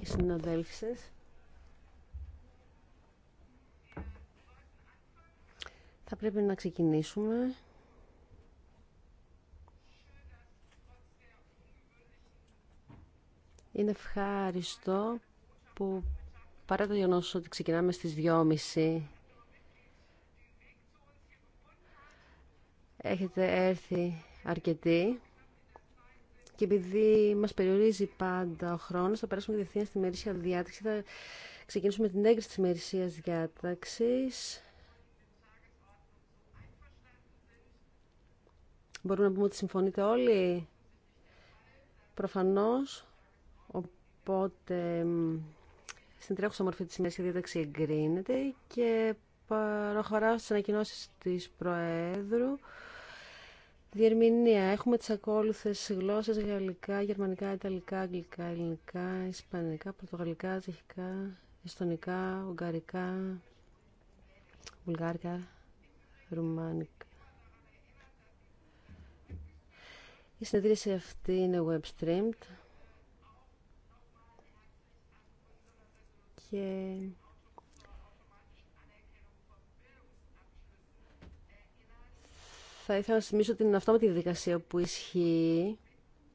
οι συναδέλφισες. Θα πρέπει να ξεκινήσουμε. Είναι ευχάριστο που παρά το γεγονό ότι ξεκινάμε στις 2.30 έχετε έρθει αρκετοί και επειδή μα περιορίζει πάντα ο χρόνο, θα περάσουμε κατευθείαν στη μερίσια διάταξη. Θα ξεκινήσουμε την έγκριση τη μερίσια διάταξη. Μπορούμε να πούμε ότι συμφωνείτε όλοι. Προφανώς, οπότε στην τρέχουσα μορφή τη μερίσιας διάταξη εγκρίνεται και προχωράω στι ανακοινώσει της Προέδρου. Διερμηνία. Έχουμε τις ακόλουθες γλώσσες γαλλικά, γερμανικά, ιταλικά, αγγλικά, ελληνικά, ισπανικά, πορτογαλικά, τσεχικά, εστονικά, ουγγαρικά, βουλγάρικα, ρουμάνικα. Η συνεδρίαση αυτή είναι web streamed και θα ήθελα να σημίσω την αυτόματη διαδικασία που ισχύει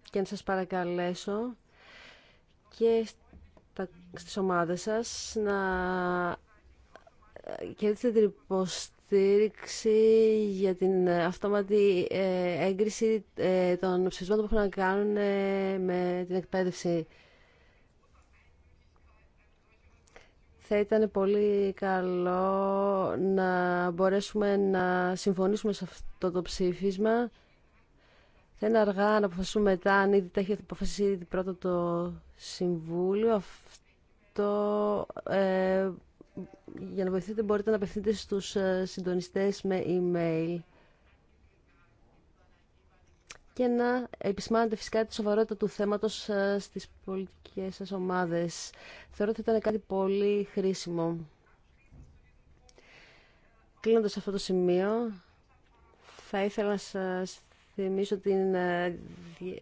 και να σας παρακαλέσω και στις ομάδες σας να ε, κερδίσετε την υποστήριξη για την ε, αυτόματη ε, έγκριση των ψηφισμών που έχουν να κάνουν με την εκπαίδευση Θα ήταν πολύ καλό να μπορέσουμε να συμφωνήσουμε σε αυτό το ψήφισμα. Θα είναι αργά να αποφασίσουμε μετά αν ήδη τα έχει αποφασίσει πρώτα το Συμβούλιο. Αυτό ε, για να βοηθείτε μπορείτε να απευθύνετε στους ε, συντονιστές με email και να επισημάνετε φυσικά τη σοβαρότητα του θέματος ε, στις πολιτικές σας ομάδες. Θεωρώ ότι ήταν κάτι πολύ χρήσιμο. Κλείνοντας αυτό το σημείο, θα ήθελα να σας θυμίσω την ε,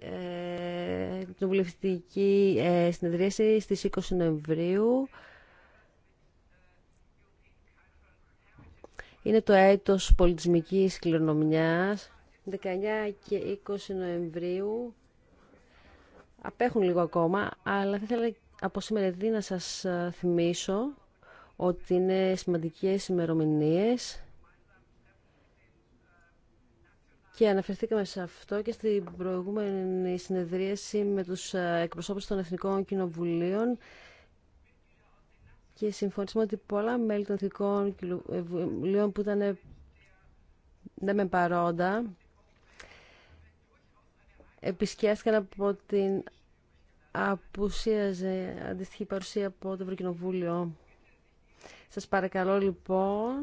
ε, την ε, συνεδρίαση στις 20 Νοεμβρίου. Είναι το έτος πολιτισμικής κληρονομιάς 19 και 20 Νοεμβρίου απέχουν λίγο ακόμα, αλλά θα ήθελα από σήμερα να σας ε, θυμίσω ότι είναι σημαντικές ημερομηνίε. Και αναφερθήκαμε σε αυτό και στην προηγούμενη συνεδρίαση με τους ε, εκπροσώπους των Εθνικών Κοινοβουλίων και συμφωνήσαμε ότι πολλά μέλη των Εθνικών Κοινοβουλίων που ήταν ε, δεν με παρόντα επισκιάστηκαν από την απουσίαζε αντίστοιχη παρουσία από το Ευρωκοινοβούλιο. Σας παρακαλώ λοιπόν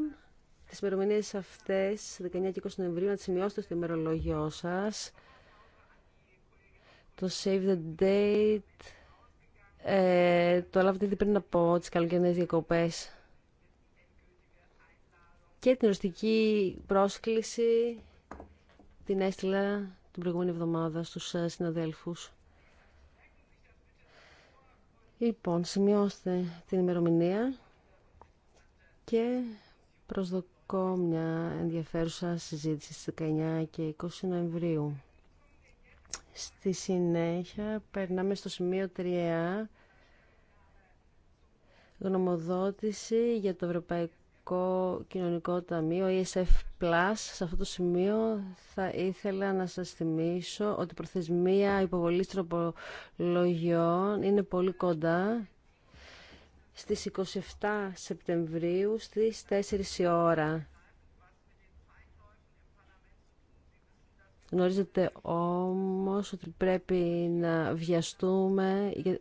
τις ημερομηνίε αυτές, 19 και 20 Νοεμβρίου, να τις σημειώσετε στο ημερολόγιο σας. Το Save the Date ε, το λάβετε ήδη πριν από τις καλοκαιρινές διακοπές. Και την οριστική πρόσκληση την έστειλα την προηγούμενη εβδομάδα στους ε, συναδέλφους. Λοιπόν, σημειώστε την ημερομηνία και προσδοκώ μια ενδιαφέρουσα συζήτηση στις 19 και 20 Νοεμβρίου. Στη συνέχεια περνάμε στο σημείο 3 γνωμοδότηση για το Ευρωπαϊκό Ευρωπαϊκό Κοινωνικό Ταμείο, ESF+. Σε αυτό το σημείο θα ήθελα να σας θυμίσω ότι η προθεσμία υποβολή τροπολογιών είναι πολύ κοντά στις 27 Σεπτεμβρίου στις 4 η ώρα. Γνωρίζετε όμως ότι πρέπει να βιαστούμε γιατί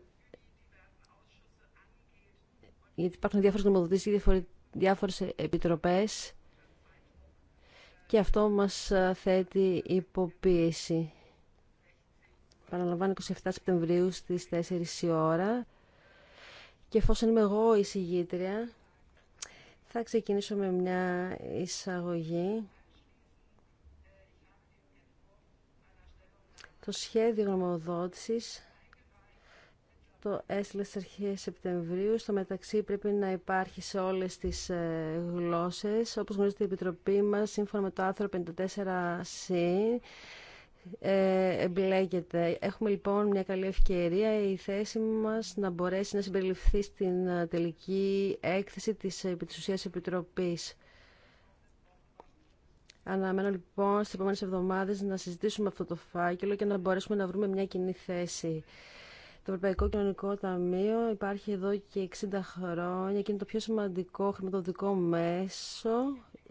υπάρχουν διάφορες νομοδοτήσεις και διαφορετικές διάφορες επιτροπές και αυτό μας ε, θέτει υποπίεση. Παραλαμβάνω 27 Σεπτεμβρίου στις 4 η ώρα και εφόσον είμαι εγώ η συγγήτρια θα ξεκινήσω με μια εισαγωγή. Το σχέδιο γνωμοδότησης το έστειλε στις αρχές Σεπτεμβρίου. Στο μεταξύ πρέπει να υπάρχει σε όλες τις ε, γλώσσες. Όπως γνωρίζετε η Επιτροπή μας, σύμφωνα με το άρθρο 54C, ε, εμπλέκεται. Έχουμε λοιπόν μια καλή ευκαιρία η θέση μας να μπορέσει να συμπεριληφθεί στην ε, τελική έκθεση της Επιτροπής Επιτροπής. Αναμένω λοιπόν στις επόμενες εβδομάδες να συζητήσουμε αυτό το φάκελο και να μπορέσουμε να βρούμε μια κοινή θέση. Το Ευρωπαϊκό Κοινωνικό Ταμείο υπάρχει εδώ και 60 χρόνια και είναι το πιο σημαντικό χρηματοδοτικό μέσο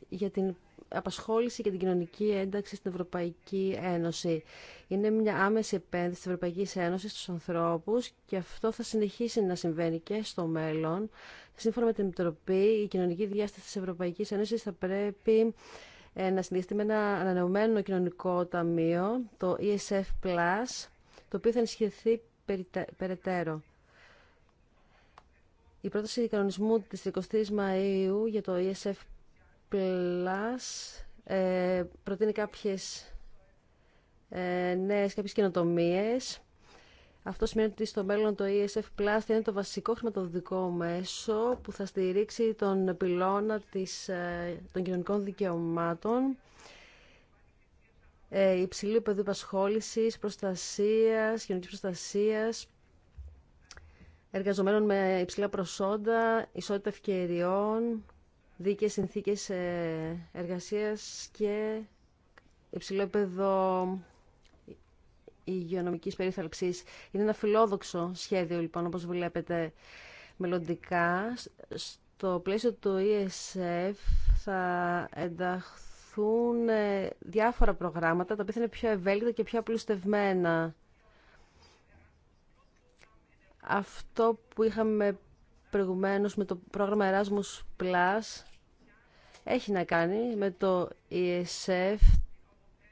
για την απασχόληση και την κοινωνική ένταξη στην Ευρωπαϊκή Ένωση. Είναι μια άμεση επένδυση της Ευρωπαϊκής Ένωσης στους ανθρώπους και αυτό θα συνεχίσει να συμβαίνει και στο μέλλον. Σύμφωνα με την Επιτροπή, η κοινωνική διάσταση της Ευρωπαϊκής Ένωσης θα πρέπει ε, να συνδυαστεί με ένα ανανεωμένο κοινωνικό ταμείο, το ESF+, το οποίο θα ενισχυθεί περαιτέρω. Η πρόταση κανονισμού της 23 Μαΐου για το ESF Plus ε, προτείνει κάποιες ε, νέες, κάποιες καινοτομίες. Αυτό σημαίνει ότι στο μέλλον το ESF Plus θα είναι το βασικό χρηματοδοτικό μέσο που θα στηρίξει τον πυλώνα της, ε, των κοινωνικών δικαιωμάτων ε, υψηλού επίπεδου απασχόληση, προστασίας, κοινωνική προστασίας, εργαζομένων με υψηλά προσόντα, ισότητα ευκαιριών, δίκαιες συνθήκες ε, εργασίας και υψηλό επίπεδο υγειονομική περίθαλψη. Είναι ένα φιλόδοξο σχέδιο, λοιπόν, όπω βλέπετε μελλοντικά. Στο πλαίσιο του ESF θα ενταχθούν ε, διάφορα προγράμματα τα οποία θα είναι πιο ευέλικτα και πιο απλουστευμένα. Αυτό που είχαμε προηγουμένως με το πρόγραμμα Erasmus Plus έχει να κάνει με το ESF,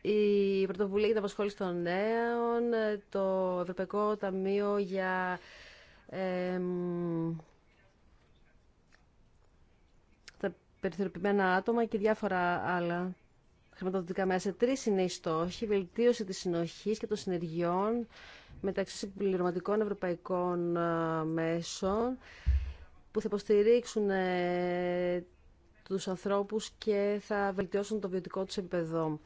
η Πρωτοβουλία για την Απασχόληση των Νέων, ε, το Ευρωπαϊκό Ταμείο για ε, περιθωριοποιημένα άτομα και διάφορα άλλα χρηματοδοτικά μέσα. Τρει είναι οι στόχοι. Βελτίωση τη συνοχή και των συνεργειών μεταξύ συμπληρωματικών ευρωπαϊκών μέσων που θα υποστηρίξουν ε, τους ανθρώπους και θα βελτιώσουν το βιωτικό τους επίπεδο.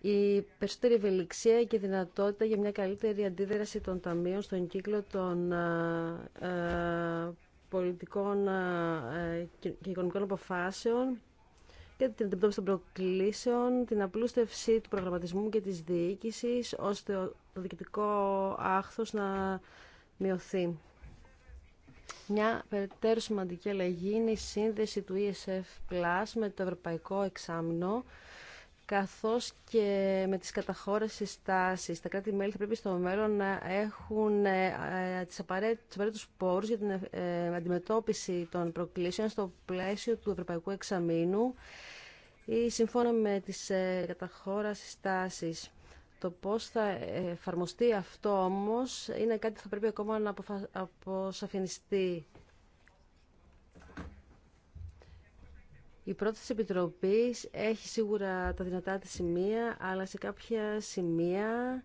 Η περισσότερη ευελιξία και δυνατότητα για μια καλύτερη αντίδραση των ταμείων στον κύκλο των πολιτικών ε, ε, και οικονομικών αποφάσεων και την αντιμετώπιση των προκλήσεων, την απλούστευση του προγραμματισμού και της διοίκησης, ώστε το διοικητικό άχθος να μειωθεί. Μια περαιτέρω σημαντική αλλαγή είναι η σύνδεση του ESF Plus με το Ευρωπαϊκό Εξάμεινο καθώς και με τις καταχώρες συστάσεις. Τα κράτη-μέλη θα πρέπει στο μέλλον να έχουν ε, ε, τις απαραίτητους πόρους για την ε, αντιμετώπιση των προκλήσεων στο πλαίσιο του Ευρωπαϊκού Εξαμήνου ή σύμφωνα με τις καταχώρες συστάσεις. Το πώς θα εφαρμοστεί αυτό όμως είναι κάτι που θα πρέπει ακόμα να αποσαφινιστεί Η πρόταση της Επιτροπής έχει σίγουρα τα δυνατά της σημεία, αλλά σε κάποια σημεία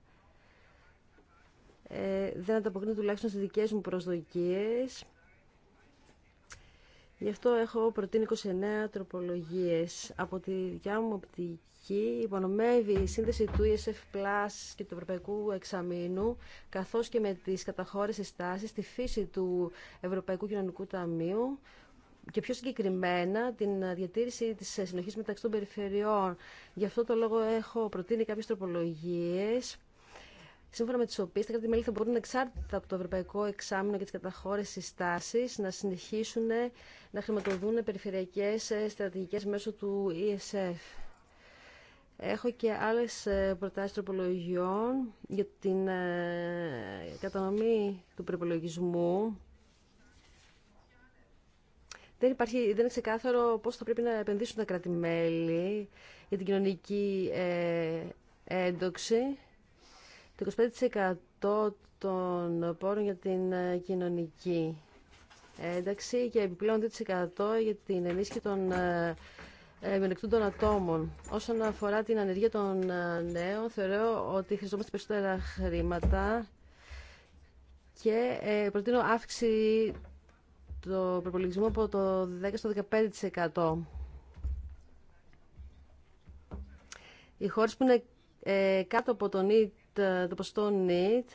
ε, δεν ανταποκρίνει τουλάχιστον στις δικές μου προσδοκίες. Γι' αυτό έχω προτείνει 29 τροπολογίες. Από τη δικιά μου οπτική υπονομεύει η σύνδεση του ESF Plus και του Ευρωπαϊκού Εξαμήνου, καθώς και με τις καταχώρες στάσεις στη φύση του Ευρωπαϊκού Κοινωνικού Ταμείου, και πιο συγκεκριμένα την διατήρηση τη συνοχή μεταξύ των περιφερειών. Γι' αυτό το λόγο έχω προτείνει κάποιε τροπολογίε σύμφωνα με τι οποίε τα κράτη-μέλη θα μπορούν εξάρτητα από το Ευρωπαϊκό Εξάμεινο και τι καταχώρε συστάσει να συνεχίσουν να χρηματοδούν περιφερειακέ στρατηγικέ μέσω του ESF. Έχω και άλλες ε, προτάσει τροπολογιών για την ε, κατανομή του προπολογισμού δεν, υπάρχει, δεν είναι ξεκάθαρο πώς θα πρέπει να επενδύσουν τα κράτη-μέλη για την κοινωνική ε, έντοξη. Το 25% των πόρων για την ε, κοινωνική ένταξη και επιπλέον 2% για την ενίσχυση των ε, ε μειονεκτούντων ατόμων. Όσον αφορά την ανεργία των νέων, θεωρώ ότι χρειαζόμαστε περισσότερα χρήματα και προτείνω αύξηση το προπολογισμό από το 10% στο 15%. Οι χώρες που είναι ε, κάτω από το, NIT, το ποστό NIT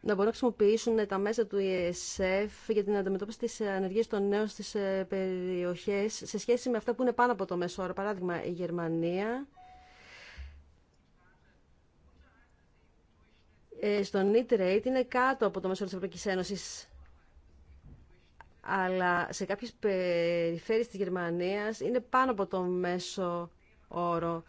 να μπορούν να χρησιμοποιήσουν τα μέσα του ESF για την αντιμετώπιση της ανεργίας των νέων στις ε, περιοχές σε σχέση με αυτά που είναι πάνω από το μέσο όρο. Παράδειγμα, η Γερμανία Ε, Στο e rate είναι κάτω από το μέσο της Ευρωπαϊκής Ένωσης. Αλλά σε κάποιες περιφέρειες της Γερμανίας είναι πάνω από το μέσο όρο.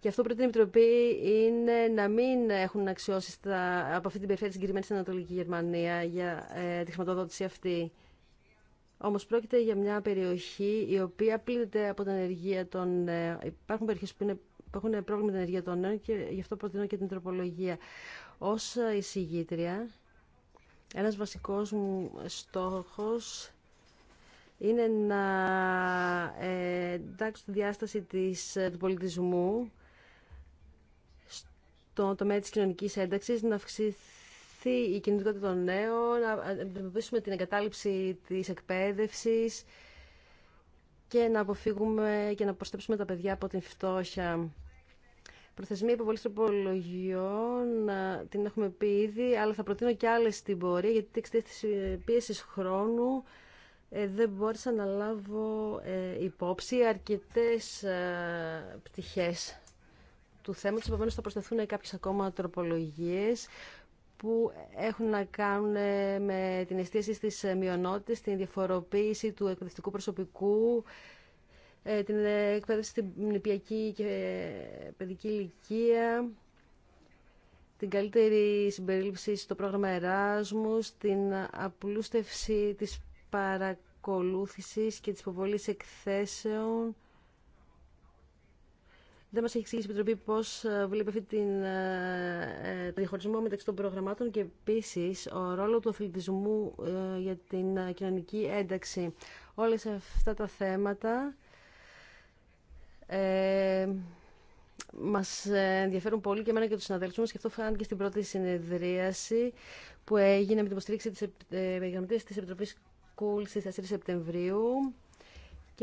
Και αυτό πρέπει την Επιτροπή είναι να μην έχουν αξιώσει στα, από αυτή την περιφέρεια τη συγκεκριμένη στην Ανατολική Γερμανία για ε, τη χρηματοδότηση αυτή. Όμω πρόκειται για μια περιοχή η οποία πλήττεται από την ενεργεία των... Ε, υπάρχουν περιοχές που, έχουν πρόβλημα με την ενεργεία των νέων και γι' αυτό προτείνω και την τροπολογία. Ω ε, εισηγήτρια, ένας βασικός μου στόχος είναι να ε, εντάξει τη διάσταση της, του πολιτισμού στο τομέα της κοινωνικής ένταξης, να αυξηθεί έρθει η κινητικότητα των νέων, να αντιμετωπίσουμε την εγκατάλειψη της εκπαίδευσης και να αποφύγουμε και να προστέψουμε τα παιδιά από την φτώχεια. Προθεσμία υποβολή τροπολογιών την έχουμε πει ήδη, αλλά θα προτείνω και άλλε στην πορεία, γιατί εξαιτία τη πίεση χρόνου ε, δεν μπόρεσα να λάβω ε, υπόψη αρκετέ πτυχέ του θέματο. Επομένω, θα προσθεθούν κάποιε ακόμα τροπολογίε που έχουν να κάνουν ε, με την εστίαση στις ε, μειονότητες, την διαφοροποίηση του εκπαιδευτικού προσωπικού, ε, την εκπαίδευση στην νηπιακή και παιδική ηλικία, την καλύτερη συμπερίληψη στο πρόγραμμα Εράσμους, την απλούστευση της παρακολούθησης και της υποβολής εκθέσεων, δεν μα έχει εξηγήσει η Επιτροπή πώς ε, βλέπει αυτή την ε, ε διαχωρισμό μεταξύ των προγραμμάτων και επίση ο ρόλο του αθλητισμού ε, για την κοινωνική ένταξη. Όλες αυτά τα θέματα ε, μας ενδιαφέρουν πολύ και εμένα και τους συναδέλφους μα και αυτό φάνηκε στην πρώτη συνεδρίαση που έγινε με την υποστήριξη της Επιτροπή Κούλ στις 4 Σεπτεμβρίου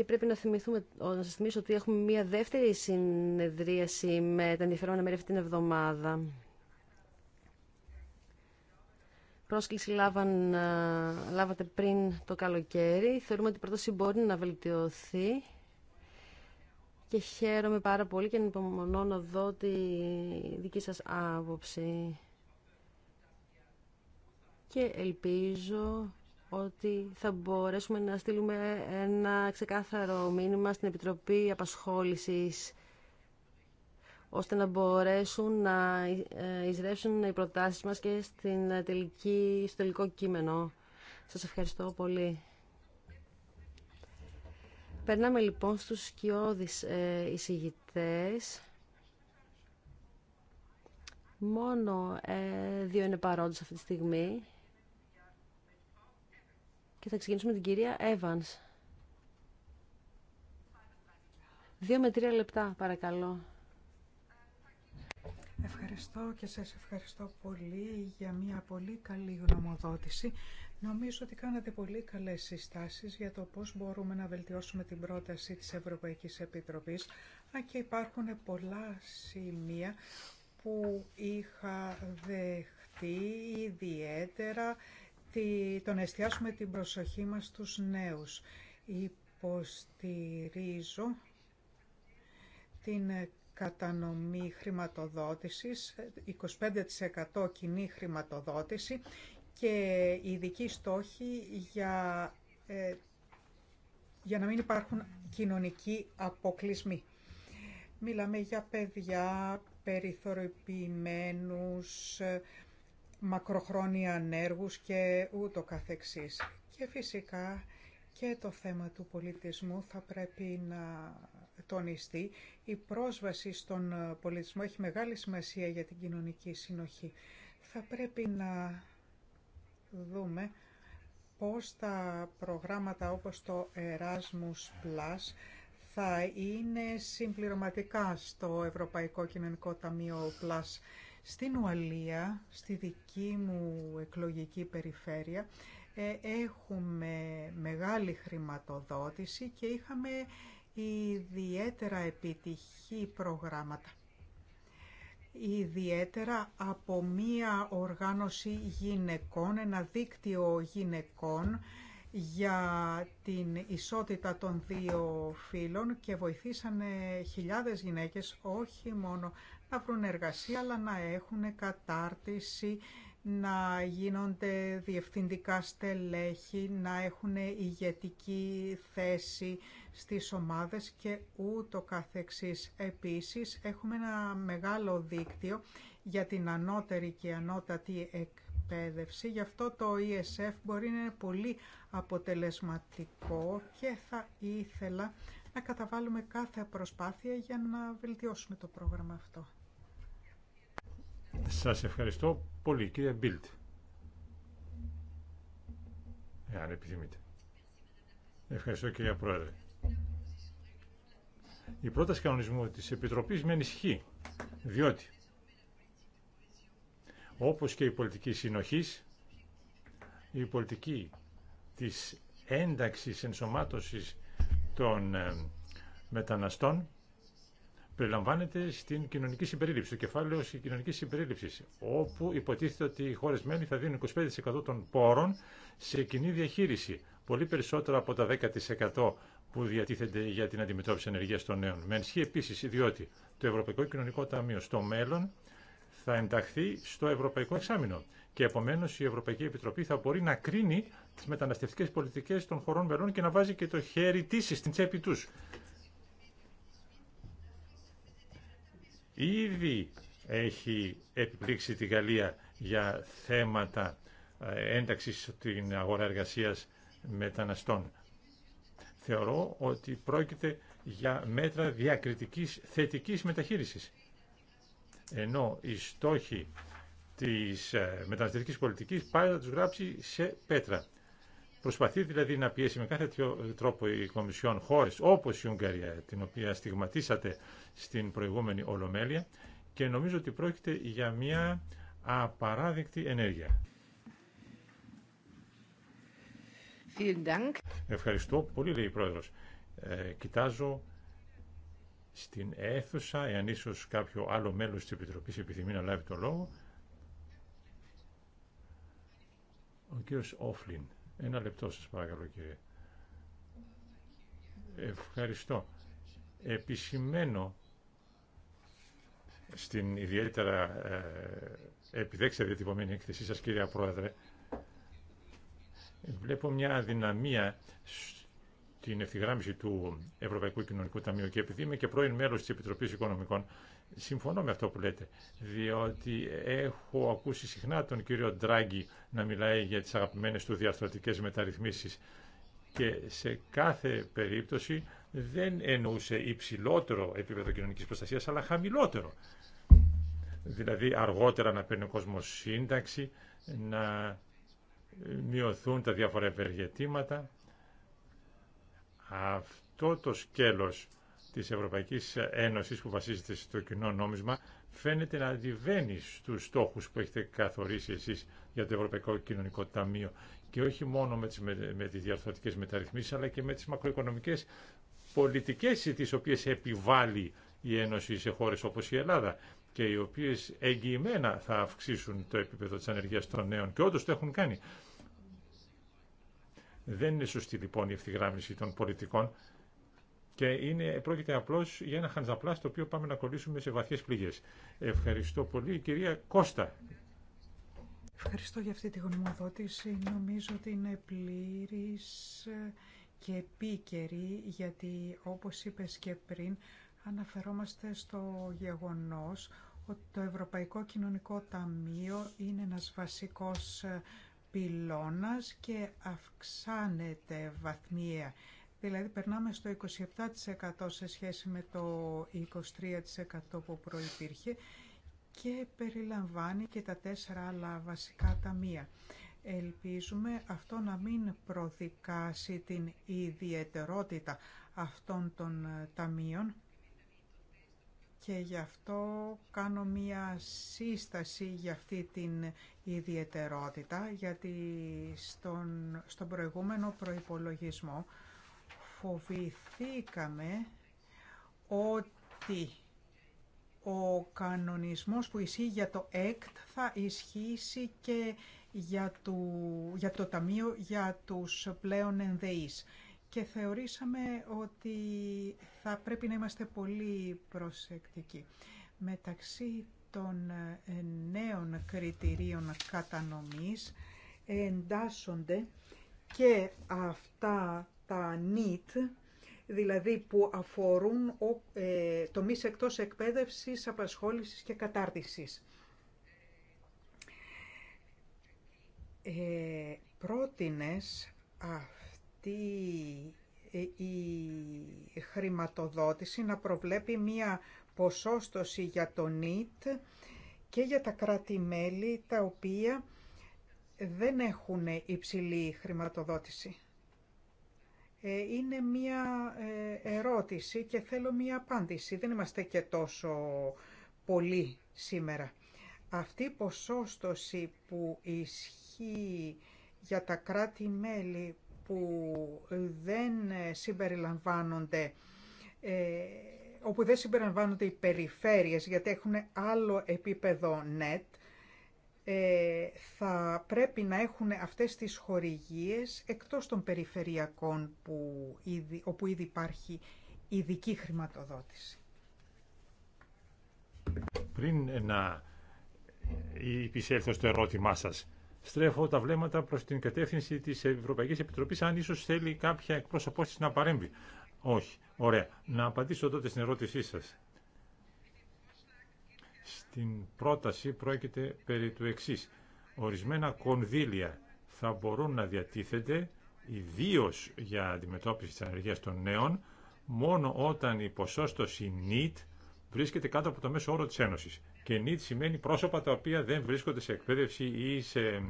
και πρέπει να, θυμηθούμε, να σας θυμίσω ότι έχουμε μία δεύτερη συνεδρίαση με τα ενδιαφερόμενα μέρη αυτή την εβδομάδα. Πρόσκληση λάβατε πριν το καλοκαίρι. Θεωρούμε ότι η πρόταση μπορεί να βελτιωθεί. Και χαίρομαι πάρα πολύ και ανυπομονώ να δω τη δική σας άποψη. Και ελπίζω ότι θα μπορέσουμε να στείλουμε ένα ξεκάθαρο μήνυμα στην Επιτροπή Απασχόλησης ώστε να μπορέσουν να ε, εισρέψουν οι προτάσεις μας και στην ε, τελική, στο τελικό κείμενο. Σας ευχαριστώ πολύ. Περνάμε λοιπόν στους σκιώδεις ε, εισηγητές. Μόνο δύο είναι παρόντες αυτή τη στιγμή. Και θα ξεκινήσουμε την κυρία Evans. Δύο με τρία λεπτά, παρακαλώ. Ευχαριστώ και σας ευχαριστώ πολύ για μια πολύ καλή γνωμοδότηση. Νομίζω ότι κάνατε πολύ καλές συστάσεις για το πώς μπορούμε να βελτιώσουμε την πρόταση της Ευρωπαϊκής Επιτροπής, αν και υπάρχουν πολλά σημεία που είχα δεχτεί ιδιαίτερα τον εστιάσουμε την προσοχή μας στους νέους. Υποστηρίζω την κατανομή χρηματοδότησης, 25% κοινή χρηματοδότηση και ειδική στόχοι για, ε, για να μην υπάρχουν κοινωνικοί αποκλεισμοί. Μιλάμε για παιδιά περιθωριοποιημένους, ε, μακροχρόνια ανέργους και ούτω καθεξής. Και φυσικά και το θέμα του πολιτισμού θα πρέπει να τονιστεί. Η πρόσβαση στον πολιτισμό έχει μεγάλη σημασία για την κοινωνική συνοχή. Θα πρέπει να δούμε πώς τα προγράμματα όπως το Erasmus Plus θα είναι συμπληρωματικά στο Ευρωπαϊκό Κοινωνικό Ταμείο Plus στην Ουαλία, στη δική μου εκλογική περιφέρεια, ε, έχουμε μεγάλη χρηματοδότηση και είχαμε ιδιαίτερα επιτυχή προγράμματα. Ιδιαίτερα από μία οργάνωση γυναικών, ένα δίκτυο γυναικών για την ισότητα των δύο φύλων και βοηθήσανε χιλιάδες γυναίκες όχι μόνο να βρουν εργασία, αλλά να έχουν κατάρτιση, να γίνονται διευθυντικά στελέχη, να έχουν ηγετική θέση στις ομάδες και ούτω καθεξής. Επίσης, έχουμε ένα μεγάλο δίκτυο για την ανώτερη και ανώτατη εκπαίδευση. Γι' αυτό το ESF μπορεί να είναι πολύ αποτελεσματικό και θα ήθελα να καταβάλουμε κάθε προσπάθεια για να βελτιώσουμε το πρόγραμμα αυτό. Σας ευχαριστώ πολύ, κύριε Μπίλτ. Εάν επιθυμείτε. Ευχαριστώ, κύριε Πρόεδρε. Η πρόταση κανονισμού της Επιτροπής με ενισχύει, διότι όπως και η πολιτική συνοχής, η πολιτική της ένταξης, ενσωμάτωσης των ε, μεταναστών περιλαμβάνεται στην κοινωνική συμπερίληψη, το κεφάλαιο τη κοινωνική συμπερίληψη, όπου υποτίθεται ότι οι χώρε μέλη θα δίνουν 25% των πόρων σε κοινή διαχείριση, πολύ περισσότερο από τα 10% που διατίθεται για την αντιμετώπιση ενεργεία των νέων. Με ενισχύει επίση διότι το Ευρωπαϊκό Κοινωνικό Ταμείο στο μέλλον θα ενταχθεί στο Ευρωπαϊκό Εξάμεινο και επομένω η Ευρωπαϊκή Επιτροπή θα μπορεί να κρίνει τι μεταναστευτικέ πολιτικέ των χωρών μελών και να βάζει και το χέρι τη στην τσέπη του. ήδη έχει επιπλήξει τη Γαλλία για θέματα ε, ένταξης στην αγορά εργασίας μεταναστών. Θεωρώ ότι πρόκειται για μέτρα διακριτικής θετικής μεταχείρισης. Ενώ οι στόχοι της ε, μεταναστευτικής πολιτικής πάει να τους γράψει σε πέτρα. Προσπαθεί δηλαδή να πιέσει με κάθε τρόπο η Κομισιόν χώρες όπως η Ουγγαρία, την οποία στιγματίσατε στην προηγούμενη Ολομέλεια και νομίζω ότι πρόκειται για μια απαράδεκτη ενέργεια. Ευχαριστώ πολύ, λέει η Πρόεδρος. Ε, κοιτάζω στην αίθουσα, εάν ίσω κάποιο άλλο μέλος της Επιτροπής επιθυμεί να λάβει το λόγο. Ο κύριος Όφλιν. Ένα λεπτό σας παρακαλώ κύριε. Ευχαριστώ. Επισημένω στην ιδιαίτερα ε, επιδέξια διατυπωμένη εκθεσή σας κύριε Πρόεδρε βλέπω μια αδυναμία στην ευθυγράμμιση του Ευρωπαϊκού Κοινωνικού Ταμείου και επειδή είμαι και πρώην μέλος της Επιτροπής Οικονομικών Συμφωνώ με αυτό που λέτε, διότι έχω ακούσει συχνά τον κύριο Ντράγκη να μιλάει για τις αγαπημένες του διαστροτικές μεταρρυθμίσεις και σε κάθε περίπτωση δεν εννοούσε υψηλότερο επίπεδο κοινωνικής προστασίας, αλλά χαμηλότερο. Δηλαδή αργότερα να παίρνει ο κόσμος σύνταξη, να μειωθούν τα διάφορα ευεργετήματα. Αυτό το σκέλος της Ευρωπαϊκής Ένωσης που βασίζεται στο κοινό νόμισμα φαίνεται να αντιβαίνει στους στόχους που έχετε καθορίσει εσείς για το Ευρωπαϊκό Κοινωνικό Ταμείο και όχι μόνο με τις, με, με τις διαρθρωτικές μεταρρυθμίσεις αλλά και με τις μακροοικονομικές πολιτικές τις οποίες επιβάλλει η Ένωση σε χώρες όπως η Ελλάδα και οι οποίες εγγυημένα θα αυξήσουν το επίπεδο της ανεργίας των νέων και όντως το έχουν κάνει. Δεν είναι σωστή λοιπόν η ευθυγράμμιση των πολιτικών και είναι, πρόκειται απλώς για ένα χανζαπλά στο οποίο πάμε να κολλήσουμε σε βαθιές πληγές. Ευχαριστώ πολύ. Κυρία Κώστα. Ευχαριστώ για αυτή τη γνωμοδότηση. Νομίζω ότι είναι πλήρης και επίκαιρη γιατί όπως είπε και πριν αναφερόμαστε στο γεγονός ότι το Ευρωπαϊκό Κοινωνικό Ταμείο είναι ένας βασικός πυλώνας και αυξάνεται βαθμία. Δηλαδή περνάμε στο 27% σε σχέση με το 23% που προϋπήρχε και περιλαμβάνει και τα τέσσερα άλλα βασικά ταμεία. Ελπίζουμε αυτό να μην προδικάσει την ιδιαιτερότητα αυτών των ε, ταμείων και γι' αυτό κάνω μία σύσταση για αυτή την ιδιαιτερότητα γιατί στον, στον προηγούμενο προϋπολογισμό φοβηθήκαμε ότι ο κανονισμός που ισχύει για το ΕΚΤ θα ισχύσει και για, για το Ταμείο για τους πλέον ενδεείς. Και θεωρήσαμε ότι θα πρέπει να είμαστε πολύ προσεκτικοί. Μεταξύ των ε, νέων κριτηρίων κατανομής εντάσσονται και αυτά τα NEET, δηλαδή που αφορούν ε, τομείς εκτός εκπαίδευσης, απασχόλησης και κατάρτισης. Ε, πρότεινες αυτή ε, η χρηματοδότηση να προβλέπει μία ποσόστοση για το ΝΙΤ και για τα κράτη-μέλη τα οποία δεν έχουν υψηλή χρηματοδότηση. Ε, είναι μία ε, ερώτηση και θέλω μία απάντηση. Δεν είμαστε και τόσο πολύ σήμερα. Αυτή η ποσόστοση που ισχύει για τα κράτη-μέλη που δεν ε, συμπεριλαμβάνονται, όπου δεν συμπεριλαμβάνονται οι περιφέρειες γιατί έχουν άλλο επίπεδο net, ε, θα πρέπει να έχουν αυτές τις χορηγίες εκτός των περιφερειακών που ήδη, όπου ήδη υπάρχει ειδική χρηματοδότηση. Πριν να επισέλθω στο ερώτημά σας, στρέφω τα βλέμματα προς την κατεύθυνση της Ευρωπαϊκής Επιτροπής, αν ίσως θέλει κάποια εκπρόσωπό της να παρέμβει. Όχι. Ωραία. Να απαντήσω τότε στην ερώτησή σας. Στην πρόταση πρόκειται περί του εξής. Ορισμένα κονδύλια θα μπορούν να διατίθεται ιδίω για αντιμετώπιση της ανεργίας των νέων μόνο όταν η ποσόστοση NEET βρίσκεται κάτω από το μέσο όρο της Ένωσης. Και NEET σημαίνει πρόσωπα τα οποία δεν βρίσκονται σε εκπαίδευση ή σε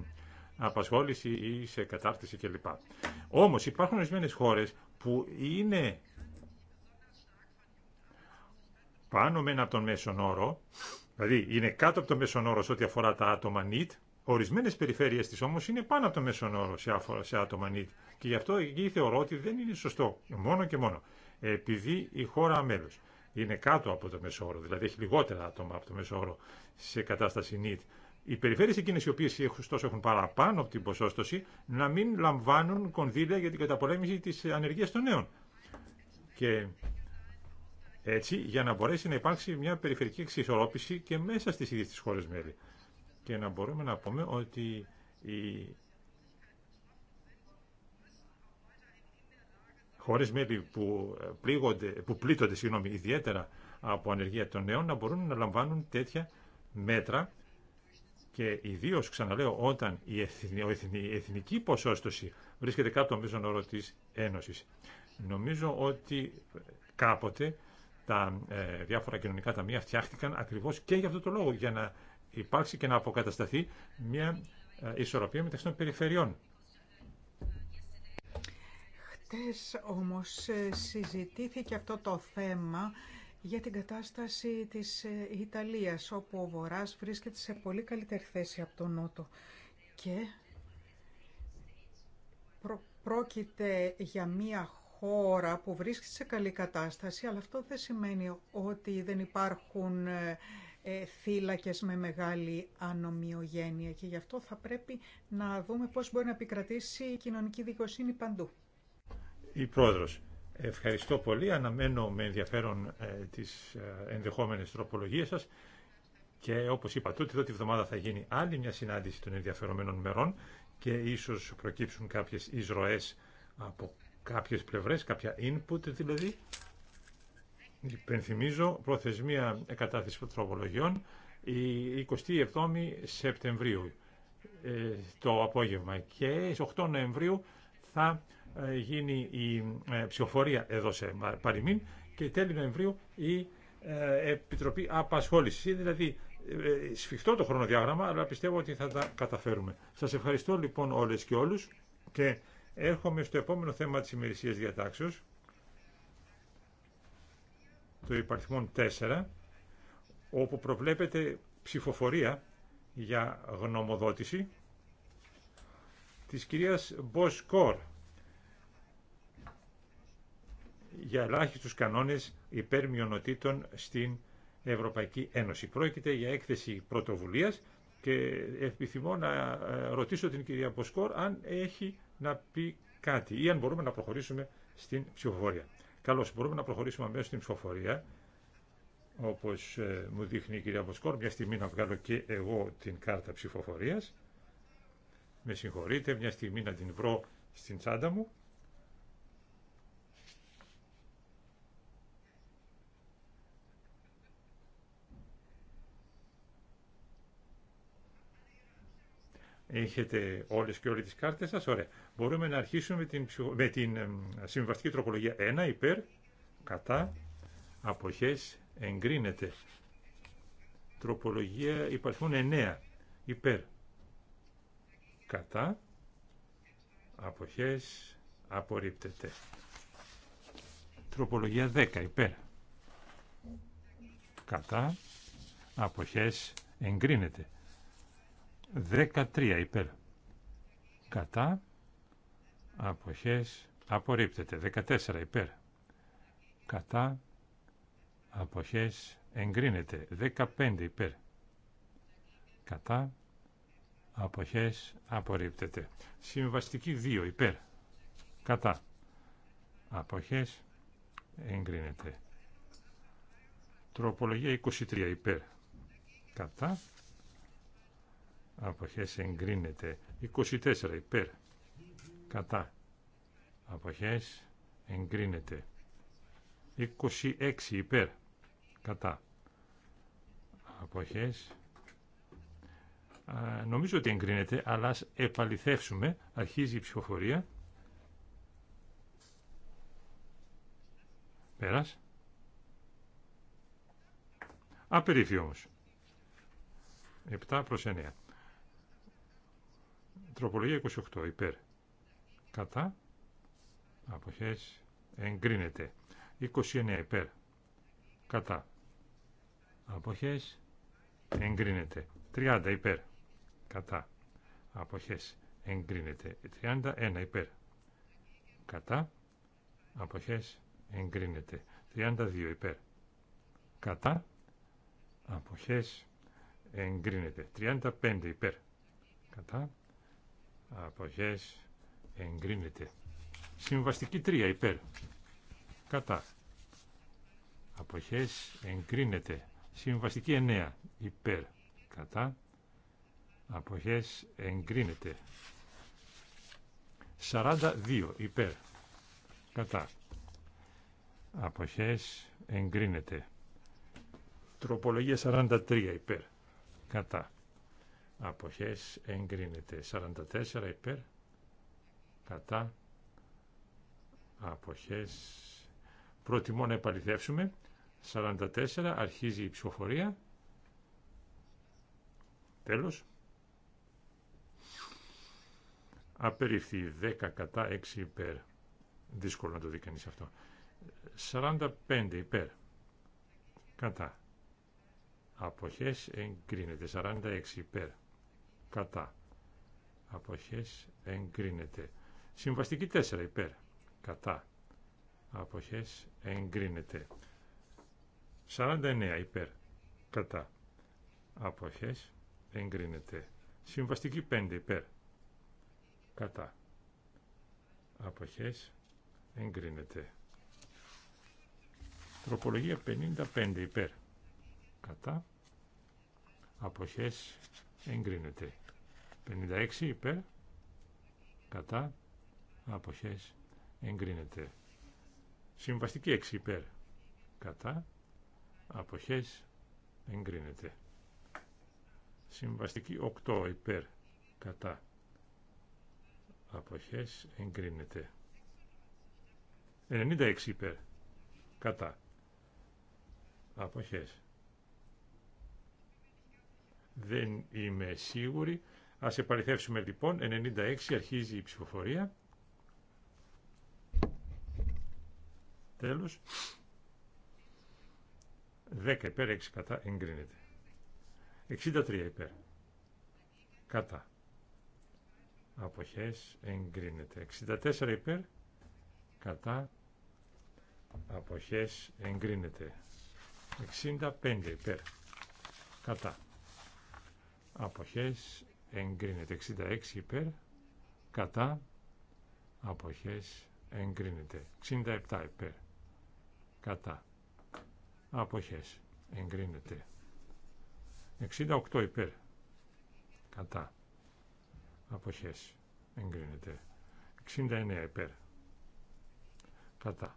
απασχόληση ή σε κατάρτιση κλπ. Όμως υπάρχουν ορισμένε χώρες που είναι πάνω μεν από τον μέσον όρο, δηλαδή είναι κάτω από τον μέσον όρο σε ό,τι αφορά τα άτομα νιτ, ορισμένε περιφερειέ τη όμω είναι πάνω από τον μέσον όρο σε, αφορά, σε άτομα νιΤ. Και γι' αυτό εκεί θεωρώ ότι δεν είναι σωστό, μόνο και μόνο, επειδή η χώρα μέλος είναι κάτω από το μέσο όρο, δηλαδή έχει λιγότερα άτομα από το μέσο όρο σε κατάσταση νιτ. οι περιφέρειες εκείνες οι οποίες ωστόσο έχουν παραπάνω από την ποσόστοση να μην λαμβάνουν κονδύλια για την καταπολέμηση τη ανεργία των νέων. Και έτσι, για να μπορέσει να υπάρξει μια περιφερική εξισορρόπηση και μέσα στις ίδιες τις χώρες μέλη. Και να μπορούμε να πούμε ότι οι χώρες μέλη που, ε, πλήγονται, που πλήττονται συγγνώμη, ιδιαίτερα από ανεργία των νέων να μπορούν να λαμβάνουν τέτοια μέτρα και ιδίως ξαναλέω όταν η, εθνική ποσόστοση βρίσκεται κάτω από τον μείζον όρο της Ένωσης. Νομίζω ότι κάποτε τα ε, διάφορα κοινωνικά ταμεία φτιάχτηκαν ακριβώς και για αυτό το λόγο, για να υπάρξει και να αποκατασταθεί μια ε, ισορροπία μεταξύ των περιφερειών. Χτες όμως ε, συζητήθηκε αυτό το θέμα για την κατάσταση της Ιταλίας, όπου ο Βοράς βρίσκεται σε πολύ καλύτερη θέση από τον Νότο. Και πρόκειται για μία χώρα που βρίσκεται σε καλή κατάσταση, αλλά αυτό δεν σημαίνει ότι δεν υπάρχουν ε, ε, θύλακες με μεγάλη ανομοιογένεια και γι' αυτό θα πρέπει να δούμε πώς μπορεί να επικρατήσει η κοινωνική δικαιοσύνη παντού. Η Πρόεδρος, ευχαριστώ πολύ. Αναμένω με ενδιαφέρον ε, τις ε, ενδεχόμενες τροπολογίες σας και όπως είπα τούτη εδώ τη βδομάδα θα γίνει άλλη μια συνάντηση των ενδιαφερομένων μερών και ίσως προκύψουν κάποιες εισρωές από κάποιες πλευρές, κάποια input δηλαδή. Υπενθυμίζω προθεσμία εκατάθεση τροπολογιών η 27η Σεπτεμβρίου ε, το απόγευμα και 8 Νοεμβρίου θα ε, γίνει η ε, ψηφοφορία εδώ σε Παριμήν και τέλη Νοεμβρίου η Επιτροπή Απασχόλησης. δηλαδή σφιχτό το χρονοδιάγραμμα, αλλά πιστεύω ότι θα τα καταφέρουμε. Σας ευχαριστώ λοιπόν όλες και όλους και Έρχομαι στο επόμενο θέμα της ημερησίας διατάξεως, το υπαρθμόν 4, όπου προβλέπεται ψηφοφορία για γνωμοδότηση της κυρίας Μποσκόρ για ελάχιστους κανόνες υπέρ μειονοτήτων στην Ευρωπαϊκή Ένωση. Πρόκειται για έκθεση πρωτοβουλίας και επιθυμώ να ε, ρωτήσω την κυρία Μποσκόρ αν έχει να πει κάτι ή αν μπορούμε να προχωρήσουμε στην ψηφοφορία. Καλώς, μπορούμε να προχωρήσουμε αμέσως στην ψηφοφορία, όπως ε, μου δείχνει η κυρία Μποσκόρ. Μια στιγμή να βγάλω και εγώ την κάρτα ψηφοφορίας. Με κυρια βοσκορ μια στιγμή να την βρω στην τσάντα μου. Έχετε όλες και όλες τις κάρτες σας. Ωραία. Μπορούμε να αρχίσουμε με την, με την συμβαστική τροπολογία 1 υπέρ, κατά, αποχές, εγκρίνεται. Τροπολογία υπαρχούν 9 υπέρ, κατά, αποχές, απορρίπτεται. Τροπολογία 10 υπέρ, κατά, αποχές, εγκρίνεται. 13 υπέρ. Κατά. Αποχές. Απορρίπτεται. 14 υπέρ. Κατά. Αποχές. Εγκρίνεται. 15 υπέρ. Κατά. Αποχές. Απορρίπτεται. Συμβαστική 2 υπέρ. Κατά. Αποχές. Εγκρίνεται. Τροπολογία 23 υπέρ. Κατά αποχές εγκρίνεται 24 υπέρ κατά αποχές εγκρίνεται 26 υπέρ κατά αποχές Α, νομίζω ότι εγκρίνεται αλλά ας επαληθεύσουμε αρχίζει η ψηφοφορία πέρας απερίφη όμως 7 προς 9 Τροπολογία 28 υπέρ. Κατά. Αποχές εγκρίνεται. 29 υπέρ. Κατά. Αποχές εγκρίνεται. 30 υπέρ. Κατά. Αποχές εγκρίνεται. 31 υπέρ. Κατά. Αποχές εγκρίνεται. 32 υπέρ. Κατά. Αποχές εγκρίνεται. 35 υπέρ. Κατά αποχές εγκρίνεται. Συμβαστική 3 υπέρ. Κατά. Αποχές εγκρίνεται. Συμβαστική 9 υπέρ. Κατά. Αποχές εγκρίνεται. 42 υπέρ. Κατά. Αποχές εγκρίνεται. Τροπολογία 43 υπέρ. Κατά αποχές εγκρίνεται 44 υπέρ κατά αποχές προτιμώ να επαληθεύσουμε 44 αρχίζει η ψηφοφορία τέλος απερίφθη 10 κατά 6 υπέρ δύσκολο να το δει κανείς αυτό 45 υπέρ κατά αποχές εγκρίνεται 46 υπέρ κατά αποχές εγκρίνεται. Συμβαστική 4 υπέρ κατά αποχές εγκρίνεται. 49 υπέρ κατά αποχές εγκρίνεται. Συμβαστική 5 υπέρ κατά αποχές εγκρίνεται. Τροπολογία 55 υπέρ κατά αποχές εγκρίνεται. 56 υπέρ κατά αποχές εγκρίνεται. Συμβαστική 6 υπέρ κατά αποχές εγκρίνεται. Συμβαστική 8 υπέρ κατά αποχές εγκρίνεται. 96 υπέρ κατά αποχές. Δεν είμαι σίγουρη. Ας επαληθεύσουμε λοιπόν. 96 αρχίζει η ψηφοφορία. Τέλος. 10 υπέρ, 6 κατά, εγκρίνεται. 63 υπέρ. Κατά. Αποχές, εγκρίνεται. 64 υπέρ, κατά. Αποχές, εγκρίνεται. 65 υπέρ. Κατά. Αποχές, εγκρίνεται 66 υπέρ κατά αποχές εγκρίνεται 67 υπέρ κατά αποχές εγκρίνεται 68 υπέρ κατά αποχές εγκρίνεται 69 υπέρ κατά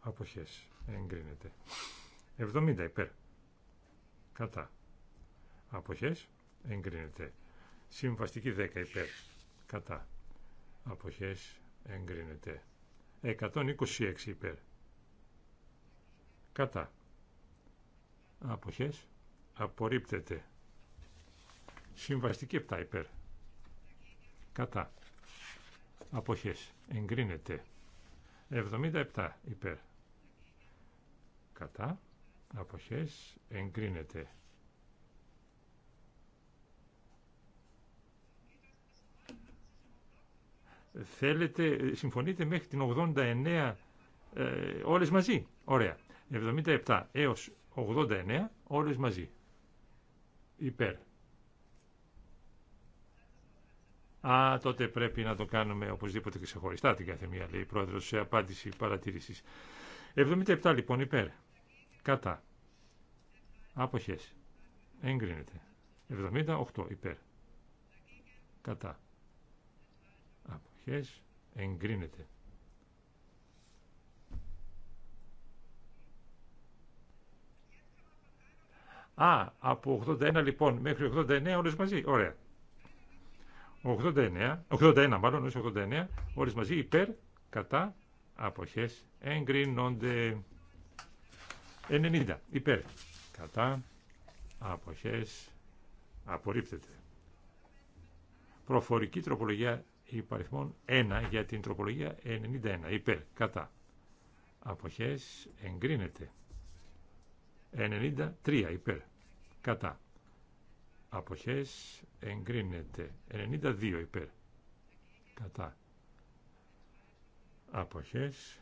αποχές εγκρίνεται 70 υπέρ κατά αποχές εγκρίνεται Συμβαστική 10 υπέρ. Κατά. Αποχές εγκρίνεται. 126 υπέρ. Κατά. Αποχές απορρίπτεται. Συμβαστική 7 υπέρ. Κατά. Αποχές εγκρίνεται. 77 υπέρ. Κατά. Αποχές εγκρίνεται. Θέλετε, συμφωνείτε μέχρι την 89 ε, όλες μαζί. Ωραία. 77 έως 89 όλες μαζί. Υπέρ. Α, τότε πρέπει να το κάνουμε οπωσδήποτε και ξεχωριστά την κάθε λέει η πρόεδρος σε απάντηση παρατήρησης. 77 λοιπόν υπέρ. Κατά. Αποχές. Εγκρίνεται. 78 υπέρ. Κατά. Αποχές εγκρίνεται. Α, από 81 λοιπόν μέχρι 89 όλες μαζί. Ωραία. 89, 81 μάλλον, όχι 89, όλες μαζί υπέρ, κατά, αποχές, εγκρίνονται 90, υπέρ, κατά, αποχές, απορρίπτεται. Προφορική τροπολογία υπαριθμών 1 για την τροπολογία 91 υπέρ κατά αποχές εγκρίνεται 93 υπέρ κατά αποχές εγκρίνεται 92 υπέρ κατά αποχές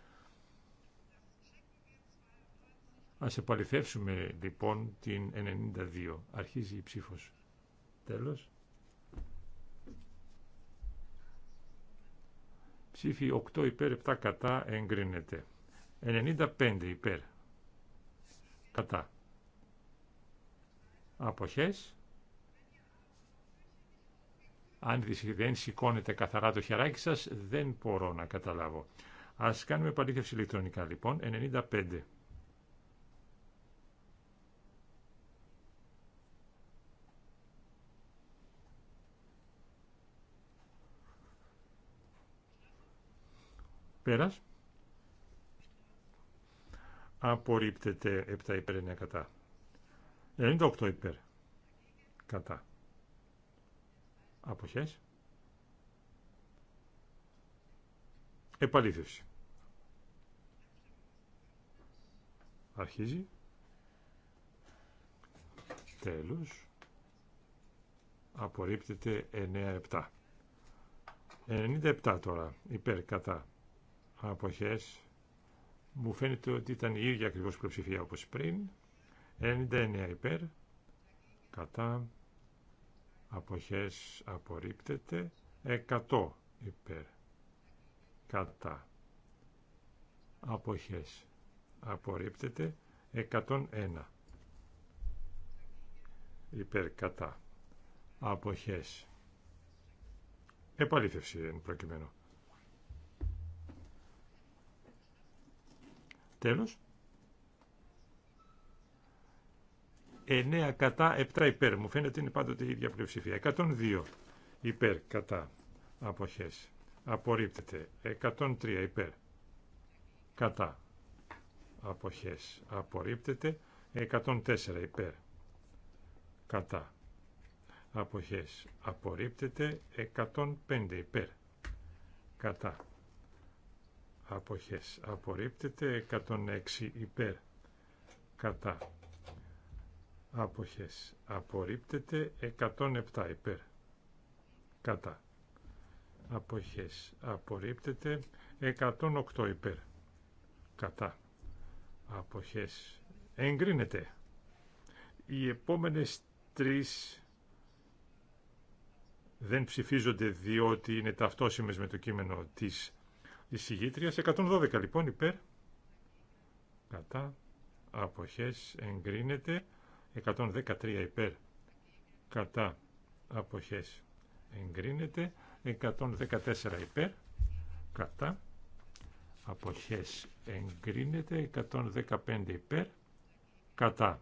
Ας επαληθεύσουμε λοιπόν την 92. Αρχίζει η ψήφος. Τέλος. Συφη 8 υπέρ 7 κατά εγκρίνεται. 95 υπέρ κατά. Αποχές. Αν δεν σηκώνετε καθαρά το χεράκι σας, δεν μπορώ να καταλάβω. Ας κάνουμε παλήθευση ηλεκτρονικά λοιπόν. 95. Δευτέρας Απορρίπτεται 7 υπέρ 9 κατά. 98 υπέρ. Κατά. Αποχές. Επαλήθευση. Αρχίζει. Τέλος. Απορρίπτεται 9-7. 97 τώρα. Υπέρ κατά αποχές μου φαίνεται ότι ήταν η ίδια ακριβώς πλειοψηφία όπως πριν 99 υπέρ κατά αποχές απορρίπτεται 100 υπέρ κατά αποχές απορρίπτεται 101 υπέρ κατά αποχές επαλήθευση εν προκειμένου Τέλος. 9 κατά 7 υπέρ. Μου φαίνεται είναι πάντοτε η ίδια πλειοψηφία. 102 υπέρ κατά αποχές. Απορρίπτεται. 103 υπέρ κατά αποχές. Απορρίπτεται. 104 υπέρ κατά αποχές. Απορρίπτεται. 105 υπέρ κατά αποχές απορρίπτεται 106 υπέρ κατά αποχές απορρίπτεται 107 υπέρ κατά αποχές απορρίπτεται 108 υπέρ κατά αποχές εγκρίνεται οι επόμενες τρεις δεν ψηφίζονται διότι είναι ταυτόσιμες με το κείμενο της εισηγήτρια. 112 λοιπόν υπέρ. Κατά Αποχέ εγκρίνεται. 113 υπέρ. Κατά απόχέ. εγκρίνεται. 114 υπέρ. Κατά Αποχέ. εγκρίνεται. 115 υπέρ. Κατά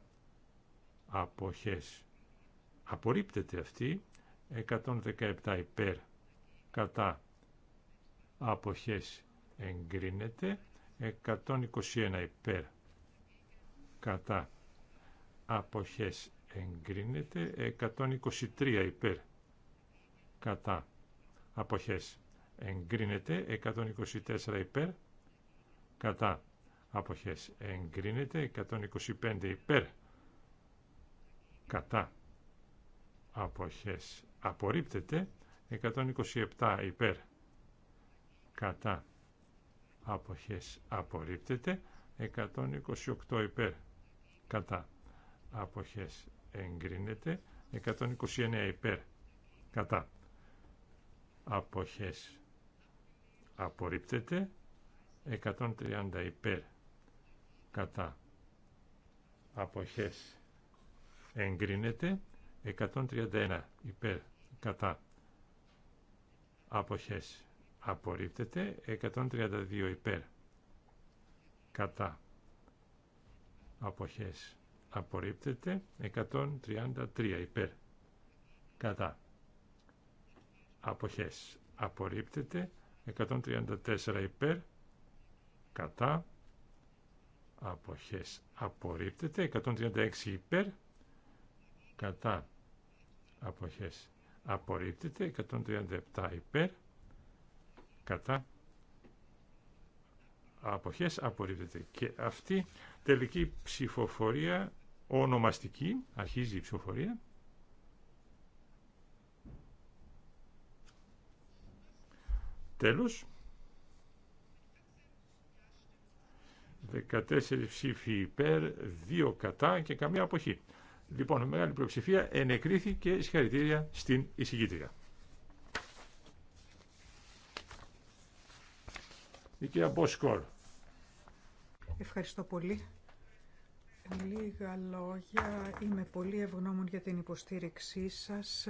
Αποχέ. απορρίπτεται αυτή. 117 υπέρ. Κατά αποχές εγκρίνεται 121 υπέρ κατά αποχές εγκρίνεται 123 υπέρ κατά αποχές εγκρίνεται 124 υπέρ κατά αποχές εγκρίνεται 125 υπέρ κατά αποχές απορρίπτεται 127 υπέρ κατά αποχές απορρίπτεται 128 υπέρ κατά αποχές εγκρίνεται 129 υπέρ κατά αποχές απορρίπτεται 130 υπέρ κατά αποχές εγκρίνεται 131 υπέρ κατά αποχές απορρίπτεται 132 υπέρ κατά αποχές απορρίπτεται 133 υπέρ κατά αποχές απορρίπτεται 134 υπέρ κατά αποχές απορρίπτεται 136 υπέρ κατά αποχές απορρίπτεται 137 υπέρ κατά αποχές απορρίπτεται. Και αυτή τελική ψηφοφορία ονομαστική, αρχίζει η ψηφοφορία. Τέλος. 14 ψήφοι υπέρ, 2 κατά και καμία αποχή. Λοιπόν, μεγάλη πλειοψηφία ενεκρίθηκε συγχαρητήρια στην εισηγήτρια. Η κυρία Μποσκόρ. Ευχαριστώ πολύ. Λίγα λόγια. Είμαι πολύ ευγνώμων για την υποστήριξή σας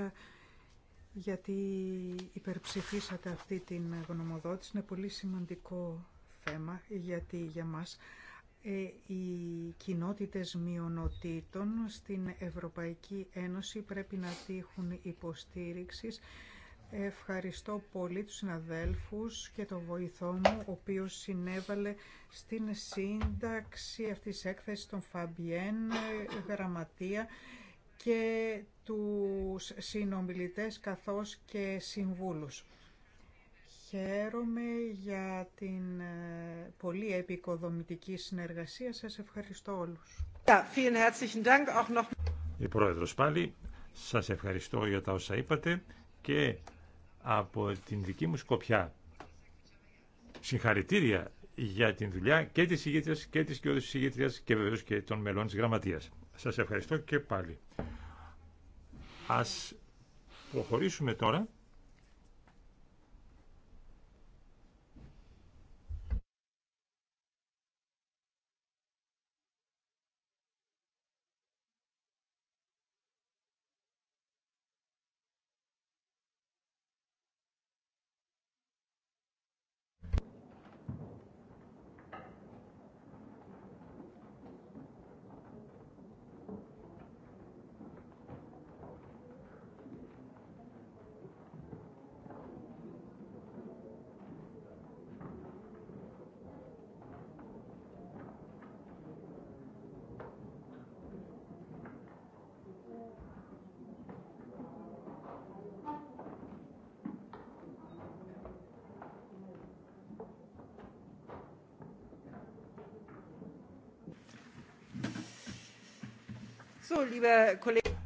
γιατί υπερψηφίσατε αυτή την γνωμοδότηση. Είναι πολύ σημαντικό θέμα γιατί για μας ε, οι κοινότητες μειονοτήτων στην Ευρωπαϊκή Ένωση πρέπει να τύχουν υποστήριξης Ευχαριστώ πολύ τους συναδέλφους και τον βοηθό μου, ο οποίος συνέβαλε στην σύνταξη αυτής της έκθεσης των Φαμπιέν, γραμματεία και τους συνομιλητές καθώς και συμβούλους. Χαίρομαι για την ε, πολύ επικοδομητική συνεργασία. Σας ευχαριστώ όλους. Η Πρόεδρος πάλι, σας ευχαριστώ για τα όσα είπατε και από την δική μου σκοπιά συγχαρητήρια για την δουλειά και της ηγήτριας και της κοιόδης ηγήτριας και βεβαίως και των μελών της γραμματείας. Σας ευχαριστώ και πάλι. Ας προχωρήσουμε τώρα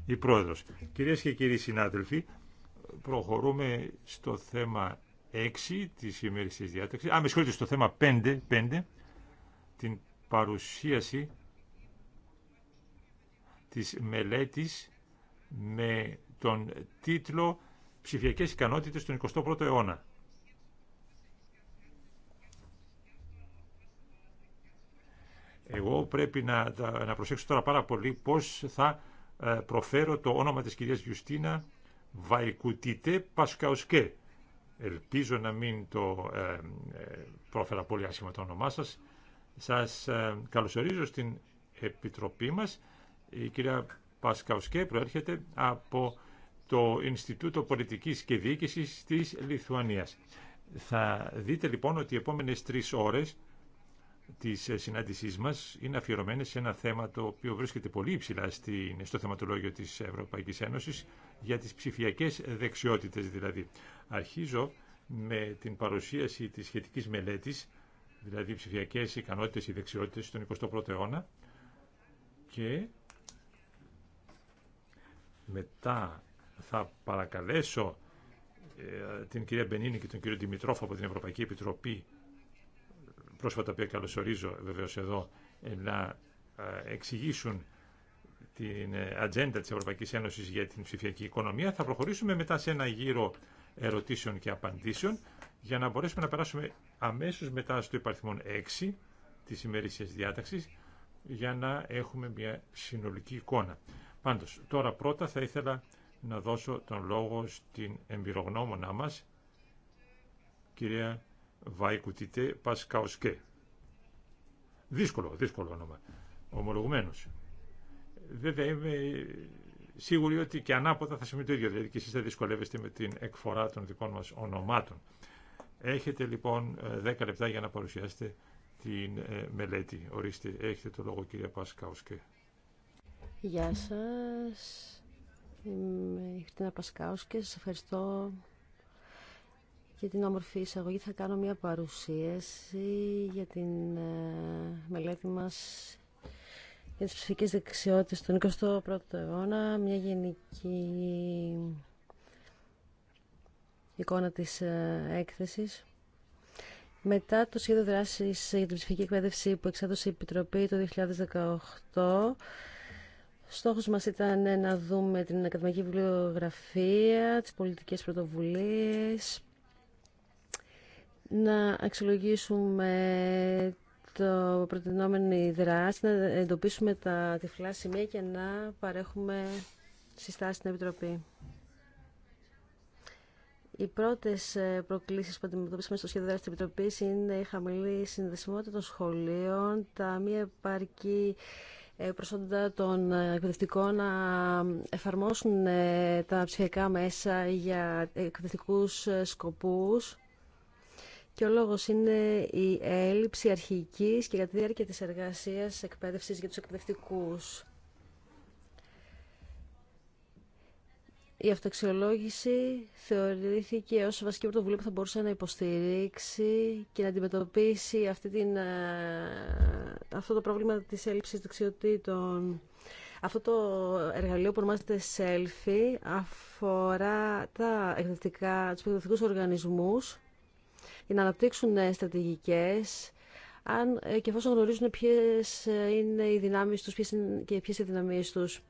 Η Πρόεδρος. Κυρίες και κύριοι συνάδελφοι, προχωρούμε στο θέμα 6 της ημερησίας διάταξης. Α, με συγχωρείτε, στο θέμα 5, 5 την παρουσίαση της μελέτης με τον τίτλο «Ψηφιακές ικανότητες στον 21ο αιώνα». πρέπει να, να προσέξω τώρα πάρα πολύ πώς θα ε, προφέρω το όνομα της κυρίας Γιουστίνα Βαϊκουτίτε Πασκαουσκέ. Ελπίζω να μην το ε, ε πρόφερα πολύ άσχημα το όνομά σας. Σας ε, καλωσορίζω στην Επιτροπή μας. Η κυρία Πασκαουσκέ προέρχεται από το Ινστιτούτο Πολιτικής και Διοίκησης της Λιθουανίας. Θα δείτε λοιπόν ότι οι επόμενες τρεις ώρες Τη ε, συνάντησή μας είναι αφιερωμένες σε ένα θέμα το οποίο βρίσκεται πολύ υψηλά στο θεματολόγιο της Ευρωπαϊκής Ένωσης για τις ψηφιακές δεξιότητες δηλαδή. Αρχίζω με την παρουσίαση τη σχετική μελέτη, δηλαδή ψηφιακές ικανότητες ή δεξιότητε στον 21ο αιώνα και μετά θα παρακαλέσω ε, την κυρία Μπενίνη και τον κύριο Δημητρόφ από την Ευρωπαϊκή Επιτροπή πρόσφατα οποία καλωσορίζω βεβαίως εδώ ε, να ε, εξηγήσουν την ε, ατζέντα της Ευρωπαϊκής Ένωσης για την ψηφιακή οικονομία. Θα προχωρήσουμε μετά σε ένα γύρο ερωτήσεων και απαντήσεων για να μπορέσουμε να περάσουμε αμέσως μετά στο υπαριθμό 6 της ημερήσιας διάταξης για να έχουμε μια συνολική εικόνα. Πάντως, τώρα πρώτα θα ήθελα να δώσω τον λόγο στην εμπειρογνώμονά μας, κυρία Βαϊκουτιτέ Πασκαοσκέ. Δύσκολο, δύσκολο όνομα. Ομολογουμένω. Βέβαια είμαι σίγουροι ότι και ανάποδα θα σημαίνει το ίδιο. Δηλαδή και εσεί θα δυσκολεύεστε με την εκφορά των δικών μας ονομάτων. Έχετε λοιπόν 10 ε, λεπτά για να παρουσιάσετε την ε, μελέτη. Ορίστε, έχετε το λόγο κυρία Πασκάουσκε. Γεια σας. Είμαι η Χριστίνα Πασκάουσκε. Σας ευχαριστώ για την όμορφη εισαγωγή θα κάνω μια παρουσίαση για την ε, μελέτη μας για τις ψηφικές δεξιότητες του 21 ο αιώνα, μια γενική εικόνα της ε, έκθεσης. Μετά το σχέδιο δράσης για την ψηφική εκπαίδευση που εξέδωσε η Επιτροπή το 2018, Στόχος μας ήταν ε, να δούμε την ακαδημαϊκή βιβλιογραφία, τις πολιτικές πρωτοβουλίες, να αξιολογήσουμε το προτινόμενη δράση, να εντοπίσουμε τα τυφλά σημεία και να παρέχουμε συστάσεις στην Επιτροπή. Οι πρώτε ε, προκλήσεις που αντιμετωπίσαμε στο σχέδιο δράση της Επιτροπή είναι η χαμηλή συνδεσιμότητα των σχολείων, τα μη επαρκή ε, προσόντα των ε, εκπαιδευτικών να εφαρμόσουν τα ψηφιακά μέσα για εκπαιδευτικούς σκοπούς και ο λόγος είναι η έλλειψη αρχικής και κατά τη διάρκεια της εργασίας εκπαίδευσης για τους εκπαιδευτικούς. Η αυτοαξιολόγηση θεωρήθηκε ως βασική πρωτοβουλία που θα μπορούσε να υποστηρίξει και να αντιμετωπίσει αυτή την, ε, αυτό το πρόβλημα της έλλειψης δεξιοτήτων. Αυτό το εργαλείο που ονομάζεται SELFI αφορά τα εκδευτικά, τους οργανισμούς για να αναπτύξουν ε, στρατηγικές αν ε, και εφόσον γνωρίζουν ποιες ε, είναι οι δυνάμεις τους ποιες είναι και ποιες οι δυναμίες τους.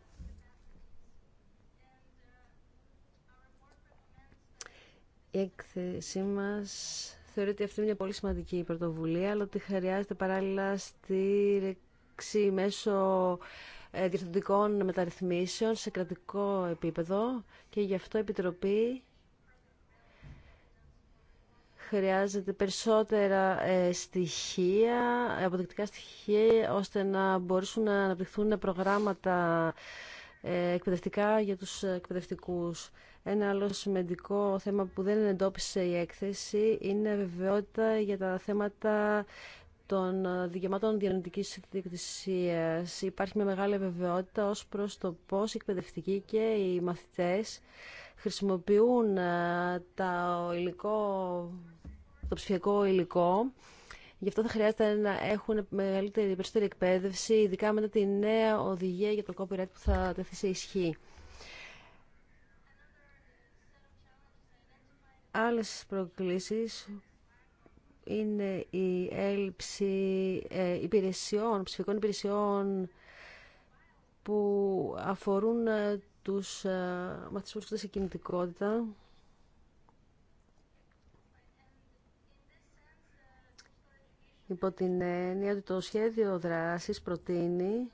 Η έκθεσή μας θεωρείται αυτή μια πολύ σημαντική πρωτοβουλία, αλλά ότι χρειάζεται παράλληλα στήριξη μέσω διευθυντικών μεταρρυθμίσεων σε κρατικό επίπεδο και γι' αυτό η Επιτροπή χρειάζεται περισσότερα ε, στοιχεία, αποδεικτικά στοιχεία, ώστε να μπορέσουν να αναπτυχθούν προγράμματα ε, εκπαιδευτικά για τους εκπαιδευτικούς. Ένα άλλο σημαντικό θέμα που δεν εντόπισε η έκθεση είναι βεβαιότητα για τα θέματα των δικαιωμάτων διανοητικής διεκτησίας. Υπάρχει μια μεγάλη βεβαιότητα ως προς το πώς οι εκπαιδευτικοί και οι μαθητές χρησιμοποιούν ε, τα υλικό, το ψηφιακό υλικό. Γι' αυτό θα χρειάζεται να έχουν μεγαλύτερη, περισσότερη εκπαίδευση, ειδικά μετά τη νέα οδηγία για το copyright που θα τεθεί σε ισχύ. Άλλες προκλήσεις είναι η έλλειψη ε, υπηρεσιών, ψηφικών υπηρεσιών που αφορούν ε, τους ε, μαθητές που βρίσκονται σε κινητικότητα. Υπό την έννοια ότι το σχέδιο δράσης προτείνει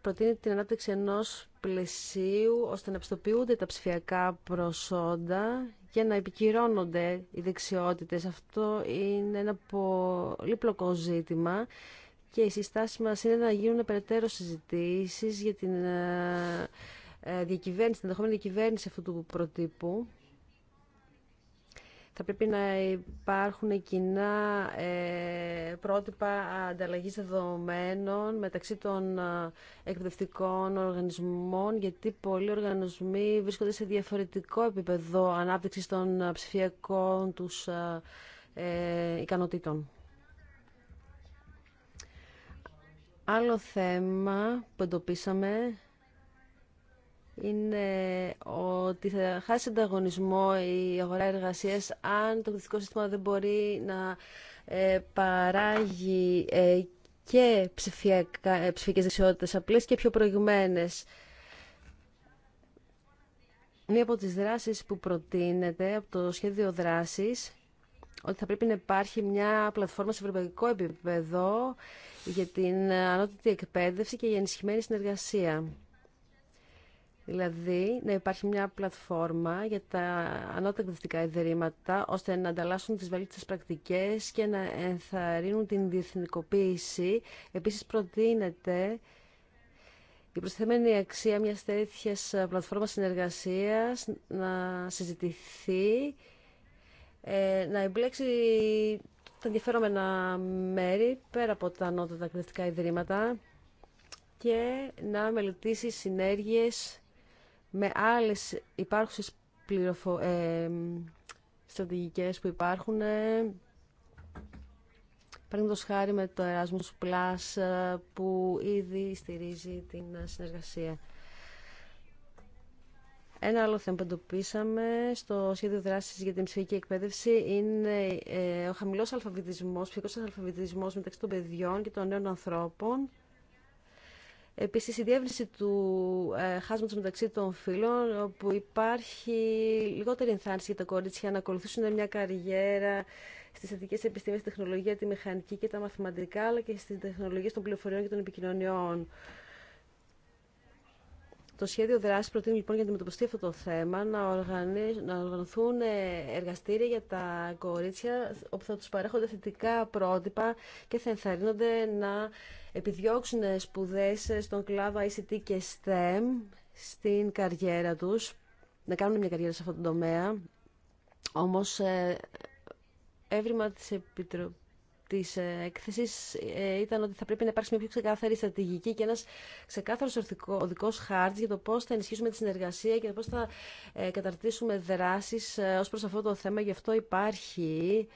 προτείνει την ανάπτυξη ενός πλαισίου ώστε να επιστοποιούνται τα ψηφιακά προσόντα και να επικυρώνονται οι δεξιότητες. Αυτό είναι ένα πολύπλοκο ζήτημα και η συστάσεις μας είναι να γίνουν περαιτέρω συζητήσεις για την ε, ε, διακυβέρνηση, την ενδεχόμενη διακυβέρνηση αυτού του προτύπου. Θα πρέπει να υπάρχουν κοινά ε, πρότυπα ανταλλαγή δεδομένων μεταξύ των εκπαιδευτικών οργανισμών, γιατί πολλοί οργανισμοί βρίσκονται σε διαφορετικό επίπεδο ανάπτυξης των ψηφιακών τους ικανοτήτων. Άλλο θέμα που εντοπίσαμε είναι ότι θα χάσει ανταγωνισμό η αγορά εργασία αν το κρατικό σύστημα δεν μπορεί να ε, παράγει ε, και ε, ψηφιακέ δεξιότητε απλέ απλές και πιο προηγμένες. Μία από τις δράσεις που προτείνεται από το σχέδιο δράσης ότι θα πρέπει να υπάρχει μια απο τι δρασεις που προτεινεται απο το σχεδιο δράση οτι θα πρεπει να υπαρχει μια πλατφορμα σε ευρωπαϊκό επίπεδο για την ανώτατη εκπαίδευση και για ενισχυμένη συνεργασία. Δηλαδή, να υπάρχει μια πλατφόρμα για τα ανώτατα εκπαιδευτικά ιδρύματα, ώστε να ανταλλάσσουν τις βαλίτσες πρακτικές και να ενθαρρύνουν την διεθνικοποίηση. Επίσης, προτείνεται η προσθέμενη αξία μιας τέτοιας πλατφόρμας συνεργασίας να συζητηθεί, ε, να εμπλέξει τα ενδιαφέρομενα μέρη πέρα από τα ανώτατα εκπαιδευτικά ιδρύματα και να μελετήσει συνέργειες με άλλες υπάρχουσες πληροφο... Ε, στρατηγικές που υπάρχουν. Ε, το χάρη με το Erasmus Plus ε, που ήδη στηρίζει την συνεργασία. Ένα άλλο θέμα που εντοπίσαμε στο σχέδιο δράσης για την ψηφιακή εκπαίδευση είναι ε, ο χαμηλός αλφαβητισμός, ψηφιακός αλφαβητισμός μεταξύ των παιδιών και των νέων ανθρώπων. Επίσης, η διεύρυνση του ε, χάσματος μεταξύ των φίλων, όπου υπάρχει λιγότερη ενθάρρυνση για τα κορίτσια να ακολουθήσουν μια καριέρα στις θετικέ επιστήμες, τη τεχνολογία, τη μηχανική και τα μαθηματικά, αλλά και στις τεχνολογίες των πληροφοριών και των επικοινωνιών. Το σχέδιο δράση προτείνει λοιπόν για να αντιμετωπιστεί αυτό το θέμα να, να οργανωθούν ε, εργαστήρια για τα κορίτσια όπου θα τους παρέχονται θετικά πρότυπα και θα ενθαρρύνονται να επιδιώξουν σπουδέ στον κλάδο ICT και STEM στην καριέρα τους, να κάνουν μια καριέρα σε αυτό το τομέα. Όμως, ε, έβριμα της επιτροπή. Τη ε, έκθεση ε, ήταν ότι θα πρέπει να υπάρξει μια πιο ξεκάθαρη στρατηγική και ένα ξεκάθαρος οδικό χάρτη για το πώ θα ενισχύσουμε τη συνεργασία και πώ πώς θα ε, καταρτήσουμε δράσει ω προ αυτό το θέμα. Γι' αυτό υπάρχει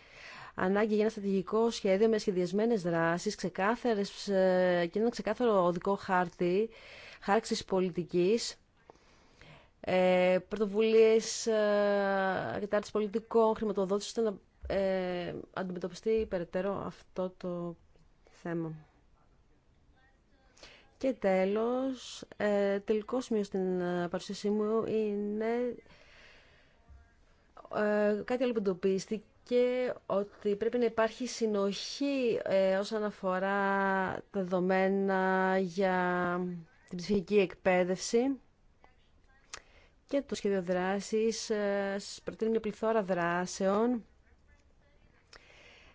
ανάγκη για ένα στρατηγικό σχέδιο με σχεδιασμένε δράσει, και ένα ξεκάθαρο οδικό χάρτη χάρξη πολιτική, ε, πρωτοβουλίε ε, πολιτικών, χρηματοδότηση ώστε ε, αντιμετωπιστεί περαιτέρω αυτό το θέμα. Και τέλος, ε, τελικό σημείο στην ε, παρουσίασή μου είναι ε, κάτι άλλο που εντοπίστηκε και ότι πρέπει να υπάρχει συνοχή ε, όσον αφορά τα δεδομένα για την ψυχική εκπαίδευση και το σχέδιο δράσης. Ε, προτείνει μια πληθώρα δράσεων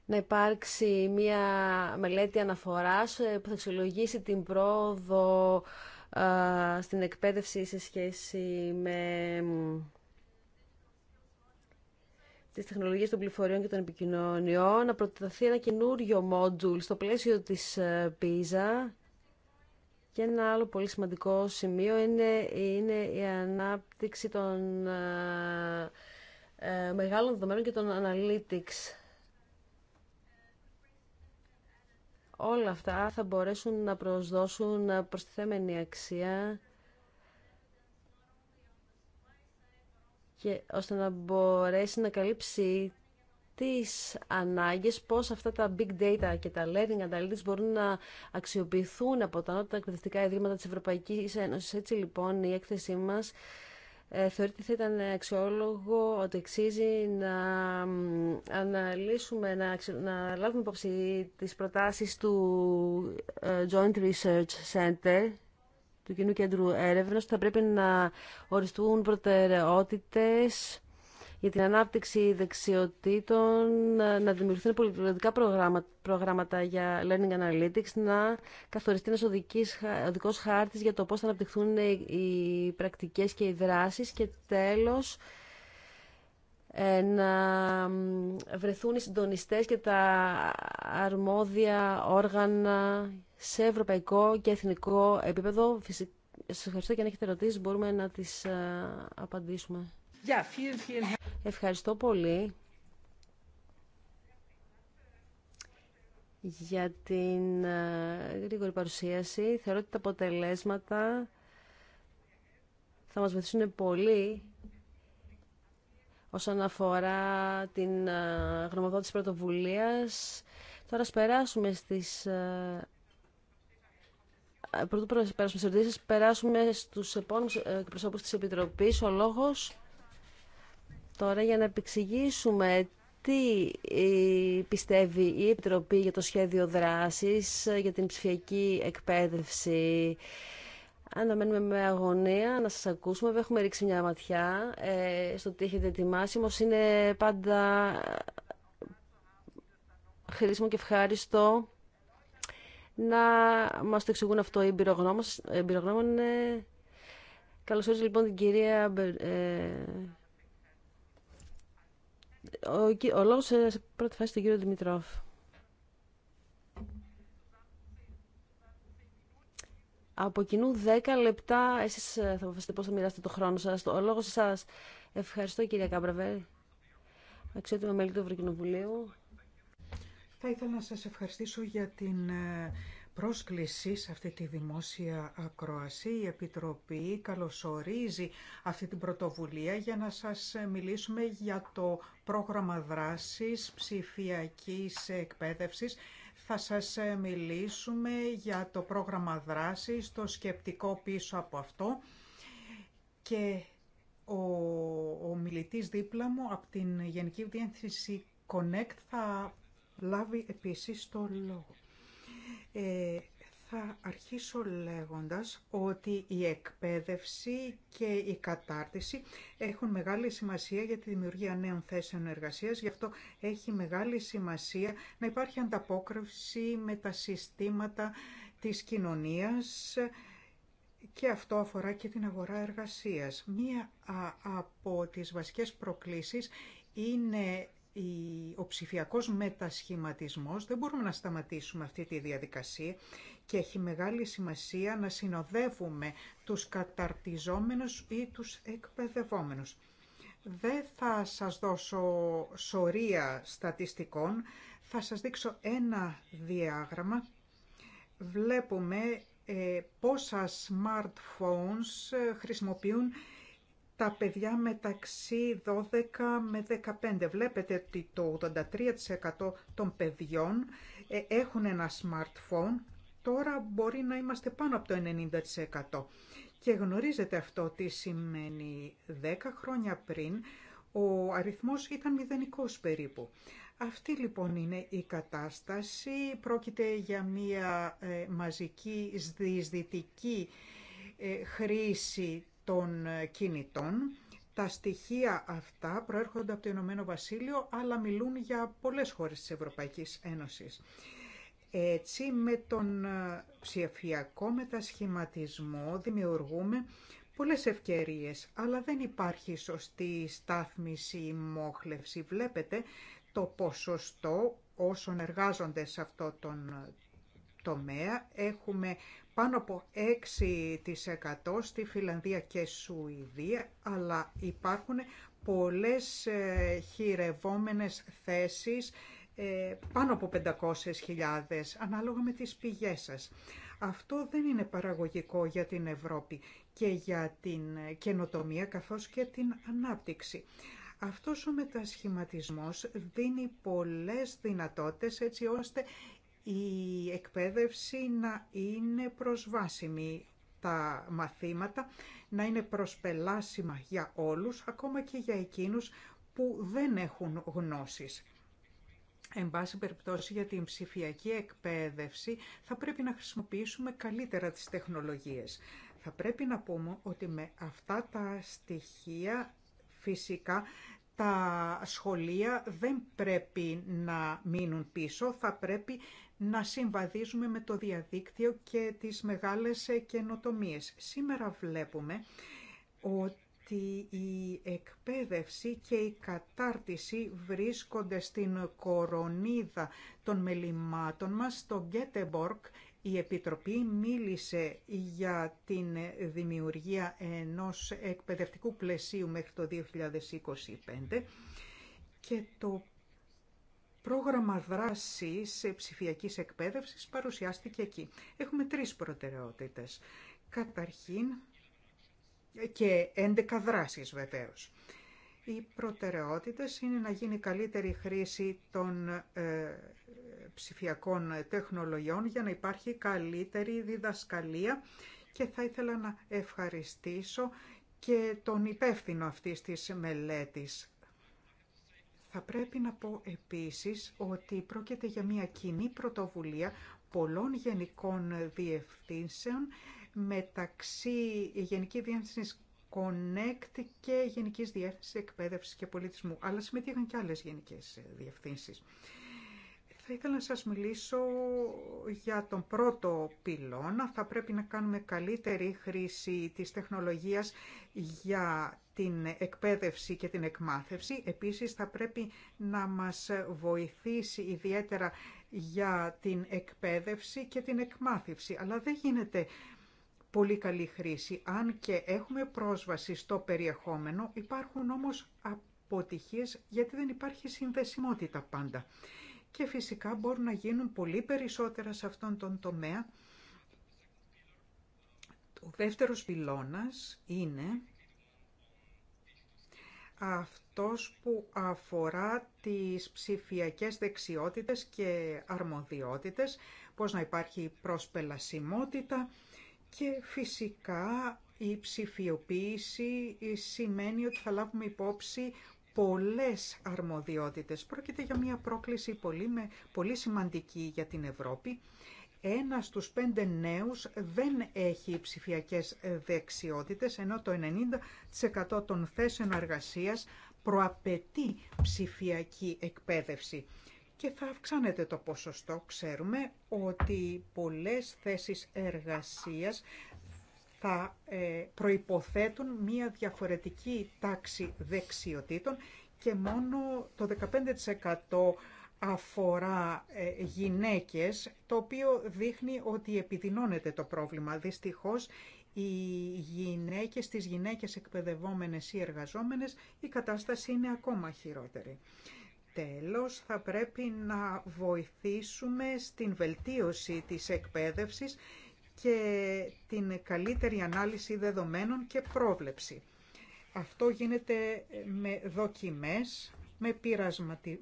να υπάρξει μια μελέτη αναφοράς ε, που θα αξιολογήσει την πρόοδο ε, στην εκπαίδευση σε σχέση με τις τεχνολογίες των πληροφοριών και των επικοινωνιών, να προτεθεί ένα καινούριο μόντουλ στο πλαίσιο της ε, PISA και ένα άλλο πολύ σημαντικό σημείο είναι, είναι η ανάπτυξη των μεγάλων δεδομένων και των analytics. όλα αυτά θα μπορέσουν να προσδώσουν προστιθέμενη αξία και ώστε να μπορέσει να καλύψει τις ανάγκες, πώς αυτά τα big data και τα learning analytics μπορούν να αξιοποιηθούν από τα νότια εκπαιδευτικά ιδρύματα της Ευρωπαϊκής Ένωσης. Έτσι λοιπόν η έκθεσή μας ε, θεωρείται θα ήταν αξιόλογο ότι εξίζει να αναλύσουμε, να, να λάβουμε υπόψη τις προτάσεις του ε, Joint Research Center, του Κοινού Κέντρου Έρευνας, θα πρέπει να οριστούν προτεραιότητες για την ανάπτυξη δεξιοτήτων, να δημιουργηθούν πολυπληρωτικά προγράμματα, προγράμματα για Learning Analytics, να καθοριστεί ένα οδικό χάρτη χάρτης για το πώς θα αναπτυχθούν οι πρακτικές και οι δράσεις και τέλος ε, να βρεθούν οι συντονιστές και τα αρμόδια όργανα σε ευρωπαϊκό και εθνικό επίπεδο. Σα σας ευχαριστώ και αν έχετε ερωτήσεις μπορούμε να τις ε, απαντήσουμε. Yeah, Ευχαριστώ πολύ για την ε, γρήγορη παρουσίαση. Θεωρώ ότι τα αποτελέσματα θα μας βοηθήσουν πολύ όσον αφορά την ε, γνωμοδότηση πρωτοβουλίας. Τώρα περάσουμε στις... Ε, πρωτού περάσουμε στις ερωτήσεις, περάσουμε στους επόμενους εκπροσώπους της Επιτροπής. Ο λόγος Τώρα για να επεξηγήσουμε τι ε, πιστεύει η Επιτροπή για το σχέδιο δράσης, ε, για την ψηφιακή εκπαίδευση. Αναμένουμε με αγωνία να σας ακούσουμε. Έχουμε ρίξει μια ματιά ε, στο τι έχετε ετοιμάσει. Όμως είναι πάντα χρήσιμο και ευχάριστο να μας το εξηγούν αυτό οι εμπειρογνώμονες. Καλώς ήρθατε λοιπόν την κυρία ο, ο λόγος σε πρώτη φάση του κύριο Δημητρόφ. Από κοινού 10 λεπτά, εσείς ε, θα αποφασίσετε πώς θα μοιράσετε το χρόνο σας. Ο λόγος σας. Ευχαριστώ κύριε Κάμπραβερ. αξιότιμο μέλη του Ευρωκοινοβουλίου. Θα ήθελα να σας ευχαριστήσω για την ε, πρόσκληση σε αυτή τη δημόσια ακροασία Η Επιτροπή καλωσορίζει αυτή την πρωτοβουλία για να σας μιλήσουμε για το πρόγραμμα δράσης ψηφιακής εκπαίδευσης. Θα σας μιλήσουμε για το πρόγραμμα δράσης, το σκεπτικό πίσω από αυτό και ο, ο μιλητής δίπλα μου από την Γενική Διεύθυνση Connect θα λάβει επίσης το λόγο. Ε, θα αρχίσω λέγοντας ότι η εκπαίδευση και η κατάρτιση έχουν μεγάλη σημασία για τη δημιουργία νέων θέσεων εργασίας, γι' αυτό έχει μεγάλη σημασία να υπάρχει ανταπόκριση με τα συστήματα της κοινωνίας και αυτό αφορά και την αγορά εργασίας. Μία από τις βασικές προκλήσεις είναι ο ψηφιακός μετασχηματισμός, δεν μπορούμε να σταματήσουμε αυτή τη διαδικασία και έχει μεγάλη σημασία να συνοδεύουμε τους καταρτιζόμενους ή τους εκπαιδευόμενους. Δεν θα σας δώσω σωρία στατιστικών, θα σας δείξω ένα διάγραμμα. Βλέπουμε ε, πόσα smartphones ε, χρησιμοποιούν τα παιδιά μεταξύ 12 με 15. Βλέπετε ότι το 83% των παιδιών ε, έχουν ένα smartphone. Τώρα μπορεί να είμαστε πάνω από το 90%. Και γνωρίζετε αυτό τι σημαίνει 10 χρόνια πριν, ο αριθμός ήταν μηδενικός περίπου. Αυτή λοιπόν είναι η κατάσταση. Πρόκειται για μία ε, μαζική σδυσδυτική ε, χρήση των ε, κινητών. Τα στοιχεία αυτά προέρχονται από το Ηνωμένο Βασίλειο, αλλά μιλούν για πολλές χώρες της Ευρωπαϊκής Ένωσης. Έτσι, με τον ε, ψηφιακό μετασχηματισμό δημιουργούμε πολλές ευκαιρίες, αλλά δεν υπάρχει σωστή στάθμιση ή μόχλευση. Βλέπετε το ποσοστό όσων εργάζονται σε αυτό τον ε, τομέα. Έχουμε πάνω από 6% στη Φιλανδία και Σουηδία, αλλά υπάρχουν πολλές ε, χειρευόμενες θέσεις ε, πάνω από 500.000 ανάλογα με τις πηγές σας. Αυτό δεν είναι παραγωγικό για την Ευρώπη και για την καινοτομία καθώς και την ανάπτυξη. Αυτός ο μετασχηματισμός δίνει πολλές δυνατότητες έτσι ώστε η εκπαίδευση να είναι προσβάσιμη, τα μαθήματα να είναι προσπελάσιμα για όλους, ακόμα και για εκείνους που δεν έχουν γνώσεις. Εν πάση περιπτώσει για την ψηφιακή εκπαίδευση θα πρέπει να χρησιμοποιήσουμε καλύτερα τις τεχνολογίες. Θα πρέπει να πούμε ότι με αυτά τα στοιχεία φυσικά τα σχολεία δεν πρέπει να μείνουν πίσω, θα πρέπει να συμβαδίζουμε με το διαδίκτυο και τις μεγάλες καινοτομίε. Σήμερα βλέπουμε ότι η εκπαίδευση και η κατάρτιση βρίσκονται στην κορονίδα των μελημάτων μας στο Γκέτεμπορκ η Επιτροπή μίλησε για την δημιουργία ενός εκπαιδευτικού πλαισίου μέχρι το 2025 και το πρόγραμμα δράσης ψηφιακής εκπαίδευσης παρουσιάστηκε εκεί. Έχουμε τρεις προτεραιότητες. Καταρχήν και 11 δράσεις βεβαίως. Οι προτεραιότητες είναι να γίνει καλύτερη χρήση των ε, ψηφιακών τεχνολογιών για να υπάρχει καλύτερη διδασκαλία και θα ήθελα να ευχαριστήσω και τον υπεύθυνο αυτής της μελέτης. Θα πρέπει να πω επίσης ότι πρόκειται για μια κοινή πρωτοβουλία πολλών γενικών διευθύνσεων μεταξύ Γενική Διεύθυνση Connect και Γενικής Διεύθυνσης Εκπαίδευσης και Πολιτισμού, αλλά συμμετείχαν και άλλες γενικές διευθύνσεις. Θα ήθελα να σας μιλήσω για τον πρώτο πυλώνα. Θα πρέπει να κάνουμε καλύτερη χρήση της τεχνολογίας για την εκπαίδευση και την εκμάθευση. Επίσης θα πρέπει να μας βοηθήσει ιδιαίτερα για την εκπαίδευση και την εκμάθευση. Αλλά δεν γίνεται πολύ καλή χρήση. Αν και έχουμε πρόσβαση στο περιεχόμενο, υπάρχουν όμως αποτυχίες γιατί δεν υπάρχει συνδεσιμότητα πάντα και φυσικά μπορούν να γίνουν πολύ περισσότερα σε αυτόν τον τομέα. Ο δεύτερος πυλώνας είναι αυτός που αφορά τις ψηφιακές δεξιότητες και αρμοδιότητες, πώς να υπάρχει προσπελασιμότητα και φυσικά η ψηφιοποίηση σημαίνει ότι θα λάβουμε υπόψη πολλές αρμοδιότητες. Πρόκειται για μια πρόκληση πολύ, με, πολύ σημαντική για την Ευρώπη. Ένα στους πέντε νέους δεν έχει ψηφιακές δεξιότητες, ενώ το 90% των θέσεων εργασίας προαπαιτεί ψηφιακή εκπαίδευση. Και θα αυξάνεται το ποσοστό. Ξέρουμε ότι πολλές θέσεις εργασίας θα ε, προϋποθέτουν μία διαφορετική τάξη δεξιοτήτων και μόνο το 15% αφορά ε, γυναίκες, το οποίο δείχνει ότι επιδεινώνεται το πρόβλημα. Δυστυχώς, οι γυναίκες, τις γυναίκες εκπαιδευόμενες ή εργαζόμενες, η κατάσταση είναι ακόμα χειρότερη. Τέλος, θα πρέπει να βοηθήσουμε στην βελτίωση της εκπαίδευσης και την καλύτερη ανάλυση δεδομένων και πρόβλεψη. Αυτό γίνεται με δοκιμές, με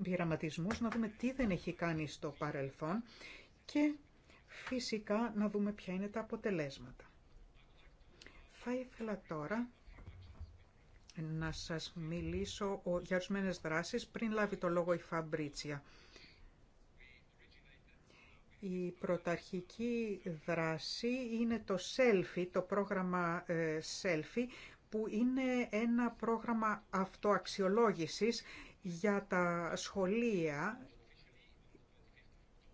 πειραματισμούς, να δούμε τι δεν έχει κάνει στο παρελθόν και φυσικά να δούμε ποια είναι τα αποτελέσματα. Θα ήθελα τώρα να σας μιλήσω για ορισμένε δράσεις πριν λάβει το λόγο η Φαμπρίτσια. Η πρωταρχική δράση είναι το SELFIE, το πρόγραμμα ε, SELFIE, που είναι ένα πρόγραμμα αυτοαξιολόγησης για τα σχολεία.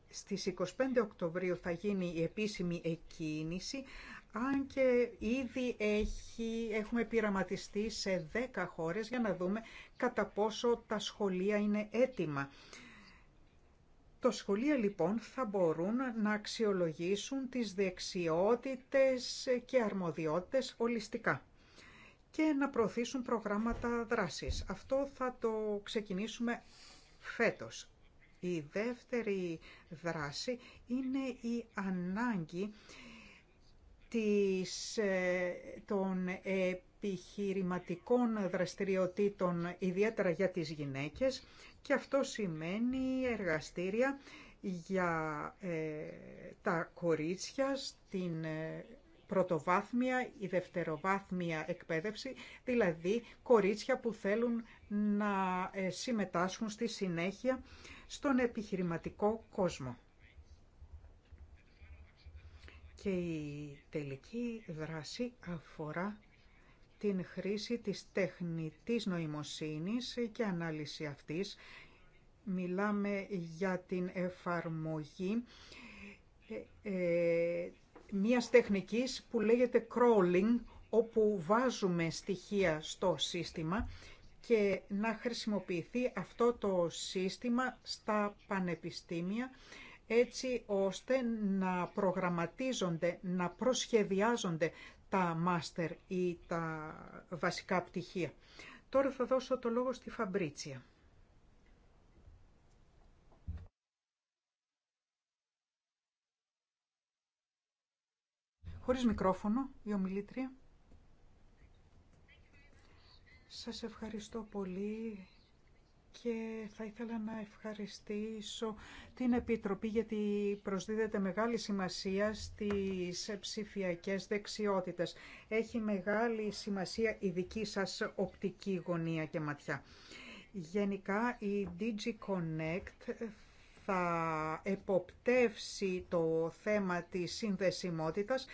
Στις 25 Οκτωβρίου θα γίνει η επίσημη εκκίνηση, αν και ήδη έχει, έχουμε πειραματιστεί σε 10 χώρες για να δούμε κατά πόσο τα σχολεία είναι έτοιμα το σχολείο λοιπόν θα μπορούν να αξιολογήσουν τις δεξιότητες και αρμοδιότητες ολιστικά και να προωθήσουν προγράμματα δράσης. Αυτό θα το ξεκινήσουμε φέτος. Η δεύτερη δράση είναι η ανάγκη της, ε, των επιχειρηματικών δραστηριοτήτων, ιδιαίτερα για τις γυναίκες, και αυτό σημαίνει εργαστήρια για ε, τα κορίτσια στην ε, πρωτοβάθμια ή δευτεροβάθμια εκπαίδευση, δηλαδή κορίτσια που θέλουν να ε, συμμετάσχουν στη συνέχεια στον επιχειρηματικό κόσμο. Και η τελική δράση αφορά την χρήση της τεχνητής νοημοσύνης και ανάλυση αυτής. Μιλάμε για την εφαρμογή ε, ε, μιας τεχνικής που λέγεται crawling, όπου βάζουμε στοιχεία στο σύστημα και να χρησιμοποιηθεί αυτό το σύστημα στα πανεπιστήμια έτσι ώστε να προγραμματίζονται, να προσχεδιάζονται τα μάστερ ή τα βασικά πτυχία. Τώρα θα δώσω το λόγο στη Φαμπρίτσια. Χωρίς μικρόφωνο, η ομιλήτρια. Σας ευχαριστώ πολύ και θα ήθελα να ευχαριστήσω την Επιτροπή γιατί προσδίδεται μεγάλη σημασία στις ψηφιακές δεξιότητες. Έχει μεγάλη σημασία η δική σας οπτική γωνία και ματιά. Γενικά η DigiConnect θα εποπτεύσει το θέμα της συνδεσιμότητας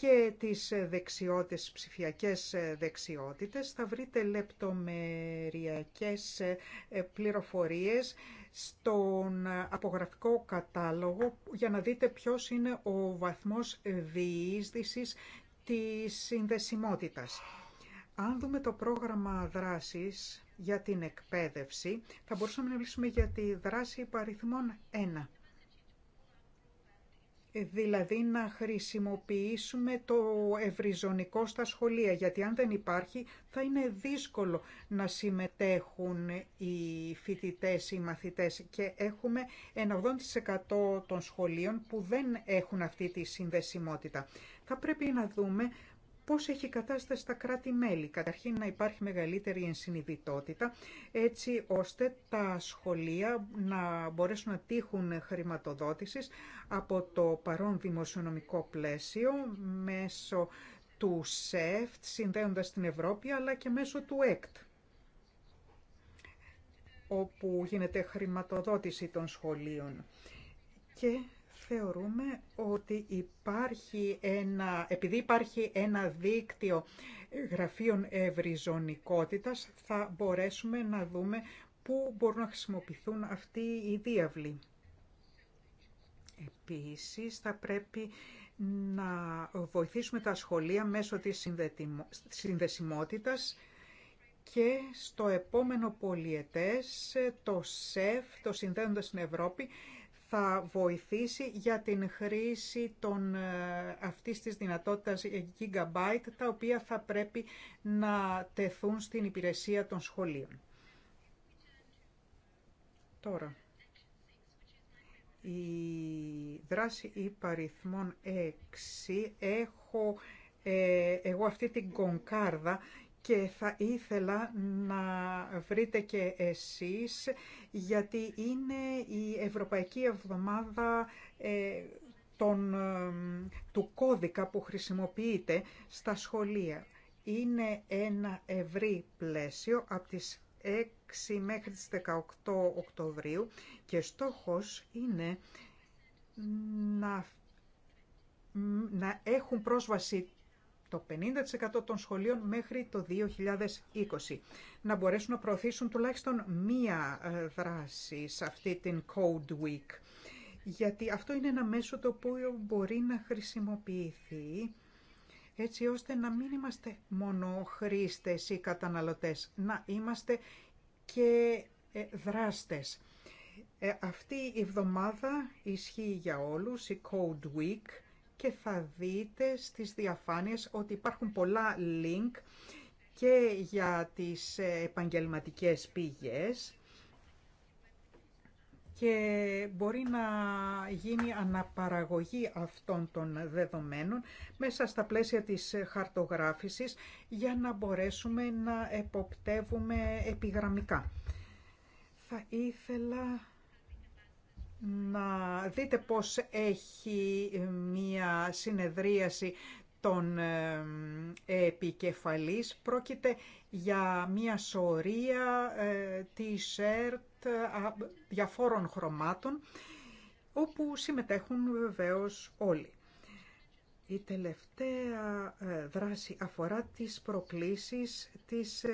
και τις ε, δεξιότητες, ψηφιακές ε, δεξιότητες. Θα βρείτε λεπτομεριακές ε, πληροφορίες στον απογραφικό κατάλογο για να δείτε ποιος είναι ο βαθμός διείσδησης της συνδεσιμότητας. Αν δούμε το πρόγραμμα δράσης για την εκπαίδευση, θα μπορούσαμε να μιλήσουμε για τη δράση υπαριθμών 1 δηλαδή να χρησιμοποιήσουμε το ευρυζωνικό στα σχολεία, γιατί αν δεν υπάρχει θα είναι δύσκολο να συμμετέχουν οι φοιτητές, οι μαθητές και έχουμε ένα 80% των σχολείων που δεν έχουν αυτή τη συνδεσιμότητα. Θα πρέπει να δούμε πώς έχει κατάσταση στα κράτη-μέλη. Καταρχήν να υπάρχει μεγαλύτερη ενσυνειδητότητα έτσι ώστε τα σχολεία να μπορέσουν να τύχουν χρηματοδότησης από το παρόν δημοσιονομικό πλαίσιο μέσω του ΣΕΦΤ συνδέοντας την Ευρώπη αλλά και μέσω του ΕΚΤ όπου γίνεται χρηματοδότηση των σχολείων και θεωρούμε ότι υπάρχει ένα, επειδή υπάρχει ένα δίκτυο γραφείων ευρυζωνικότητας, θα μπορέσουμε να δούμε πού μπορούν να χρησιμοποιηθούν αυτοί οι διάβλοι. Επίσης, θα πρέπει να βοηθήσουμε τα σχολεία μέσω της συνδεσιμότητας και στο επόμενο πολιετές το ΣΕΦ, το Συνδέοντας στην Ευρώπη, θα βοηθήσει για την χρήση των, ε, αυτής της δυνατότητας Gigabyte, τα οποία θα πρέπει να τεθούν στην υπηρεσία των σχολείων. Τώρα, η δράση υπαριθμών 6 έχω ε, εγώ αυτή την κονκάρδα και θα ήθελα να βρείτε και εσείς γιατί είναι η Ευρωπαϊκή Εβδομάδα ε, ε, του κώδικα που χρησιμοποιείται στα σχολεία. Είναι ένα ευρύ πλαίσιο από τις 6 μέχρι τις 18 Οκτωβρίου και στόχος είναι να, να έχουν πρόσβαση το 50% των σχολείων μέχρι το 2020. Να μπορέσουν να προωθήσουν τουλάχιστον μία ε, δράση σε αυτή την Code Week. Γιατί αυτό είναι ένα μέσο το οποίο μπορεί να χρησιμοποιηθεί έτσι ώστε να μην είμαστε μόνο χρήστες ή καταναλωτές, να είμαστε και ε, δράστες. Ε, αυτή η εβδομάδα ισχύει για όλους, η Code Week, και θα δείτε στις διαφάνειες ότι υπάρχουν πολλά link και για τις επαγγελματικές πηγές και μπορεί να γίνει αναπαραγωγή αυτών των δεδομένων μέσα στα πλαίσια της χαρτογράφησης για να μπορέσουμε να εποπτεύουμε επιγραμμικά. Θα ήθελα να δείτε πώς έχει μία συνεδρίαση των ε, επικεφαλής. Πρόκειται για μία σωρία ε, t-shirt διαφόρων χρωμάτων, όπου συμμετέχουν βεβαίως όλοι. Η τελευταία ε, δράση αφορά τις προκλήσεις της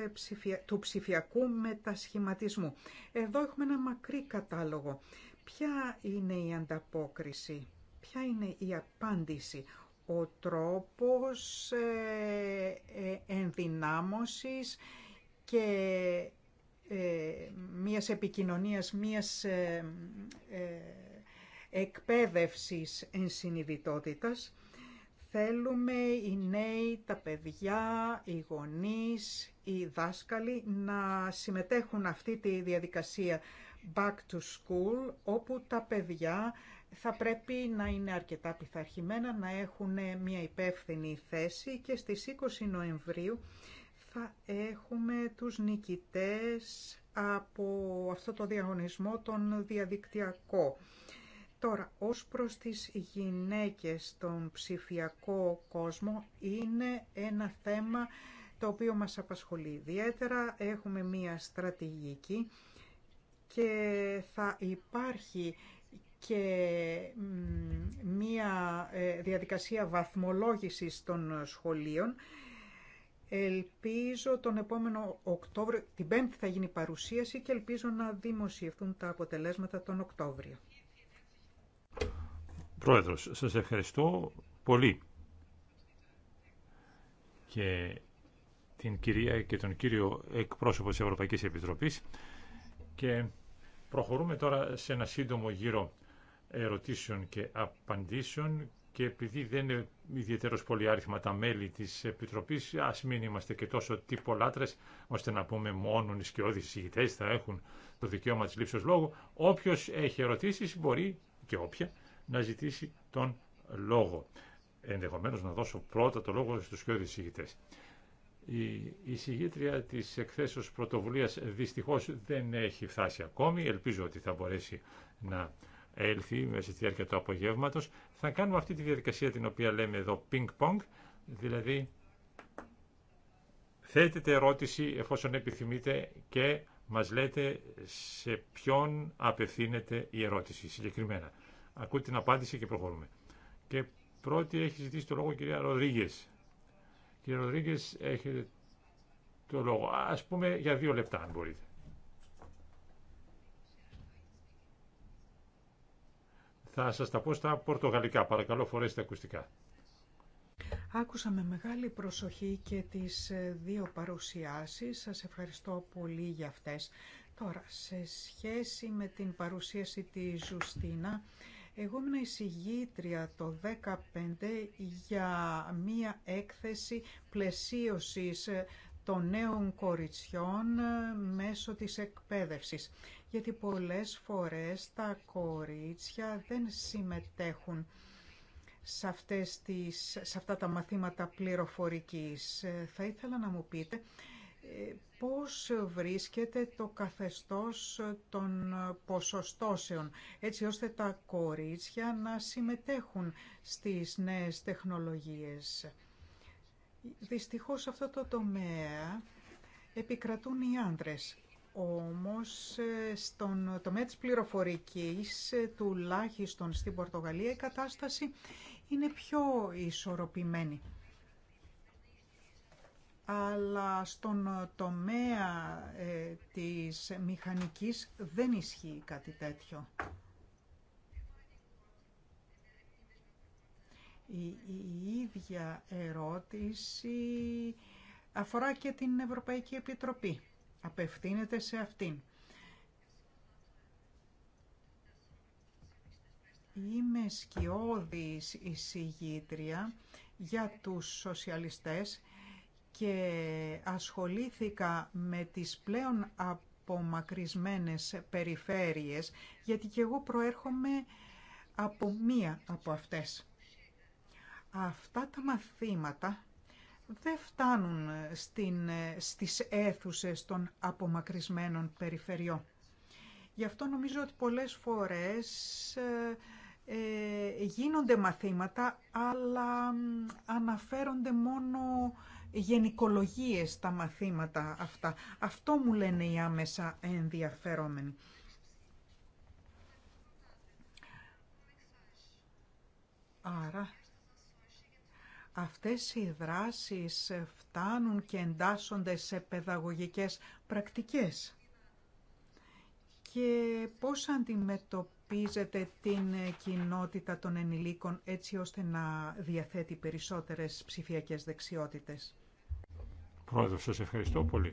του ψηφιακού μετασχηματισμού. Εδώ έχουμε ένα μακρύ κατάλογο Ποια είναι η ανταπόκριση, ποια είναι η απάντηση, ο τρόπος ε, ε ενδυνάμωσης και ε, μίας επικοινωνίας, μίας ε, εκπαίδευσης ενσυνειδητότητας. Θέλουμε οι νέοι, τα παιδιά, οι γονείς, οι δάσκαλοι να συμμετέχουν αυτή τη διαδικασία back to school, όπου τα παιδιά θα πρέπει να είναι αρκετά πειθαρχημένα, να έχουν μια υπεύθυνη θέση και στις 20 Νοεμβρίου θα έχουμε τους νικητές από αυτό το διαγωνισμό τον διαδικτυακό. Τώρα, ως προς τις γυναίκες στον ψηφιακό κόσμο είναι ένα θέμα το οποίο μας απασχολεί ιδιαίτερα. Έχουμε μία στρατηγική και θα υπάρχει και μία ε, διαδικασία βαθμολόγησης των σχολείων. Ελπίζω τον επόμενο Οκτώβριο, την Πέμπτη θα γίνει παρουσίαση και ελπίζω να δημοσιευθούν τα αποτελέσματα τον Οκτώβριο. Πρόεδρος, σας ευχαριστώ πολύ και την κυρία και τον κύριο εκπρόσωπο της Ευρωπαϊκής Επιτροπής. Και προχωρούμε τώρα σε ένα σύντομο γύρο ερωτήσεων και απαντήσεων και επειδή δεν είναι ιδιαίτερος πολύ άριθμα τα μέλη της Επιτροπής, ας μην είμαστε και τόσο τυπολάτρες, ώστε να πούμε μόνον οι σκιώδεις συγητές θα έχουν το δικαίωμα της λήψης λόγου. Όποιος έχει ερωτήσεις μπορεί και όποια να ζητήσει τον λόγο. Ενδεχομένως να δώσω πρώτα το λόγο στους σκιώδεις συγητές. Η εισηγήτρια της εκθέσεως πρωτοβουλίας δυστυχώς δεν έχει φτάσει ακόμη. Ελπίζω ότι θα μπορέσει να έλθει μέσα στη διάρκεια του απογεύματος. Θα κάνουμε αυτή τη διαδικασία την οποία λέμε εδώ ping-pong, δηλαδή θέτετε ερώτηση εφόσον επιθυμείτε και μας λέτε σε ποιον απευθύνεται η ερώτηση συγκεκριμένα. Ακούτε την απάντηση και προχωρούμε. Και πρώτη έχει ζητήσει το λόγο κυρία Ροδρίγες. Κύριε Ροδρίγκε, έχετε το λόγο. Α πούμε για δύο λεπτά, αν μπορείτε. Θα σα τα πω στα πορτογαλικά. Παρακαλώ φορέστε ακουστικά. Άκουσα με μεγάλη προσοχή και τις ε, δύο παρουσιάσεις. Σας ευχαριστώ πολύ για αυτές. Τώρα, σε σχέση με την παρουσίαση της Ζουστίνα, εγώ ήμουν εισηγήτρια το 2015 για μία έκθεση πλαισίωσης των νέων κοριτσιών μέσω της εκπαίδευσης. Γιατί πολλές φορές τα κορίτσια δεν συμμετέχουν σε, αυτές τις, σε αυτά τα μαθήματα πληροφορικής. Θα ήθελα να μου πείτε πώς βρίσκεται το καθεστώς των ποσοστώσεων, έτσι ώστε τα κορίτσια να συμμετέχουν στις νέες τεχνολογίες. Δυστυχώς σε αυτό το τομέα επικρατούν οι άντρες. Όμως στον τομέα της πληροφορικής, τουλάχιστον στην Πορτογαλία, η κατάσταση είναι πιο ισορροπημένη αλλά στον τομέα ε, της μηχανικής δεν ισχύει κάτι τέτοιο. Η, η ίδια ερώτηση αφορά και την Ευρωπαϊκή Επιτροπή. Απευθύνεται σε αυτήν. Είμαι σκιώδης εισηγήτρια για τους σοσιαλιστές και ασχολήθηκα με τις πλέον απομακρυσμένες περιφέρειες, γιατί και εγώ προέρχομαι από μία από αυτές. Αυτά τα μαθήματα δεν φτάνουν στην, στις αίθουσες των απομακρυσμένων περιφερειών. Γι' αυτό νομίζω ότι πολλές φορές ε, ε γίνονται μαθήματα, αλλά αναφέρονται μόνο γενικολογίες τα μαθήματα αυτά. Αυτό μου λένε οι άμεσα ενδιαφερόμενοι. Άρα αυτές οι δράσεις φτάνουν και εντάσσονται σε παιδαγωγικές πρακτικές. Και πώς αντιμετωπίζετε την κοινότητα των ενηλίκων έτσι ώστε να διαθέτει περισσότερες ψηφιακές δεξιότητες. Πρόεδρος, σας ευχαριστώ πολύ.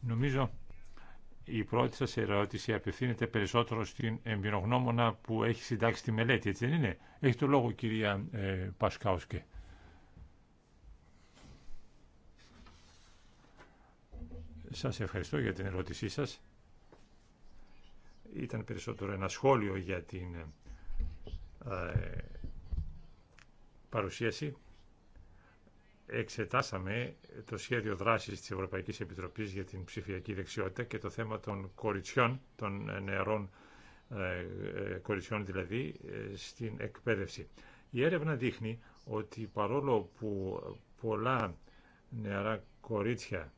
Νομίζω η πρώτη σας ερώτηση απευθύνεται περισσότερο στην εμπειρογνώμονα που έχει συντάξει τη μελέτη, έτσι δεν είναι. Έχει το λόγο κυρία ε, Πασκάουσκε. Σας ευχαριστώ για την ερώτησή σας. Ήταν περισσότερο ένα σχόλιο για την ε, παρουσίαση εξετάσαμε το σχέδιο δράσης της Ευρωπαϊκής Επιτροπής για την ψηφιακή δεξιότητα και το θέμα των κοριτσιών, των νεαρών ε, ε, κοριτσιών δηλαδή, ε, στην εκπαίδευση. Η έρευνα δείχνει ότι παρόλο που πολλά νεαρά κορίτσια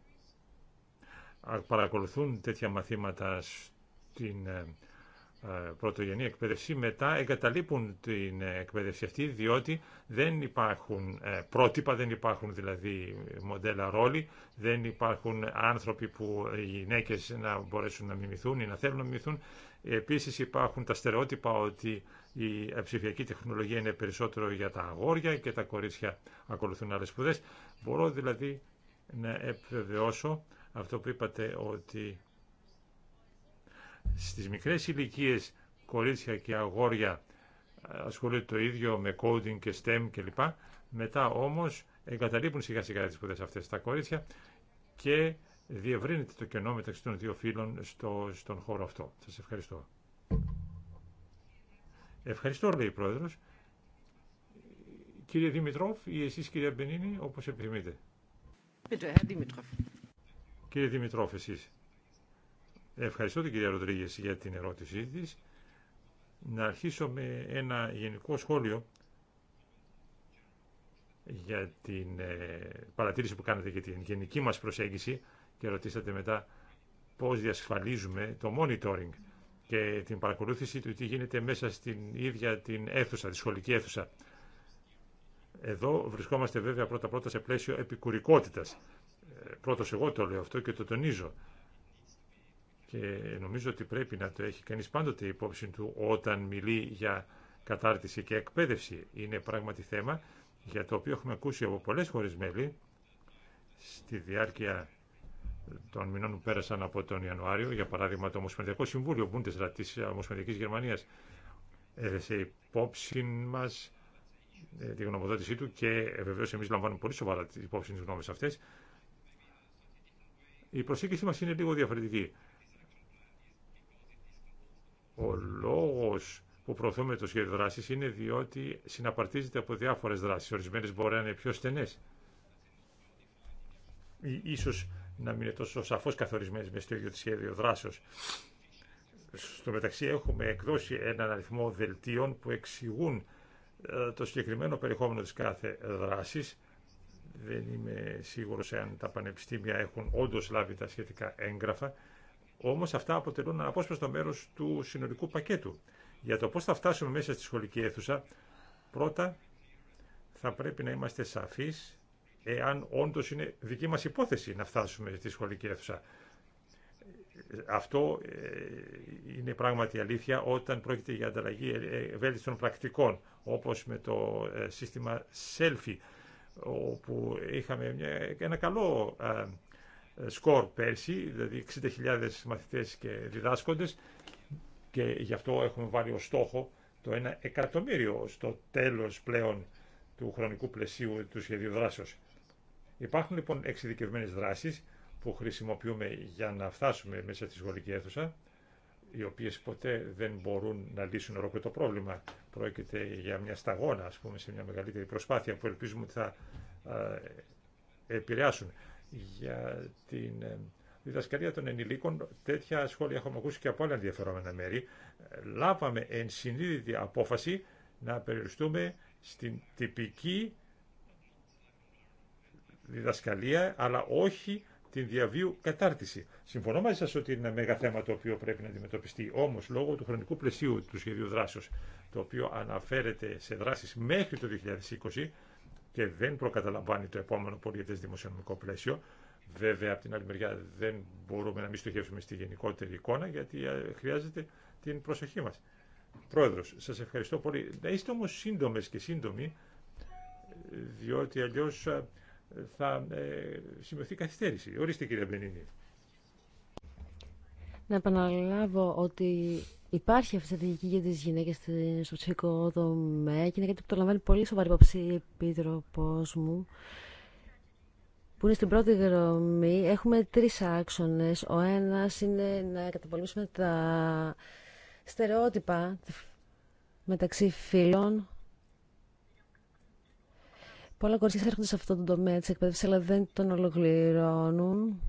παρακολουθούν τέτοια μαθήματα στην ε, πρωτογενή εκπαίδευση μετά εγκαταλείπουν την εκπαίδευση αυτή διότι δεν υπάρχουν ε, πρότυπα, δεν υπάρχουν δηλαδή μοντέλα ρόλοι, δεν υπάρχουν άνθρωποι που οι γυναίκες να μπορέσουν να μιμηθούν ή να θέλουν να μιμηθούν. Επίσης υπάρχουν τα στερεότυπα ότι η ψηφιακή τεχνολογία είναι περισσότερο για τα αγόρια και τα κορίτσια ακολουθούν άλλες σπουδές. Μπορώ δηλαδή να επιβεβαιώσω αυτό που είπατε ότι στις μικρές ηλικίε κορίτσια και αγόρια ε, ασχολούνται το ίδιο με coding και STEM κλπ. Μετά όμως εγκαταλείπουν σιγά σιγά τις σπουδές αυτές τα κορίτσια και διευρύνεται το κενό μεταξύ των δύο φίλων στο, στον χώρο αυτό. Σας ευχαριστώ. Ευχαριστώ, λέει η Πρόεδρος. Κύριε Δημητρόφ ή εσείς κύριε Μπενίνη, όπως επιθυμείτε. Κύριε Δημητρόφ, εσείς. Ευχαριστώ την κυρία Ροδρίγες για την ερώτησή της. Να αρχίσω με ένα γενικό σχόλιο για την ε, παρατήρηση που κάνατε για την γενική μας προσέγγιση και ρωτήσατε μετά πώς διασφαλίζουμε το monitoring και την παρακολούθηση του τι γίνεται μέσα στην ίδια την αίθουσα, τη σχολική αίθουσα. Εδώ βρισκόμαστε βέβαια πρώτα-πρώτα σε πλαίσιο επικουρικότητας. Ε, πρώτος εγώ το λέω αυτό και το τονίζω και νομίζω ότι πρέπει να το έχει κανείς πάντοτε υπόψη του όταν μιλεί για κατάρτιση και εκπαίδευση. Είναι πράγματι θέμα για το οποίο έχουμε ακούσει από πολλές χώρες μέλη στη διάρκεια των μηνών που πέρασαν από τον Ιανουάριο, για παράδειγμα το Ομοσπονδιακό Συμβούλιο Bundesrat της Ομοσπονδιακής Γερμανίας έδεσε υπόψη μας ε, τη γνωμοδότησή του και ε, βεβαίως εμείς λαμβάνουμε πολύ σοβαρά τις υπόψη τις γνώμες αυτές. Η προσέγγιση μας είναι λίγο διαφορετική. Ο λόγος που προωθούμε το σχέδιο δράση είναι διότι συναπαρτίζεται από διάφορες δράσεις. Ορισμένε μπορεί να είναι πιο στενές. Ίσως να μην είναι τόσο σαφώ καθορισμένες με στο ίδιο το σχέδιο δράσεω. Στο μεταξύ έχουμε εκδώσει έναν αριθμό δελτίων που εξηγούν ε, το συγκεκριμένο περιεχόμενο της κάθε δράσης. Δεν είμαι σίγουρος εάν τα πανεπιστήμια έχουν όντως λάβει τα σχετικά έγγραφα όμω αυτά αποτελούν απόσπαστο μέρος του συνολικού πακέτου. Για το πώς θα φτάσουμε μέσα στη σχολική αίθουσα, πρώτα θα πρέπει να είμαστε σαφείς εάν όντω είναι δική μας υπόθεση να φτάσουμε στη σχολική αίθουσα. Αυτό ε, είναι πράγματι αλήθεια όταν πρόκειται για ανταλλαγή ευέλικτων ε, πρακτικών, όπως με το ε, σύστημα selfie, όπου είχαμε ένα καλό ε, σκορ πέρσι, δηλαδή 60.000 μαθητές και διδάσκοντες και γι' αυτό έχουμε βάλει ως στόχο το 1 εκατομμύριο στο τέλος πλέον του χρονικού πλαισίου του σχεδίου δράσεως. Υπάρχουν λοιπόν εξειδικευμένες δράσεις που χρησιμοποιούμε για να φτάσουμε μέσα στη σχολική αίθουσα, οι οποίες ποτέ δεν μπορούν να λύσουν ολόκληρο το πρόβλημα. Πρόκειται για μια σταγόνα, ας πούμε, σε μια μεγαλύτερη προσπάθεια που ελπίζουμε ότι θα ε, επηρεάσουν για την ε, διδασκαλία των ενηλίκων. Τέτοια σχόλια έχουμε ακούσει και από άλλα ενδιαφερόμενα μέρη. Λάβαμε εν συνείδητη απόφαση να περιοριστούμε στην τυπική διδασκαλία, αλλά όχι την διαβίου κατάρτιση. Συμφωνώ μαζί σας ότι είναι ένα μεγάλο θέμα το οποίο πρέπει να αντιμετωπιστεί. Όμως, λόγω του χρονικού πλαισίου του σχεδίου δράσεω, το οποίο αναφέρεται σε δράσει μέχρι το 2020, και δεν προκαταλαμβάνει το επόμενο πολιτέ δημοσιονομικό πλαίσιο. Βέβαια, από την άλλη μεριά δεν μπορούμε να μην στοχεύσουμε στη γενικότερη εικόνα, γιατί ε, χρειάζεται την προσοχή μα. Πρόεδρο, σα ευχαριστώ πολύ. Να είστε όμω σύντομε και σύντομοι, διότι αλλιώ ε, θα ε, σημειωθεί καθυστέρηση. Ορίστε, κύριε Μπενίνη. Να επαναλάβω ότι Υπάρχει αυτή η στρατηγική για τι γυναίκε στο ψυχικό τομέα και είναι κάτι που το λαμβάνει πολύ σοβαρή υπόψη η επίτροπο μου που είναι στην πρώτη γραμμή. Έχουμε τρει άξονε. Ο ένα είναι να καταπολεμήσουμε τα στερεότυπα μεταξύ φίλων. Πολλά κορίτσια έρχονται σε αυτόν τον τομέα τη εκπαίδευση αλλά δεν τον ολοκληρώνουν.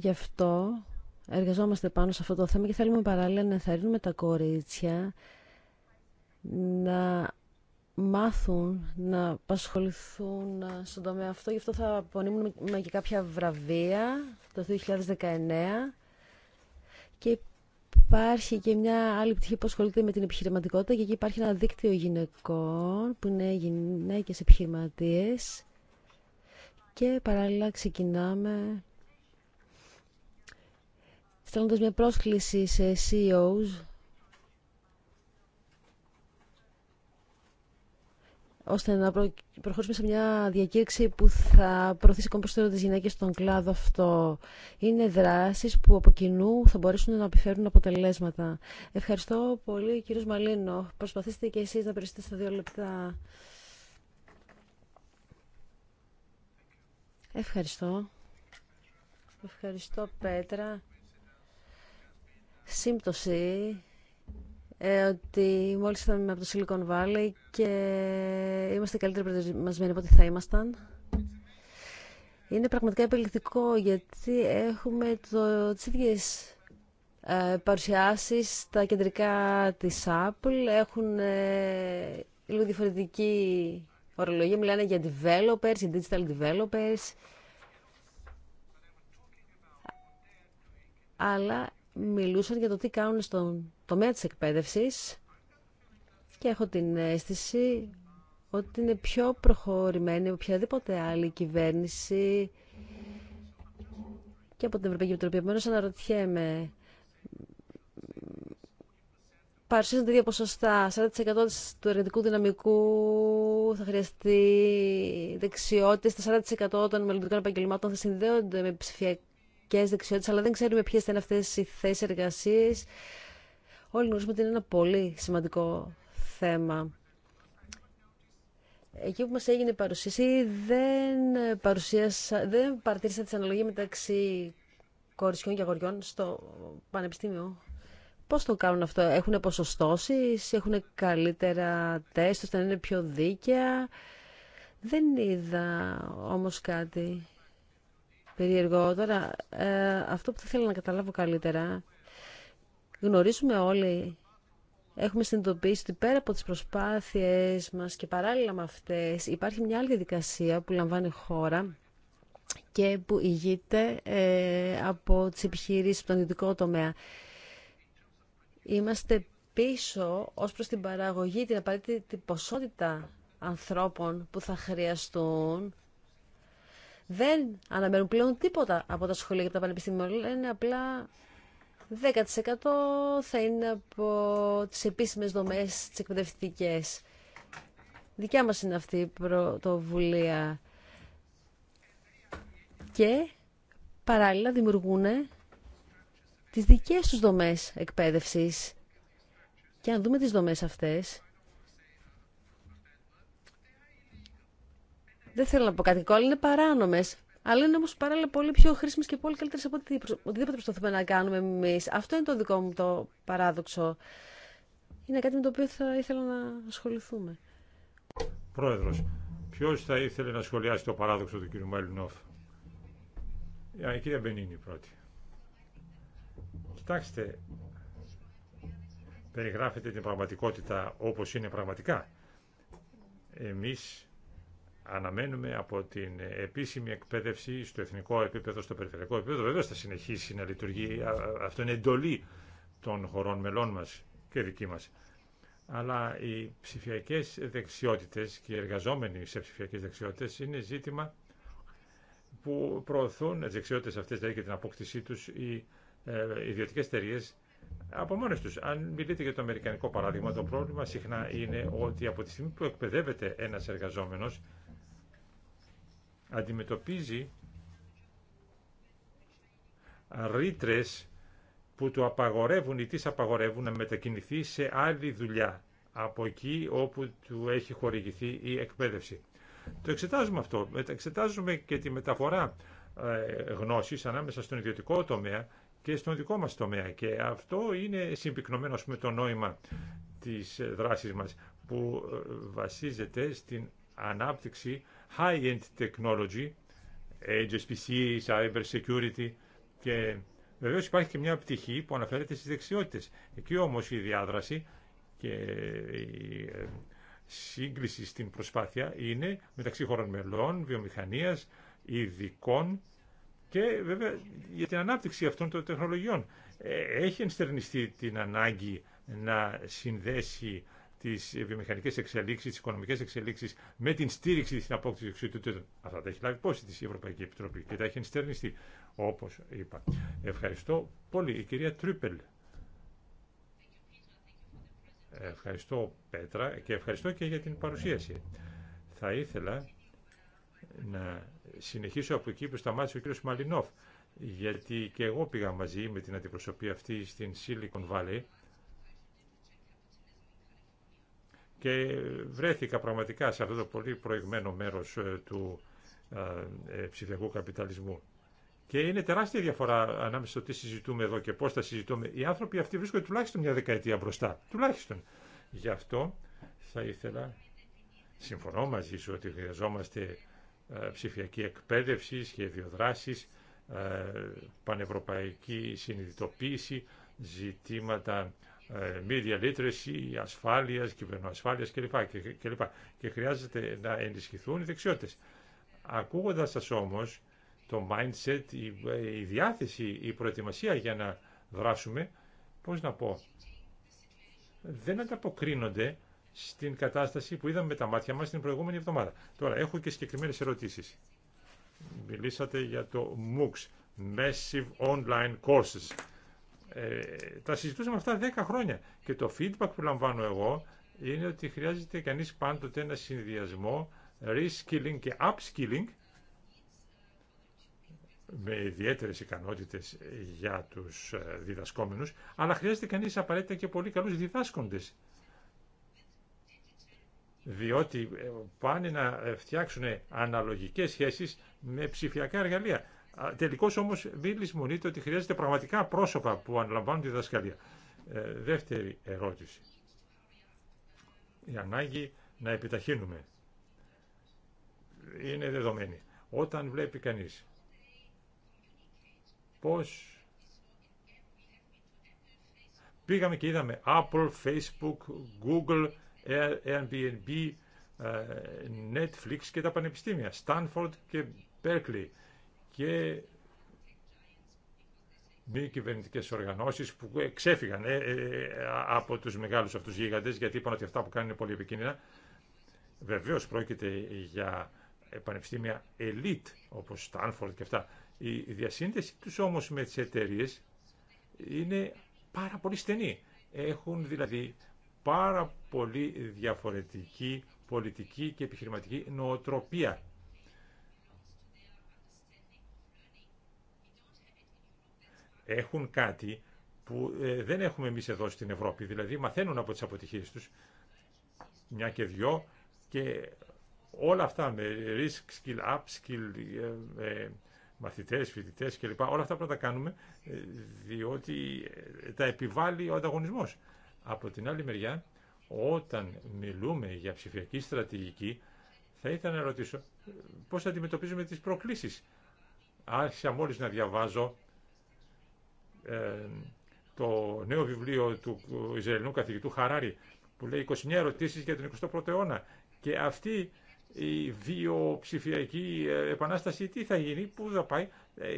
Γι' αυτό εργαζόμαστε πάνω σε αυτό το θέμα και θέλουμε παράλληλα να ενθαρρύνουμε τα κορίτσια να μάθουν να απασχοληθούν στον τομέα αυτό. Γι' αυτό θα απονείμουμε και κάποια βραβεία το 2019 και υπάρχει και μια άλλη πτυχή που ασχολείται με την επιχειρηματικότητα και εκεί υπάρχει ένα δίκτυο γυναικών που είναι γυναίκες επιχειρηματίες και παράλληλα ξεκινάμε στέλνοντας μια πρόσκληση σε CEOs ώστε να προχωρήσουμε σε μια διακήρυξη που θα προωθήσει ακόμα περισσότερο τις γυναίκες στον κλάδο αυτό. Είναι δράσεις που από κοινού θα μπορέσουν να επιφέρουν αποτελέσματα. Ευχαριστώ πολύ κύριος Μαλίνο. Προσπαθήστε και εσείς να περιστείτε στα δύο λεπτά. Ευχαριστώ. Ευχαριστώ Πέτρα σύμπτωση ε, ότι μόλις ήρθαμε από το Silicon Valley και είμαστε καλύτερα προετοιμασμένοι από ό,τι θα ήμασταν. Είναι πραγματικά επιλεκτικό γιατί έχουμε το, τις ίδιες ε, παρουσιάσεις στα κεντρικά της Apple. Έχουν ε, λίγο διαφορετική ορολογία. Μιλάνε για developers, για digital developers. Αλλά μιλούσαν για το τι κάνουν στον τομέα της εκπαίδευσης και έχω την αίσθηση ότι είναι πιο προχωρημένη οποιαδήποτε άλλη κυβέρνηση και από την Ευρωπαϊκή Επιτροπή. Επομένως αναρωτιέμαι, παρουσιάζονται δύο ποσοστά, 40% του εργατικού δυναμικού θα χρειαστεί δεξιότητες, τα 40% των μελλοντικών επαγγελμάτων θα συνδέονται με ψηφιακή δεξιότητε, αλλά δεν ξέρουμε ποιε θα είναι αυτές οι θέσει εργασία. Όλοι γνωρίζουμε ότι είναι ένα πολύ σημαντικό θέμα. Εκεί που μας έγινε η παρουσίαση, δεν, παρουσίασα, δεν παρατήρησα τη αναλογία μεταξύ κοριτσιών και αγοριών στο πανεπιστήμιο. Πώς το κάνουν αυτό, έχουν ποσοστώσεις, έχουν καλύτερα τεστ, ώστε να είναι πιο δίκαια. Δεν είδα όμως κάτι περίεργο. Τώρα, ε, αυτό που θα ήθελα να καταλάβω καλύτερα, γνωρίζουμε όλοι, έχουμε συνειδητοποιήσει ότι πέρα από τις προσπάθειες μας και παράλληλα με αυτές, υπάρχει μια άλλη διαδικασία που λαμβάνει χώρα και που ηγείται ε, από τις επιχειρήσεις τον ειδικό τομέα. Είμαστε πίσω ως προς την παραγωγή, την απαραίτητη ποσότητα ανθρώπων που θα χρειαστούν δεν αναμένουν πλέον τίποτα από τα σχολεία και τα πανεπιστήμια. Λένε απλά 10% θα είναι από τις επίσημες δομές, τις εκπαιδευτικές. Δικιά μας είναι αυτή η πρωτοβουλία. Και παράλληλα δημιουργούν τις δικές τους δομές εκπαίδευσης. Και αν δούμε τις δομές αυτές, Δεν θέλω να πω κάτι κόλλη, είναι παράνομε. Αλλά είναι όμω παράλληλα πολύ πιο χρήσιμε και πολύ καλύτερε από οτιδήποτε προσπαθούμε να κάνουμε εμεί. Αυτό είναι το δικό μου το παράδοξο. Είναι κάτι με το οποίο θα ήθελα να ασχοληθούμε. Πρόεδρο, ποιο θα ήθελε να σχολιάσει το παράδοξο του κ. Μαλινόφ. Η κυρία Μπενίνη πρώτη. Κοιτάξτε, περιγράφετε την πραγματικότητα όπως είναι πραγματικά. Εμείς αναμένουμε από την επίσημη εκπαίδευση στο εθνικό επίπεδο, στο περιφερειακό επίπεδο. Βεβαίω θα συνεχίσει να λειτουργεί. Αυτό είναι εντολή των χωρών μελών μας και δική μας. Αλλά οι ψηφιακές δεξιότητες και οι εργαζόμενοι σε ψηφιακές δεξιότητες είναι ζήτημα που προωθούν τις δεξιότητες αυτές, δηλαδή και την απόκτησή τους, οι ε, ιδιωτικές εταιρείε από μόνε του. Αν μιλείτε για το αμερικανικό παράδειγμα, το πρόβλημα συχνά είναι ότι από τη στιγμή που εκπαιδεύεται ένα εργαζόμενο, αντιμετωπίζει ρήτρε που του απαγορεύουν ή της απαγορεύουν να μετακινηθεί σε άλλη δουλειά από εκεί όπου του έχει χορηγηθεί η τις απαγορευουν να μετακινηθει σε αλλη δουλεια απο εκει οπου του εχει χορηγηθει η εκπαιδευση Το εξετάζουμε αυτό. Εξετάζουμε και τη μεταφορά ε, γνώσης ανάμεσα στον ιδιωτικό τομέα και στον δικό μας τομέα. Και αυτό είναι συμπυκνωμένο με το νόημα της ε, δράσης μας που ε, βασίζεται στην ανάπτυξη high-end technology, HSPC, cyber security και βεβαίως υπάρχει και μια πτυχή που αναφέρεται στις δεξιότητες. Εκεί όμως η διάδραση και η ε, σύγκριση στην προσπάθεια είναι μεταξύ χωρών μελών, βιομηχανίας, ειδικών και βέβαια για την ανάπτυξη αυτών των τεχνολογιών. Ε, έχει ενστερνιστεί την ανάγκη να συνδέσει τι βιομηχανικέ εξελίξει, τι οικονομικέ εξελίξει με την στήριξη τη απόκτηση δεξιοτήτων. Αυτά τα έχει λάβει πόση τη Ευρωπαϊκή Επιτροπή και τα έχει ενστερνιστεί, όπω είπα. Ευχαριστώ πολύ. Η κυρία Τρίπελ. Ευχαριστώ Πέτρα και ευχαριστώ και για την παρουσίαση. Θα ήθελα να συνεχίσω από εκεί που σταμάτησε ο κύριος Μαλινόφ, γιατί και εγώ πήγα μαζί με την αντιπροσωπή αυτή στην Silicon Valley και βρέθηκα πραγματικά σε αυτό το πολύ προηγμένο μέρος ε, του ε, ε, ψηφιακού καπιταλισμού. Και είναι τεράστια διαφορά ανάμεσα στο τι συζητούμε εδώ και πώς τα συζητούμε. Οι άνθρωποι αυτοί βρίσκονται τουλάχιστον μια δεκαετία μπροστά. Τουλάχιστον. Γι' αυτό θα ήθελα, συμφωνώ μαζί σου ότι χρειαζόμαστε ψηφιακή εκπαίδευση, σχέδιο πανευρωπαϊκή συνειδητοποίηση, ζητήματα media literacy, ασφάλεια, κυβερνοασφάλειας κλπ. κλπ. Και χρειάζεται να ενισχυθούν οι δεξιότητε. Ακούγοντα σα όμως το mindset, η, διάθεση, η προετοιμασία για να δράσουμε, πώς να πω, δεν ανταποκρίνονται στην κατάσταση που είδαμε με τα μάτια μας την προηγούμενη εβδομάδα. Τώρα, έχω και συγκεκριμένες ερωτήσει. Μιλήσατε για το MOOCs, Massive Online Courses ε, τα συζητούσαμε αυτά 10 χρόνια και το feedback που λαμβάνω εγώ είναι ότι χρειάζεται κανείς πάντοτε ένα συνδυασμό reskilling και upskilling με ιδιαίτερε ικανότητε για του ε, διδασκόμενου, αλλά χρειάζεται κανεί απαραίτητα και πολύ καλού διδάσκοντε. Διότι ε, πάνε να ε, φτιάξουν αναλογικέ σχέσει με ψηφιακά εργαλεία. Τελικώ όμως μην λησμονείτε ότι χρειάζεται πραγματικά πρόσωπα που αναλαμβάνουν τη διδασκαλία. Ε, δεύτερη ερώτηση. Η ανάγκη να επιταχύνουμε. Είναι δεδομένη. Όταν βλέπει κανείς πώς πήγαμε και είδαμε Apple, Facebook, Google, Airbnb, ε, Netflix και τα πανεπιστήμια, Stanford και Berkeley και μη κυβερνητικέ οργανώσει που ξέφυγαν ε, ε, ε, από του μεγάλου αυτού γίγαντε, γιατί είπαν ότι αυτά που κάνουν είναι πολύ επικίνδυνα. Βεβαίω πρόκειται για πανεπιστήμια elite όπω Stanford και αυτά. Η διασύνδεση του όμω με τι εταιρείε είναι πάρα πολύ στενή. Έχουν δηλαδή πάρα πολύ διαφορετική πολιτική και επιχειρηματική νοοτροπία έχουν κάτι που ε, δεν έχουμε εμείς εδώ στην Ευρώπη. Δηλαδή μαθαίνουν από τις αποτυχίες τους, μια και δυο, και όλα αυτά με risk skill, up skill, ε, ε, μαθητές, φοιτητές κλπ. Όλα αυτά πρέπει να τα κάνουμε, διότι τα επιβάλλει ο ανταγωνισμός. Από την άλλη μεριά, όταν μιλούμε για ψηφιακή στρατηγική, θα ήθελα να ρωτήσω πώς αντιμετωπίζουμε τις προκλήσεις. Άρχισα μόλις να διαβάζω ε, το νέο βιβλίο του Ισραηλινού καθηγητού Χαράρη που λέει 29 ερωτήσεις για τον 21ο αιώνα και αυτή η βιοψηφιακή ε, επανάσταση τι θα γίνει, πού θα πάει, ε,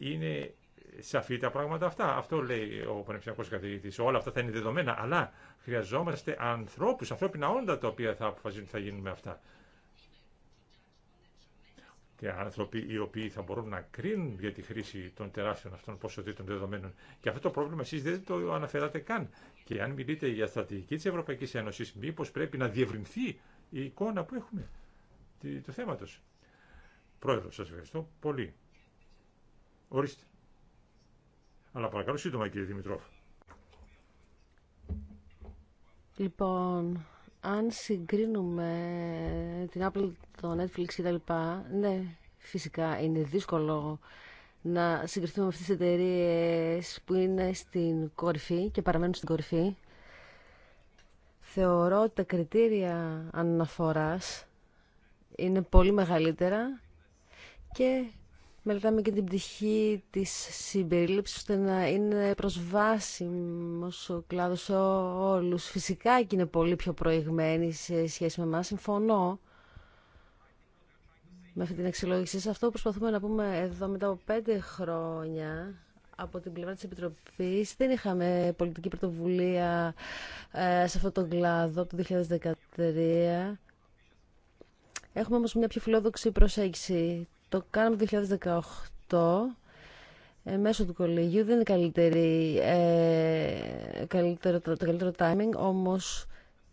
είναι σαφή τα πράγματα αυτά. Αυτό λέει ο Πανεπιστημιακό Καθηγητής. Όλα αυτά θα είναι δεδομένα, αλλά χρειαζόμαστε ανθρώπου, ανθρώπινα όντα τα οποία θα αποφασίζουν τι θα γίνουν με αυτά και άνθρωποι οι οποίοι θα μπορούν να κρίνουν για τη χρήση των τεράστιων αυτών ποσοτήτων δεδομένων. Και αυτό το πρόβλημα εσείς δεν το αναφέρατε καν. Και αν μιλείτε για στρατηγική τη Ευρωπαϊκή Ένωση, μήπω πρέπει να διευρυνθεί η εικόνα που έχουμε του θέματο. Πρόεδρο, σα ευχαριστώ πολύ. Ορίστε. Αλλά παρακαλώ σύντομα κύριε Δημητρόφ. Λοιπόν, αν συγκρίνουμε την Apple, το Netflix κτλ. Ναι, φυσικά είναι δύσκολο να συγκριθούμε με αυτές τις εταιρείε που είναι στην κορυφή και παραμένουν στην κορυφή. Θεωρώ ότι τα κριτήρια αναφοράς είναι πολύ μεγαλύτερα και Μελετάμε και την πτυχή της συμπερίληψης ώστε να είναι προσβάσιμος ο κλάδος σε όλους. Φυσικά και είναι πολύ πιο προηγμένη σε σχέση με εμάς. Συμφωνώ με αυτή την αξιολόγηση. Σε αυτό που προσπαθούμε να πούμε εδώ μετά από πέντε χρόνια από την πλευρά της Επιτροπής δεν είχαμε πολιτική πρωτοβουλία ε, σε αυτόν τον κλάδο το 2013. Έχουμε όμως μια πιο φιλόδοξη προσέγγιση το κάναμε το 2018 ε, μέσω του κολεγίου. Δεν είναι καλύτερη, ε, καλύτερο, το καλύτερο timing, όμως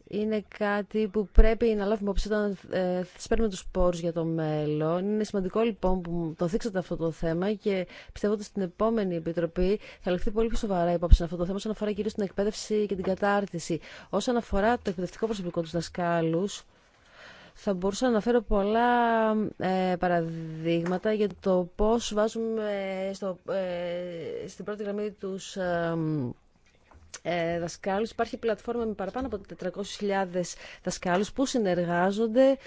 είναι κάτι που πρέπει να λάβουμε υπόψη όταν ε, σπέρνουμε τους πόρους για το μέλλον. Είναι σημαντικό λοιπόν που το δείξατε αυτό το θέμα και πιστεύω ότι στην επόμενη Επιτροπή θα ληφθεί πολύ πιο σοβαρά υπόψη αυτό το θέμα όσον αφορά κυρίως την εκπαίδευση και την κατάρτιση. Όσον αφορά το εκπαιδευτικό προσωπικό τους δασκάλου. Θα μπορούσα να αναφέρω πολλά ε, παραδείγματα για το πώς βάζουμε στο, ε, στην πρώτη γραμμή τους ε, ε δασκάλους. Υπάρχει πλατφόρμα με παραπάνω από 400.000 δασκάλους που συνεργάζονται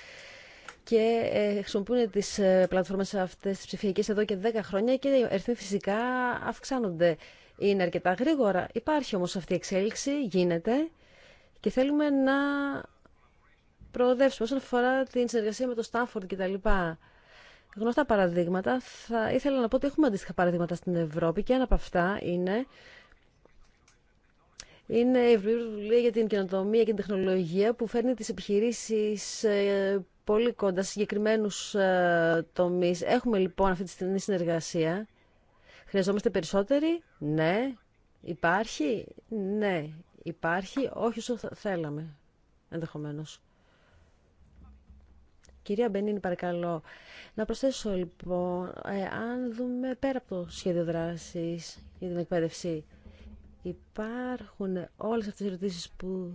και ε, χρησιμοποιούν τις ε, πλατφόρμες αυτές τις ψηφιακές εδώ και 10 χρόνια και οι αριθμοί φυσικά αυξάνονται. Είναι αρκετά γρήγορα. Υπάρχει όμως αυτή η εξέλιξη, γίνεται και θέλουμε να προοδεύσουμε. Όσον αφορά την συνεργασία με το Στάνφορντ κτλ. Γνωστά παραδείγματα, θα ήθελα να πω ότι έχουμε αντίστοιχα παραδείγματα στην Ευρώπη και ένα από αυτά είναι είναι η Ευρωπαϊκή για την καινοτομία και την τεχνολογία που φέρνει τις επιχειρήσεις ε, πολύ κοντά σε συγκεκριμένους ε, τομείς. Έχουμε λοιπόν αυτή τη στιγμή συνεργασία. Χρειαζόμαστε περισσότεροι. Ναι. Υπάρχει. Ναι. Υπάρχει. Όχι όσο θέλαμε ενδεχομένως. Κυρία Μπενίνη, παρακαλώ. Να προσθέσω λοιπόν, ε, αν δούμε πέρα από το σχέδιο δράση για την εκπαίδευση, υπάρχουν όλες αυτές οι ερωτήσει που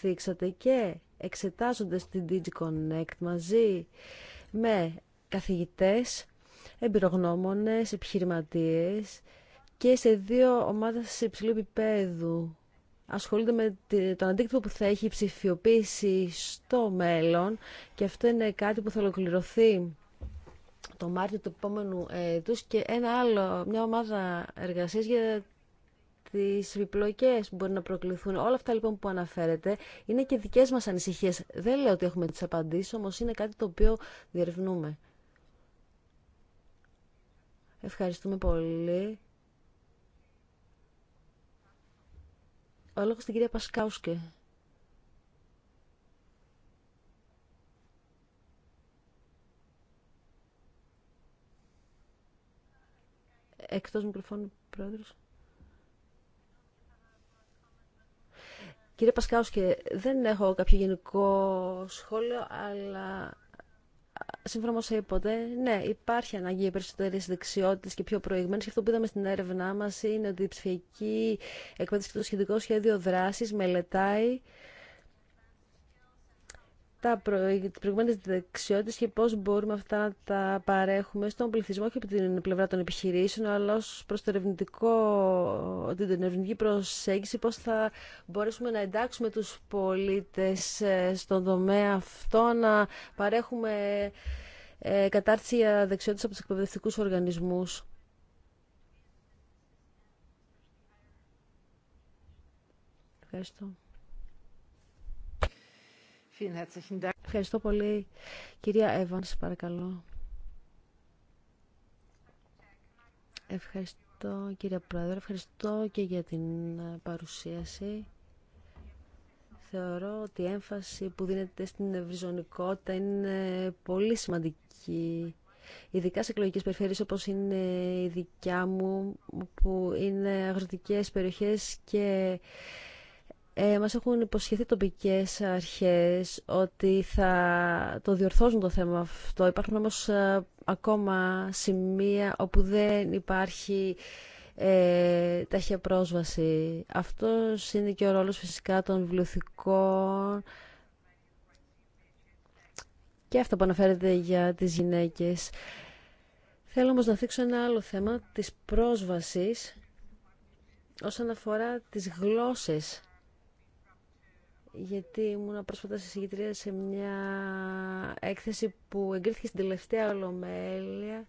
θίξατε και εξετάζονται στην DigiConnect μαζί με καθηγητές, εμπειρογνώμονε, επιχειρηματίε και σε δύο ομάδες υψηλού επίπεδου ασχολούνται με τον αντίκτυπο που θα έχει η ψηφιοποίηση στο μέλλον και αυτό είναι κάτι που θα ολοκληρωθεί το Μάρτιο του επόμενου έτους και ένα άλλο, μια ομάδα εργασίας για τις επιπλοκές που μπορεί να προκληθούν. Όλα αυτά λοιπόν που αναφέρετε είναι και δικές μας ανησυχίες. Δεν λέω ότι έχουμε τις απαντήσεις, όμως είναι κάτι το οποίο διερευνούμε. Ευχαριστούμε πολύ. Ο λόγος στην κυρία Πασκάουσκε. Εκτός μικροφώνου, πρόεδρος. Κύριε Πασκάουσκε, δεν έχω κάποιο γενικό σχόλιο, αλλά σύμφωνα όσα είπατε, ναι, υπάρχει ανάγκη για περισσότερε δεξιότητε και πιο προηγμένε. Και αυτό που είδαμε στην έρευνά μα είναι ότι η ψηφιακή εκπαίδευση και το σχετικό σχέδιο δράση μελετάει τα προ... τις προηγούμενες δεξιότητες και πώς μπορούμε αυτά να τα παρέχουμε στον πληθυσμό και από την πλευρά των επιχειρήσεων αλλά ως προς ερευνητικό, την ερευνητική προσέγγιση πώς θα μπορέσουμε να εντάξουμε τους πολίτες ε, στον τομέα αυτό να παρέχουμε ε, κατάρτιση για δεξιότητες από τους εκπαιδευτικούς οργανισμούς. Ευχαριστώ. Ευχαριστώ πολύ. Κυρία σας παρακαλώ. Ευχαριστώ κύριε Πρόεδρε, ευχαριστώ και για την ε, παρουσίαση. Θεωρώ ότι η έμφαση που δίνεται στην ευρυζωνικότητα είναι πολύ σημαντική. Ειδικά σε εκλογικέ περιφέρειες όπως είναι η δικιά μου, που είναι αγροτικές περιοχές και ε, μας έχουν υποσχεθεί τοπικές αρχές ότι θα το διορθώσουν το θέμα αυτό. Υπάρχουν όμως ε, ακόμα σημεία όπου δεν υπάρχει ε, ταχεία πρόσβαση. Αυτό είναι και ο ρόλος φυσικά των βιβλιοθηκών και αυτό που αναφέρεται για τις γυναίκες. Θέλω όμως να θίξω ένα άλλο θέμα της πρόσβασης όσον αφορά τις γλώσσες γιατί ήμουν πρόσφατα συζητητρία σε μια έκθεση που εγκρίθηκε στην τελευταία ολομέλεια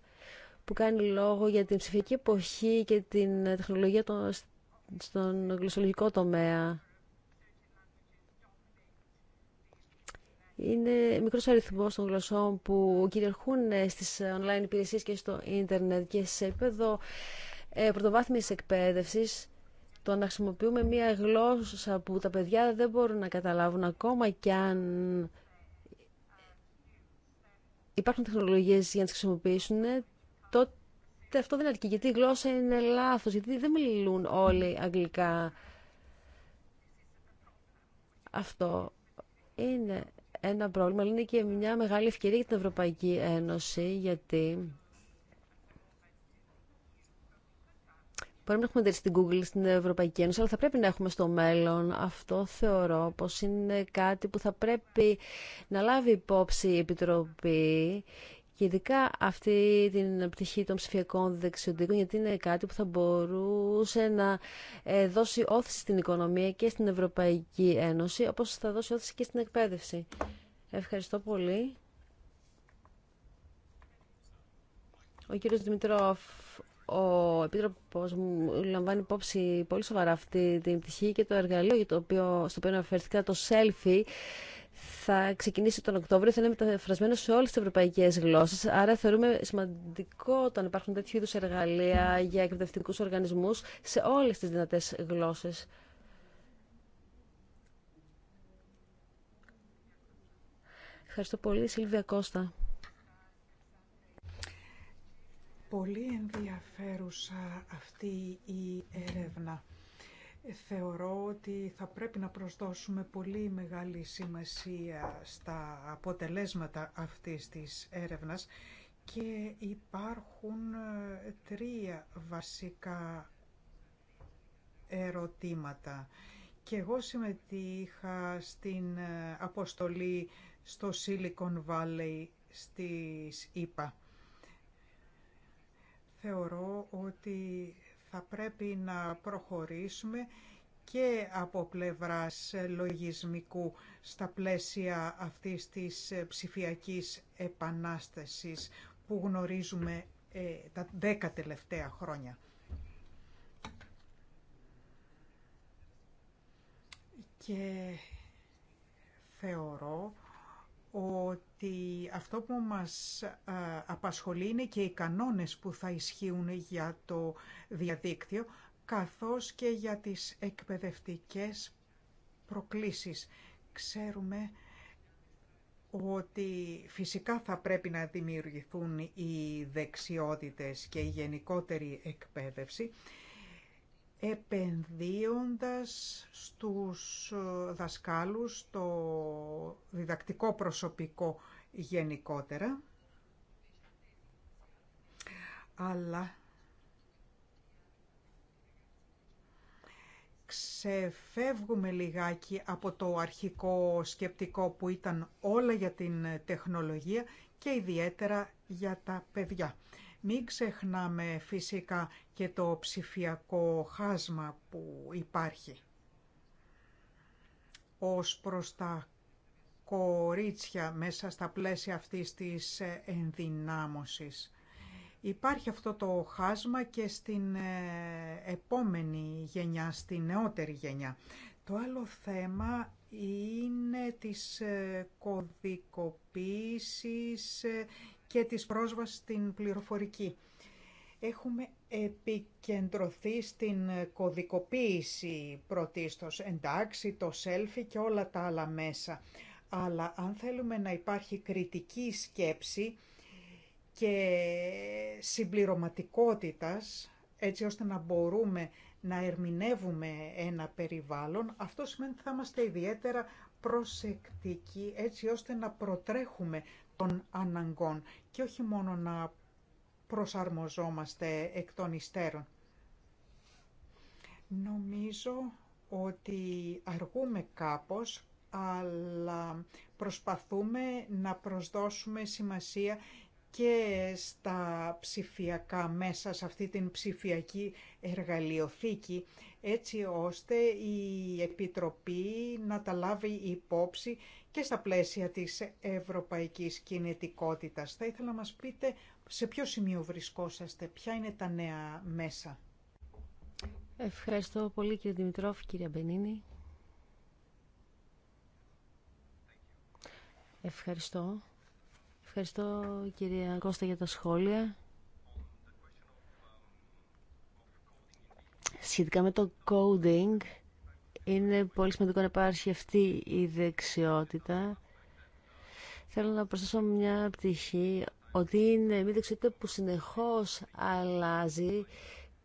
που κάνει λόγο για την ψηφιακή εποχή και την τεχνολογία των, στον γλωσσολογικό τομέα. Είναι μικρός αριθμός των γλωσσών που κυριαρχούν ε, στις online υπηρεσίες και στο ίντερνετ και σε επίπεδο ε, πρωτοβάθμιας εκπαίδευσης το να χρησιμοποιούμε μία γλώσσα που τα παιδιά δεν μπορούν να καταλάβουν ακόμα και αν υπάρχουν τεχνολογίες για να τις χρησιμοποιήσουν, τότε αυτό δεν αρκεί. Γιατί η γλώσσα είναι λάθος, γιατί δεν μιλούν όλοι αγγλικά. Αυτό είναι ένα πρόβλημα, αλλά είναι και μια μεγάλη ευκαιρία για την Ευρωπαϊκή Ένωση, γιατί Μπορεί να έχουμε στην Google στην Ευρωπαϊκή Ένωση, αλλά θα πρέπει να έχουμε στο μέλλον. Αυτό θεωρώ πως είναι κάτι που θα πρέπει να λάβει υπόψη η Επιτροπή και ειδικά αυτή την πτυχή των ψηφιακών δεξιοτήτων, γιατί είναι κάτι που θα μπορούσε να ε, δώσει όθηση στην οικονομία και στην Ευρωπαϊκή Ένωση, όπως θα δώσει όθηση και στην εκπαίδευση. Ευχαριστώ πολύ. Ο κύριος Δημητρόφ ο Επίτροπο μου λαμβάνει υπόψη πολύ σοβαρά αυτή την πτυχή και το εργαλείο για το οποίο, στο οποίο αναφερθήκα το selfie θα ξεκινήσει τον Οκτώβριο, θα είναι μεταφρασμένο σε όλες τις ευρωπαϊκές γλώσσες. Άρα θεωρούμε σημαντικό όταν υπάρχουν τέτοιου είδου εργαλεία για εκπαιδευτικού οργανισμούς σε όλες τι δυνατέ γλώσσε. Ευχαριστώ πολύ, Σίλβια Κώστα. Πολύ ενδιαφέρουσα αυτή η έρευνα. Θεωρώ ότι θα πρέπει να προσδώσουμε πολύ μεγάλη σημασία στα αποτελέσματα αυτής της έρευνας και υπάρχουν ε, τρία βασικά ερωτήματα. Και εγώ συμμετείχα στην ε, αποστολή στο Silicon Valley στις ΗΠΑ θεωρώ ότι θα πρέπει να προχωρήσουμε και από πλευράς λογισμικού στα πλαίσια αυτής της ψηφιακής επανάστασης που γνωρίζουμε ε, τα δέκα τελευταία χρόνια. Και θεωρώ ότι αυτό που μας ε, απασχολεί είναι και οι κανόνες που θα ισχύουν για το διαδίκτυο, καθώς και για τις εκπαιδευτικές προκλήσεις. Ξέρουμε ότι φυσικά θα πρέπει να δημιουργηθούν οι δεξιότητες και η γενικότερη εκπαίδευση επενδύοντας στους ε, δασκάλους, το διδακτικό προσωπικό γενικότερα, αλλά ξεφεύγουμε λιγάκι από το αρχικό σκεπτικό που ήταν όλα για την τεχνολογία και ιδιαίτερα για τα παιδιά. Μην ξεχνάμε φυσικά και το ψηφιακό χάσμα που υπάρχει. Ως προς τα κορίτσια μέσα στα πλαίσια αυτής της ενδυνάμωσης. Υπάρχει αυτό το χάσμα και στην ε, επόμενη γενιά, στη νεότερη γενιά. Το άλλο θέμα είναι της ε, κωδικοποίησης ε, και της πρόσβασης στην πληροφορική. Έχουμε επικεντρωθεί στην κωδικοποίηση πρωτίστως, εντάξει, το selfie και όλα τα άλλα μέσα. Αλλά αν θέλουμε να υπάρχει κριτική σκέψη και συμπληρωματικότητας, έτσι ώστε να μπορούμε να ερμηνεύουμε ένα περιβάλλον, αυτό σημαίνει ότι θα είμαστε ιδιαίτερα προσεκτικοί έτσι ώστε να προτρέχουμε και όχι μόνο να προσαρμοζόμαστε εκ των υστέρων. Νομίζω ότι αργούμε κάπως, αλλά προσπαθούμε να προσδώσουμε σημασία και στα ψηφιακά μέσα, σε αυτή την ψηφιακή εργαλειοθήκη, έτσι ώστε η Επιτροπή να τα λάβει υπόψη και στα πλαίσια της ευρωπαϊκής κινητικότητας. Θα ήθελα να μας πείτε σε ποιο σημείο βρισκόσαστε, ποια είναι τα νέα μέσα. Ευχαριστώ πολύ κύριε Δημητρόφ, κύριε Μπενίνη. Ευχαριστώ. Ευχαριστώ κύριε Κώστα για τα σχόλια. Σχετικά με το coding, είναι πολύ σημαντικό να υπάρχει αυτή η δεξιότητα. Θέλω να προσθέσω μια πτυχή ότι είναι μια δεξιότητα που συνεχώς αλλάζει.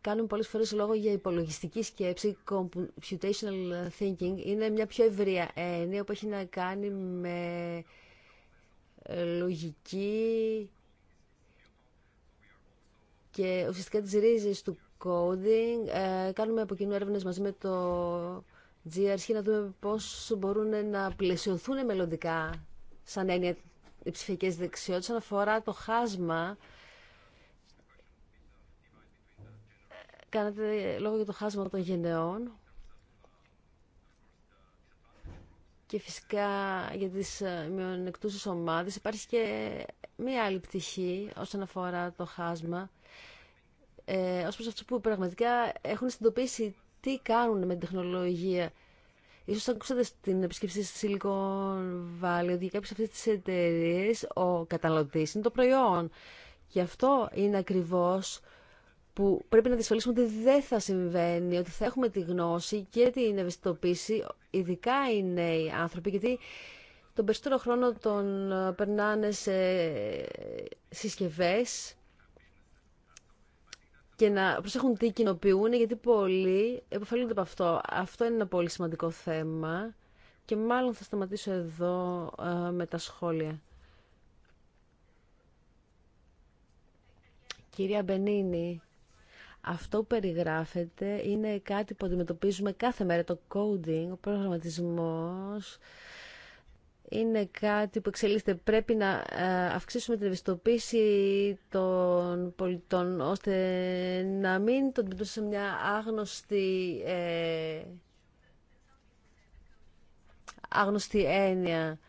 Κάνουμε πολλές φορές λόγο για υπολογιστική σκέψη, computational thinking. Είναι μια πιο ευρία έννοια που έχει να κάνει με ε, λογική και ουσιαστικά τις ρίζες του coding. Ε, κάνουμε από κοινού έρευνες μαζί με το GRC να δούμε πώς μπορούν να πλαισιωθούν μελλοντικά σαν έννοια οι ψηφιακές δεξιότητες όσον αφορά το χάσμα κάνατε λόγο για το χάσμα των γενεών και φυσικά για τις ε, μειονεκτούσες ομάδες υπάρχει και μία άλλη πτυχή όσον αφορά το χάσμα ε, ως προς αυτούς που πραγματικά έχουν συνειδητοποιήσει τι κάνουν με την τεχνολογία. Ίσως ακούσατε στην επισκεψή στη Silicon Valley ότι για κάποιες αυτές τις εταιρείε ο καταναλωτής είναι το προϊόν. Και αυτό είναι ακριβώς που πρέπει να διασφαλίσουμε ότι δεν θα συμβαίνει, ότι θα έχουμε τη γνώση και την ευαισθητοποίηση, ειδικά οι νέοι άνθρωποι, γιατί τον περισσότερο χρόνο τον περνάνε σε συσκευές και να προσέχουν τι κοινοποιούν, γιατί πολλοί επωφελούνται από αυτό. Αυτό είναι ένα πολύ σημαντικό θέμα και μάλλον θα σταματήσω εδώ ε, με τα σχόλια. Κυρία Μπενίνη, αυτό που περιγράφεται είναι κάτι που αντιμετωπίζουμε κάθε μέρα, το coding, ο προγραμματισμός, είναι κάτι που εξελίσσεται. Πρέπει να ε, αυξήσουμε την ευαισθητοποίηση των πολιτών, ώστε να μην τον αντιμετωπίσουμε σε μια άγνωστη, ε, άγνωστη έννοια.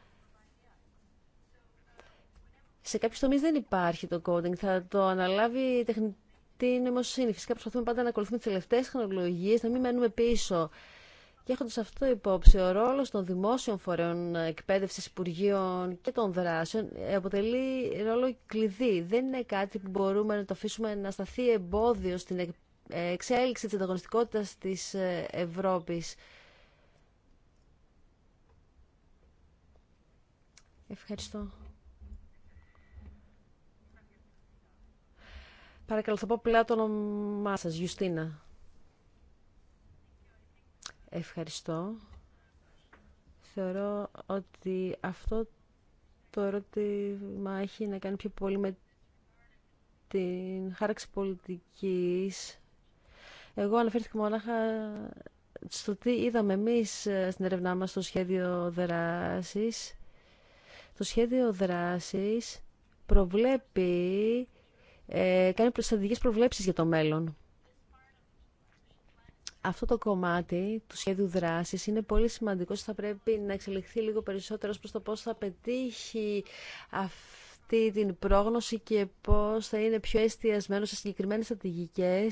Σε κάποιους τομείς δεν υπάρχει το coding. Θα το αναλάβει η τεχνητή νοημοσύνη. Φυσικά προσπαθούμε πάντα να ακολουθούμε τις τελευταίες τεχνολογίες, να μην μένουμε πίσω. Και έχοντας αυτό υπόψη, ο ρόλος των δημόσιων φορέων εκπαίδευσης Υπουργείων και των δράσεων αποτελεί ρόλο κλειδί. Δεν είναι κάτι που μπορούμε να το αφήσουμε να σταθεί εμπόδιο στην εξέλιξη της ανταγωνιστικότητα της ε, Ευρώπης. Ευχαριστώ. Παρακαλώ, θα πω πλέον το όνομά σας, Γιουστίνα. Ευχαριστώ. Θεωρώ ότι αυτό το ερώτημα έχει να κάνει πιο πολύ με την χάραξη πολιτικής. Εγώ αναφέρθηκα μονάχα στο τι είδαμε εμείς στην ερευνά μας στο σχέδιο δράσης. Το σχέδιο δράσης προβλέπει, ε, κάνει προστατικές προβλέψεις για το μέλλον αυτό το κομμάτι του σχέδιου δράση είναι πολύ σημαντικό θα πρέπει να εξελιχθεί λίγο περισσότερο προ το πώς θα πετύχει αυτή την πρόγνωση και πώς θα είναι πιο εστιασμένο σε συγκεκριμένες στρατηγικέ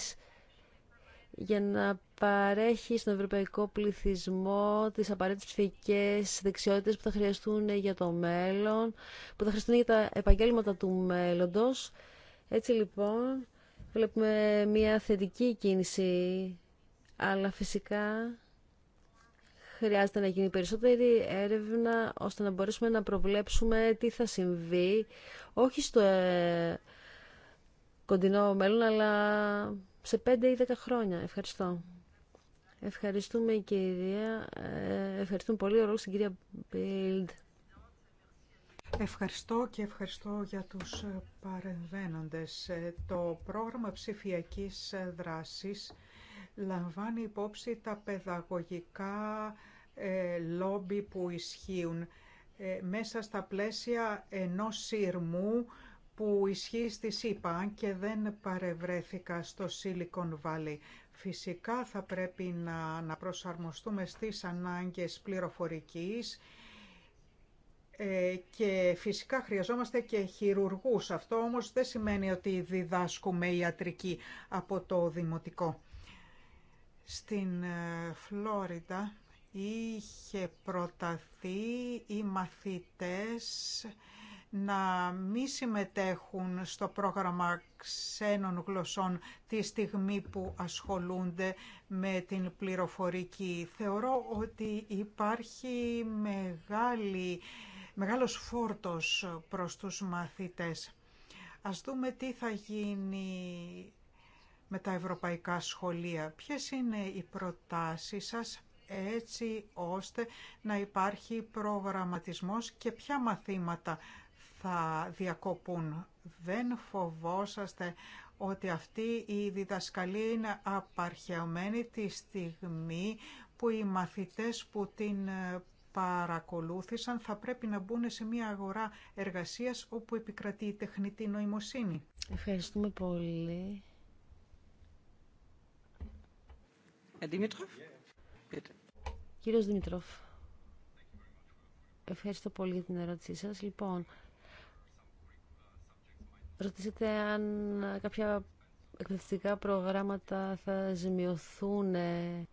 για να παρέχει στον ευρωπαϊκό πληθυσμό τις απαραίτητες φυσικές δεξιότητες που θα χρειαστούν για το μέλλον, που θα χρειαστούν για τα επαγγέλματα του μέλλοντος. Έτσι λοιπόν βλέπουμε μια θετική κίνηση αλλά φυσικά χρειάζεται να γίνει περισσότερη έρευνα ώστε να μπορέσουμε να προβλέψουμε τι θα συμβεί, όχι στο ε, κοντινό μέλλον, αλλά σε 5 ή 10 χρόνια. Ευχαριστώ. Ευχαριστούμε η κυρία, ε, ευχαριστούμε πολύ ο στην κυρία Μπίλντ. Ευχαριστώ και ευχαριστώ για τους ε, παρεμβαίνοντες. Το πρόγραμμα ψηφιακής δράσης λαμβάνει υπόψη τα παιδαγωγικά ε, λόμπι που ισχύουν ε, μέσα στα πλαίσια ενός σύρμου που ισχύει στη ΣΥΠΑ και δεν παρευρέθηκα στο Silicon Valley. Φυσικά θα πρέπει να, να προσαρμοστούμε στις ανάγκες πληροφορικής ε, και φυσικά χρειαζόμαστε και χειρουργούς. Αυτό όμως δεν σημαίνει ότι διδάσκουμε ιατρική από το δημοτικό. Στην ε, Φλόριντα είχε προταθεί οι μαθητές να μη συμμετέχουν στο πρόγραμμα ξένων γλωσσών τη στιγμή που ασχολούνται με την πληροφορική. Θεωρώ ότι υπάρχει μεγάλη, μεγάλος φόρτος προς τους μαθητές. Ας δούμε τι θα γίνει με τα ευρωπαϊκά σχολεία. Ποιες είναι οι προτάσεις σας έτσι ώστε να υπάρχει προγραμματισμός και ποια μαθήματα θα διακοπούν. Δεν φοβόσαστε ότι αυτή η διδασκαλία είναι απαρχαιωμένη τη στιγμή που οι μαθητές που την ε, παρακολούθησαν θα πρέπει να μπουν σε μια αγορά εργασίας όπου επικρατεί η τεχνητή νοημοσύνη. Ευχαριστούμε πολύ. Κύριο ε, Κύριος Δημητρόφ, ευχαριστώ πολύ για την ερώτησή σας. Λοιπόν, ρωτήσατε αν κάποια εκπαιδευτικά προγράμματα θα ζημιωθούν ε.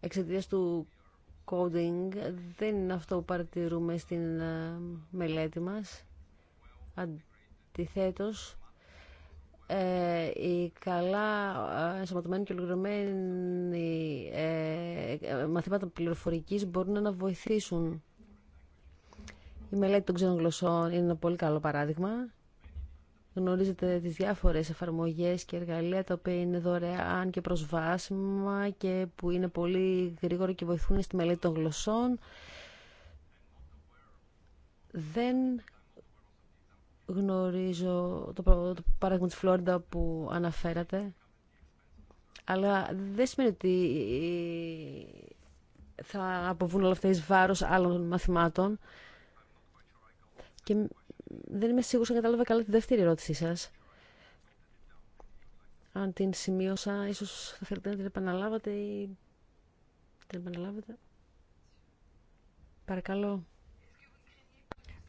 εξαιτίας του coding. Δεν είναι αυτό που παρατηρούμε στην ε, μελέτη μας. Αντιθέτως, ε, οι καλά ε, ενσωματωμένοι και ολοκληρωμένοι ε, μαθήματα πληροφορικής μπορούν να βοηθήσουν. Η μελέτη των ξένων γλωσσών είναι ένα πολύ καλό παράδειγμα. Γνωρίζετε τις διάφορες εφαρμογές και εργαλεία τα οποία είναι δωρεάν και προσβάσιμα και που είναι πολύ γρήγορα και βοηθούν στη μελέτη των γλωσσών. Δεν γνωρίζω το, το παράδειγμα της Φλόριντα που αναφέρατε, αλλά δεν σημαίνει ότι ε, θα αποβούν όλα αυτά εις βάρος άλλων μαθημάτων. Και δεν είμαι σίγουρη αν κατάλαβα καλά τη δεύτερη ερώτησή σας. Αν την σημείωσα, ίσως θα θέλετε να την επαναλάβατε ή... Την επαναλάβετε. Παρακαλώ.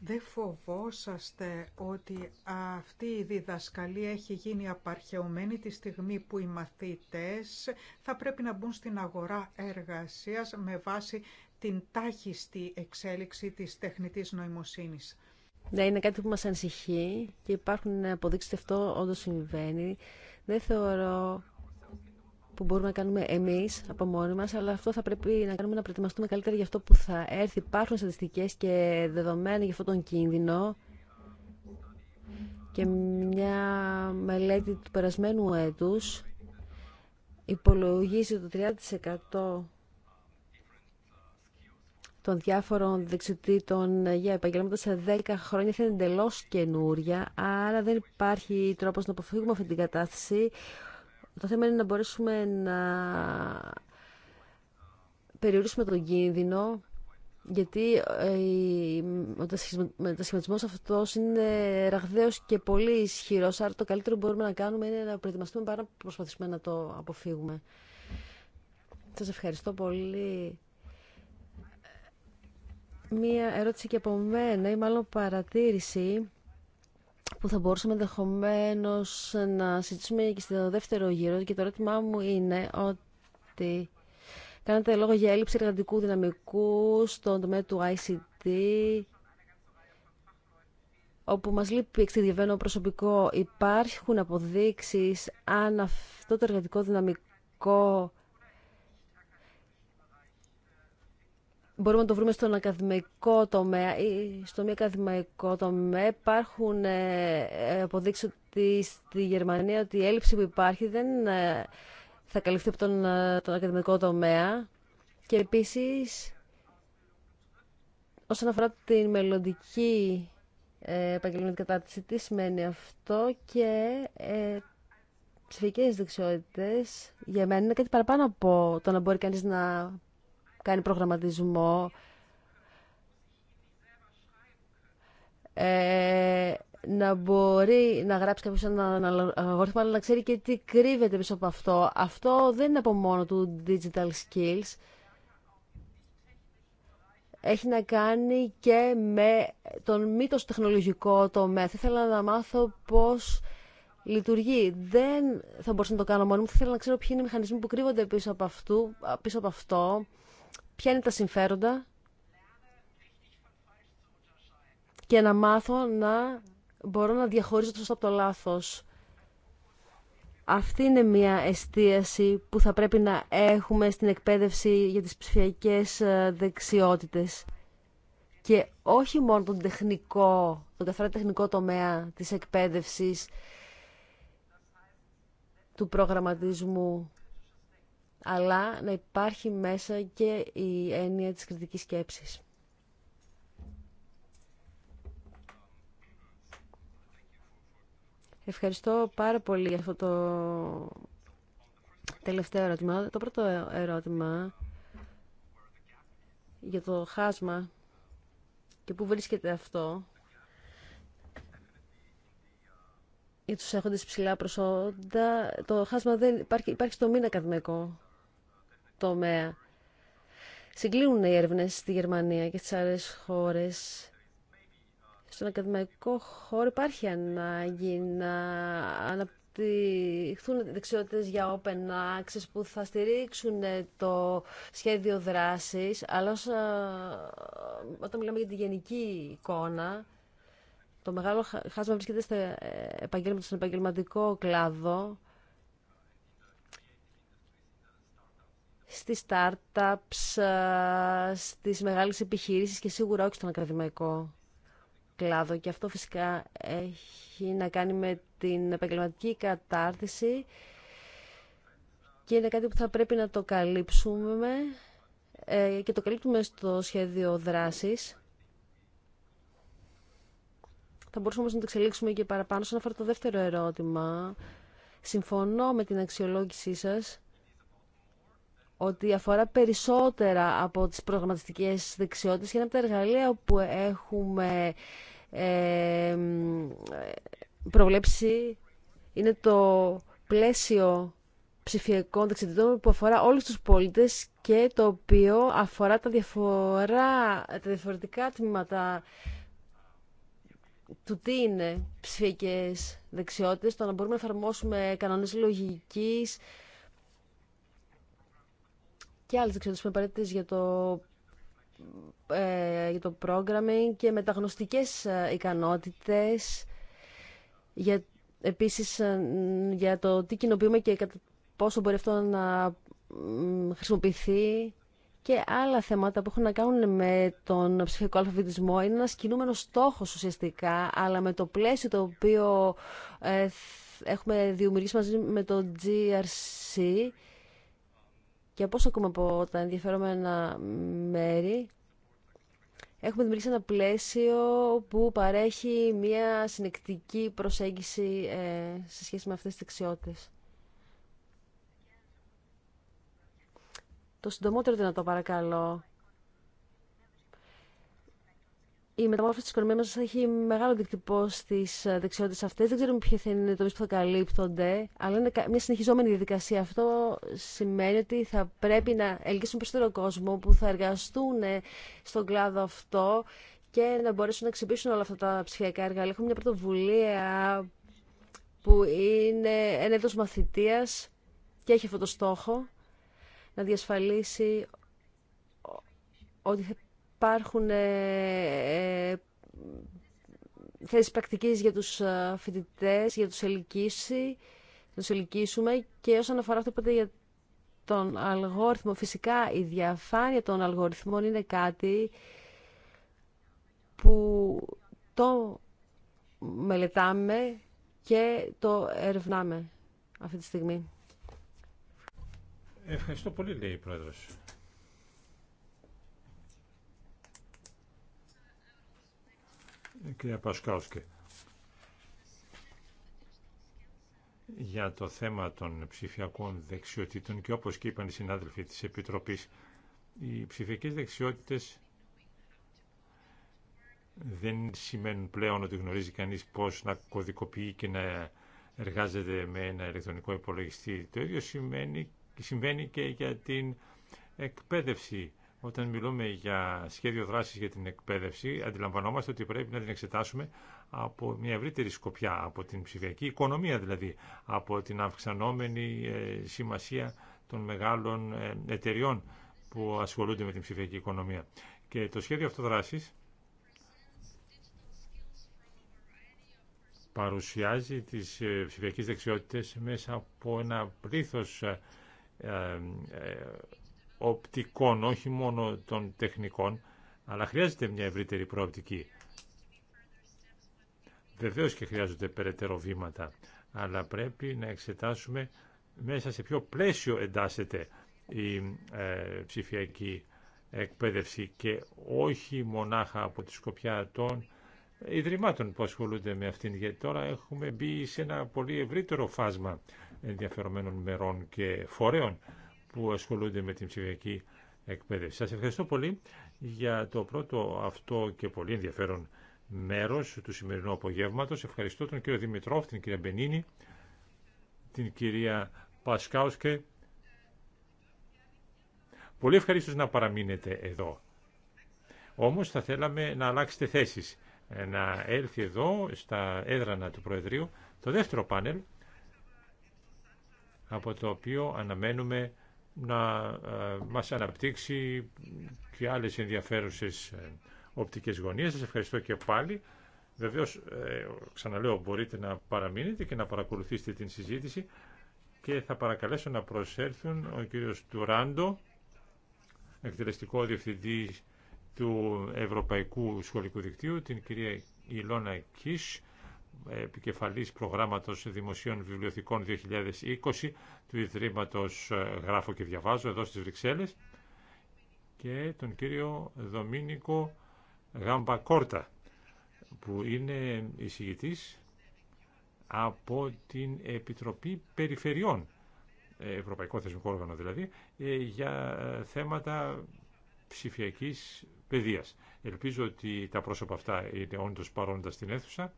Δεν φοβόσαστε ότι αυτή η διδασκαλία έχει γίνει απαρχαιωμένη τη στιγμή που οι μαθητές θα πρέπει να μπουν στην αγορά εργασίας με βάση την τάχιστη εξέλιξη της τεχνητής νοημοσύνης. Ναι, είναι κάτι που μας ανησυχεί και υπάρχουν αποδείξεις ότι αυτό όντως συμβαίνει. Δεν θεωρώ που μπορούμε να κάνουμε εμεί από μόνοι μα, αλλά αυτό θα πρέπει να κάνουμε να προετοιμαστούμε καλύτερα για αυτό που θα έρθει. Υπάρχουν στατιστικέ και δεδομένα για αυτόν τον κίνδυνο. Και μια μελέτη του περασμένου έτους υπολογίζει το 30% των διάφορων δεξιτήτων για επαγγέλματα σε 10 χρόνια θα είναι εντελώ καινούρια, άρα δεν υπάρχει τρόπος να αποφύγουμε αυτή την κατάσταση το θέμα είναι να μπορέσουμε να περιορίσουμε τον κίνδυνο γιατί ε, ο μετασχηματισμό αυτό είναι ραγδαίο και πολύ ισχυρό. Άρα το καλύτερο που μπορούμε να κάνουμε είναι να προετοιμαστούμε πάρα να προσπαθήσουμε να το αποφύγουμε. Σα ευχαριστώ πολύ. Μία ερώτηση και από μένα ή μάλλον παρατήρηση που θα μπορούσαμε ενδεχομένω να συζητήσουμε και στο δεύτερο γύρο. Και το ερώτημά μου είναι ότι κάνετε λόγο για έλλειψη εργατικού δυναμικού στον τομέα του ICT, όπου μας λείπει εξειδικευμένο προσωπικό. Υπάρχουν αποδείξεις αν αυτό το εργατικό δυναμικό μπορούμε να το βρούμε στον ακαδημαϊκό τομέα ή στο μη ακαδημαϊκό τομέα. Υπάρχουν ε, ε, αποδείξεις ότι στη Γερμανία ότι η έλλειψη που υπάρχει δεν ε, θα καλυφθεί από τον, τον ακαδημαϊκό τομέα. Και επίσης, όσον αφορά τη μελλοντική επαγγελματική κατάρτιση, τι σημαίνει αυτό και ε, ψηφιακές δεξιότητες για μένα είναι κάτι παραπάνω από το να μπορεί κανείς να κάνει προγραμματισμό, ε, να μπορεί να γράψει κάποιο ένα αλγόριθμο, αλλά να ξέρει και τι κρύβεται πίσω από αυτό. Αυτό δεν είναι από μόνο του digital skills. Έχει να κάνει και με τον μύτο τεχνολογικό τομέα. Θα ήθελα να μάθω πώς λειτουργεί. Δεν θα μπορούσα να το κάνω μόνο μου. Θα ήθελα να ξέρω ποιοι είναι οι μηχανισμοί που κρύβονται πίσω από, αυτού, πίσω από αυτό ποια είναι τα συμφέροντα και να μάθω να μπορώ να διαχωρίζω το από το λάθος. Αυτή είναι μια εστίαση που θα πρέπει να έχουμε στην εκπαίδευση για τις ψηφιακές ε, δεξιότητες. Και όχι μόνο τον τεχνικό, τον καθαρά τεχνικό τομέα της εκπαίδευσης, του προγραμματισμού αλλά να υπάρχει μέσα και η έννοια της κριτικής σκέψης. Ευχαριστώ πάρα πολύ για αυτό το τελευταίο ερώτημα. Το πρώτο ερώτημα για το χάσμα και πού βρίσκεται αυτό για τους έχοντες ψηλά προσόντα. Το χάσμα δεν υπάρχει, υπάρχει στο μήνα καθημερικό τομέα. Συγκλίνουν οι έρευνε στη Γερμανία και στι άλλε χώρες. Στον ακαδημαϊκό χώρο υπάρχει ανάγκη να αναπτυχθούν δεξιότητες για open access που θα στηρίξουν το σχέδιο δράση. αλλά όσα, όταν μιλάμε για τη γενική εικόνα, το μεγάλο χάσμα βρίσκεται ε, στον επαγγελματικό κλάδο, στις startups, ε, στις μεγάλες επιχειρήσεις και σίγουρα όχι στον ακαδημαϊκό κλάδο. Και αυτό φυσικά έχει να κάνει με την επαγγελματική κατάρτιση και είναι κάτι που θα πρέπει να το καλύψουμε ε, και το καλύπτουμε στο σχέδιο δράσης. Θα μπορούσαμε όμως να το εξελίξουμε και παραπάνω. Σαν αφορά το δεύτερο ερώτημα, συμφωνώ με την αξιολόγησή σας ότι αφορά περισσότερα από τις προγραμματιστικές δεξιότητες και ένα από τα εργαλεία που έχουμε προβλέψει είναι το πλαίσιο ψηφιακών δεξιότητων που αφορά όλους τους πολίτες και το οποίο αφορά τα, διαφορά, τα διαφορετικά τμήματα του τι είναι ψηφιακές δεξιότητες, το να μπορούμε να εφαρμόσουμε κανόνες λογικής, και άλλες δεξιότητες που είναι απαραίτητες για το ε, για το programming και μεταγνωστικές ε, ικανότητες για, επίσης ε, για το τι κοινοποιούμε και πόσο μπορεί αυτό να χρησιμοποιηθεί και άλλα θέματα που έχουν να κάνουν με τον ψηφιακό αλφαβητισμό είναι ένας κινούμενος στόχος ουσιαστικά αλλά με το πλαίσιο το οποίο ε, έχουμε δημιουργήσει μαζί με το GRC και πώς ακούμε από τα ενδιαφερόμενα μέρη, έχουμε δημιουργήσει ένα πλαίσιο που παρέχει μια συνεκτική προσέγγιση ε, σε σχέση με αυτές τις δεξιότητες. Το συντομότερο δυνατό παρακαλώ. η μεταμόρφωση τη οικονομία μα έχει μεγάλο δικτυπό στι ε, δεξιότητε αυτέ. Δεν ξέρουμε ποιοι θα είναι τομεί που θα καλύπτονται, αλλά είναι μια συνεχιζόμενη διαδικασία. Αυτό σημαίνει ότι θα πρέπει να ελκύσουν περισσότερο κόσμο που θα εργαστούν ε, στον κλάδο αυτό και να μπορέσουν να εξυπηρήσουν όλα αυτά τα ψηφιακά έργα. Έχουμε μια πρωτοβουλία που είναι ένα είδο και έχει αυτό το στόχο να διασφαλίσει ότι υπάρχουν ε, ε, θέσεις πρακτικής για τους ε, φοιτητέ, για τους ελκύσει, τους ελκύσουμε και όσον αφορά αυτό που είπατε για τον αλγόριθμο, φυσικά η διαφάνεια των αλγοριθμών είναι κάτι που το μελετάμε και το ερευνάμε αυτή τη στιγμή. Ευχαριστώ πολύ, λέει η Πρόεδρος. κυρία Πασκάουσκε, για το θέμα των ψηφιακών δεξιοτήτων και όπως και είπαν οι συνάδελφοι της Επιτροπής, οι ψηφιακές δεξιότητες δεν σημαίνουν πλέον ότι γνωρίζει κανείς πώς να κωδικοποιεί και να εργάζεται με ένα ηλεκτρονικό υπολογιστή. Το ίδιο σημαίνει, συμβαίνει και για την εκπαίδευση όταν μιλούμε για σχέδιο δράσης για την εκπαίδευση, αντιλαμβανόμαστε ότι πρέπει να την εξετάσουμε από μια ευρύτερη σκοπιά, από την ψηφιακή οικονομία δηλαδή, από την αυξανόμενη ε, σημασία των μεγάλων ε, εταιριών που ασχολούνται με την ψηφιακή οικονομία. Και το σχέδιο δράσης παρουσιάζει τις ε, ψηφιακές δεξιότητες μέσα από ένα πλήθος οπτικών, όχι μόνο των τεχνικών, αλλά χρειάζεται μια ευρύτερη προοπτική. Βεβαίω και χρειάζονται περαιτέρω βήματα, αλλά πρέπει να εξετάσουμε μέσα σε ποιο πλαίσιο εντάσσεται η ε, ψηφιακή εκπαίδευση και όχι μονάχα από τη σκοπιά των ιδρυμάτων που ασχολούνται με αυτήν, γιατί τώρα έχουμε μπει σε ένα πολύ ευρύτερο φάσμα ενδιαφερομένων μερών και φορέων που ασχολούνται με την ψηφιακή εκπαίδευση. Σας ευχαριστώ πολύ για το πρώτο αυτό και πολύ ενδιαφέρον μέρος του σημερινού απογεύματος. Ευχαριστώ τον κύριο Δημητρόφ, την κυρία Μπενίνη, την κυρία Πασκάουσκε. Πολύ ευχαριστώ να παραμείνετε εδώ. Όμως θα θέλαμε να αλλάξετε θέσεις, να έρθει εδώ στα έδρανα του Προεδρείου το δεύτερο πάνελ, από το οποίο αναμένουμε να ε, μας αναπτύξει και άλλες ενδιαφέρουσες ε, οπτικές γωνίες. Σας ευχαριστώ και πάλι. Βεβαίως, ε, ξαναλέω, μπορείτε να παραμείνετε και να παρακολουθήσετε την συζήτηση και θα παρακαλέσω να προσέλθουν ο κύριος Τουράντο, εκτελεστικό διευθυντή του Ευρωπαϊκού Σχολικού Δικτύου, την κυρία Ιλώνα Κίσ, επικεφαλής προγράμματος δημοσίων βιβλιοθηκών 2020 του Ιδρύματος ε, Γράφω και Διαβάζω εδώ στις Βρυξέλλες και τον κύριο Δομήνικο Κόρτα που είναι εισηγητής από την Επιτροπή Περιφερειών ε, Ευρωπαϊκό Θεσμικό Όργανο δηλαδή ε, για θέματα ψηφιακής παιδείας. Ελπίζω ότι τα πρόσωπα αυτά είναι όντως παρόντα στην αίθουσα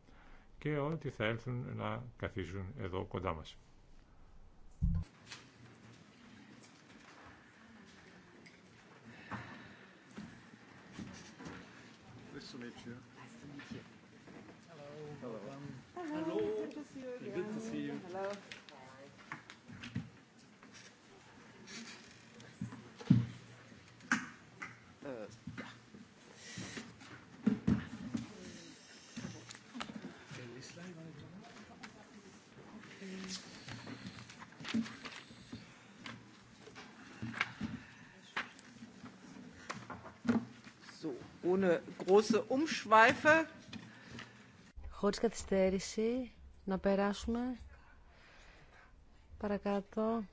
και ότι θα έλθουν να καθίσουν εδώ κοντά μας. ohne große Umschweife. Χωρίς καθυστέρηση, να περάσουμε παρακάτω.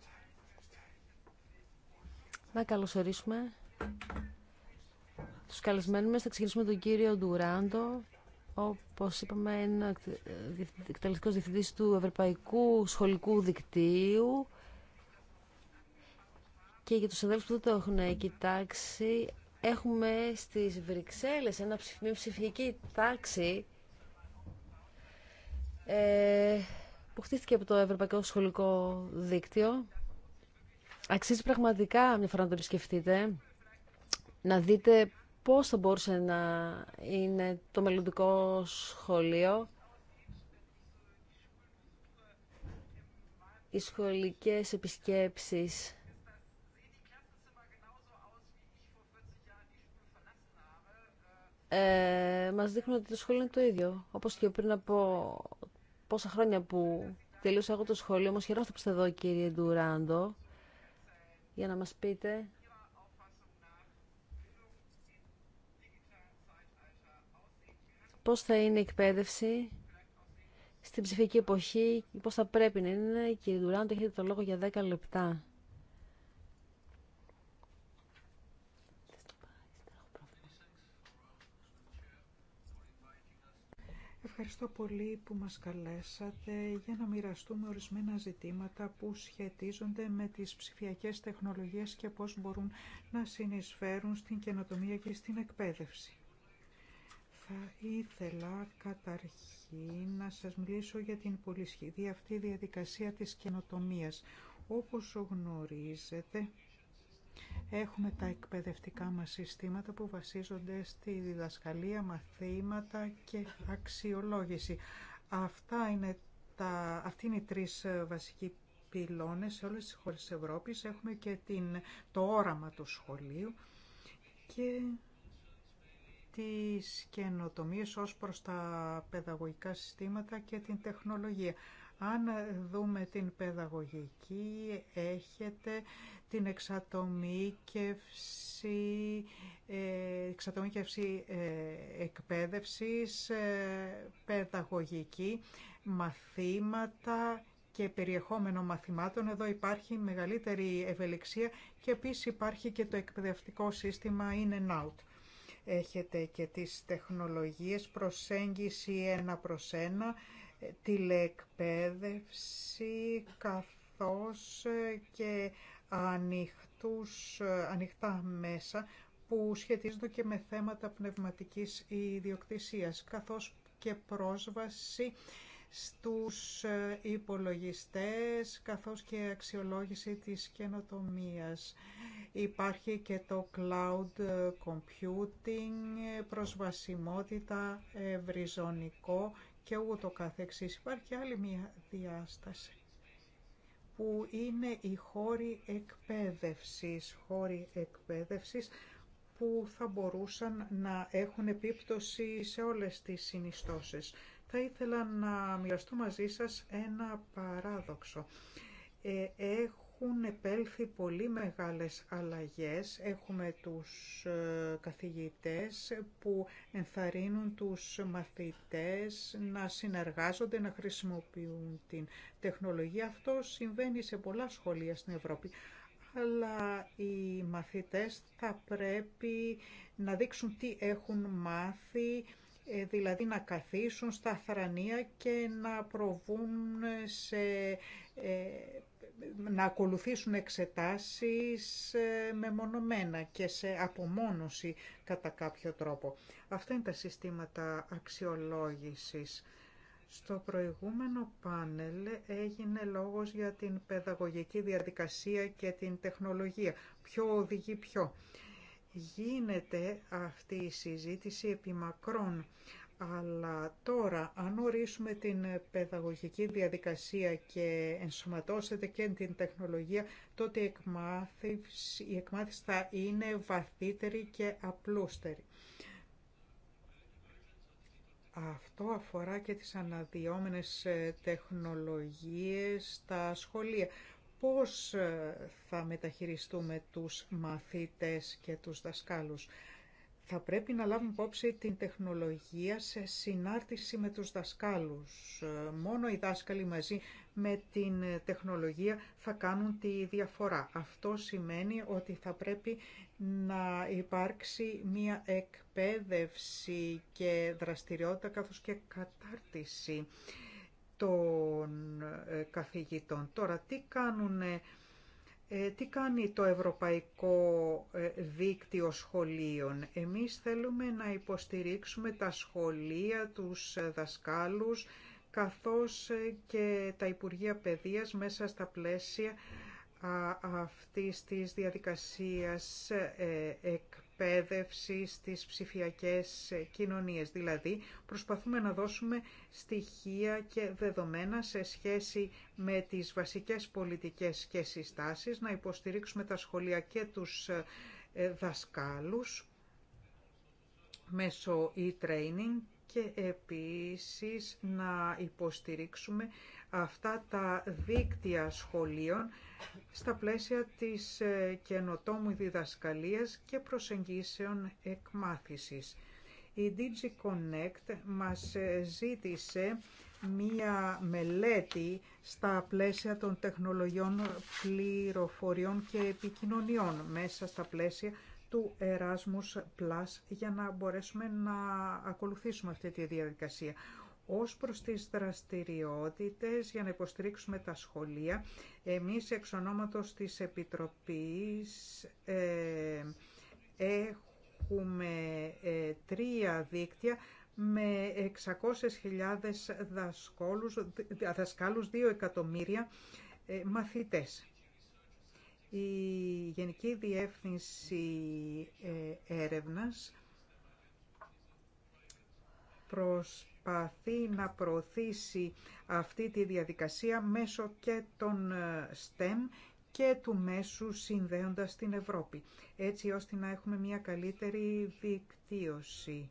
Να καλωσορίσουμε τους καλεσμένους μας. Θα ξεκινήσουμε τον κύριο Ντουράντο, όπως είπαμε, είναι εκτελεστικός διευθυντής του Ευρωπαϊκού Σχολικού Δικτύου. Και για τους αδέλφους που δεν το έχουν κοιτάξει, έχουμε στις Βρυξέλλες ένα μια ψηφιακή τάξη ε, που χτίστηκε από το Ευρωπαϊκό Σχολικό Δίκτυο. Αξίζει πραγματικά μια φορά να το επισκεφτείτε, να δείτε πώς θα μπορούσε να είναι το μελλοντικό σχολείο. Οι σχολικές επισκέψεις ε, μας δείχνουν ότι το σχολείο είναι το ίδιο. Όπως και πριν από πόσα χρόνια που τελείωσα εγώ το σχολείο, όμως χαιρόμαστε που είστε εδώ κύριε Ντουράντο, για να μας πείτε πώς θα είναι η εκπαίδευση στην ψηφιακή εποχή, πώς θα πρέπει να είναι. Κύριε Ντουράντο, έχετε το λόγο για 10 λεπτά. ευχαριστώ πολύ που μας καλέσατε για να μοιραστούμε ορισμένα ζητήματα που σχετίζονται με τις ψηφιακές τεχνολογίες και πώς μπορούν να συνεισφέρουν στην καινοτομία και στην εκπαίδευση. Θα ήθελα καταρχήν να σας μιλήσω για την πολυσχεδία, αυτή διαδικασία της καινοτομίας. Όπως γνωρίζετε, Έχουμε τα εκπαιδευτικά μας συστήματα που βασίζονται στη διδασκαλία, μαθήματα και αξιολόγηση. Αυτά είναι τα, αυτοί είναι οι τρεις ε, βασικοί πυλώνες σε όλες τις χώρες της Ευρώπης. Έχουμε και την, το όραμα του σχολείου και τις καινοτομίες ως προς τα παιδαγωγικά συστήματα και την τεχνολογία. Αν δούμε την παιδαγωγική, έχετε την εξατομίκευση, ε, εξατομίκευση ε, εκπαίδευσης, ε, παιδαγωγική, μαθήματα και περιεχόμενο μαθημάτων. Εδώ υπάρχει μεγαλύτερη ευελιξία και επίσης υπάρχει και το εκπαιδευτικό σύστημα in and out. Έχετε και τις τεχνολογίες προσέγγιση ένα προς ένα, τηλεεκπαίδευση καθώς και ανοιχτούς, ανοιχτά μέσα που σχετίζονται και με θέματα πνευματικής ιδιοκτησίας καθώς και πρόσβαση στους ε, υπολογιστές καθώς και αξιολόγηση της καινοτομίας. Υπάρχει και το cloud computing, προσβασιμότητα, ευρυζωνικό και ούτω καθεξής. Υπάρχει άλλη μία διάσταση που είναι η χώρη εκπαίδευσης, χώρη εκπαίδευσης που θα μπορούσαν να έχουν επίπτωση σε όλες τις συνιστώσεις. Θα ήθελα να μοιραστώ μαζί σας ένα παράδοξο. Ε, έχω έχουν επέλθει πολύ μεγάλες αλλαγές. Έχουμε τους ε, καθηγητές που ενθαρρύνουν τους μαθητές να συνεργάζονται, να χρησιμοποιούν την τεχνολογία. Αυτό συμβαίνει σε πολλά σχολεία στην Ευρώπη. Αλλά οι μαθητές θα πρέπει να δείξουν τι έχουν μάθει, ε, δηλαδή να καθίσουν στα θρανία και να προβούν σε ε, να ακολουθήσουν εξετάσεις ε, μεμονωμένα και σε απομόνωση κατά κάποιο τρόπο. Αυτά είναι τα συστήματα αξιολόγησης. Στο προηγούμενο πάνελ έγινε λόγος για την παιδαγωγική διαδικασία και την τεχνολογία. Ποιο οδηγεί ποιο. Γίνεται αυτή η συζήτηση επί αλλά τώρα, αν ορίσουμε την παιδαγωγική διαδικασία και ενσωματώσετε και την τεχνολογία, τότε η εκμάθηση, η εκμάθηση θα είναι βαθύτερη και απλούστερη. Αυτό αφορά και τις αναδυόμενες ε, τεχνολογίες στα σχολεία. Πώς ε, θα μεταχειριστούμε τους μαθήτες και τους δασκάλους. Θα πρέπει να λάβουμε υπόψη την τεχνολογία σε συνάρτηση με τους δασκάλους. Μόνο οι δάσκαλοι μαζί με την τεχνολογία θα κάνουν τη διαφορά. Αυτό σημαίνει ότι θα πρέπει να υπάρξει μία εκπαίδευση και δραστηριότητα καθώς και κατάρτιση των ε, καθηγητών. Τώρα, τι κάνουν ε, τι κάνει το Ευρωπαϊκό ε, Δίκτυο Σχολείων. Εμείς θέλουμε να υποστηρίξουμε τα σχολεία, τους ε, δασκάλους, καθώς και τα Υπουργεία Παιδείας μέσα στα πλαίσια αυτής της διαδικασίας ε, εκπαίδευσης στις ψηφιακές κοινωνίες. Δηλαδή, προσπαθούμε να δώσουμε στοιχεία και δεδομένα σε σχέση με τις βασικές πολιτικές και συστάσεις, να υποστηρίξουμε τα σχολεία και τους ε, ε, δασκάλους μέσω e-training και επίσης να υποστηρίξουμε αυτά τα δίκτυα σχολείων στα πλαίσια της ε, καινοτόμου διδασκαλίας και προσεγγίσεων εκμάθησης. Η DigiConnect μας ε, ζήτησε μία μελέτη στα πλαίσια των τεχνολογιών πληροφοριών και επικοινωνιών μέσα στα πλαίσια του Erasmus Plus για να μπορέσουμε να ακολουθήσουμε αυτή τη διαδικασία. Ως προς τις δραστηριότητες για να υποστηρίξουμε τα σχολεία, εμείς εξ ονόματος της Επιτροπής ε, έχουμε ε, τρία δίκτυα με 600.000 δασκόλους, δασκάλους, 2 εκατομμύρια ε, μαθητές. Η Γενική Διεύθυνση ε, Έρευνας προς προσπαθεί να προωθήσει αυτή τη διαδικασία μέσω και των ε, STEM και του μέσου συνδέοντας την Ευρώπη, έτσι ώστε να έχουμε μια καλύτερη δικτύωση.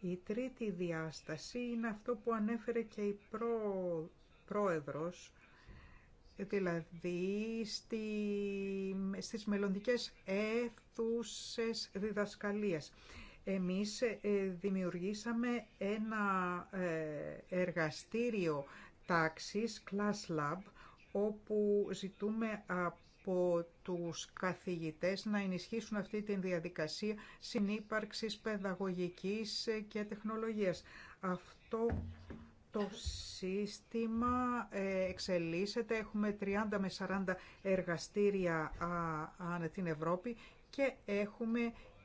Η τρίτη διάσταση είναι αυτό που ανέφερε και η πρό... πρόεδρος, δηλαδή στη... στις μελλοντικές αίθουσες διδασκαλίας. Εμείς ε, ε, δημιουργήσαμε ένα ε, εργαστήριο τάξης, Class Lab, όπου ζητούμε από τους καθηγητές να ενισχύσουν αυτή τη διαδικασία συνύπαρξης παιδαγωγικής και τεχνολογίας. Αυτό το σύστημα εξελίσσεται. Έχουμε 30 με 40 εργαστήρια ανά την Ευρώπη και έχουμε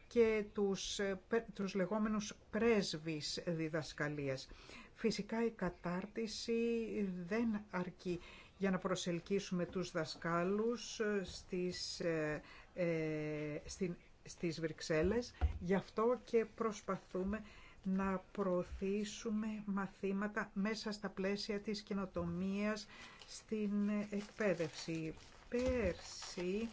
και τους, τους λεγόμενους πρέσβεις διδασκαλίας. Φυσικά η κατάρτιση δεν αρκεί για να προσελκύσουμε τους δασκάλους ε, στις, ε, ε, στην, στις Βρυξέλλες. Γι' αυτό και προσπαθούμε να προωθήσουμε μαθήματα μέσα στα πλαίσια της καινοτομίας στην εκπαίδευση. Πέρσι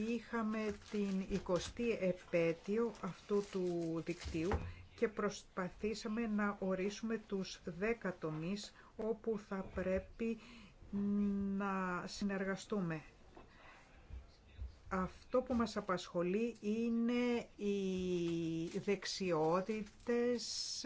είχαμε την 20η επέτειο αυτού του δικτύου και προσπαθήσαμε να ορίσουμε τους 10 τομείς όπου θα πρέπει να συνεργαστούμε. Αυτό που μας απασχολεί είναι η δεξιότητες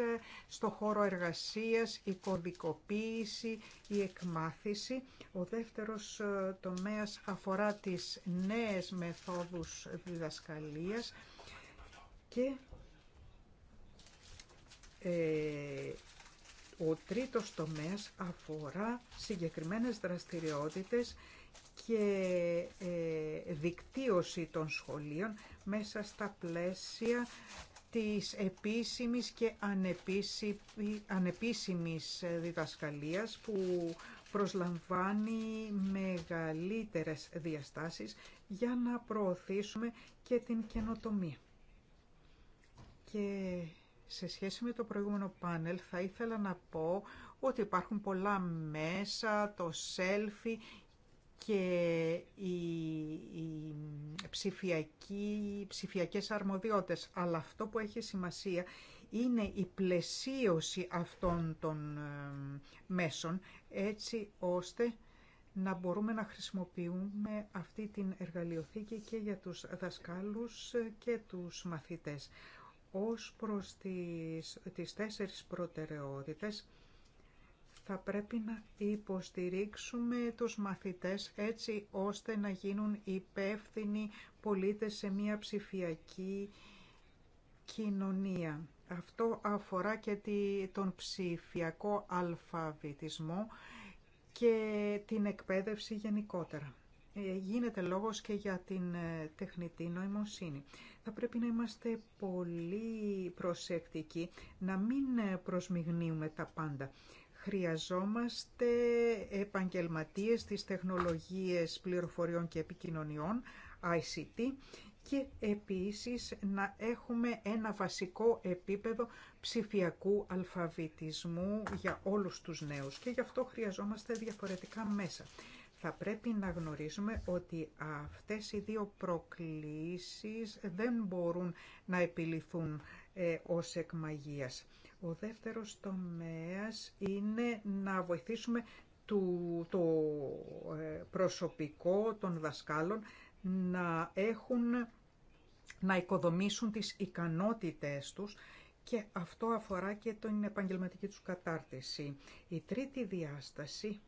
στο χώρο εργασίας, η κωδικοποίηση, η εκμάθηση. Ο δεύτερος ε, τομέας αφορά τις νέες μεθόδους διδασκαλίας και ε, ο τρίτος τομέας αφορά συγκεκριμένες δραστηριότητες και ε, δικτύωση των σχολείων μέσα στα πλαίσια της επίσημης και ανεπίσημης διδασκαλίας που προσλαμβάνει μεγαλύτερες διαστάσεις για να προωθήσουμε και την καινοτομία. Και σε σχέση με το προηγούμενο πάνελ θα ήθελα να πω ότι υπάρχουν πολλά μέσα, το selfie και οι, οι ψηφιακοί, ψηφιακές αρμοδιότητες. Αλλά αυτό που έχει σημασία είναι η πλαισίωση αυτών των ε, μέσων έτσι ώστε να μπορούμε να χρησιμοποιούμε αυτή την εργαλειοθήκη και για τους δασκάλους ε, και τους μαθητές. Ως προς τις, τις τέσσερις προτεραιότητες θα πρέπει να υποστηρίξουμε τους μαθητές έτσι ώστε να γίνουν υπεύθυνοι πολίτες σε μια ψηφιακή κοινωνία. Αυτό αφορά και τον ψηφιακό αλφαβητισμό και την εκπαίδευση γενικότερα. Ε, γίνεται λόγος και για την ε, τεχνητή νοημοσύνη. Θα πρέπει να είμαστε πολύ προσεκτικοί, να μην ε, προσμιγνύουμε τα πάντα. Χρειαζόμαστε επαγγελματίες στις τεχνολογίες πληροφοριών και επικοινωνιών, ICT, και επίσης να έχουμε ένα βασικό επίπεδο ψηφιακού αλφαβητισμού για όλους τους νέους και γι' αυτό χρειαζόμαστε διαφορετικά μέσα. Θα πρέπει να γνωρίζουμε ότι αυτές οι δύο προκλήσεις δεν μπορούν να επιληθούν ε, ως εκμαγείας. Ο δεύτερος τομέας είναι να βοηθήσουμε το ε, προσωπικό των δασκάλων να έχουν να οικοδομήσουν τις ικανότητες τους και αυτό αφορά και την επαγγελματική τους κατάρτιση. Η τρίτη διάσταση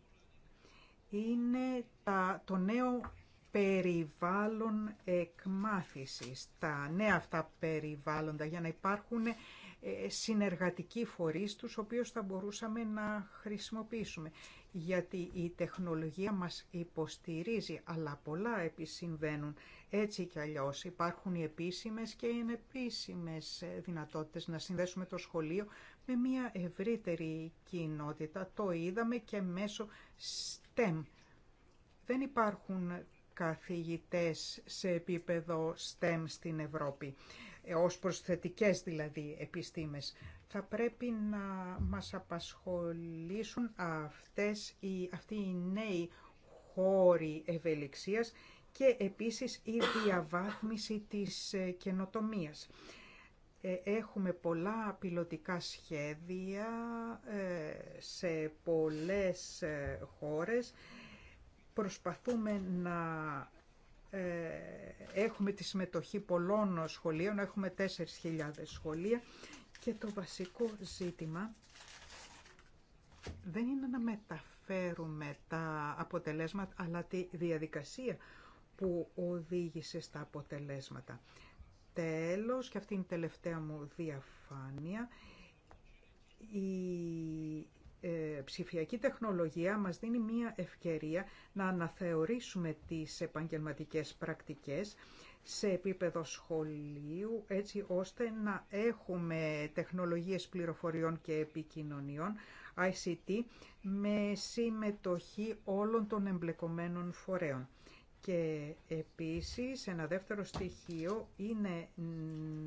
είναι τα, το νέο περιβάλλον εκμάθησης, τα νέα αυτά περιβάλλοντα για να υπάρχουν συνεργατικοί φορείς τους οποίους θα μπορούσαμε να χρησιμοποιήσουμε. Γιατί η τεχνολογία μας υποστηρίζει, αλλά πολλά επισυμβαίνουν. Έτσι κι αλλιώς υπάρχουν οι επίσημες και οι ενεπίσημες δυνατότητες να συνδέσουμε το σχολείο με μια ευρύτερη κοινότητα. Το είδαμε και μέσω STEM. Δεν υπάρχουν καθηγητές σε επίπεδο STEM στην Ευρώπη. Ε, ως προσθετικές δηλαδή επιστήμες. Θα πρέπει να μας απασχολήσουν αυτές οι, αυτοί οι νέοι χώροι ευελιξίας και επίσης η διαβάθμιση της ε, καινοτομίας. Ε, έχουμε πολλά πιλωτικά σχέδια σε πολλές χώρες. Προσπαθούμε να ε, έχουμε τη συμμετοχή πολλών σχολείων, έχουμε 4.000 σχολεία και το βασικό ζήτημα δεν είναι να μεταφέρουμε τα αποτελέσματα, αλλά τη διαδικασία που οδήγησε στα αποτελέσματα. Τέλος, και αυτή είναι η τελευταία μου διαφάνεια, η ε, ψηφιακή τεχνολογία μας δίνει μία ευκαιρία να αναθεωρήσουμε τις επαγγελματικές πρακτικές σε επίπεδο σχολείου, έτσι ώστε να έχουμε τεχνολογίες πληροφοριών και επικοινωνιών, ICT, με συμμετοχή όλων των εμπλεκομένων φορέων. Και επίσης ένα δεύτερο στοιχείο είναι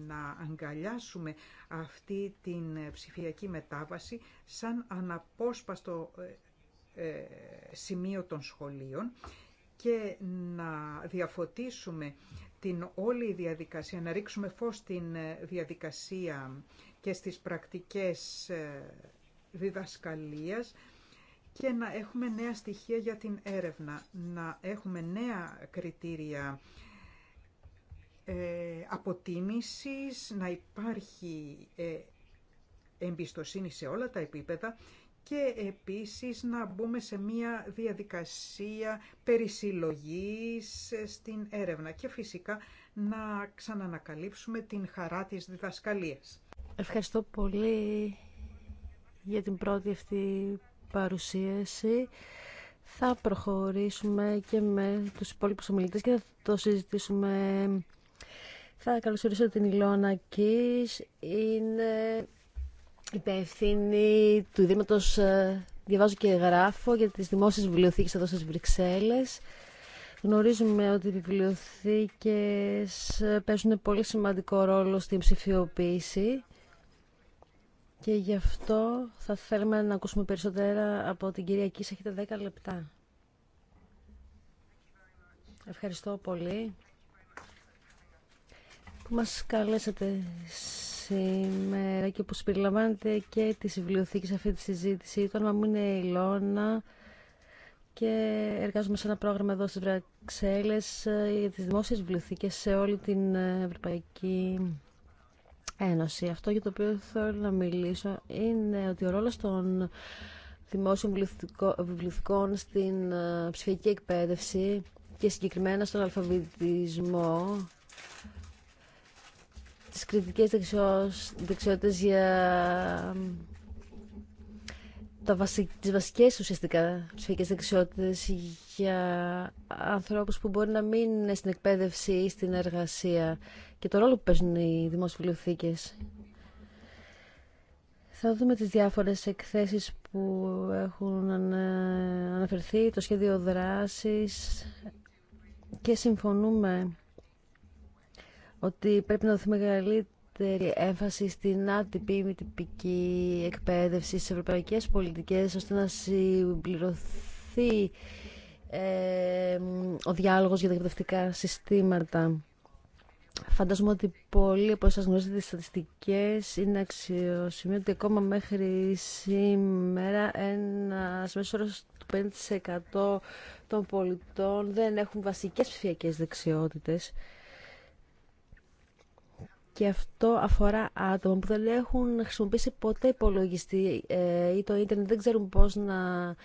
να αγκαλιάσουμε αυτή την ψηφιακή μετάβαση σαν αναπόσπαστο ε, ε, σημείο των σχολείων και να διαφωτίσουμε την όλη διαδικασία, να ρίξουμε φως στην ε, διαδικασία και στις πρακτικές διδασκαλίας και να έχουμε νέα στοιχεία για την έρευνα, να έχουμε νέα κριτήρια ε, αποτίμησης, να υπάρχει ε, εμπιστοσύνη σε όλα τα επίπεδα και επίσης να μπούμε σε μια διαδικασία περισυλλογής ε, στην έρευνα και φυσικά να ξανανακαλύψουμε την χαρά της διδασκαλίας. Ευχαριστώ πολύ για την πρώτη αυτή παρουσίαση θα προχωρήσουμε και με τους υπόλοιπους ομιλητές και θα το συζητήσουμε. Θα καλωσορίσω την Ιλώνα Κις, είναι υπεύθυνη του Δήματος, ε, διαβάζω και γράφω, για τις δημόσιες βιβλιοθήκες εδώ στις Βρυξέλλες. Γνωρίζουμε ότι οι βιβλιοθήκες παίζουν πολύ σημαντικό ρόλο στην ψηφιοποίηση και γι' αυτό θα θέλουμε να ακούσουμε περισσότερα από την κυρία Κίσα Έχετε 10 λεπτά. Ευχαριστώ πολύ που μας καλέσατε σήμερα και που συμπεριλαμβάνετε και τη βιβλιοθήκη σε αυτή τη συζήτηση. Το όνομα μου είναι Ηλώνα και εργάζομαι σε ένα πρόγραμμα εδώ στις Βραξέλλες για τις δημόσιες βιβλιοθήκες σε όλη την Ευρωπαϊκή Ένωση. Αυτό για το οποίο θέλω να μιλήσω είναι ότι ο ρόλος των δημόσιων βιβλιοθηκών στην ε, ψηφιακή εκπαίδευση και συγκεκριμένα στον αλφαβητισμό τις κριτικές δεξιότητες για τα βασι... τις βασικές ουσιαστικά ψηφιακές δεξιότητες για ανθρώπους που μπορεί να μην στην εκπαίδευση ή στην εργασία και το ρόλο που παίζουν οι δημόσιες Θα δούμε τις διάφορες εκθέσεις που έχουν αναφερθεί, το σχέδιο δράσης και συμφωνούμε ότι πρέπει να δοθεί μεγαλύτερη μεγαλύτερη έμφαση στην άτυπη μη τυπική εκπαίδευση στι ευρωπαϊκέ πολιτικές ώστε να συμπληρωθεί ε, ο διάλογος για τα εκπαιδευτικά συστήματα. Φαντάζομαι ότι πολλοί από εσάς γνωρίζετε τις στατιστικές. Είναι αξιοσημείο ότι ακόμα μέχρι σήμερα ένα μέσο όρος του 5% των πολιτών δεν έχουν βασικές ψηφιακές δεξιότητες και αυτό αφορά άτομα που δεν έχουν χρησιμοποιήσει ποτέ υπολογιστή ε, ή το ίντερνετ, δεν ξέρουν πώς να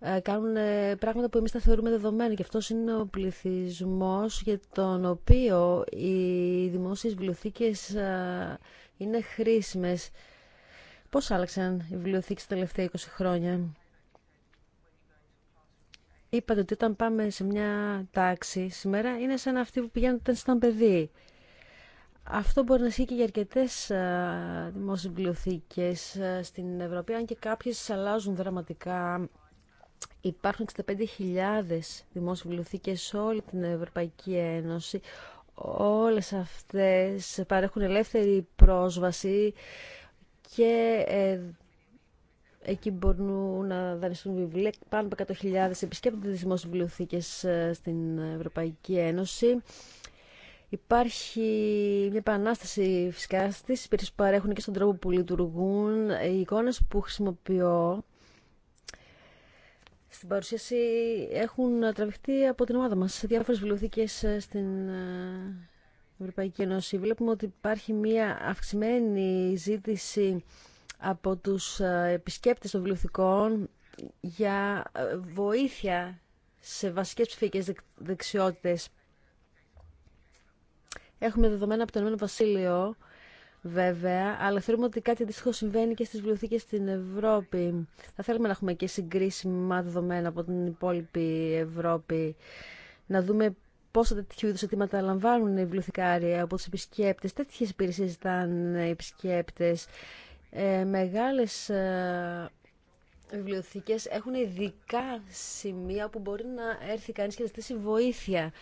ε, κάνουν ε, πράγματα που εμείς τα θεωρούμε δεδομένα και αυτός είναι ο πληθυσμός για τον οποίο οι δημόσιες βιβλιοθήκες είναι χρήσιμες. Πώς άλλαξαν οι βιβλιοθήκες τα τελευταία 20 χρόνια. Είπατε ότι όταν πάμε σε μια τάξη σήμερα είναι σαν αυτή που πηγαίνετε όταν παιδί. Αυτό μπορεί να ισχύει και για αρκετέ δημόσιε στην Ευρώπη, αν και κάποιε αλλάζουν δραματικά. Υπάρχουν 65.000 δημόσιες βιβλιοθήκες σε όλη την Ευρωπαϊκή Ένωση. Όλες αυτές παρέχουν ελεύθερη πρόσβαση και ε, εκεί μπορούν να δανειστούν βιβλία. Πάνω από 100.000 επισκέπτονται τις δημόσιες βιβλιοθήκες ε, στην Ευρωπαϊκή Ένωση. Υπάρχει μια επανάσταση φυσικά στι υπηρεσίε που παρέχουν και στον τρόπο που λειτουργούν. Οι εικόνε που χρησιμοποιώ στην παρουσίαση έχουν τραβηχτεί από την ομάδα μας σε διάφορες βιβλιοθήκες ε, στην ε, Ευρωπαϊκή Ένωση. Βλέπουμε ότι υπάρχει μια αυξημένη ζήτηση από τους ε, επισκέπτες των βιβλιοθηκών για βοήθεια σε βασικές ψηφιακές δεξιότητες Έχουμε δεδομένα από το Ηνωμένο Βασίλειο, βέβαια, αλλά θεωρούμε ότι κάτι αντίστοιχο συμβαίνει και στι βιβλιοθήκε στην Ευρώπη. Θα θέλουμε να έχουμε και συγκρίσιμα δεδομένα από την υπόλοιπη Ευρώπη, να δούμε πόσα τέτοιου είδου αιτήματα λαμβάνουν οι βιβλιοθηκάρια από του επισκέπτε. Τέτοιε υπηρεσίε ζητάνε οι επισκέπτε. Ε, Μεγάλε βιβλιοθήκε έχουν ειδικά σημεία που μπορεί να έρθει κανεί και να ζητήσει βοήθεια.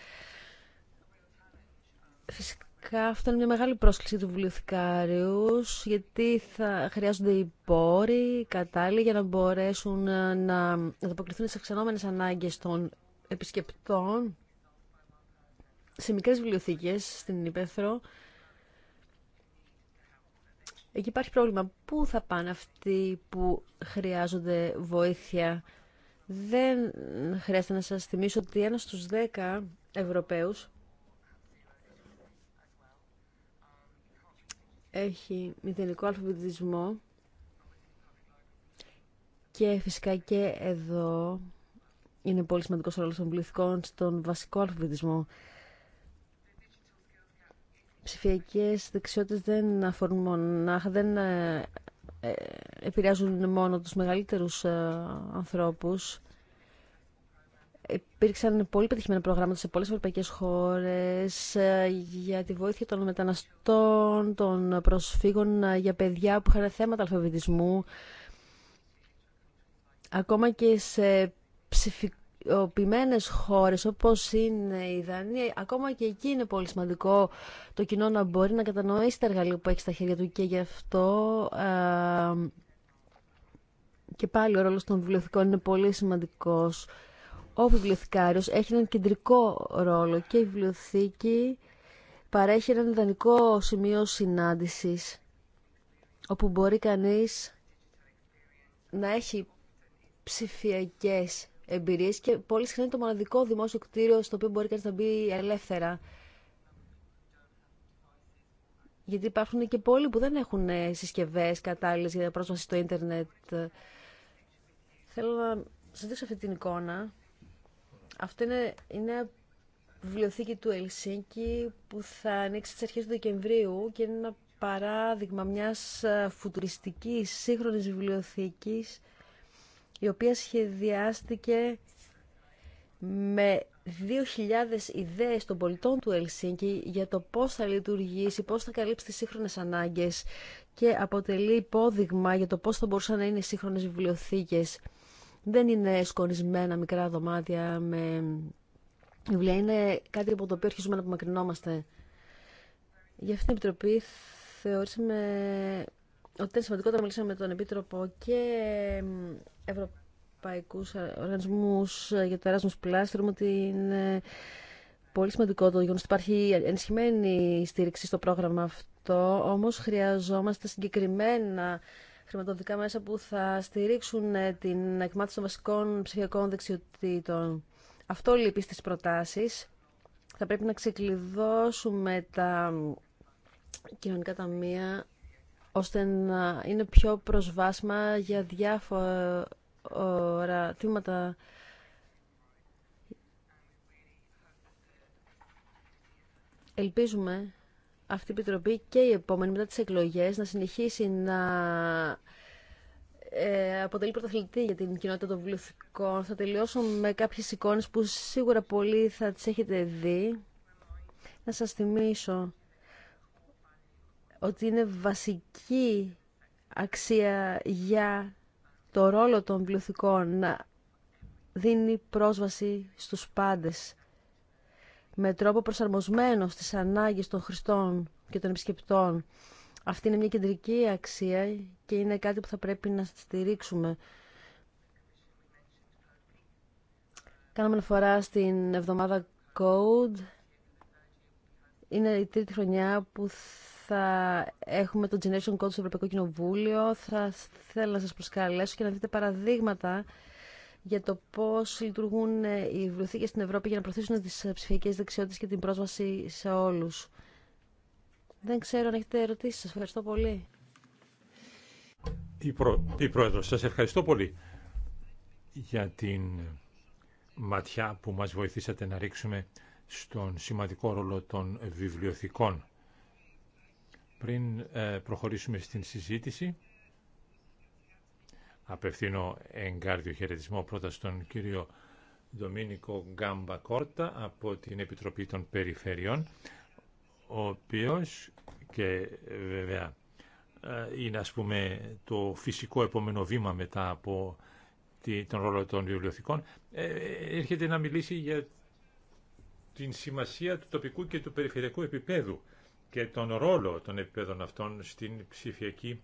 Φυσικά αυτό είναι μια μεγάλη πρόσκληση του βιβλιοθηκάριου, γιατί θα χρειάζονται οι πόροι κατάλληλοι για να μπορέσουν να ανταποκριθούν σε ξενόμενες ανάγκες των επισκεπτών σε μικρές βιβλιοθήκες στην Υπέθρο. Εκεί υπάρχει πρόβλημα. Πού θα πάνε αυτοί που χρειάζονται βοήθεια. Δεν χρειάζεται να σας θυμίσω ότι ένας στους δέκα Ευρωπαίους έχει μηδενικό αλφαβητισμό και φυσικά και εδώ είναι πολύ σημαντικός ο ρόλος των πληθυκών στον βασικό αλφαβητισμό. Ψηφιακές δεξιότητες δεν αφορούν μόνο, δεν ε, ε, επηρεάζουν μόνο τους μεγαλύτερους ε, ανθρώπους Υπήρξαν πολύ πετυχημένα προγράμματα σε πολλές ευρωπαϊκές χώρες ε, για τη βοήθεια των μεταναστών, των προσφύγων, ε, για παιδιά που είχαν θέματα αλφαβητισμού. Ακόμα και σε ψηφιοποιημένες χώρες όπως είναι η Δανία, ακόμα και εκεί είναι πολύ σημαντικό το κοινό να μπορεί να κατανοήσει τα εργαλεία που έχει στα χέρια του και γι' αυτό... Ε, και πάλι ο ρόλος των βιβλιοθηκών είναι πολύ σημαντικός ο βιβλιοθηκάριος έχει έναν κεντρικό ρόλο και η βιβλιοθήκη παρέχει έναν ιδανικό σημείο συνάντησης όπου μπορεί κανείς να έχει ψηφιακές εμπειρίες και πολύ συχνά είναι το μοναδικό δημόσιο κτίριο στο οποίο μπορεί κανείς να μπει ελεύθερα. Γιατί υπάρχουν και πολλοί που δεν έχουν ε, συσκευές κατάλληλες για πρόσβαση στο ίντερνετ. Θέλω να σας δείξω αυτή την εικόνα. Αυτό είναι, είναι βιβλιοθήκη του Ελσίνκη που θα ανοίξει τις αρχές του Δεκεμβρίου και είναι ένα παράδειγμα μιας ε, φουτουριστικής σύγχρονης βιβλιοθήκης η οποία σχεδιάστηκε με 2.000 ιδέες των πολιτών του Ελσίνκη για το πώς θα λειτουργήσει, πώς θα καλύψει τις σύγχρονες ανάγκες και αποτελεί υπόδειγμα για το πώς θα μπορούσαν να είναι σύγχρονες βιβλιοθήκες δεν είναι σκορισμένα μικρά δωμάτια με βιβλία. Είναι κάτι από το οποίο αρχίζουμε να απομακρυνόμαστε. Για αυτήν την επιτροπή θεωρήσαμε ότι ήταν σημαντικό να μιλήσαμε με τον Επίτροπο και ευρωπαϊκούς οργανισμούς για το Erasmus Plus. Θεωρούμε ότι είναι πολύ σημαντικό το γεγονό ότι υπάρχει ενισχυμένη στήριξη στο πρόγραμμα αυτό. όμω χρειαζόμαστε συγκεκριμένα χρηματοδοτικά μέσα που θα στηρίξουν ε, την εκμάθηση των βασικών ψηφιακών δεξιοτήτων. Αυτό λείπει στις προτάσεις. Θα πρέπει να ξεκλειδώσουμε τα κοινωνικά ταμεία ώστε να είναι πιο προσβάσιμα για διάφορα τμήματα Ελπίζουμε αυτή η Επιτροπή και η επόμενη μετά τις εκλογές να συνεχίσει να ε, αποτελεί πρωταθλητή για την κοινότητα των βιβλιοθηκών. Θα τελειώσω με κάποιες εικόνες που σίγουρα πολλοί θα τις έχετε δει. Να σας θυμίσω ότι είναι βασική αξία για το ρόλο των βιβλιοθηκών να δίνει πρόσβαση στους πάντες με τρόπο προσαρμοσμένο στις ανάγκες των χρηστών και των επισκεπτών. Αυτή είναι μια κεντρική αξία και είναι κάτι που θα πρέπει να στηρίξουμε. Κάναμε αναφορά στην εβδομάδα Code. Είναι η τρίτη χρονιά που θα έχουμε το Generation Code στο Ευρωπαϊκό Κοινοβούλιο. Θα θέλω να σας προσκαλέσω και να δείτε παραδείγματα για το πώς λειτουργούν ε, οι βιβλιοθήκες στην Ευρώπη για να προωθήσουν τις ε, ψηφιακέ δεξιότητες και την πρόσβαση σε όλους. Δεν ξέρω αν έχετε ερωτήσει, σα ευχαριστώ πολύ. Η, προ... η σας ευχαριστώ πολύ για την ματιά που μας βοηθήσατε να ρίξουμε στον σημαντικό ρόλο των βιβλιοθηκών. Πριν ε, προχωρήσουμε στην συζήτηση, Απευθύνω εγκάρδιο χαιρετισμό πρώτα στον κύριο Δομήνικο Γκάμπα Κόρτα από την Επιτροπή των Περιφερειών, ο οποίος και βέβαια ε, είναι ας πούμε το φυσικό επόμενο βήμα μετά από τον ρόλο των βιβλιοθηκών, ε, έρχεται να μιλήσει για την σημασία του τοπικού και του περιφερειακού επίπεδου και τον ρόλο των επίπεδων αυτών στην ψηφιακή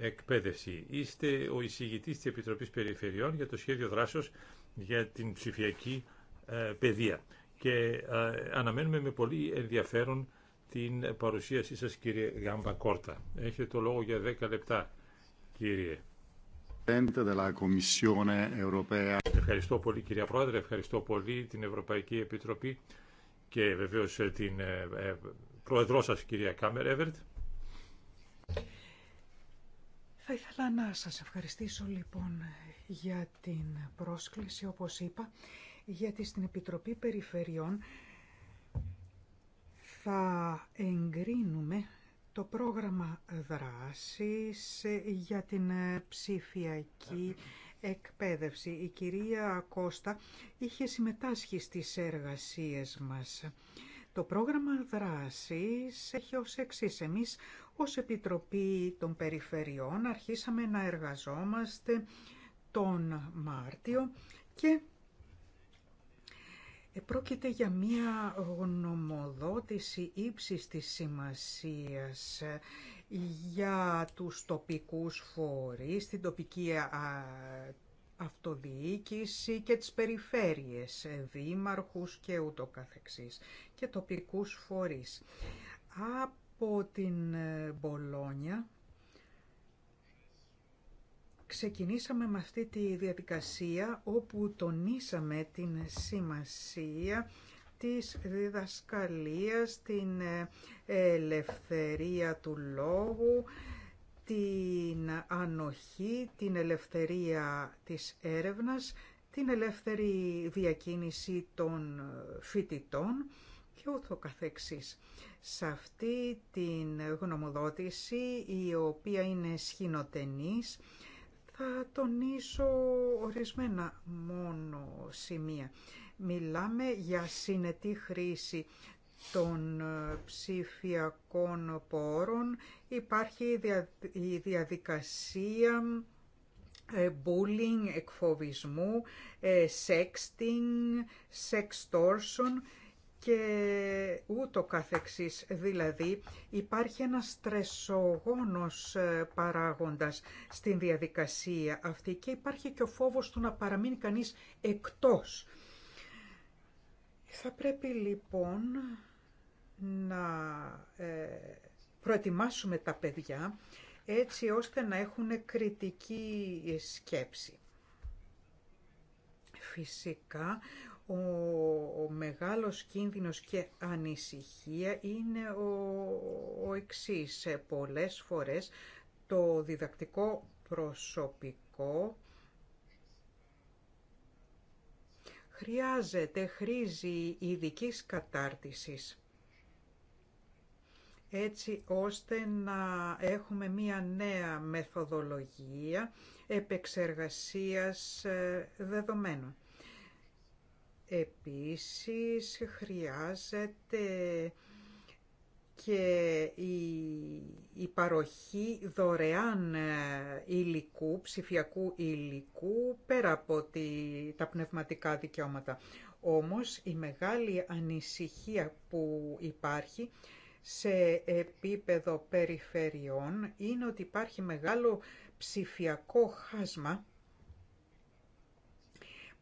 εκπαίδευση. Είστε ο εισηγητής της Επιτροπής Περιφερειών για το σχέδιο δράσεως για την ψηφιακή ε, παιδεία. Και ε, αναμένουμε με πολύ ενδιαφέρον την παρουσίασή σας κύριε Γάμπα Κόρτα. Έχετε το λόγο για 10 λεπτά κύριε. Ευχαριστώ πολύ κυρία Πρόεδρε, ευχαριστώ πολύ την Ευρωπαϊκή Επιτροπή και βεβαίως ε, την πρόεδρό σας κυρία Κάμερ θα ήθελα να σας ευχαριστήσω λοιπόν για την πρόσκληση, όπως είπα, γιατί στην Επιτροπή Περιφερειών θα εγκρίνουμε το πρόγραμμα δράσης για την ψηφιακή εκπαίδευση. Η κυρία Κώστα είχε συμμετάσχει στις εργασίες μας. Το πρόγραμμα δράσης έχει ως εξής. Εμείς ως Επιτροπή των Περιφερειών αρχίσαμε να εργαζόμαστε τον Μάρτιο και πρόκειται για μία γνωμοδότηση ύψης της σημασίας για τους τοπικούς φορείς, την τοπική αυτοδιοίκηση και τις περιφέρειες, δήμαρχους και ούτω καθεξής και τοπικούς φορείς από την ε, Μπολόνια ξεκινήσαμε με αυτή τη διαδικασία όπου τονίσαμε την σημασία της διδασκαλίας, την ε, ελευθερία του λόγου, την ανοχή, την ελευθερία της έρευνας, την ελεύθερη διακίνηση των ε, φοιτητών και ούτω καθεξής. Σε αυτή την γνωμοδότηση, η οποία είναι σχηνοτενής, θα τονίσω ορισμένα μόνο σημεία. Μιλάμε για συνετή χρήση των ε, ψηφιακών πόρων. Υπάρχει η διαδικασία ε, bullying, εκφοβισμού, ε, sexting, sextortion και ούτω καθεξής. Δηλαδή υπάρχει ένα στρεσογόνος ε, παράγοντας στην διαδικασία αυτή και υπάρχει και ο φόβος του να παραμείνει κανείς εκτός. Θα πρέπει λοιπόν να ε, προετοιμάσουμε τα παιδιά έτσι ώστε να έχουν κριτική σκέψη. Φυσικά ο, ο μεγάλος κίνδυνος και ανησυχία είναι ο, ο εξής. Πολλές φορές το διδακτικό προσωπικό χρειάζεται, χρήζει ειδική κατάρτισης έτσι ώστε να έχουμε μία νέα μεθοδολογία επεξεργασίας ε, δεδομένων. Επίσης χρειάζεται και η, η παροχή δωρεάν ε, υλικού, ψηφιακού υλικού, πέρα από τη, τα πνευματικά δικαιώματα. Όμως η μεγάλη ανησυχία που υπάρχει σε επίπεδο περιφερειών είναι ότι υπάρχει μεγάλο ψηφιακό χάσμα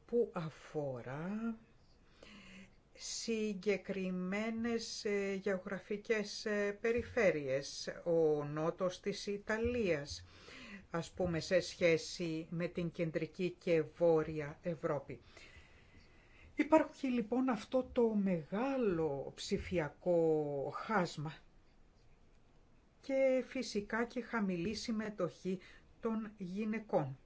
που αφορά συγκεκριμένες ε, γεωγραφικές ε, περιφέρειες, ο νότος της Ιταλίας, ας πούμε σε σχέση με την κεντρική και βόρεια Ευρώπη. Υπάρχει λοιπόν αυτό το μεγάλο ψηφιακό χάσμα και φυσικά και χαμηλή συμμετοχή των γυναικών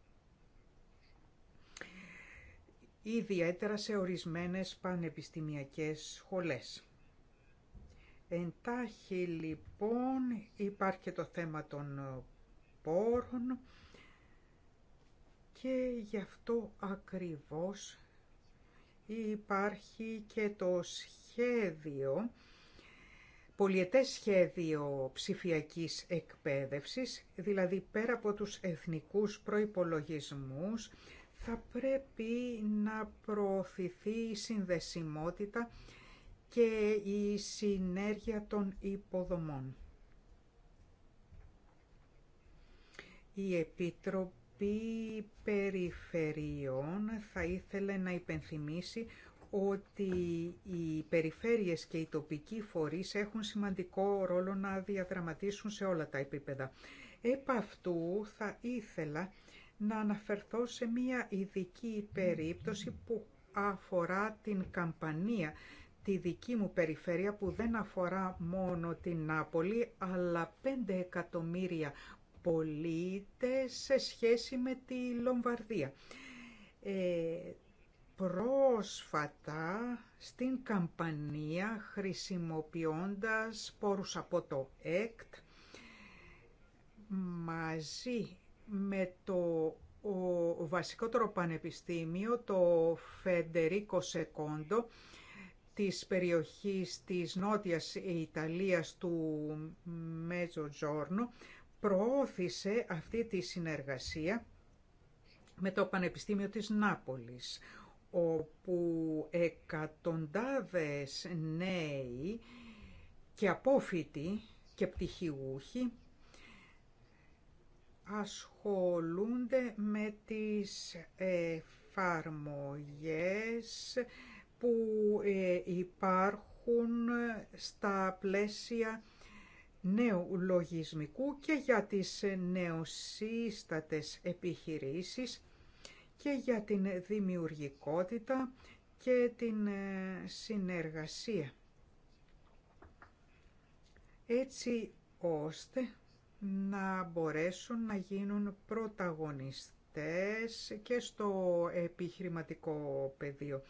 ιδιαίτερα σε ορισμένες πανεπιστημιακές σχολές. Εντάχει λοιπόν υπάρχει και το θέμα των ε, πόρων και γι' αυτό ακριβώς υπάρχει και το σχέδιο, πολιετές σχέδιο ψηφιακής εκπαίδευσης, δηλαδή πέρα από τους εθνικούς προϋπολογισμούς, θα πρέπει να προωθηθεί η συνδεσιμότητα και η συνέργεια των υποδομών. Η Επιτροπή Περιφερειών θα ήθελε να υπενθυμίσει ότι οι περιφέρειες και οι τοπικοί φορείς έχουν σημαντικό ρόλο να διαδραματίσουν σε όλα τα επίπεδα. Επ' αυτού θα ήθελα να αναφερθώ σε μία ειδική περίπτωση που αφορά την καμπανία, τη δική μου περιφέρεια που δεν αφορά μόνο την Νάπολη, αλλά 5 εκατομμύρια πολίτες σε σχέση με τη Λομβαρδία. Ε, πρόσφατα στην καμπανία χρησιμοποιώντας πόρους από το ΕΚΤ μαζί με το βασικότερο πανεπιστήμιο, το Φεντερίκο Σεκόντο, της περιοχής της Νότιας Ιταλίας του Τζόρνο προώθησε αυτή τη συνεργασία με το Πανεπιστήμιο της Νάπολης, όπου εκατοντάδες νέοι και απόφοιτοι και πτυχιούχοι ασχολούνται με τις εφαρμογές που ε, υπάρχουν στα πλαίσια νέου λογισμικού και για τις νεοσύστατες επιχειρήσεις και για την δημιουργικότητα και την ε, συνεργασία. Έτσι ώστε να μπορέσουν να γίνουν πρωταγωνιστές και στο επιχειρηματικό πεδίο.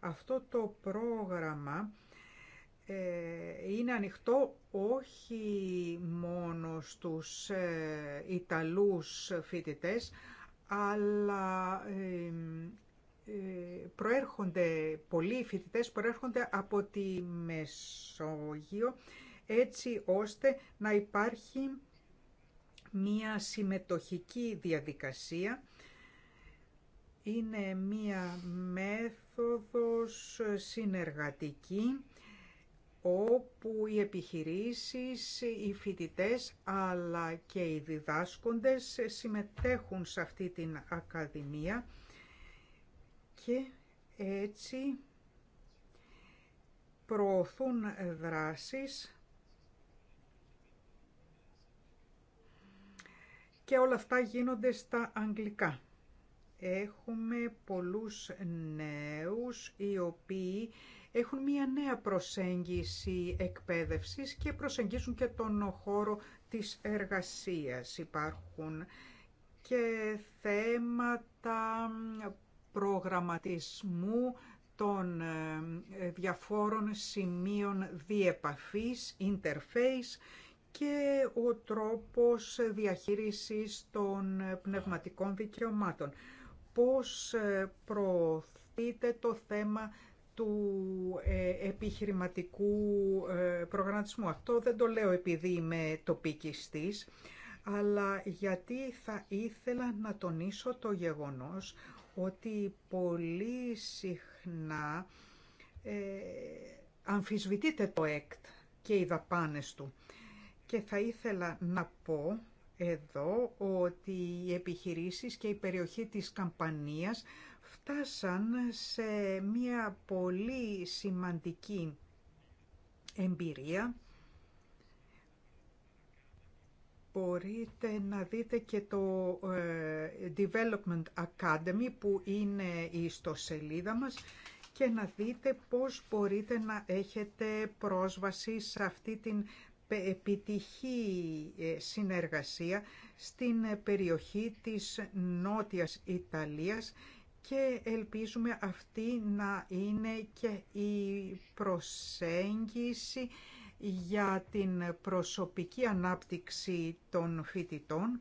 Αυτό το πρόγραμμα ε, είναι ανοιχτό όχι μόνο στους ε, Ιταλούς φοιτητές, αλλά ε, προέρχονται πολλοί φοιτητές προέρχονται από τη Μεσόγειο έτσι ώστε να υπάρχει μία συμμετοχική διαδικασία. Είναι μία μέθοδος συνεργατική όπου οι επιχειρήσεις, οι φοιτητές αλλά και οι διδάσκοντες συμμετέχουν σε αυτή την ακαδημία και έτσι προωθούν δράσεις και όλα αυτά γίνονται στα αγγλικά. Έχουμε πολλούς νέους οι οποίοι έχουν μία νέα προσέγγιση εκπαίδευσης και προσεγγίζουν και τον χώρο της εργασίας. Υπάρχουν και θέματα προγραμματισμού των ε, διαφόρων σημείων διεπαφής, interface και ο τρόπος διαχείρισης των πνευματικών δικαιωμάτων. Πώς ε, προωθείται το θέμα του ε, επιχειρηματικού ε, προγραμματισμού. Αυτό δεν το λέω επειδή είμαι τοπικιστής, αλλά γιατί θα ήθελα να τονίσω το γεγονός ότι πολύ συχνά ε, αμφισβητείται το ΕΚΤ και οι δαπάνες του. Και θα ήθελα να πω εδώ ότι οι επιχειρήσεις και η περιοχή της Καμπανίας φτάσαν σε μια πολύ σημαντική εμπειρία. Μπορείτε να δείτε και το ε, Development Academy που είναι η ιστοσελίδα μας και να δείτε πώς μπορείτε να έχετε πρόσβαση σε αυτή την επιτυχή ε, συνεργασία στην ε, περιοχή της Νότιας Ιταλίας και ελπίζουμε αυτή να είναι και η προσέγγιση για την προσωπική ανάπτυξη των φοιτητών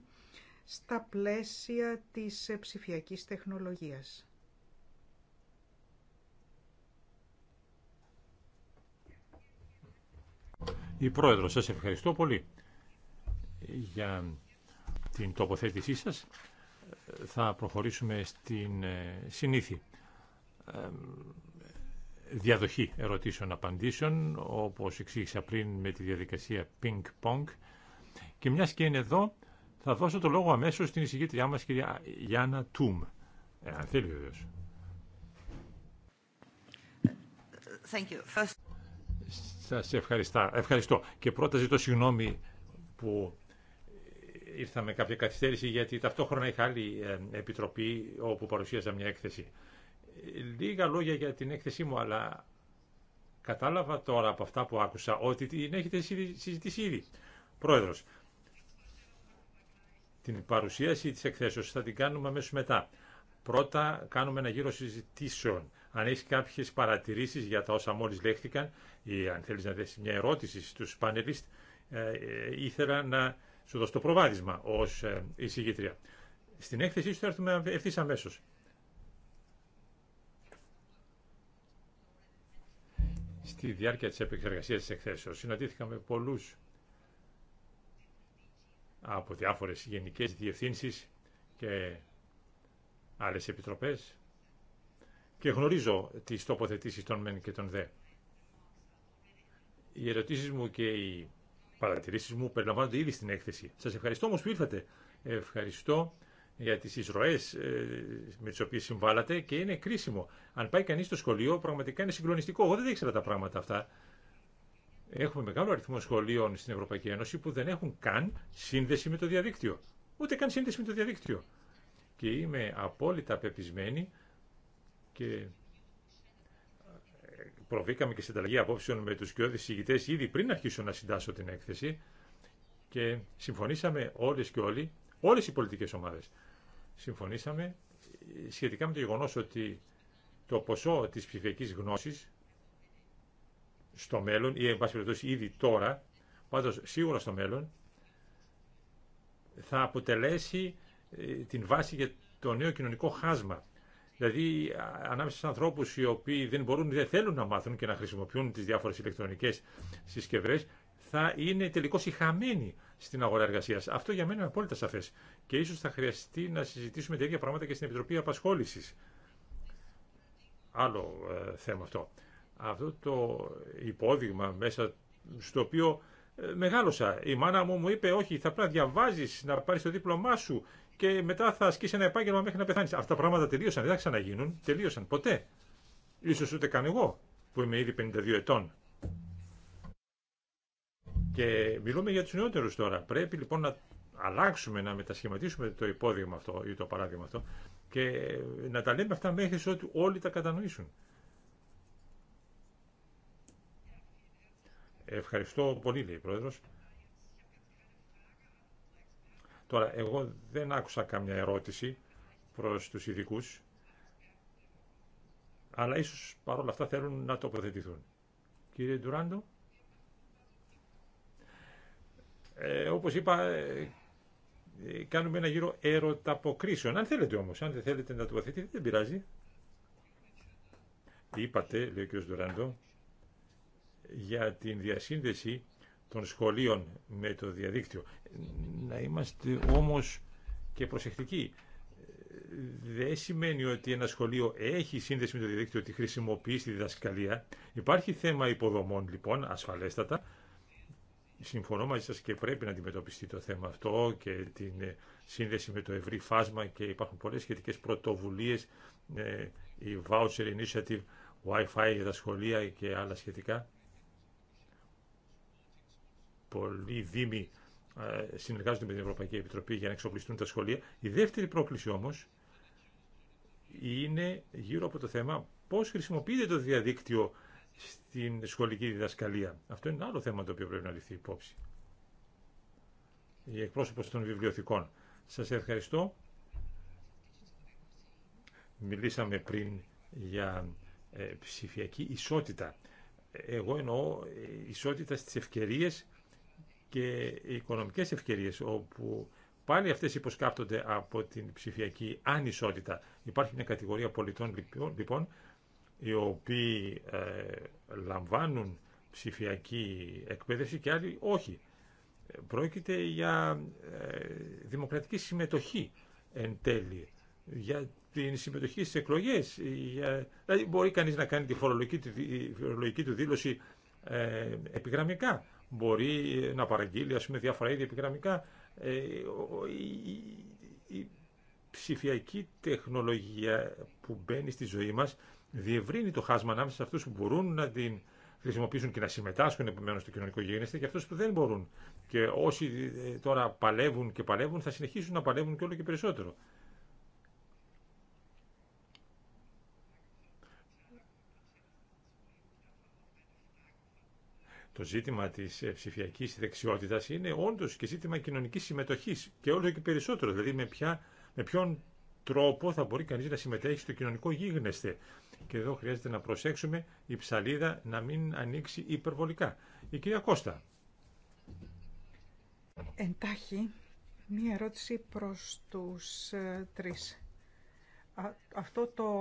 στα πλαίσια της ε, ψηφιακής τεχνολογίας. Η Πρόεδρο, σας ευχαριστώ πολύ για την τοποθέτησή σας. Θα προχωρήσουμε στην ε, συνήθη ε, διαδοχή ερωτήσεων-απαντήσεων, όπως εξήγησα πριν με τη διαδικασία ping-pong. Και μια και είναι εδώ, θα δώσω το λόγο αμέσως στην εισηγήτριά μας, κυρία Γιάννα Τούμ. Ε, αν θέλει Σα ευχαριστώ. Και πρώτα ζητώ συγγνώμη που ήρθα με κάποια καθυστέρηση γιατί ταυτόχρονα είχα άλλη ε, επιτροπή όπου παρουσίαζα μια έκθεση. Λίγα λόγια για την έκθεσή μου, αλλά κατάλαβα τώρα από αυτά που άκουσα ότι την έχετε συζητήσει ήδη. Πρόεδρος, την παρουσίαση τη εκθέσεως θα την κάνουμε αμέσως μετά. Πρώτα κάνουμε ένα γύρο συζητήσεων αν έχει κάποιε παρατηρήσεις για τα όσα μόλις λέχθηκαν ή αν θέλει να δεις μια ερώτηση στους πανελίστ, ε, ε, ήθελα να σου δώσω το προβάδισμα ως ε, εισηγήτρια. Στην έκθεσή σου θα έρθουμε ευθύ αμέσω. Στη διάρκεια τη επεξεργασία τη εκθέσεω, συναντήθηκα με πολλούς από διάφορες γενικές διευθύνσεις και άλλες επιτροπές και γνωρίζω τις τοποθετήσεις των μεν και των δε. Οι ερωτήσεις μου και οι παρατηρήσεις μου περιλαμβάνονται ήδη στην έκθεση. Σας ευχαριστώ όμως που ήρθατε. Ευχαριστώ για τις εισρωές ε, με τις οποίες συμβάλλατε και είναι κρίσιμο. Αν πάει κανείς στο σχολείο πραγματικά είναι συγκλονιστικό. Εγώ δεν ήξερα τα πράγματα αυτά. Έχουμε μεγάλο αριθμό σχολείων στην Ευρωπαϊκή Ένωση που δεν έχουν καν σύνδεση με το διαδίκτυο. Ούτε καν σύνδεση με το διαδίκτυο. Και είμαι απόλυτα πεπισμένη και ε, προβήκαμε και στην ανταλλαγή απόψεων με τους κοιόδης συγητές ήδη πριν αρχίσω να συντάσω την έκθεση και συμφωνήσαμε όλες και όλοι, όλες οι πολιτικές ομάδες, συμφωνήσαμε ε, σχετικά με το γεγονός ότι το ποσό της ψηφιακής γνώσης στο μέλλον ή εν πάση περιπτώσει ήδη τώρα, πάντως σίγουρα στο μέλλον, θα αποτελέσει ε, την βάση για το νέο κοινωνικό χάσμα Δηλαδή ανάμεσα στου ανθρώπου οι οποίοι δεν μπορούν, δεν θέλουν να μάθουν και να χρησιμοποιούν τις διάφορες ηλεκτρονικές συσκευέ, θα είναι τελικώς οι χαμένοι στην αγορά εργασίας. Αυτό για μένα είναι απόλυτα σαφέ. Και ίσως θα χρειαστεί να συζητήσουμε τέτοια πράγματα και στην Επιτροπή Απασχόλησης. Άλλο ε, θέμα αυτό. Αυτό το υπόδειγμα μέσα στο οποίο ε, μεγάλωσα. Η μάνα μου μου είπε όχι θα πρέπει να διαβάζεις, να πάρεις το δίπλωμά σου και μετά θα ασκήσει ένα επάγγελμα μέχρι να πεθάνει. Αυτά τα πράγματα τελείωσαν, δεν θα ξαναγίνουν. Τελείωσαν ποτέ. Σω ούτε καν εγώ που είμαι ήδη 52 ετών. Και μιλούμε για του νεότερους τώρα. Πρέπει λοιπόν να αλλάξουμε, να μετασχηματίσουμε το υπόδειγμα αυτό ή το παράδειγμα αυτό και να τα λέμε αυτά μέχρι ότι όλοι τα κατανοήσουν. Ευχαριστώ πολύ, λέει η Πρόεδρος. Τώρα, εγώ δεν άκουσα καμιά ερώτηση προς τους ειδικού, αλλά ίσως παρόλα αυτά θέλουν να τοποθετηθούν. Κύριε Ντουράντο. Ε, όπως είπα, ε, κάνουμε ένα γύρο ερωταποκρίσεων. Αν θέλετε όμως, αν δεν θέλετε να τοποθετηθείτε, δεν πειράζει. Είπατε, λέει ο κ. Ντουράντο, για την διασύνδεση των σχολείων με το διαδίκτυο. Να είμαστε όμως και προσεκτικοί. Δεν σημαίνει ότι ένα σχολείο έχει σύνδεση με το διαδίκτυο, ότι χρησιμοποιεί στη διδασκαλία. Υπάρχει θέμα υποδομών λοιπόν, ασφαλέστατα. Συμφωνώ μαζί σας και πρέπει να αντιμετωπιστεί το θέμα αυτό και την ε, σύνδεση με το ευρύ φάσμα και υπάρχουν πολλές σχετικές πρωτοβουλίες, ε, η Voucher Initiative, Wi-Fi για τα σχολεία και άλλα σχετικά πολλοί δήμοι ε, συνεργάζονται με την Ευρωπαϊκή Επιτροπή για να εξοπλιστούν τα σχολεία. Η δεύτερη πρόκληση όμως είναι γύρω από το θέμα πώς χρησιμοποιείται το διαδίκτυο στην σχολική διδασκαλία. Αυτό είναι ένα άλλο θέμα το οποίο πρέπει να ληφθεί υπόψη. Η εκπρόσωπος των βιβλιοθηκών. Σας ευχαριστώ. Μιλήσαμε πριν για ε, ψηφιακή ισότητα. Εγώ εννοώ ε, ισότητα στις ευκαιρίες και οι οικονομικές ευκαιρίες όπου πάλι αυτές υποσκάπτονται από την ψηφιακή ανισότητα. Υπάρχει μια κατηγορία πολιτών λοιπόν, λοιπόν οι οποίοι ε, λαμβάνουν ψηφιακή εκπαίδευση και άλλοι όχι. Πρόκειται για ε, δημοκρατική συμμετοχή εν τέλει, για την συμμετοχή στις εκλογές. Για... Δηλαδή μπορεί κανείς να κάνει τη φορολογική, τη ε, του δήλωση ε, επιγραμμικά μπορεί να παραγγείλει ας πούμε, διάφορα είδη επιγραμμικά. Ε, η, ψηφιακή τεχνολογία που μπαίνει στη ζωή μας διευρύνει το χάσμα ανάμεσα σε αυτούς που μπορούν να την χρησιμοποιήσουν και να συμμετάσχουν επομένως στο κοινωνικό γίγνεσθε και αυτούς που δεν μπορούν. Και όσοι ε, τώρα παλεύουν και παλεύουν θα συνεχίσουν να παλεύουν και όλο και περισσότερο. Το ζήτημα της ε, ψηφιακή δεξιότητα είναι όντως και ζήτημα κοινωνικής συμμετοχής και όλο και περισσότερο. Δηλαδή με, ποια, με ποιον τρόπο θα μπορεί κανείς να συμμετέχει στο κοινωνικό γίγνεσθε. Και εδώ χρειάζεται να προσέξουμε η ψαλίδα να μην ανοίξει υπερβολικά. Η κυρία Κώστα. Εντάχει, μία ερώτηση προς τους ε, τρεις. αυτό το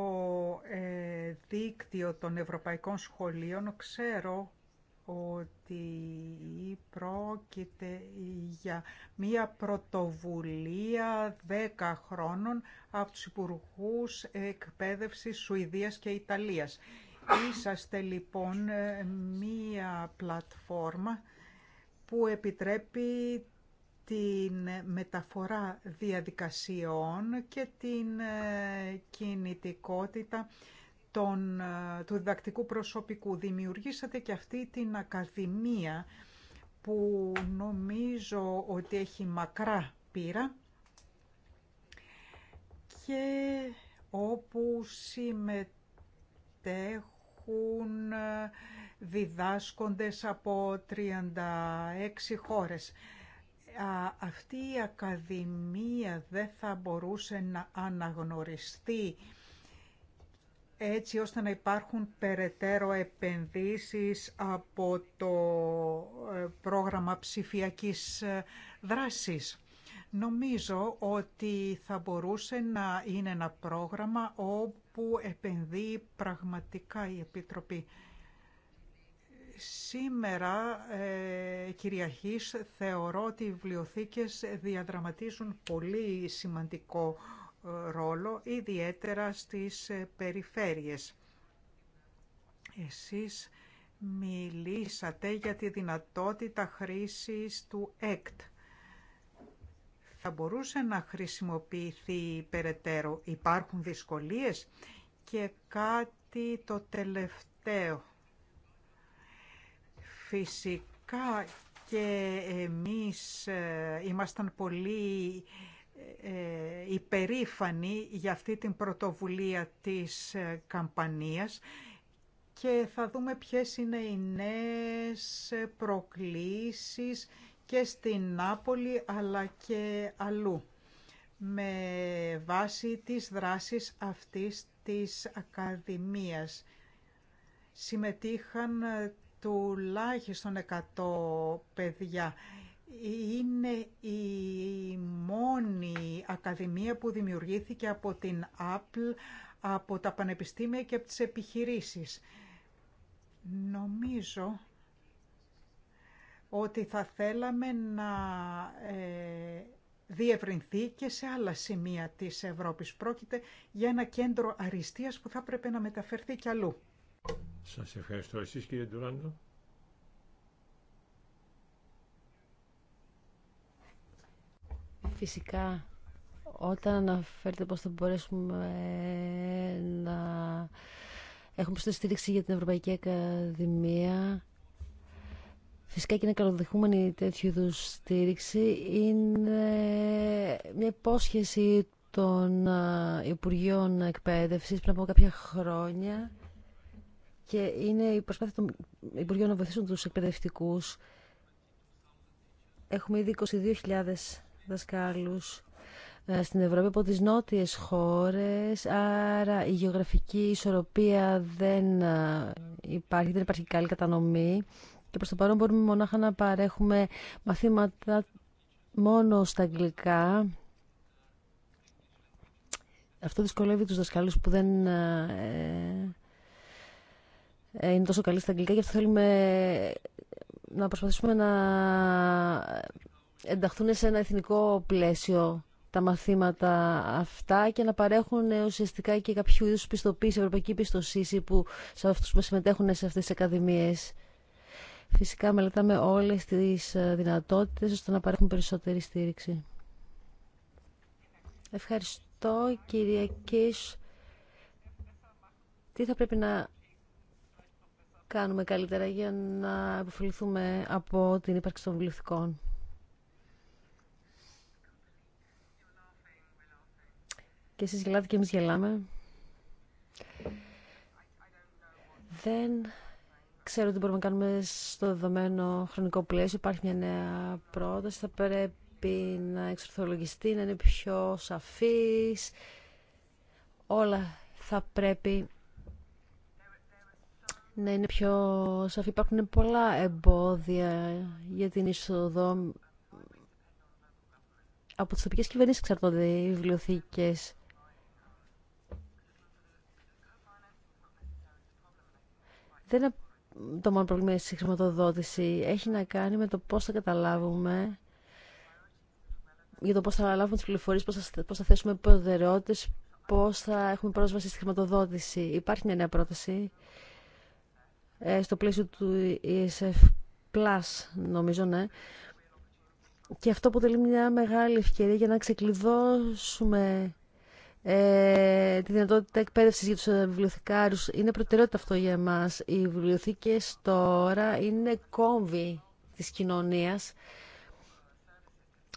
ε, δίκτυο των ευρωπαϊκών σχολείων ξέρω ότι πρόκειται για μία πρωτοβουλία 10 χρόνων από τους υπουργού Εκπαίδευσης Σουηδίας και Ιταλίας. Είσαστε λοιπόν μία πλατφόρμα που επιτρέπει την μεταφορά διαδικασιών και την ε, κινητικότητα ε, του διδακτικού προσωπικού. Δημιουργήσατε και αυτή την ακαδημία που νομίζω ότι έχει μακρά πείρα και όπου συμμετέχουν ε, διδάσκοντες από 36 χώρες. Αυτή η Ακαδημία δεν θα μπορούσε να αναγνωριστεί έτσι ώστε να υπάρχουν περαιτέρω επενδύσεις από το ε, πρόγραμμα ψηφιακής ε, δράσης. Νομίζω ότι θα μπορούσε να είναι ένα πρόγραμμα όπου επενδύει πραγματικά η Επιτροπή. Σήμερα, ε, θεωρώ ότι οι βιβλιοθήκες διαδραματίζουν πολύ σημαντικό ρόλο, ιδιαίτερα στις ε, περιφέρειες. Εσείς μιλήσατε για τη δυνατότητα χρήσης του ΕΚΤ. Θα μπορούσε να χρησιμοποιηθεί περαιτέρω. Υπάρχουν δυσκολίες και κάτι το τελευταίο. Φυσικά και εμείς ε, ήμασταν πολύ ε, ε, υπερήφανοι για αυτή την πρωτοβουλία της ε, καμπανίας και θα δούμε ποιες είναι οι νέες προκλήσεις και στην Νάπολη αλλά και αλλού με βάση τις δράσεις αυτής της Ακαδημίας. Συμμετείχαν τουλάχιστον 100 παιδιά είναι η μόνη ακαδημία που δημιουργήθηκε από την Apple, από τα πανεπιστήμια και από τις επιχειρήσεις. Νομίζω ότι θα θέλαμε να ε, διευρυνθεί και σε άλλα σημεία της Ευρώπης. Πρόκειται για ένα κέντρο αριστείας που θα πρέπει να μεταφερθεί κι αλλού. Σας ευχαριστώ εσείς κύριε Ντουράντο. Φυσικά, όταν αναφέρετε πώς θα μπορέσουμε να έχουμε πιστή στήριξη για την Ευρωπαϊκή Ακαδημία, φυσικά και να καλοδεχούμενη τέτοιου είδου στήριξη είναι μια υπόσχεση των ε, Υπουργείων Εκπαίδευσης πριν από κάποια χρόνια και είναι η προσπάθεια των Υπουργείων να βοηθήσουν τους εκπαιδευτικούς. Έχουμε ήδη 22.000 δασκάλους ε, στην Ευρώπη από τις νότιες χώρες, άρα η γεωγραφική ισορροπία δεν ε, υπάρχει, δεν υπάρχει καλή κατανομή και προς το παρόν μπορούμε μονάχα να παρέχουμε μαθήματα μόνο στα αγγλικά. Αυτό δυσκολεύει τους δασκάλους που δεν ε, είναι τόσο καλοί στα αγγλικά και αυτό θέλουμε να προσπαθήσουμε να ενταχθούν σε ένα εθνικό πλαίσιο τα μαθήματα αυτά και να παρέχουν ε, ουσιαστικά και κάποιο είδου πιστοποίηση, ευρωπαϊκή πιστοσύνη που σε αυτούς που συμμετέχουν σε αυτές τις ακαδημίες. Φυσικά μελετάμε όλες τις ε, δυνατότητες ώστε να παρέχουν περισσότερη στήριξη. Ευχαριστώ κυρία Κίσ. Τι θα πρέπει να κάνουμε καλύτερα για να αποφεληθούμε από την ύπαρξη των βουλευτικών. Και εσείς γελάτε και εμείς γελάμε. Δεν ξέρω τι μπορούμε να κάνουμε στο δεδομένο χρονικό πλαίσιο. Υπάρχει μια νέα πρόταση. Θα πρέπει να εξορθολογιστεί, να είναι πιο σαφής. Όλα θα πρέπει να είναι πιο σαφή. Υπάρχουν πολλά εμπόδια για την είσοδο. Από τις τοπικές κυβερνήσεις εξαρτώνται οι βιβλιοθήκες. δεν είναι το μόνο πρόβλημα στη χρηματοδότηση. Έχει να κάνει με το πώς θα καταλάβουμε για το πώς θα λάβουμε τις πληροφορίες, πώς θα, πώς θα θέσουμε προτεραιότητες, πώς θα έχουμε πρόσβαση στη χρηματοδότηση. Υπάρχει μια νέα πρόταση ε, στο πλαίσιο του ESF+, Plus, νομίζω, ναι. Και αυτό αποτελεί μια μεγάλη ευκαιρία για να ξεκλειδώσουμε ε, τη δυνατότητα εκπαίδευση για του ε, βιβλιοθηκάρου. Είναι προτεραιότητα αυτό για εμά. Οι βιβλιοθήκε τώρα είναι κόμβοι τη κοινωνία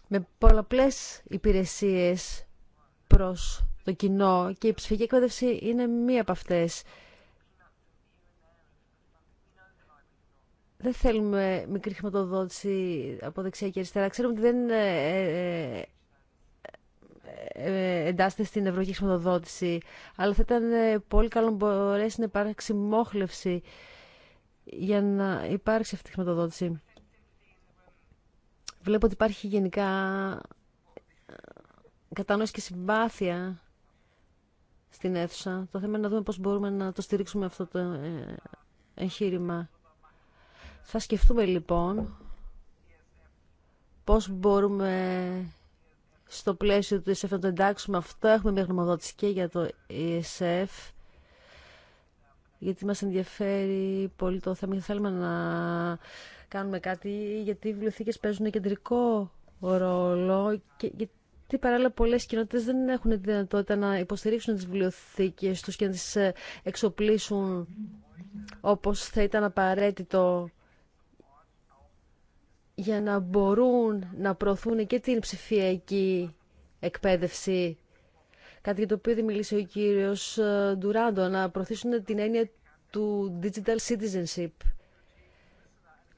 με πολλαπλές υπηρεσίες προς το κοινό και η ψηφιακή εκπαίδευση είναι μία από αυτές. Δεν θέλουμε μικρή χρηματοδότηση από δεξιά και αριστερά. Ξέρουμε ότι δεν ε, ε, ε, εντάσσεται στην ευρωπαϊκή χρηματοδότηση. Αλλά θα ήταν ε, πολύ καλό να μπορέσει να υπάρξει μόχλευση για να υπάρξει αυτή η χρηματοδότηση. Βλέπω ότι υπάρχει γενικά ε, κατανόηση και συμπάθεια στην αίθουσα. Το θέμα να δούμε πώς μπορούμε να το στηρίξουμε αυτό το εγχείρημα. Θα σκεφτούμε λοιπόν πώς μπορούμε στο πλαίσιο του ΕΣΕΦ να το εντάξουμε. Αυτό έχουμε μια γνωμοδότηση και για το ΕΣΕΦ γιατί μας ενδιαφέρει πολύ το θέμα και θέλουμε να κάνουμε κάτι γιατί οι βιβλιοθήκες παίζουν κεντρικό ρόλο και γιατί παράλληλα πολλές κοινότητες δεν έχουν τη δυνατότητα να υποστηρίξουν τις βιβλιοθήκες τους και να τις ε, εξοπλίσουν όπως θα ήταν απαραίτητο για να μπορούν να προωθούν και την ψηφιακή εκπαίδευση. Κάτι για το οποίο δεν ο κύριος ε, Ντουράντο, να προωθήσουν την έννοια του digital citizenship,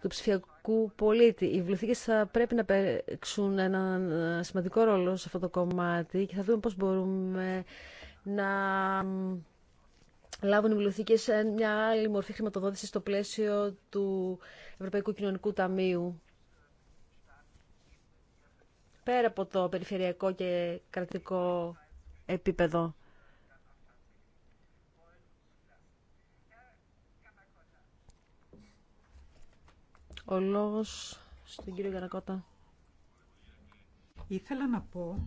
του ψηφιακού πολίτη. Οι βιβλιοθήκες θα πρέπει να παίξουν ένα ε, σημαντικό ρόλο σε αυτό το κομμάτι και θα δούμε πώς μπορούμε να λάβουν οι βιβλιοθήκες ε, μια άλλη μορφή χρηματοδότηση στο πλαίσιο του Ευρωπαϊκού Κοινωνικού Ταμείου πέρα από το περιφερειακό και κρατικό επίπεδο. Ο λόγος στον κύριο Γαρακώτα. Ήθελα να πω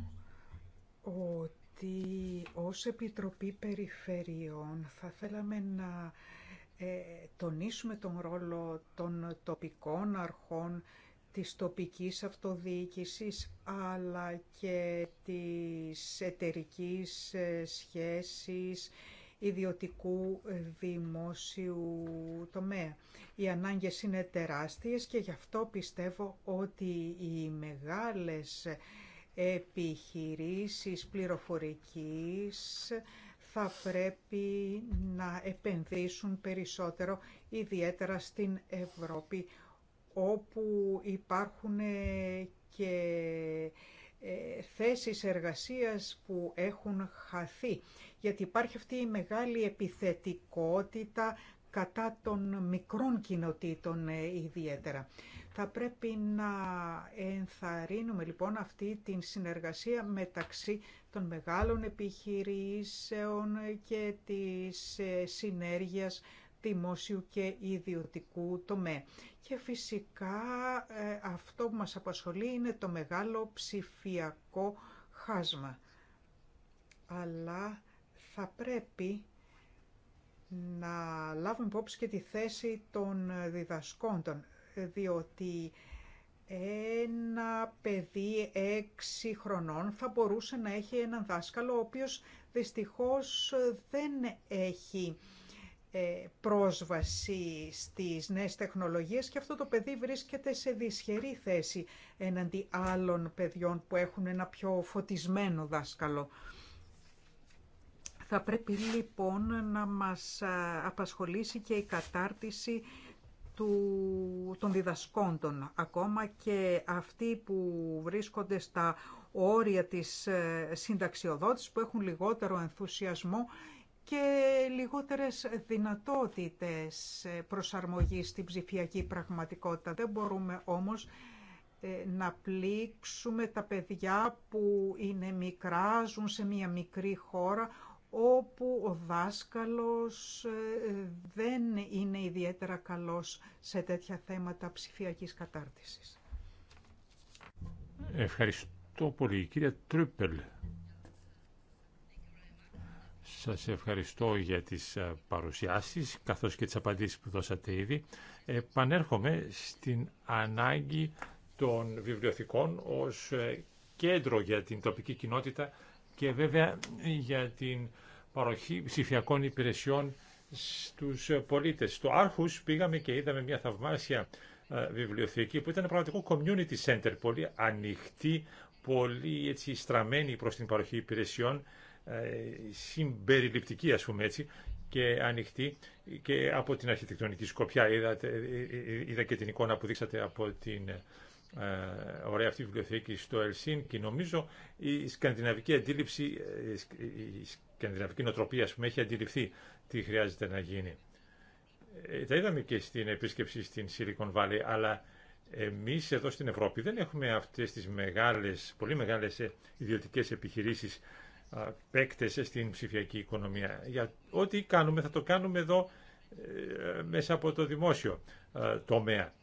ότι ως Επιτροπή Περιφερειών θα θέλαμε να ε, τονίσουμε τον ρόλο των τοπικών αρχών της τοπικής αυτοδιοίκησης αλλά και της εταιρικής ε, σχέσης ιδιωτικού ε, δημόσιου τομέα. Οι ανάγκες είναι τεράστιες και γι' αυτό πιστεύω ότι οι μεγάλες επιχειρήσεις πληροφορικής θα πρέπει να επενδύσουν περισσότερο, ιδιαίτερα στην Ευρώπη, όπου υπάρχουν ε, και ε, θέσεις εργασίας που έχουν χαθεί. Γιατί υπάρχει αυτή η μεγάλη επιθετικότητα κατά των μικρών κοινοτήτων ε, ιδιαίτερα. Θα πρέπει να ενθαρρύνουμε λοιπόν αυτή την συνεργασία μεταξύ των μεγάλων επιχειρήσεων και της συνέργειας δημόσιου και ιδιωτικού τομέα. Και φυσικά ε, αυτό που μας απασχολεί είναι το μεγάλο ψηφιακό χάσμα. Αλλά θα πρέπει να λάβουμε υπόψη και τη θέση των διδασκόντων, διότι ένα παιδί έξι χρονών θα μπορούσε να έχει έναν δάσκαλο ο οποίος δυστυχώς δεν έχει ε, πρόσβαση στις νέες τεχνολογίες και αυτό το παιδί βρίσκεται σε δυσχερή θέση εναντί άλλων παιδιών που έχουν ένα πιο φωτισμένο δάσκαλο. Θα πρέπει λοιπόν να μας απασχολήσει και η κατάρτιση του, των διδασκόντων, ακόμα και αυτοί που βρίσκονται στα όρια της ε, συνταξιοδότησης, που έχουν λιγότερο ενθουσιασμό και λιγότερες δυνατότητες προσαρμογής στην ψηφιακή πραγματικότητα. Δεν μπορούμε όμως ε, να πλήξουμε τα παιδιά που είναι μικρά, ζουν σε μια μικρή χώρα όπου ο δάσκαλος ε, δεν είναι ιδιαίτερα καλός σε τέτοια θέματα ψηφιακής κατάρτισης. Ευχαριστώ πολύ. Κυρία Τρύπελ. Σας ευχαριστώ για τις ε, παρουσιάσεις καθώς και τις απαντήσεις που δώσατε ήδη. Επανέρχομαι στην ανάγκη των βιβλιοθηκών ως ε, κέντρο για την τοπική κοινότητα και βέβαια για την παροχή ψηφιακών υπηρεσιών στους πολίτες. Στο Άρχους πήγαμε και είδαμε μια θαυμάσια ε, βιβλιοθήκη που ήταν ένα πραγματικό community center, πολύ ανοιχτή, πολύ έτσι στραμμένη προς την παροχή υπηρεσιών ε, συμπεριληπτική ας πούμε έτσι και ανοιχτή και από την αρχιτεκτονική σκοπιά είδατε, ε, ε, είδα και την εικόνα που δείξατε από την ε, ωραία αυτή βιβλιοθήκη στο Ελσίν και νομίζω η σκανδιναβική αντίληψη, η σκανδιναβική νοοτροπία ας πούμε έχει αντιληφθεί τι χρειάζεται να γίνει. Ε, τα είδαμε και στην επίσκεψη στην Silicon Valley αλλά εμείς εδώ στην Ευρώπη δεν έχουμε αυτές τις μεγάλες, πολύ μεγάλες ιδιωτικές επιχειρήσεις παίκτες στην ψηφιακή οικονομία. Για ό,τι κάνουμε θα το κάνουμε εδώ ε, μέσα από το δημόσιο ε, τομέα.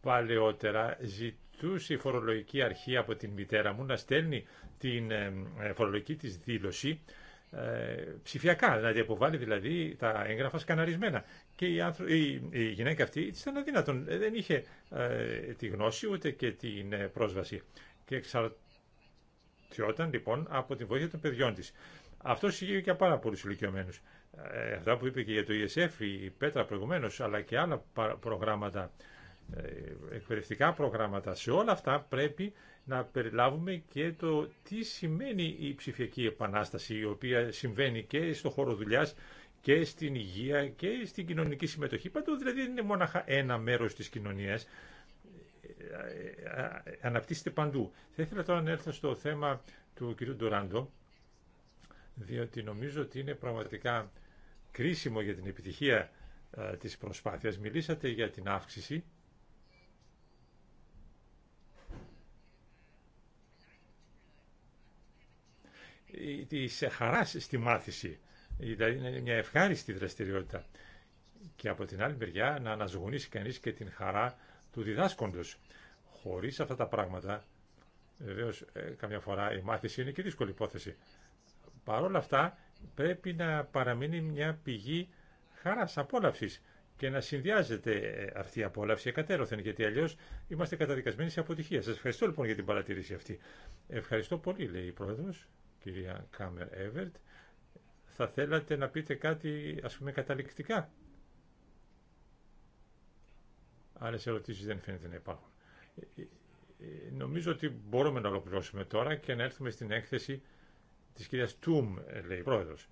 Παλαιότερα ζητούσε η φορολογική αρχή από την μητέρα μου να στέλνει την ε, φορολογική της δήλωση ψηφιακά, να δηλαδή αποβάλει δηλαδή τα έγγραφα σκαναρισμένα. Και η, η, γυναίκα αυτή ήταν αδύνατον, δεν είχε τη γνώση ούτε και την πρόσβαση και εξαρτιόταν λοιπόν από τη βοήθεια των παιδιών τη. Αυτό συγγείει και πάρα πολλού ηλικιωμένου. Ε, αυτά που είπε και για το ESF, η Πέτρα προηγουμένω, αλλά και άλλα προγράμματα, ε, εκπαιδευτικά προγράμματα, σε όλα αυτά πρέπει να περιλάβουμε και το τι σημαίνει η ψηφιακή επανάσταση, η οποία συμβαίνει και στο χώρο δουλειά και στην υγεία και στην κοινωνική συμμετοχή. Παντού δηλαδή δεν είναι μόνο ένα μέρος της κοινωνίας. Ε, ε, ε, αναπτύσσεται παντού. Θα ήθελα τώρα να έρθω στο θέμα του κ. Ντοράντο, διότι νομίζω ότι είναι πραγματικά κρίσιμο για την επιτυχία της προσπάθειας. Μιλήσατε για την αύξηση της χαρά στη μάθηση. Δηλαδή είναι μια ευχάριστη δραστηριότητα. Και από την άλλη μεριά να αναζωογονήσει κανείς και την χαρά του διδάσκοντος. Χωρίς αυτά τα πράγματα, βεβαίω ε, καμιά φορά η μάθηση είναι και δύσκολη υπόθεση. Παρ' όλα αυτά πρέπει να παραμείνει μια πηγή χαράς απόλαυσης και να συνδυάζεται ε, αυτή η απόλαυση εκατέρωθεν, γιατί αλλιώ είμαστε καταδικασμένοι σε αποτυχία. Σα ευχαριστώ λοιπόν για την παρατήρηση αυτή. Ευχαριστώ πολύ, λέει η πρόεδρο, κυρία Κάμερ Εύερτ. Θα θέλατε να πείτε κάτι, ας πούμε, καταληκτικά. Άλλες ερωτήσεις δεν φαίνεται να υπάρχουν. Ε, ε, νομίζω ότι μπορούμε να ολοκληρώσουμε τώρα και να έρθουμε στην έκθεση της κυρίας Τούμ, ε, λέει πρόεδρος.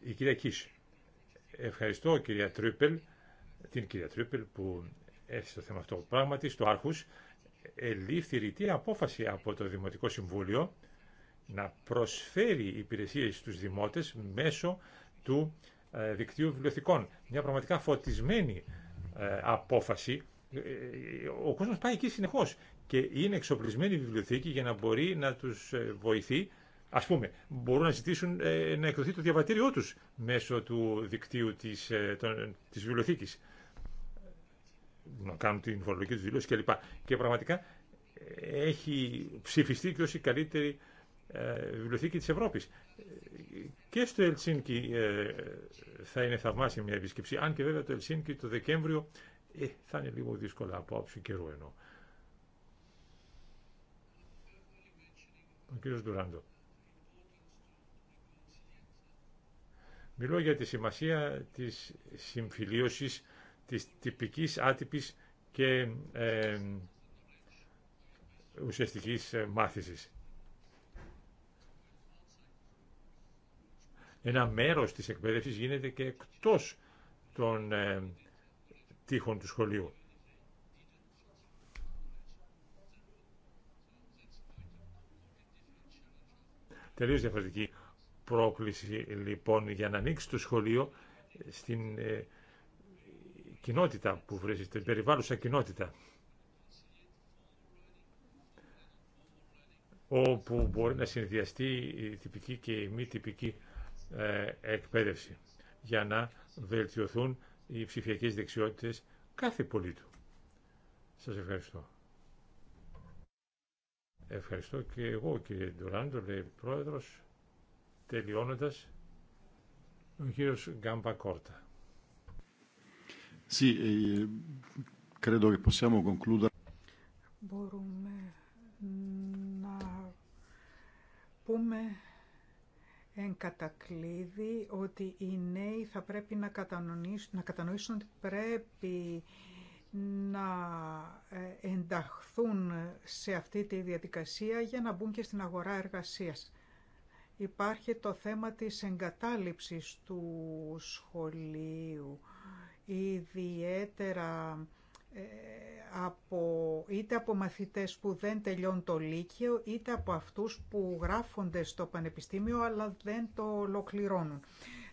Η κυρία Κίσ. Ευχαριστώ κυρία την κυρία Τρίπελ που έρθει στο θέμα αυτό. Πράγματι στο Άρχους ελήφθη ρητή απόφαση από το Δημοτικό Συμβούλιο να προσφέρει υπηρεσίες στους δημότες μέσω του δικτύου βιβλιοθηκών. Μια πραγματικά φωτισμένη απόφαση ε, ε, ο κόσμος πάει εκεί συνεχώς και είναι εξοπλισμένη η βιβλιοθήκη για να μπορεί να τους ε, βοηθεί. Ας πούμε, μπορούν να ζητήσουν να εκδοθεί το διαβατήριό τους μέσω του δικτύου της, βιβλιοθήκη. της βιβλιοθήκης. Να κάνουν την φορολογική του δηλώση κλπ. Και πραγματικά έχει ψηφιστεί και ως η καλύτερη βιβλιοθήκη της Ευρώπης. Και στο Ελσίνκι θα είναι θαυμάσια μια επίσκεψη, αν και βέβαια το Ελσίνκι το Δεκέμβριο ε, θα είναι λίγο δύσκολα από άψη καιρού εννοώ. Ο κύριος Ντουράντο. Μιλώ για τη σημασία της συμφιλίωσης της τυπικής, άτυπης και ε, ουσιαστικής ε, μάθησης. Ένα μέρος της εκπαίδευσης γίνεται και εκτός των ε, τείχων του σχολείου. Τελείως διαφορετική πρόκληση λοιπόν για να ανοίξει το σχολείο στην ε, κοινότητα που βρίσκεται, περιβάλλουσα κοινότητα. όπου μπορεί να συνδυαστεί η τυπική και η μη τυπική ε, εκπαίδευση για να βελτιωθούν οι ψηφιακές δεξιότητες κάθε πολίτου. Σας ευχαριστώ. Ευχαριστώ και εγώ κύριε Ντουράντο, λέει πρόεδρος, τελειώνοντας ο κύριο Γκάμπα Κόρτα. Eh, Μπορούμε να πούμε εν κατακλείδη ότι οι νέοι θα πρέπει να κατανοήσουν, να κατανοήσουν ότι πρέπει να ε, ενταχθούν σε αυτή τη διαδικασία για να μπουν και στην αγορά εργασίας. Υπάρχει το θέμα της εγκατάλειψης του σχολείου, ιδιαίτερα ε, από, είτε από μαθητές που δεν τελειώνουν το Λύκειο, είτε από αυτούς που γράφονται στο Πανεπιστήμιο αλλά δεν το ολοκληρώνουν.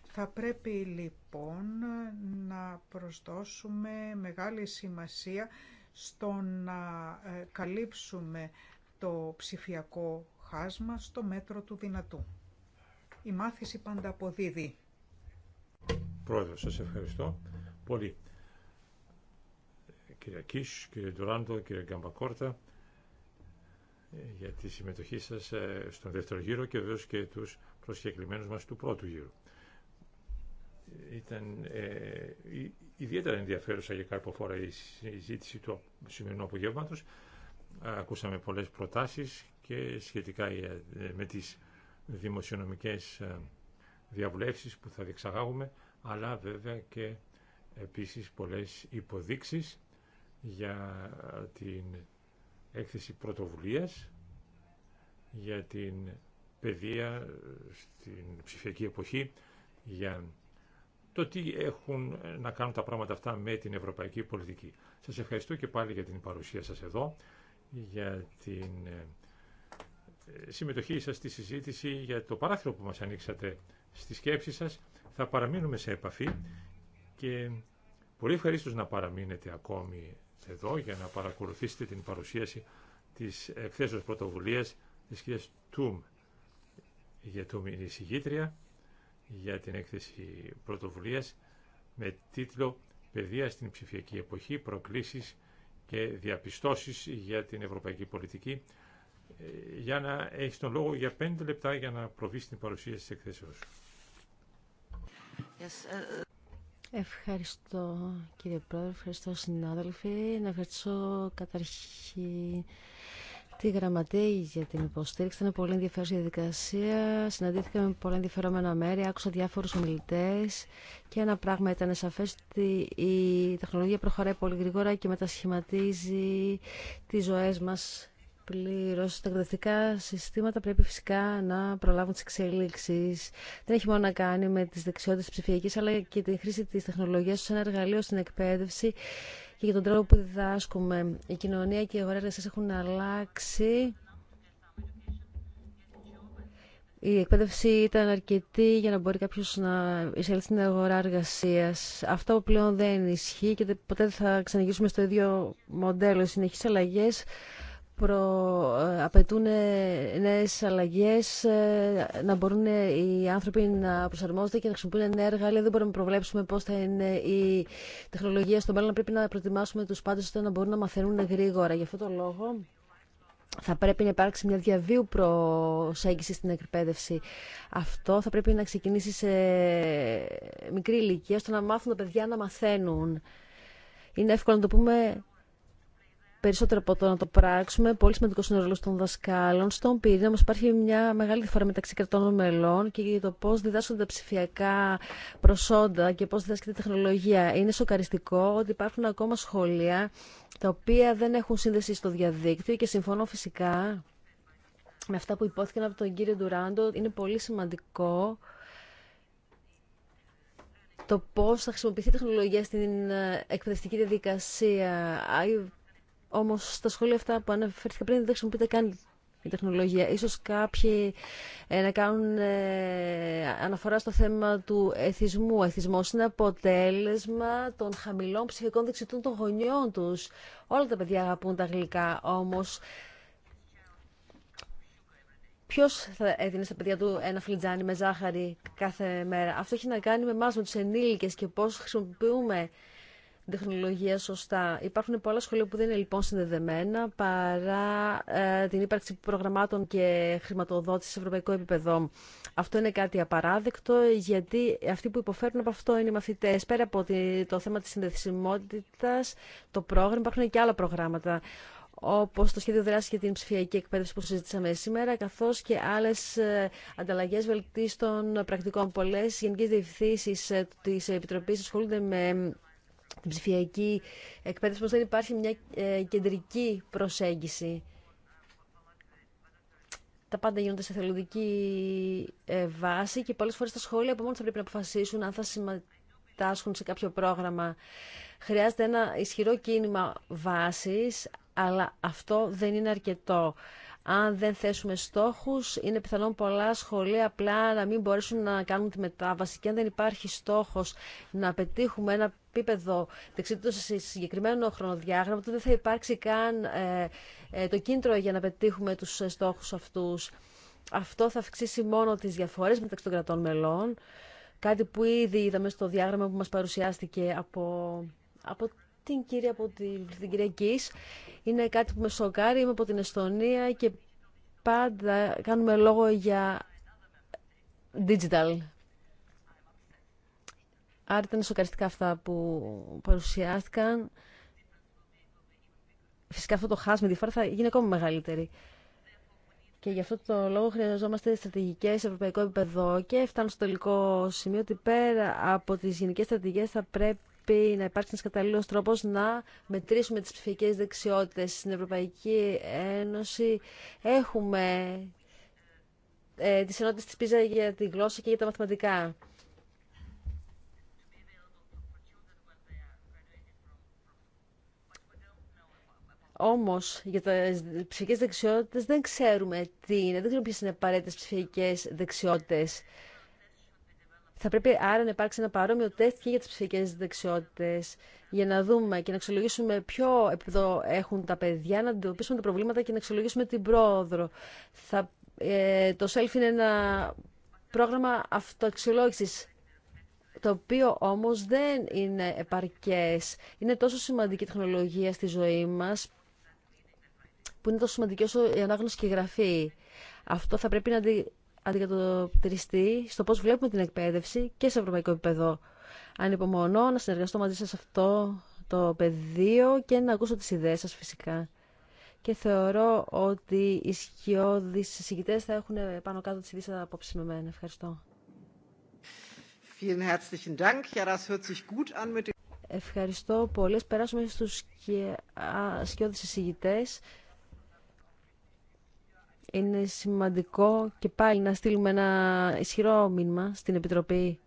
Θα πρέπει λοιπόν να προσδώσουμε μεγάλη σημασία στο να ε, καλύψουμε το ψηφιακό χάσμα στο μέτρο του δυνατού. Η μάθηση πάντα αποδίδει. Πρόεδρο, σας ευχαριστώ πολύ. Κύριε Κίσ, κύριε Ντουράντο, κύριε Γκαμπακόρτα για τη συμμετοχή σας ε, στον δεύτερο γύρο και βέβαια και τους προσκεκλημένους μας του πρώτου γύρου. Ήταν ε, ιδιαίτερα ενδιαφέρουσα για κάποια φορά η συζήτηση του σημερινού απογεύματο. Ακούσαμε πολλές προτάσεις και σχετικά ε, με τις δημοσιονομικές ε, διαβουλεύσεις που θα διεξαγάγουμε, αλλά βέβαια και επίσης πολλές υποδείξεις για την έκθεση πρωτοβουλίας, για την παιδεία στην ψηφιακή εποχή, για το τι έχουν να κάνουν τα πράγματα αυτά με την ευρωπαϊκή πολιτική. Σας ευχαριστώ και πάλι για την παρουσία σας εδώ, για την ε, συμμετοχή σας στη συζήτηση, για το παράθυρο που μας ανοίξατε στη σκέψη σας. Θα παραμείνουμε σε επαφή και πολύ ευχαρίστως να παραμείνετε ακόμη εδώ για να παρακολουθήσετε την παρουσίαση της εκθέσεως πρωτοβουλίας της κυρίας Τούμ για το εισηγήτρια για την έκθεση πρωτοβουλίας με τίτλο «Παιδεία στην ψηφιακή εποχή, προκλήσεις και διαπιστώσεις για την ευρωπαϊκή πολιτική» ε, για να έχει τον λόγο για πέντε λεπτά για να προβεί στην παρουσίαση της εκθέσεως. Uh, Ευχαριστώ κύριε Πρόεδρε, ευχαριστώ συνάδελφοι. Να ευχαριστήσω καταρχήν τη γραμματεία για την υποστήριξη. Ήταν πολύ ενδιαφέρουσα η διαδικασία. Συναντήθηκα με πολύ ενδιαφερόμενα μέρη, άκουσα διάφορου ομιλητέ και ένα πράγμα ήταν σαφέ ότι η τεχνολογία προχωράει πολύ γρήγορα και μετασχηματίζει τι ζωέ μα πλήρω. Τα εκπαιδευτικά συστήματα πρέπει φυσικά να προλάβουν τι εξελίξει. Δεν έχει μόνο να κάνει με δεξιότητε τη ψηφιακή, αλλά και την χρήση τη τεχνολογία ω ένα εργαλείο στην εκπαίδευση και για τον τρόπο που διδάσκουμε. Η κοινωνία και η αγορά εργασία έχουν αλλάξει. Η εκπαίδευση ήταν αρκετή για να μπορεί κάποιο να εισέλθει στην αγορά εργασία. Αυτό πλέον δεν ισχύει και ποτέ δεν θα ξαναγυρίσουμε στο ίδιο μοντέλο. Οι συνεχεί αλλαγέ ε, απαιτούν ε, νέες αλλαγές, ε, να μπορούν οι άνθρωποι να προσαρμόζονται και να χρησιμοποιούν νέα εργαλεία. Δεν μπορούμε να προβλέψουμε πώς θα είναι η τεχνολογία στο μέλλον. Πρέπει να προετοιμάσουμε τους πάντες ώστε να μπορούν να μαθαίνουν γρήγορα. Γι' αυτό το λόγο θα πρέπει να υπάρξει μια διαβίου προσέγγιση στην εκπαίδευση. Αυτό θα πρέπει να ξεκινήσει σε μικρή ηλικία, ώστε να μάθουν τα παιδιά να μαθαίνουν. Είναι εύκολο να το πούμε περισσότερο από το να το πράξουμε. Πολύ σημαντικό είναι ο ρόλο των δασκάλων. Στον πυρήνα όμω υπάρχει μια μεγάλη διαφορά μεταξύ κρατών μελών και για το πώ διδάσκονται τα ψηφιακά προσόντα και πώ διδάσκεται η τεχνολογία. Είναι σοκαριστικό ότι υπάρχουν ακόμα σχολεία τα οποία δεν έχουν σύνδεση στο διαδίκτυο και συμφωνώ φυσικά με αυτά που υπόθηκαν από τον κύριο Ντουράντο. Είναι πολύ σημαντικό το πώς θα χρησιμοποιηθεί η τεχνολογία στην ε, εκπαιδευτική διαδικασία. Όμως στα σχόλια αυτά που αναφέρθηκα πριν δεν χρησιμοποιείται καν η τεχνολογία. Ίσως κάποιοι ε, να κάνουν ε, αναφορά στο θέμα του εθισμού. Ο εθισμός είναι αποτέλεσμα των χαμηλών ψυχικών δεξιτών των γονιών τους. Όλα τα παιδιά αγαπούν τα γλυκά, όμως Ποιο θα έδινε στα παιδιά του ένα φλιτζάνι με ζάχαρη κάθε μέρα. Αυτό έχει να κάνει με εμά, με του ενήλικε και πώ χρησιμοποιούμε τεχνολογία σωστά. Υπάρχουν πολλά σχολεία που δεν είναι λοιπόν συνδεδεμένα παρά ε, την ύπαρξη προγραμμάτων και χρηματοδότηση σε ευρωπαϊκό επίπεδο. Αυτό είναι κάτι απαράδεκτο γιατί αυτοί που υποφέρουν από αυτό είναι οι μαθητέ. Πέρα από το θέμα τη συνδεσιμότητα, το πρόγραμμα, υπάρχουν και άλλα προγράμματα όπω το σχέδιο δράση για την ψηφιακή εκπαίδευση που συζήτησαμε σήμερα, καθώ και άλλε ανταλλαγέ βελτίστων πρακτικών. Πολλέ γενικέ διευθύνσει ε, τη Επιτροπή ασχολούνται με την ψηφιακή εκπαίδευση, πως δεν υπάρχει μια ε, κεντρική προσέγγιση. Τα πάντα γίνονται σε θελοντική ε, βάση και πολλές φορές τα σχόλια από μόνο θα πρέπει να αποφασίσουν αν θα συμμετάσχουν σε κάποιο πρόγραμμα. Χρειάζεται ένα ισχυρό κίνημα βάσης, αλλά αυτό δεν είναι αρκετό. Αν δεν θέσουμε στόχους, είναι πιθανόν πολλά σχολεία απλά να μην μπορέσουν να κάνουν τη μετάβαση και αν δεν υπάρχει στόχος να πετύχουμε ένα επίπεδο δεξιότητα σε συγκεκριμένο χρονοδιάγραμμα, τότε δεν θα υπάρξει καν ε, ε, το κίνητρο για να πετύχουμε τους ε, στόχους αυτούς. Αυτό θα αυξήσει μόνο τις διαφορές μεταξύ των κρατών μελών, κάτι που ήδη είδαμε στο διάγραμμα που μα παρουσιάστηκε από, από την κυρία, από τη την κυρία Είναι κάτι που με σοκάρει. Είμαι από την Εστονία και πάντα κάνουμε λόγο για digital. Άρα ήταν σοκαριστικά αυτά που παρουσιάστηκαν. Φυσικά αυτό το χάσμα, τη διαφορά θα γίνει ακόμα μεγαλύτερη. Και γι' αυτό το λόγο χρειαζόμαστε στρατηγικέ σε ευρωπαϊκό επίπεδο. Και φτάνω στο τελικό σημείο ότι πέρα από τι γενικέ στρατηγικέ θα πρέπει να υπάρξει ένα καταλληλός τρόπο να μετρήσουμε τις ψηφιακέ δεξιότητε Στην Ευρωπαϊκή Ένωση έχουμε ε, τις ενότητες της πίζα για τη γλώσσα και για τα μαθηματικά. Όμω, για τι ψηφιακέ δεξιότητε δεν ξέρουμε τι είναι, δεν ξέρουμε ποιες είναι απαραίτητες ψηφιακές δεξιότητες. Θα πρέπει άρα να υπάρξει ένα παρόμοιο τεστ και για τις ψυχικές δεξιότητες, για να δούμε και να αξιολογήσουμε ποιο επίπεδο έχουν τα παιδιά, να αντιμετωπίσουμε τα προβλήματα και να αξιολογήσουμε την πρόοδο. Θα, ε, το SELF είναι ένα πρόγραμμα αυτοαξιολόγησης το οποίο όμως δεν είναι επαρκές. Είναι τόσο σημαντική η τεχνολογία στη ζωή μας, που είναι τόσο σημαντική όσο η ανάγνωση και η γραφή. Αυτό θα πρέπει να αντικατοπτριστεί στο πώς βλέπουμε την εκπαίδευση και σε ευρωπαϊκό επίπεδο. Ανυπομονώ να συνεργαστώ μαζί σας σε αυτό το πεδίο και να ακούσω τις ιδέες σας φυσικά. Και θεωρώ ότι οι σκιώδεις συζητητές θα έχουν πάνω κάτω τις ιδέες απόψη με μένα. Ευχαριστώ. Ευχαριστώ πολύ. Περάσουμε στους σκιώδεις συζητητές είναι σημαντικό και πάλι να στείλουμε ένα ισχυρό μήνυμα στην Επιτροπή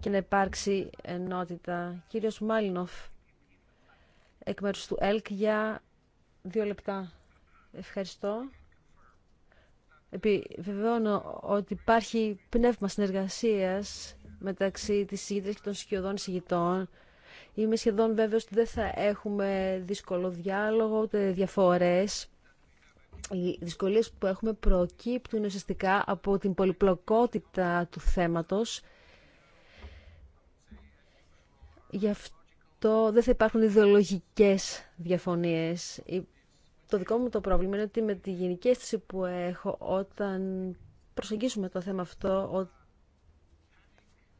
και να υπάρξει ενότητα. Κύριος Μάλινοφ, εκ μέρους του ΕΛΚ, για δύο λεπτά. Ευχαριστώ. Επιβεβαιώνω ότι υπάρχει πνεύμα συνεργασίας μεταξύ της συγγήτρια και των σκιωδών συγγητών. Είμαι σχεδόν βέβαιος ότι δεν θα έχουμε δύσκολο διάλογο, ούτε διαφορές οι δυσκολίες που έχουμε προκύπτουν ουσιαστικά από την πολυπλοκότητα του θέματος. Γι' αυτό δεν θα υπάρχουν ιδεολογικές διαφωνίες. Το δικό μου το πρόβλημα είναι ότι με τη γενική αίσθηση που έχω όταν προσεγγίσουμε το θέμα αυτό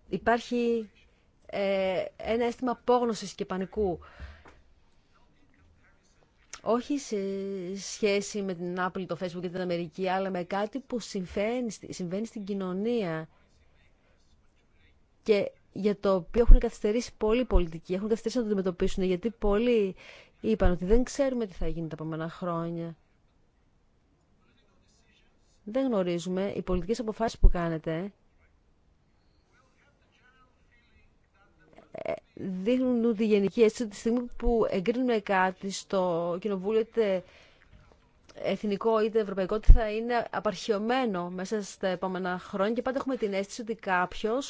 υπάρχει ε, ένα αίσθημα απόγνωσης και πανικού όχι σε σχέση με την Apple, το Facebook και την Αμερική, αλλά με κάτι που συμβαίνει, στην κοινωνία και για το οποίο έχουν καθυστερήσει πολλοί πολιτικοί, έχουν καθυστερήσει να το αντιμετωπίσουν, γιατί πολλοί είπαν ότι δεν ξέρουμε τι θα γίνει τα επόμενα χρόνια. Δεν γνωρίζουμε οι πολιτικές αποφάσεις που κάνετε ε, δείχνουν γενική αίσθηση ότι τη στιγμή που εγκρίνουμε κάτι στο κοινοβούλιο είτε εθνικό είτε ευρωπαϊκό ότι θα είναι απαρχιωμένο μέσα στα επόμενα χρόνια και πάντα έχουμε την αίσθηση ότι κάποιο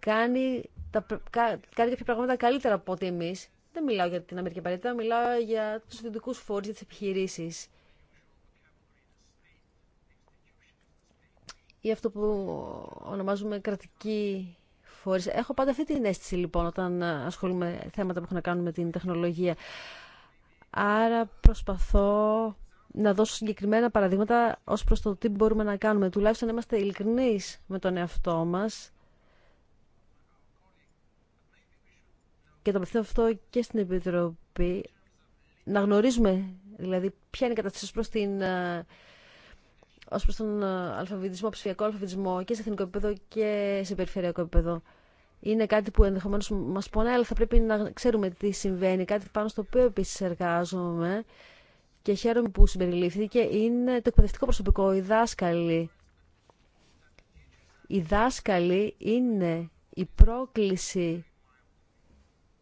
κάνει, τα, κάνει κάποια πράγματα καλύτερα από ότι εμεί. Δεν μιλάω για την Αμερική απαραίτητα, μιλάω για τους δυτικούς φόρου για τι επιχειρήσει. Ή αυτό που ονομάζουμε κρατική Έχω πάντα αυτή την αίσθηση λοιπόν όταν ε, ασχολούμαι θέματα που έχουν να κάνουν με την τεχνολογία. Άρα προσπαθώ να δώσω συγκεκριμένα παραδείγματα ως προς το τι μπορούμε να κάνουμε. Τουλάχιστον να είμαστε ειλικρινείς με τον εαυτό μας. Και το απευθύνω αυτό και στην Επιτροπή. Να γνωρίζουμε δηλαδή ποια είναι η κατάσταση προς την ε, ως προς τον ε, αλφαβητισμό, ψηφιακό αλφαβητισμό και σε εθνικό επίπεδο και σε περιφερειακό επίπεδο. Είναι κάτι που ενδεχομένως μας πονάει, αλλά θα πρέπει να ξέρουμε τι συμβαίνει. Κάτι πάνω στο οποίο επίσης εργάζομαι και χαίρομαι που συμπεριλήφθηκε είναι το εκπαιδευτικό προσωπικό, οι δάσκαλοι. Οι δάσκαλοι είναι η πρόκληση,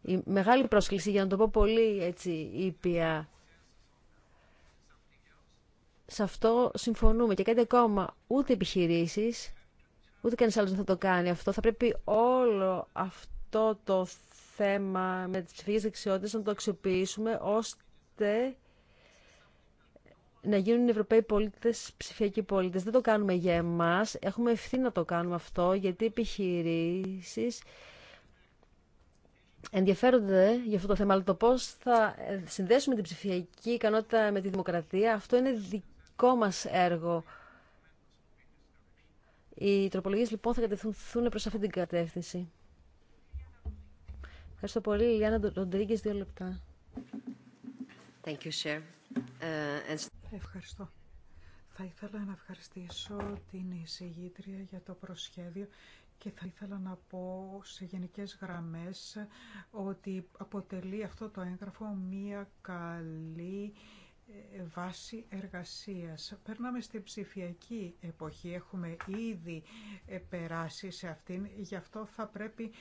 η μεγάλη πρόσκληση, για να το πω πολύ έτσι ήπια, σε αυτό συμφωνούμε. Και κάτι ακόμα, ούτε επιχειρήσει, ούτε κανεί άλλο δεν θα το κάνει αυτό. Θα πρέπει όλο αυτό το θέμα με τι ψηφιακέ δεξιότητε να το αξιοποιήσουμε ώστε να γίνουν οι Ευρωπαίοι πολίτε ψηφιακοί πολίτε. Δεν το κάνουμε για εμά. Έχουμε ευθύνη να το κάνουμε αυτό, γιατί οι επιχειρήσει ενδιαφέρονται για αυτό το θέμα. Αλλά το πώ θα συνδέσουμε την ψηφιακή ικανότητα με τη δημοκρατία, αυτό είναι δική δικό έργο. Οι τροπολογίες λοιπόν θα κατευθυνθούν προς αυτή την κατεύθυνση. Ευχαριστώ πολύ. Λιάννα Ροντρίγκες, δύο λεπτά. Thank you, Chair. Ε, Ευχαριστώ. Θα ήθελα να ευχαριστήσω την εισηγήτρια για το προσχέδιο και θα ήθελα να πω σε γενικές γραμμές ότι αποτελεί αυτό το έγγραφο μία καλή ε, βάση εργασίας. Περνάμε στην ψηφιακή εποχή, έχουμε ήδη ε, περάσει σε αυτήν, γι' αυτό θα πρέπει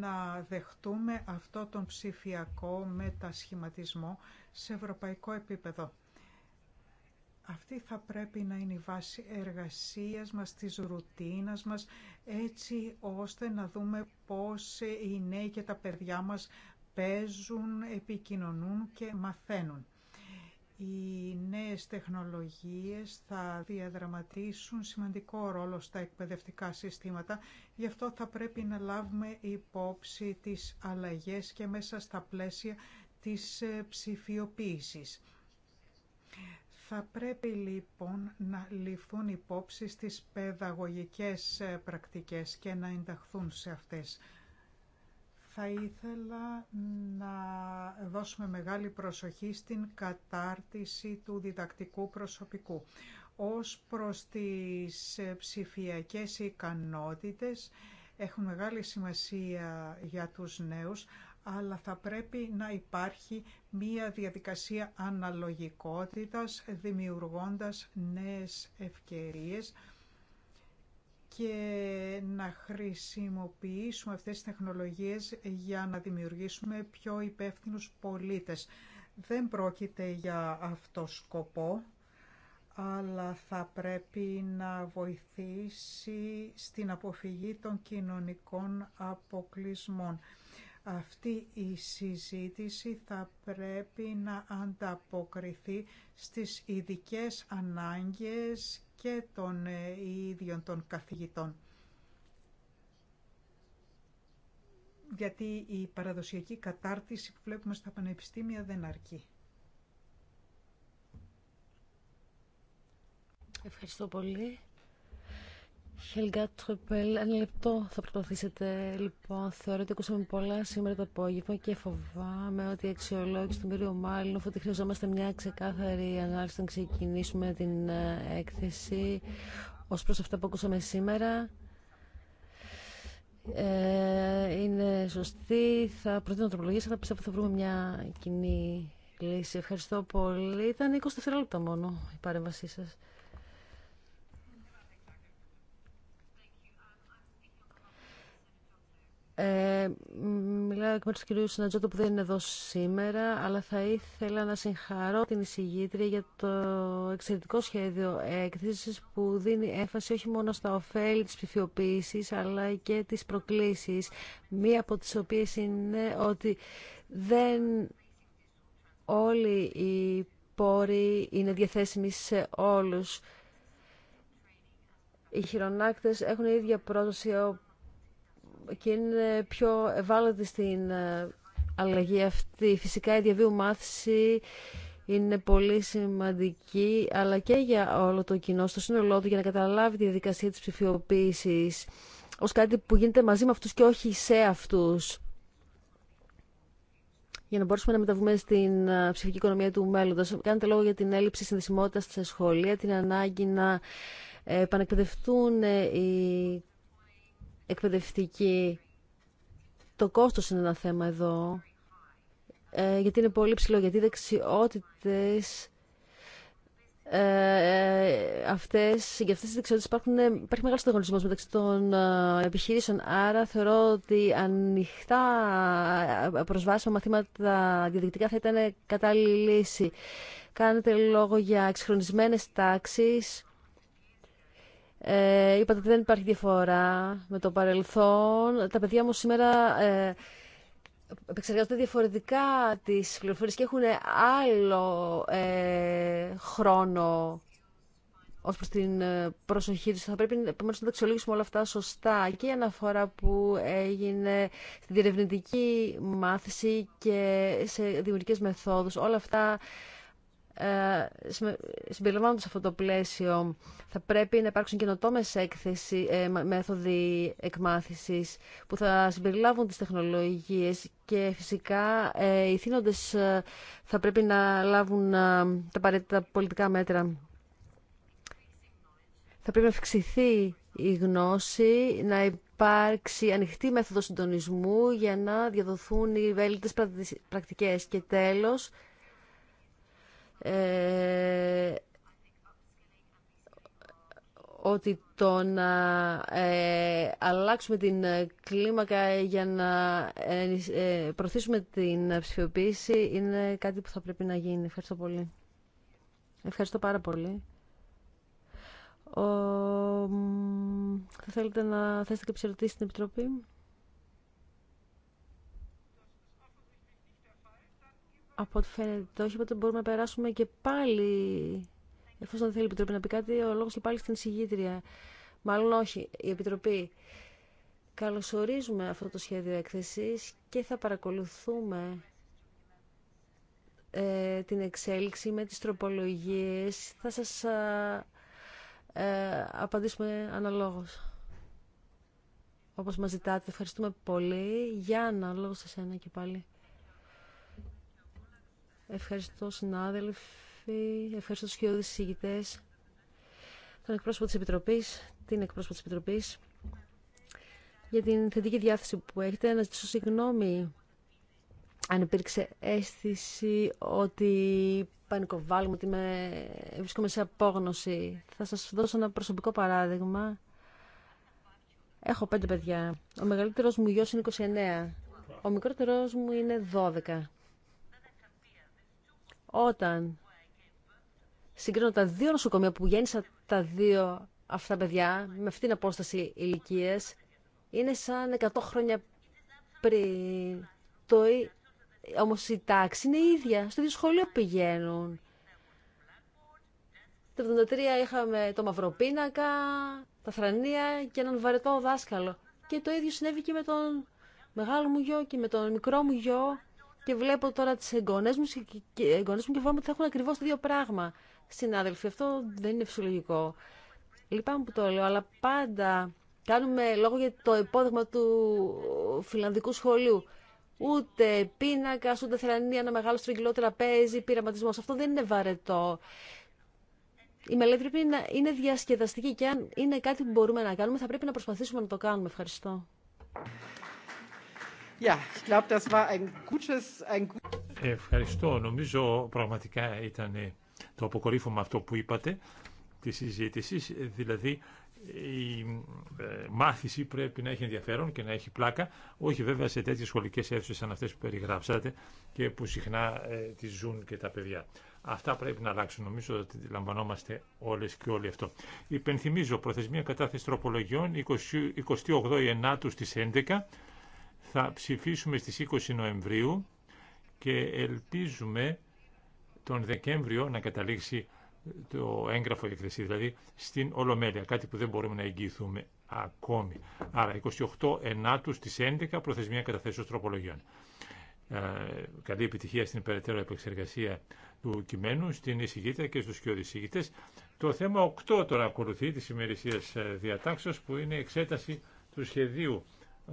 να δεχτούμε αυτό τον ψηφιακό μετασχηματισμό σε ευρωπαϊκό επίπεδο. Αυτή θα πρέπει να είναι η βάση εργασίας μας, της ρουτίνας μας, έτσι ώστε να δούμε πώς οι νέοι και τα παιδιά μας παίζουν, επικοινωνούν και μαθαίνουν. Οι νέες τεχνολογίες θα διαδραματίσουν σημαντικό ρόλο στα εκπαιδευτικά συστήματα, γι' αυτό θα πρέπει να λάβουμε υπόψη τις αλλαγές και μέσα στα πλαίσια της ε, ψηφιοποίησης. Θα πρέπει λοιπόν να ληφθούν υπόψη στις παιδαγωγικές ε, πρακτικές και να ενταχθούν σε αυτές. Θα ήθελα να δώσουμε μεγάλη προσοχή στην κατάρτιση του διδακτικού προσωπικού. Ως προς τις ε, ψηφιακές ικανότητες έχουν μεγάλη σημασία για τους νέους, αλλά θα πρέπει να υπάρχει μία διαδικασία αναλογικότητας, δημιουργώντας νέες ευκαιρίες και να χρησιμοποιήσουμε αυτές τις τεχνολογίες για να δημιουργήσουμε πιο υπεύθυνους πολίτες. Δεν πρόκειται για αυτό σκοπό, αλλά θα πρέπει να βοηθήσει στην αποφυγή των κοινωνικών αποκλεισμών. Αυτή η συζήτηση θα πρέπει να ανταποκριθεί στις ειδικές ανάγκες και των ε, ίδιων των καθηγητών. Γιατί η παραδοσιακή κατάρτιση που βλέπουμε στα πανεπιστήμια δεν αρκεί. Ευχαριστώ πολύ. Χέλγα Τροπέλ, ένα λεπτό θα προσπαθήσετε. Λοιπόν, θεωρώ ότι ακούσαμε πολλά σήμερα το απόγευμα και φοβάμαι ότι η αξιολόγηση του κύριου Μάλλον, ότι χρειαζόμαστε μια ξεκάθαρη ανάλυση να ξεκινήσουμε την ε, έκθεση ω προς αυτά που ακούσαμε σήμερα. Ε, είναι σωστή. Θα προτείνω τροπολογίες, αλλά πιστεύω θα βρούμε μια κοινή λύση. Ευχαριστώ πολύ. Ήταν 20 δευτερόλεπτα μόνο η παρέμβασή σας. Ε, μιλάω εκ μέρους του κυρίου Συνατζότο που δεν είναι εδώ σήμερα, αλλά θα ήθελα να συγχαρώ την εισηγήτρια για το εξαιρετικό σχέδιο έκθεση που δίνει έμφαση όχι μόνο στα ωφέλη της ψηφιοποίηση, αλλά και τι προκλήσεις, μία από τις οποίες είναι ότι δεν όλοι οι πόροι είναι διαθέσιμοι σε όλους οι χειρονάκτες έχουν ίδια πρόσβαση και είναι πιο ευάλωτη στην ε, αλλαγή αυτή. Φυσικά η διαβίου μάθηση είναι πολύ σημαντική, αλλά και για όλο το κοινό, στο σύνολό του, για να καταλάβει τη διαδικασία της ψηφιοποίηση ως κάτι που γίνεται μαζί με αυτούς και όχι σε αυτούς. Για να μπορέσουμε να μεταβούμε στην ε, ψηφική οικονομία του μέλλοντος. Κάνετε λόγο για την έλλειψη συνδεσιμότητας στα σχολεία, την ανάγκη να ε, επανεκπαιδευτούν οι εκπαιδευτική. Το κόστος είναι ένα θέμα εδώ, ε, γιατί είναι πολύ ψηλό, γιατί οι δεξιότητες ε, ε αυτές, για αυτές τις δεξιότητες υπάρχουν, ε, υπάρχει μεγάλος ανταγωνισμός μεταξύ των επιχειρήσεων. Άρα θεωρώ ότι ανοιχτά προσβάσιμα μαθήματα διαδικτικά θα ήταν κατάλληλη λύση. Κάνετε λόγο για εξχρονισμένες τάξεις ε, είπατε ότι δεν υπάρχει διαφορά με το παρελθόν. Τα παιδιά μου σήμερα ε, επεξεργάζονται διαφορετικά τις πληροφορίες και έχουν άλλο ε, χρόνο ως προς την ε, προσοχή τους. Θα πρέπει να τα αξιολογήσουμε όλα αυτά σωστά. Και η αναφορά που έγινε στην διερευνητική μάθηση και σε δημιουργικέ μεθόδους. Όλα αυτά ε, συμπεριλαμβάνοντα αυτό το πλαίσιο. Θα πρέπει να υπάρξουν καινοτόμε ε, μέθοδοι εκμάθησης που θα συμπεριλάβουν τις τεχνολογίες και φυσικά ε, οι θύνοντες ε, θα πρέπει να λάβουν ε, τα απαραίτητα πολιτικά μέτρα. Θα πρέπει να αυξηθεί η γνώση, να υπάρξει ανοιχτή μέθοδο συντονισμού για να διαδοθούν οι πρακτικέ. πρακτικές. Και τέλος, ε, ότι το να ε, αλλάξουμε την κλίμακα για να ε, προωθήσουμε την ψηφιοποίηση είναι κάτι που θα πρέπει να γίνει. Ευχαριστώ πολύ. Ευχαριστώ πάρα πολύ. Ο... Θα θέλετε να θέσετε και την στην Επιτροπή. Από ό,τι φαίνεται, όχι, οπότε μπορούμε να περάσουμε και πάλι, εφόσον θέλει η Επιτροπή να πει κάτι, ο λόγος και πάλι στην συγγύτρια. Μάλλον όχι, η Επιτροπή. Καλωσορίζουμε αυτό το σχέδιο έκθεσης και θα παρακολουθούμε ε, την εξέλιξη με τις τροπολογίες. Θα σας ε, απαντήσουμε αναλόγως. Όπως μας ζητάτε. Ευχαριστούμε πολύ. Γιάννα, λόγω σε σένα και πάλι. Ευχαριστώ συνάδελφοι, ευχαριστώ τους χειρόδες συζητητές, τον εκπρόσωπο της Επιτροπής, την εκπρόσωπο της Επιτροπής, για την θετική διάθεση που έχετε. Να ζητήσω συγγνώμη αν υπήρξε αίσθηση ότι πανικοβάλλουμε, ότι με... βρίσκομαι σε απόγνωση. Θα σας δώσω ένα προσωπικό παράδειγμα. Έχω πέντε παιδιά. Ο μεγαλύτερος μου γιος είναι 29. Ο μικρότερος μου είναι 12. Όταν συγκρίνω τα δύο νοσοκομεία που γέννησα τα δύο αυτά παιδιά με αυτήν την απόσταση ηλικίε, είναι σαν 100 χρόνια πριν. Το... Όμως η τάξη είναι η ίδια. Στο ίδιο σχολείο πηγαίνουν. Το 1973 είχαμε το Μαυροπίνακα, τα Θρανία και έναν βαρετό δάσκαλο. Και το ίδιο συνέβη και με τον μεγάλο μου γιο και με τον μικρό μου γιο και βλέπω τώρα τι εγγονέ μου και, εγγονές μου και φοβάμαι ότι θα έχουν ακριβώ το ίδιο πράγμα. Συνάδελφοι, αυτό δεν είναι φυσιολογικό. Λυπάμαι που το λέω, αλλά πάντα κάνουμε λόγο για το υπόδειγμα του φιλανδικού σχολείου. Ούτε πίνακα, ούτε θερανία, ένα μεγάλο στρογγυλό τραπέζι, πειραματισμό. Αυτό δεν είναι βαρετό. Η μελέτη πρέπει να είναι διασκεδαστική και αν είναι κάτι που μπορούμε να κάνουμε, θα πρέπει να προσπαθήσουμε να το κάνουμε. Ευχαριστώ. Ευχαριστώ. Νομίζω πραγματικά ήταν ε, το αποκορύφωμα αυτό που είπατε τη συζήτηση, ε, δηλαδή η ε, μάθηση πρέπει να έχει ενδιαφέρον και να έχει πλάκα, όχι βέβαια σε τέτοιε σχολικέ αίθουσες σαν αυτέ που περιγράψατε και που συχνά τι ζουν και τα παιδιά. Αυτά πρέπει να αλλάξουν. Νομίζω ότι λαμβανόμαστε όλε και όλοι αυτό. Υπενθυμίζω προθεσμία κατάθεση τροπολογιών 28 Ιανουαρίου στι 11 θα ψηφίσουμε στις 20 Νοεμβρίου και ελπίζουμε τον Δεκέμβριο να καταλήξει το έγγραφο έκθεση, δηλαδή στην Ολομέλεια, κάτι που δεν μπορούμε να εγγυηθούμε ακόμη. Άρα 28 Ενάτου στις 11 προθεσμία καταθέσεως τροπολογιών. Ε, καλή επιτυχία στην περαιτέρω επεξεργασία του κειμένου, στην εισηγήτρια και στους κοιόδης Το θέμα 8 τώρα ακολουθεί της ημερησίας ε, διατάξεως που είναι εξέταση του σχεδίου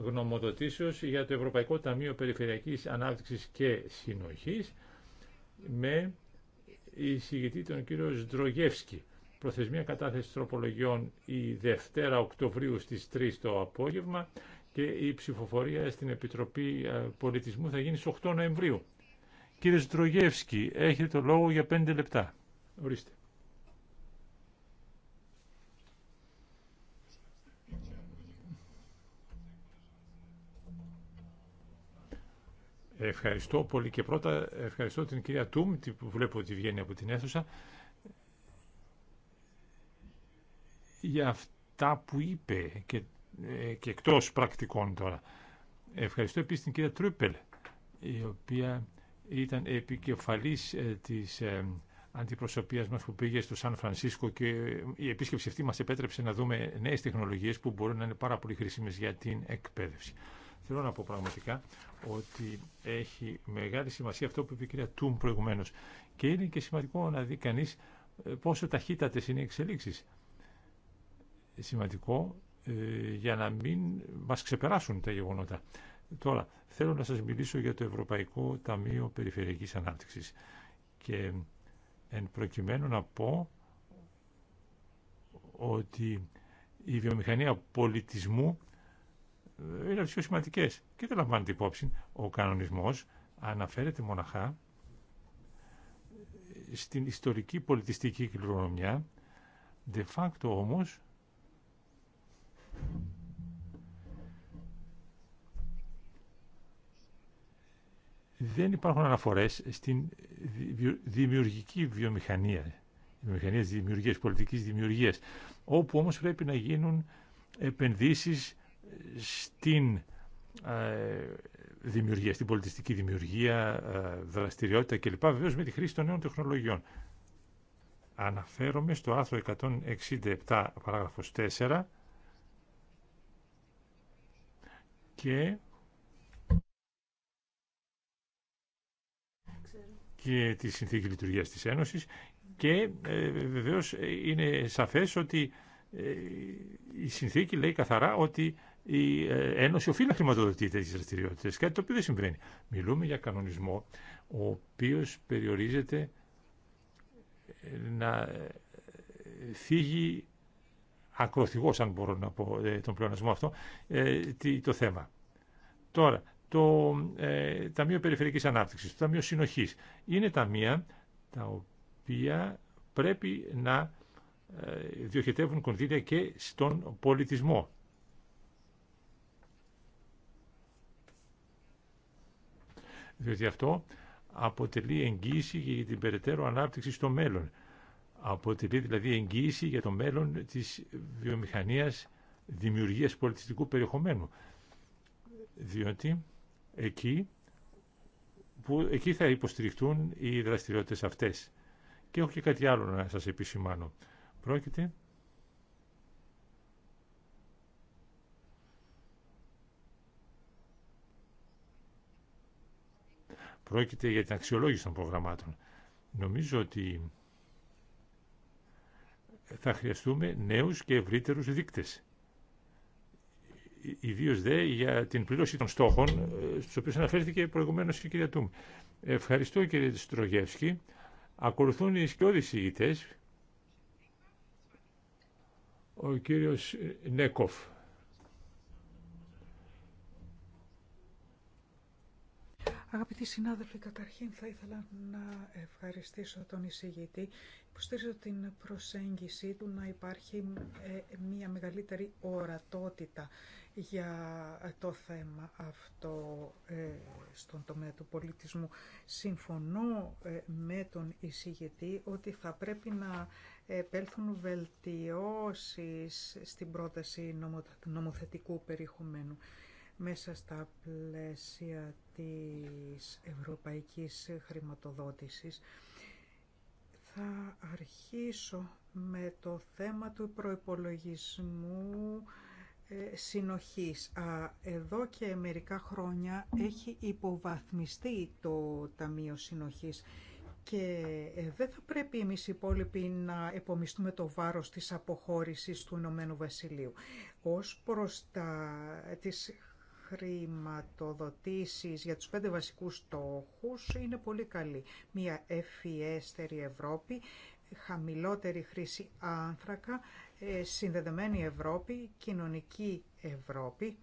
γνωμοδοτήσεως για το Ευρωπαϊκό Ταμείο Περιφερειακής Ανάπτυξης και Συνοχής με εισηγητή τον κύριο Ζντρογεύσκη. Προθεσμία κατάθεση τροπολογιών η Δευτέρα Οκτωβρίου στις 3 το απόγευμα και η ψηφοφορία στην Επιτροπή ε, Πολιτισμού θα γίνει στις 8 Νοεμβρίου. Κύριε Ζντρογεύσκη, έχετε το λόγο για 5 λεπτά. Ορίστε. Ευχαριστώ πολύ και πρώτα ευχαριστώ την κυρία Τούμ που βλέπω ότι βγαίνει από την αίθουσα για αυτά που είπε και, ε, και εκτός πρακτικών τώρα. Ευχαριστώ επίσης την κυρία Τρούπελ η οποία ήταν επικεφαλής ε, της ε, αντιπροσωπείας μας που πήγε στο Σαν Φρανσίσκο και η επίσκεψη αυτή μας επέτρεψε να δούμε νέες τεχνολογίες που μπορούν να είναι πάρα πολύ χρήσιμες για την εκπαίδευση. Θέλω να πω πραγματικά ότι έχει μεγάλη σημασία αυτό που είπε η κυρία Τούμ και είναι και σημαντικό να δει κανεί ε, πόσο ταχύτατες είναι οι εξελίξεις. Σημαντικό ε, για να μην μας ξεπεράσουν τα γεγονότα. Τώρα, θέλω να σας μιλήσω για το Ευρωπαϊκό Ταμείο Περιφερειακής Ανάπτυξης και εν προκειμένου να πω ότι η βιομηχανία πολιτισμού είναι από πιο σημαντικέ. και δεν λαμβάνεται υπόψη. Ο κανονισμός αναφέρεται μοναχά στην ιστορική πολιτιστική κληρονομιά, de facto όμως δεν υπάρχουν αναφορές στην δημιουργική βιομηχανία, βιομηχανία δημιουργίας, πολιτικής δημιουργίας, όπου όμως πρέπει να γίνουν επενδύσεις στην ε, δημιουργία, στην πολιτιστική δημιουργία, ε, δραστηριότητα κλπ. Βεβαίω με τη χρήση των νέων τεχνολογιών. Αναφέρομαι στο άρθρο 167 παράγραφος 4 και και τη Συνθήκη Λειτουργίας της Ένωσης και ε, βεβαίως είναι σαφές ότι ε, η Συνθήκη λέει καθαρά ότι η ε, Ένωση οφείλει να χρηματοδοτεί τέτοιε δραστηριότητε, κάτι το οποίο δεν συμβαίνει. Μιλούμε για κανονισμό ο οποίο περιορίζεται ε, να ε, φύγει ακροθυγώ, αν μπορώ να πω τον πλεονασμό αυτό, το θέμα. Τώρα, το Ταμείο Περιφερειακής Ανάπτυξη, το Ταμείο Συνοχή, είναι ταμεία τα οποία πρέπει να διοχετεύουν κονδύλια και στον πολιτισμό. διότι αυτό αποτελεί εγγύηση για την περαιτέρω ανάπτυξη στο μέλλον. Αποτελεί δηλαδή εγγύηση για το μέλλον της βιομηχανίας δημιουργίας πολιτιστικού περιεχομένου. Διότι εκεί, που, εκεί θα υποστηριχτούν οι δραστηριότητες αυτές. Και έχω και κάτι άλλο να σας επισημάνω. Πρόκειται Πρόκειται για την αξιολόγηση των προγραμμάτων. Νομίζω ότι θα χρειαστούμε νέους και ευρύτερους δείκτες. Ε, ιδίως δε για την πλήρωση των στόχων, ε, στους οποίους αναφέρθηκε προηγουμένως η κυρία Τούμ. Ευχαριστώ κύριε Στρογεύσκη. Ακολουθούν οι σκιώδεις ηγητές. Ο κύριος Νέκοφ. Αγαπητοί συνάδελφοι, καταρχήν θα ήθελα να ευχαριστήσω τον εισηγητή που στήριζε την προσέγγιση του να υπάρχει ε, μια μεγαλύτερη ορατότητα για το θέμα αυτό ε, στον τομέα του πολιτισμού. Συμφωνώ ε, με τον εισηγητή ότι θα πρέπει να επέλθουν βελτιώσεις στην πρόταση νομοθετικού περιεχομένου μέσα στα πλαίσια της ευρωπαϊκής χρηματοδότησης. Θα αρχίσω με το θέμα του προϋπολογισμού ε, συνοχής. Α Εδώ και μερικά χρόνια έχει υποβαθμιστεί το Ταμείο Συνοχής και ε, δεν θα πρέπει εμείς οι υπόλοιποι να επομιστούμε το βάρος της αποχώρησης του Ηνωμένου Βασιλείου. Ως προς τα, τις χρηματοδοτήσεις για τους πέντε βασικούς στόχους είναι πολύ καλή. Μία ευφιέστερη Ευρώπη, χαμηλότερη χρήση άνθρακα, ε, συνδεδεμένη Ευρώπη, κοινωνική Ευρώπη,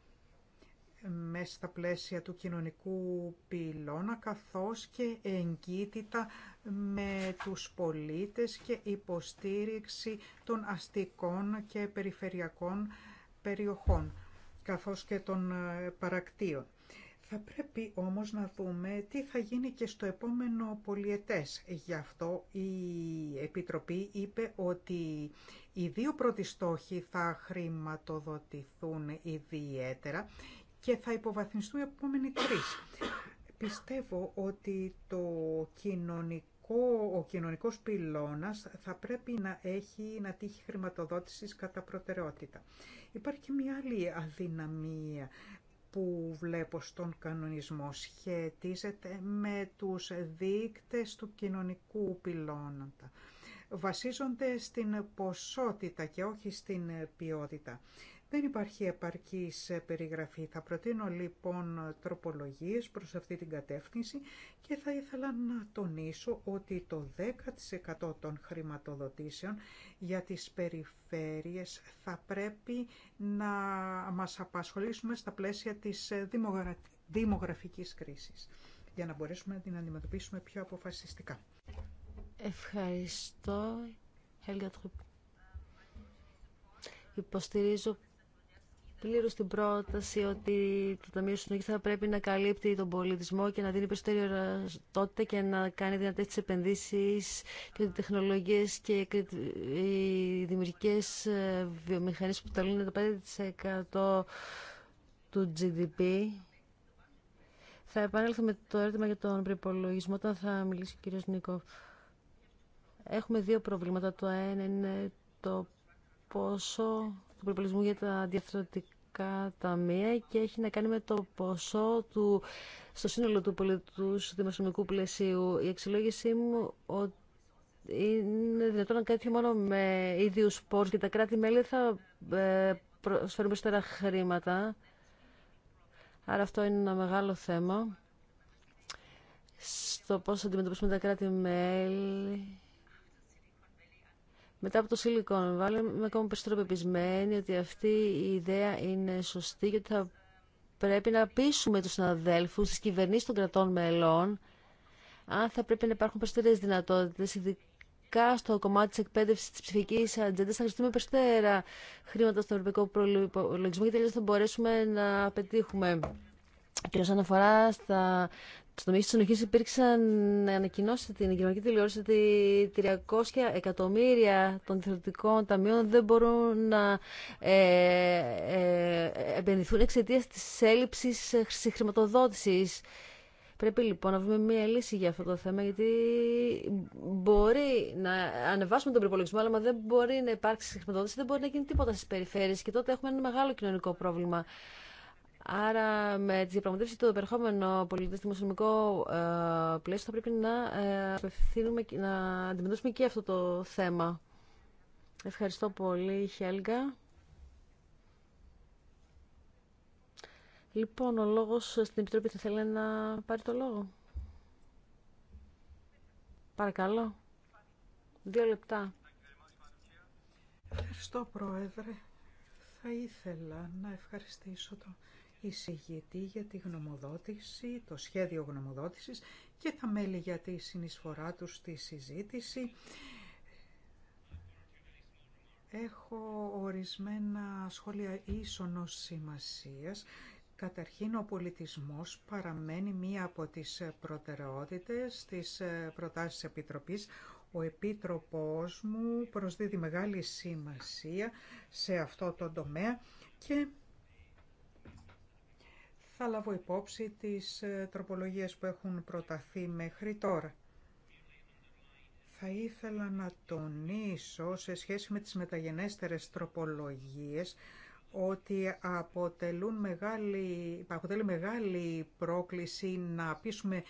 μέσα στα πλαίσια του κοινωνικού πυλώνα, καθώς και εγκύτητα με τους πολίτες και υποστήριξη των αστικών και περιφερειακών περιοχών καθώς και των ε, παρακτήων. Θα πρέπει όμως να δούμε τι θα γίνει και στο επόμενο πολιετές. Γι' αυτό η Επιτροπή είπε ότι οι δύο πρώτοι στόχοι θα χρηματοδοτηθούν ιδιαίτερα και θα υποβαθμιστούν οι επόμενοι τρεις. Πιστεύω ότι το κοινωνικό ο κοινωνικός πυλώνας θα πρέπει να έχει να τύχει χρηματοδότησης κατά προτεραιότητα. Υπάρχει και μια άλλη αδυναμία που βλέπω στον κανονισμό σχετίζεται με τους δείκτες του κοινωνικού πυλώνα. Βασίζονται στην ποσότητα και όχι στην ποιότητα. Δεν υπάρχει επαρκής ε, περιγραφή. Θα προτείνω λοιπόν τροπολογίες προς αυτή την κατεύθυνση και θα ήθελα να τονίσω ότι το 10% των χρηματοδοτήσεων για τις περιφέρειες θα πρέπει να μας απασχολήσουμε στα πλαίσια της ε, δημογραφικής κρίσης για να μπορέσουμε να την αντιμετωπίσουμε πιο αποφασιστικά. Ευχαριστώ. Υποστηρίζω Πλήρω την πρόταση ότι το Ταμείο Συνοχής θα πρέπει να καλύπτει τον πολιτισμό και να δίνει περισσότερη ορατότητα και να κάνει δυνατές τις επενδύσεις και τις τεχνολογίες και οι δημιουργικέ ε, βιομηχανίε που ταλούν το 5% του GDP. Θα επανέλθω με το έρτημα για τον προπολογισμό όταν θα μιλήσει ο κύριος Νίκο. Έχουμε δύο προβλήματα. Το ένα είναι το πόσο του προπολισμού για τα διαφορετικά ταμεία και έχει να κάνει με το ποσό του, στο σύνολο του πολιτού δημοσιονομικού πλαισίου. Η εξυλλόγησή μου ότι είναι δυνατόν να κάνει μόνο με ίδιους πόρους και τα κράτη-μέλη θα ε, προσφέρουν περισσότερα χρήματα. Άρα αυτό είναι ένα μεγάλο θέμα στο πόσο αντιμετωπίσουμε τα κράτη-μέλη μετά από το Silicon Valley είμαι ακόμα περισσότερο πεπισμένη ότι αυτή η ιδέα είναι σωστή και ότι θα πρέπει να πείσουμε τους συναδέλφους, τις κυβερνήσεις των κρατών μελών, αν θα πρέπει να υπάρχουν περισσότερες δυνατότητες, ειδικά στο κομμάτι της εκπαίδευσης της ψηφικής ατζέντας, θα χρησιμοποιούμε περισσότερα χρήματα στο ευρωπαϊκό προλογισμό και τελείως θα μπορέσουμε να πετύχουμε. Και όσον αφορά στα στο τομέα τη συνοχή υπήρξαν ε, ανακοινώσει στην κοινωνική τηλεόραση ότι 300 εκατομμύρια των θεωρητικών ταμείων δεν μπορούν να ε, ε, επενδυθούν εξαιτία τη έλλειψη ε, χρηματοδότηση. Πρέπει λοιπόν να βρούμε μία λύση για αυτό το θέμα, γιατί μπορεί να ανεβάσουμε τον προπολογισμό, αλλά δεν μπορεί να υπάρξει χρηματοδότηση, δεν μπορεί να γίνει τίποτα στι περιφέρειε και τότε έχουμε ένα μεγάλο κοινωνικό πρόβλημα. Άρα με τις διαπραγματεύσεις του επερχόμενο πολιτισμοσυνομικό ε, πλαίσιο θα πρέπει να, ε, να αντιμετωπίσουμε και αυτό το θέμα. Ευχαριστώ πολύ, Χέλγα. Λοιπόν, ο λόγος στην Επιτροπή θα θέλει να πάρει το λόγο. Παρακαλώ. Δύο λεπτά. Ευχαριστώ, Πρόεδρε. Θα ήθελα να ευχαριστήσω το εισηγητή για τη γνωμοδότηση, το σχέδιο γνωμοδότησης και τα μέλη για τη συνεισφορά τους στη συζήτηση. Έχω ορισμένα σχόλια ίσονος σημασίας. Καταρχήν ο πολιτισμός παραμένει μία από τις προτεραιότητες της προτάσεις Επιτροπής. Ο Επίτροπός μου προσδίδει μεγάλη σημασία σε αυτό το τομέα και θα λάβω υπόψη τις ε, τροπολογίες που έχουν προταθεί μέχρι τώρα. Θα ήθελα να τονίσω σε σχέση με τις μεταγενέστερες τροπολογίες ότι αποτελούν μεγάλη, αποτελεί μεγάλη πρόκληση να πείσουμε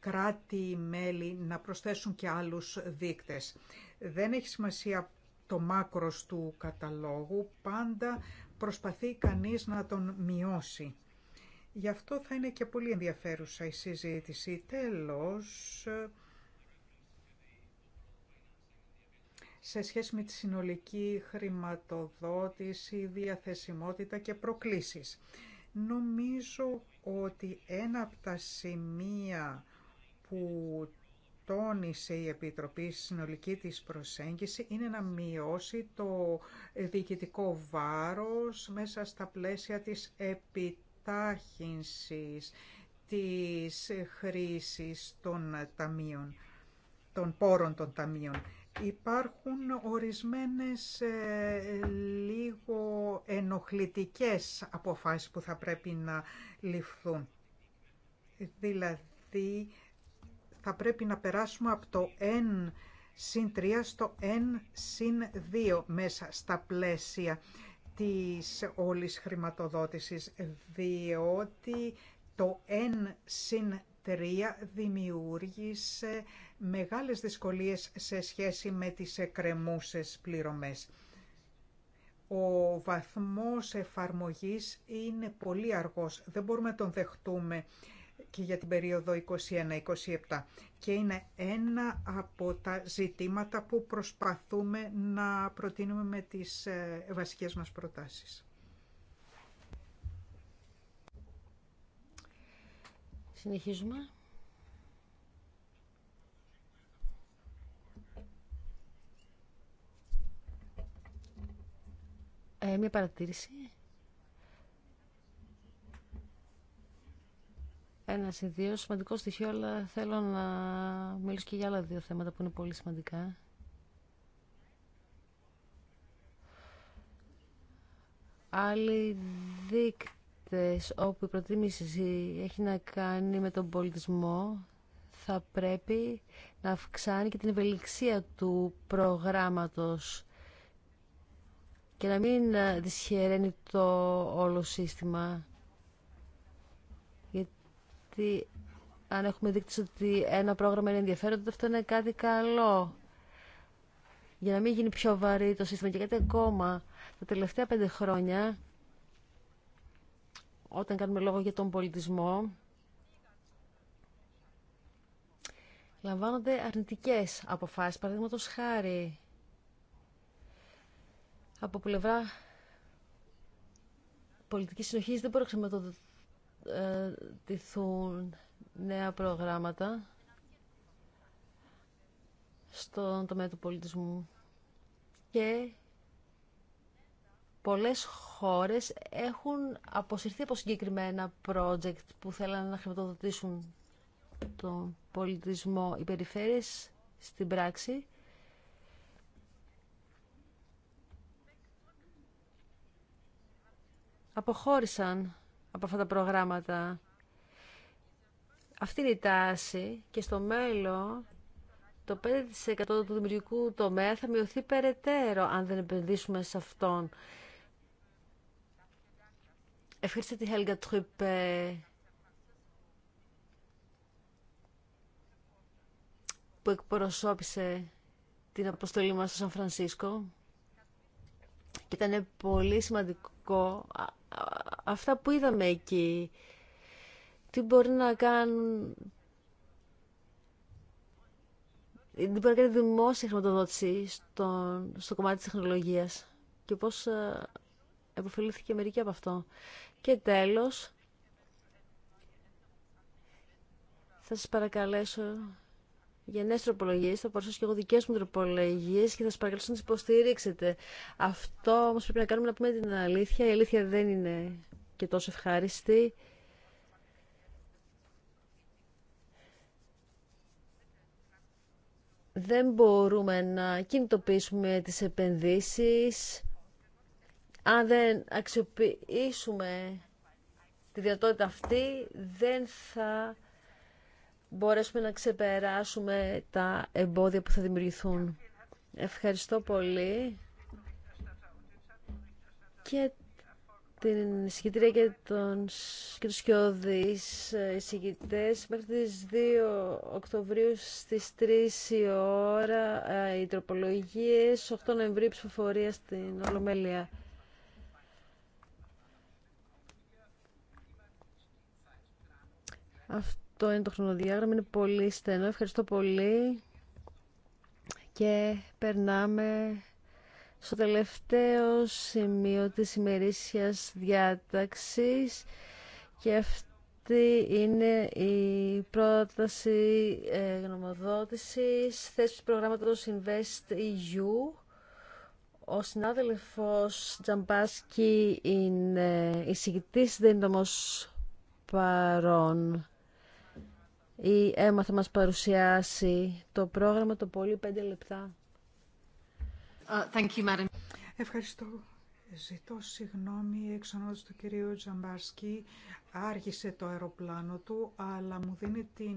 κράτη-μέλη να προσθέσουν και άλλους δείκτες. Δεν έχει σημασία το μάκρος του καταλόγου, πάντα προσπαθεί κανείς να τον μειώσει. Γι' αυτό θα είναι και πολύ ενδιαφέρουσα η συζήτηση. Τέλος, σε σχέση με τη συνολική χρηματοδότηση, διαθεσιμότητα και προκλήσεις. Νομίζω ότι ένα από τα σημεία που τόνισε η Επιτροπή στη συνολική της προσέγγιση είναι να μειώσει το διοικητικό βάρος μέσα στα πλαίσια της επιτροπής κατάχυνσης της χρήσης των ταμείων, των πόρων των ταμείων. Υπάρχουν ορισμένες ε, λίγο ενοχλητικές αποφάσεις που θα πρέπει να ληφθούν. Δηλαδή θα πρέπει να περάσουμε από το 1 συν 3 στο 1 συν 2 μέσα στα πλαίσια της όλης χρηματοδότησης, διότι το 1 συν 3 δημιούργησε μεγάλες δυσκολίες σε σχέση με τις εκκρεμούσες πληρωμές. Ο βαθμός εφαρμογής είναι πολύ αργός. Δεν μπορούμε να τον δεχτούμε και για την περίοδο 21-27 και είναι ένα από τα ζητήματα που προσπαθούμε να προτείνουμε με τις ε, βασικές μας προτάσεις. Συνεχίζουμε. Ε, μία παρατήρηση. ένα ή δύο σημαντικό στοιχείο, αλλά θέλω να μιλήσω και για άλλα δύο θέματα που είναι πολύ σημαντικά. Άλλοι δείκτες όπου η προτίμηση έχει να κάνει με τον πολιτισμό θα πρέπει να αυξάνει και την ευελιξία του προγράμματος και να μην δυσχεραίνει το όλο σύστημα. Γιατί αν έχουμε δείξει ότι ένα πρόγραμμα είναι ενδιαφέρον, αυτό είναι κάτι καλό. Για να μην γίνει πιο βαρύ το σύστημα και κάτι ακόμα. Τα τελευταία πέντε χρόνια, όταν κάνουμε λόγο για τον πολιτισμό, λαμβάνονται αρνητικές αποφάσεις, παραδείγματος χάρη. Από πλευρά πολιτική συνοχή δεν μπορούμε ε, τηθούν νέα προγράμματα στον τομέα του πολιτισμού και πολλές χώρες έχουν αποσυρθεί από συγκεκριμένα project που θέλαν να χρηματοδοτήσουν τον πολιτισμό. Οι περιφέρειες στην πράξη αποχώρησαν από αυτά τα προγράμματα. Αυτή είναι η τάση και στο μέλλον το 5% του δημιουργικού τομέα θα μειωθεί περαιτέρω αν δεν επενδύσουμε σε αυτόν. Ευχαριστώ τη Χέλγα Τρουπέ. που εκπροσώπησε την αποστολή μας στο Σαν Φρανσίσκο και ήταν πολύ σημαντικό αυτά που είδαμε εκεί, τι μπορεί να κάνουν μπορεί να κάνει δημόσια χρηματοδότηση στο, στο κομμάτι της τεχνολογίας και πώς ε, επωφελήθηκε μερική από αυτό. Και τέλος, θα σας παρακαλέσω για νέε τροπολογίε. Θα παρουσιάσω και εγώ δικέ μου τροπολογίε και θα σα παρακαλώ να τι υποστηρίξετε. Αυτό όμω πρέπει να κάνουμε να πούμε την αλήθεια. Η αλήθεια δεν είναι και τόσο ευχάριστη. Δεν μπορούμε να κινητοποιήσουμε τις επενδύσεις αν δεν αξιοποιήσουμε τη δυνατότητα αυτή δεν θα μπορέσουμε να ξεπεράσουμε τα εμπόδια που θα δημιουργηθούν. Ευχαριστώ πολύ και την συγκητήρια και, τον, και τους σκιώδεις ε, Μέχρι τις 2 Οκτωβρίου στις 3 η ώρα ε, οι τροπολογίες, 8 Νοεμβρίου ψηφοφορία στην Ολομέλεια αυτό είναι το χρονοδιάγραμμα, είναι πολύ στενό. Ευχαριστώ πολύ και περνάμε στο τελευταίο σημείο της ημερήσιας διάταξης και αυτή είναι η πρόταση ε, γνωμοδότησης θέσης προγράμματος Invest EU. Ο συνάδελφος Τζαμπάσκι είναι εισηγητής, δεν είναι όμως παρόν. Η Έμα θα μας παρουσιάσει το πρόγραμμα το πολύ πέντε λεπτά. Uh, thank you, madam. Ευχαριστώ. Ζητώ συγγνώμη εξ το του κυρίου Τζαμπάρσκι. Άρχισε το αεροπλάνο του, αλλά μου δίνει τη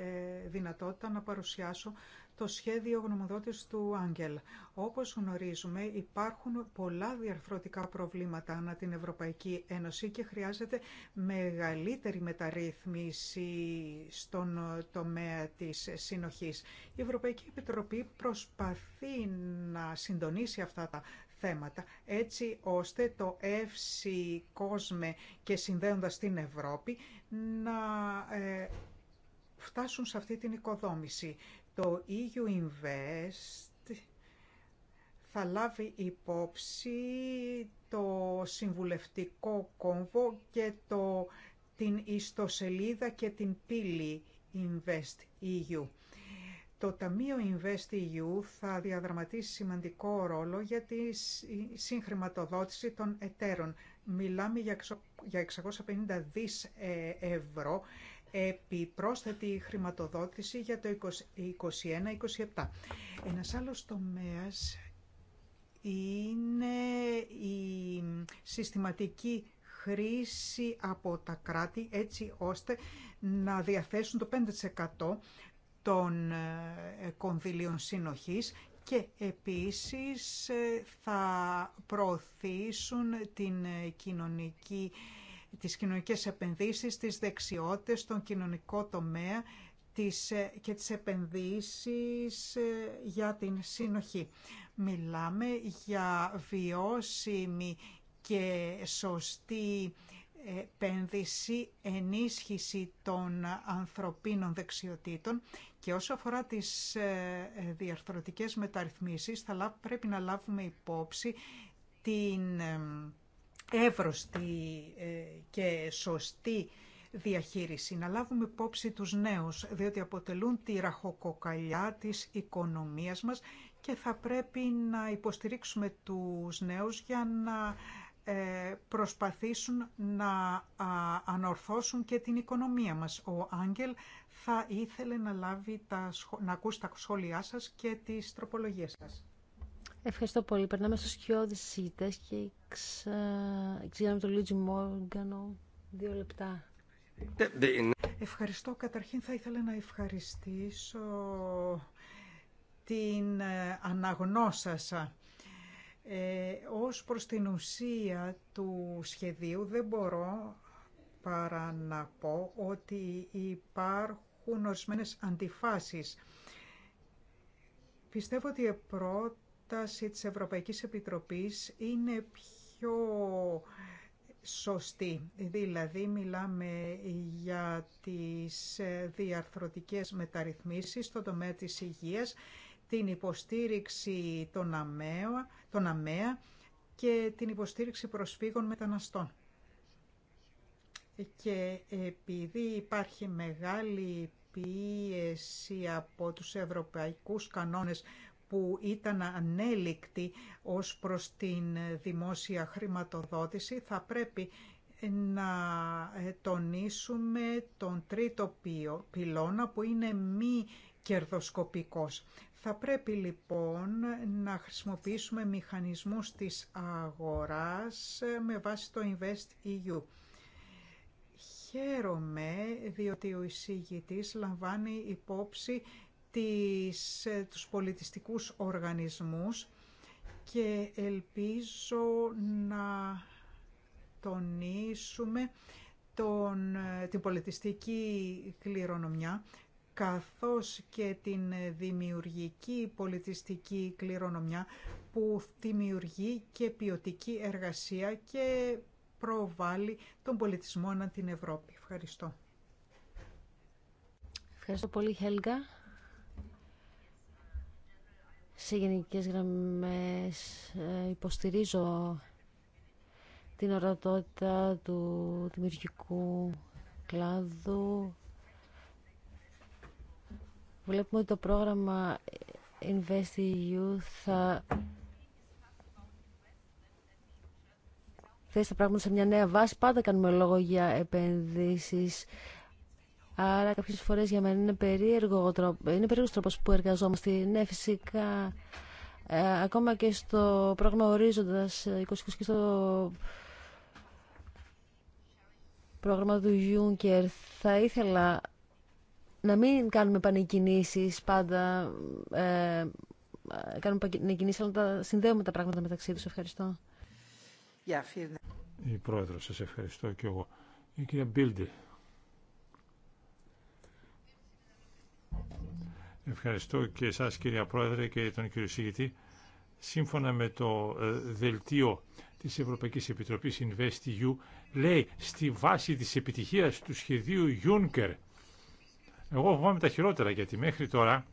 ε, δυνατότητα να παρουσιάσω το σχέδιο γνωμοδότης του Άγγελ. Όπως γνωρίζουμε υπάρχουν πολλά διαρθρωτικά προβλήματα ανά την Ευρωπαϊκή Ένωση και χρειάζεται μεγαλύτερη μεταρρύθμιση στον τομέα της συνοχής. Η Ευρωπαϊκή Επιτροπή προσπαθεί να συντονίσει αυτά τα θέματα, έτσι ώστε το εύση κόσμε και συνδέοντας την Ευρώπη να ε, φτάσουν σε αυτή την οικοδόμηση. Το EU Invest θα λάβει υπόψη το συμβουλευτικό κόμβο και το, την ιστοσελίδα και την πύλη Invest EU. Το Ταμείο EU e θα διαδραματίσει σημαντικό ρόλο για τη συγχρηματοδότηση των εταίρων. Μιλάμε για 650 δις ε, ευρώ επιπρόσθετη χρηματοδότηση για το 2021-2027. Ένας άλλος τομέας είναι η συστηματική χρήση από τα κράτη έτσι ώστε να διαθέσουν το 5% των ε, κονδυλίων συνοχής και επίσης ε, θα προωθήσουν την κοινωνική τις κοινωνικές επενδύσεις, τις δεξιότητες, τον κοινωνικό τομέα τις, ε, και τις επενδύσεις ε, για την συνοχή. Μιλάμε για βιώσιμη και σωστή επένδυση, ενίσχυση των ανθρωπίνων δεξιοτήτων και όσο αφορά τις ε, διαρθρωτικές μεταρρυθμίσεις θα πρέπει να λάβουμε υπόψη την εύρωστη ε, και σωστή διαχείριση, να λάβουμε υπόψη τους νέους, διότι αποτελούν τη ραχοκοκαλιά της οικονομίας μας και θα πρέπει να υποστηρίξουμε τους νέους για να ε, προσπαθήσουν να ανορθώσουν και την οικονομία μας. Ο Άγγελ θα ήθελε να, λάβει τα, να ακούσει τα σχόλιά σας και τις τροπολογίες σας. Ευχαριστώ πολύ. Περνάμε στους σκιώδεις συζητητές και ξεχνάμε τον Λίτζι Μόργανο. Δύο λεπτά. Ευχαριστώ. Καταρχήν θα ήθελα να ευχαριστήσω την ε, αναγνώσασα. Ε, ως προς την ουσία του σχεδίου δεν μπορώ παρά να πω ότι υπάρχουν ορισμένες αντιφάσεις. Πιστεύω ότι πρώτα πρόταση της Ευρωπαϊκής Επιτροπής είναι πιο σωστή. Δηλαδή μιλάμε για τις ε, διαρθρωτικές μεταρρυθμίσεις στον τομέα της υγείας, την υποστήριξη των ΑΜΕΑ, των ΑΜΕΑ και την υποστήριξη προσφύγων μεταναστών. Και επειδή υπάρχει μεγάλη πίεση από τους ευρωπαϊκούς κανόνες που ήταν ανέλικτη ως προς την δημόσια χρηματοδότηση, θα πρέπει να ε, τονίσουμε τον τρίτο πυλώνα που είναι μη κερδοσκοπικός. Θα πρέπει λοιπόν να χρησιμοποιήσουμε μηχανισμούς της αγοράς ε, με βάση το Invest EU. Χαίρομαι διότι ο εισηγητής λαμβάνει υπόψη τις, ε, τους πολιτιστικούς οργανισμούς και ελπίζω να τονίσουμε τον, ε, την πολιτιστική κληρονομιά καθώς και την ε, δημιουργική πολιτιστική κληρονομιά που δημιουργεί και ποιοτική εργασία και προβάλλει τον πολιτισμό ανά την Ευρώπη. Ευχαριστώ. Ευχαριστώ πολύ, Χέλγα. Σε γενικές γραμμές ε, υποστηρίζω την ορατότητα του δημιουργικού κλάδου. Βλέπουμε ότι το πρόγραμμα InvestEU θα θέσει τα πράγματα σε μια νέα βάση. Πάντα κάνουμε λόγο για επενδύσεις Άρα κάποιες φορές για μένα είναι περίεργο τρόπο, είναι περίεργος τρόπος που εργαζόμαστε. Ναι, φυσικά, ε, ακόμα και στο πρόγραμμα Ορίζοντας 2020 ε, και στο πρόγραμμα του Juncker θα ήθελα να μην κάνουμε πανεκκινήσεις πάντα, ε, ε κάνουμε πανεκκινήσεις αλλά να συνδέουμε τα πράγματα μεταξύ τους. Ευχαριστώ. Η πρόεδρο, σας ευχαριστώ και εγώ. Η κυρία Μπίλντι. Ευχαριστώ και εσάς κυρία Πρόεδρε και τον κύριο Συγητή. Σύμφωνα με το ε, δελτίο της Ευρωπαϊκής Επιτροπής InvestEU λέει στη βάση της επιτυχίας του σχεδίου Juncker. Εγώ φοβάμαι τα χειρότερα γιατί μέχρι τώρα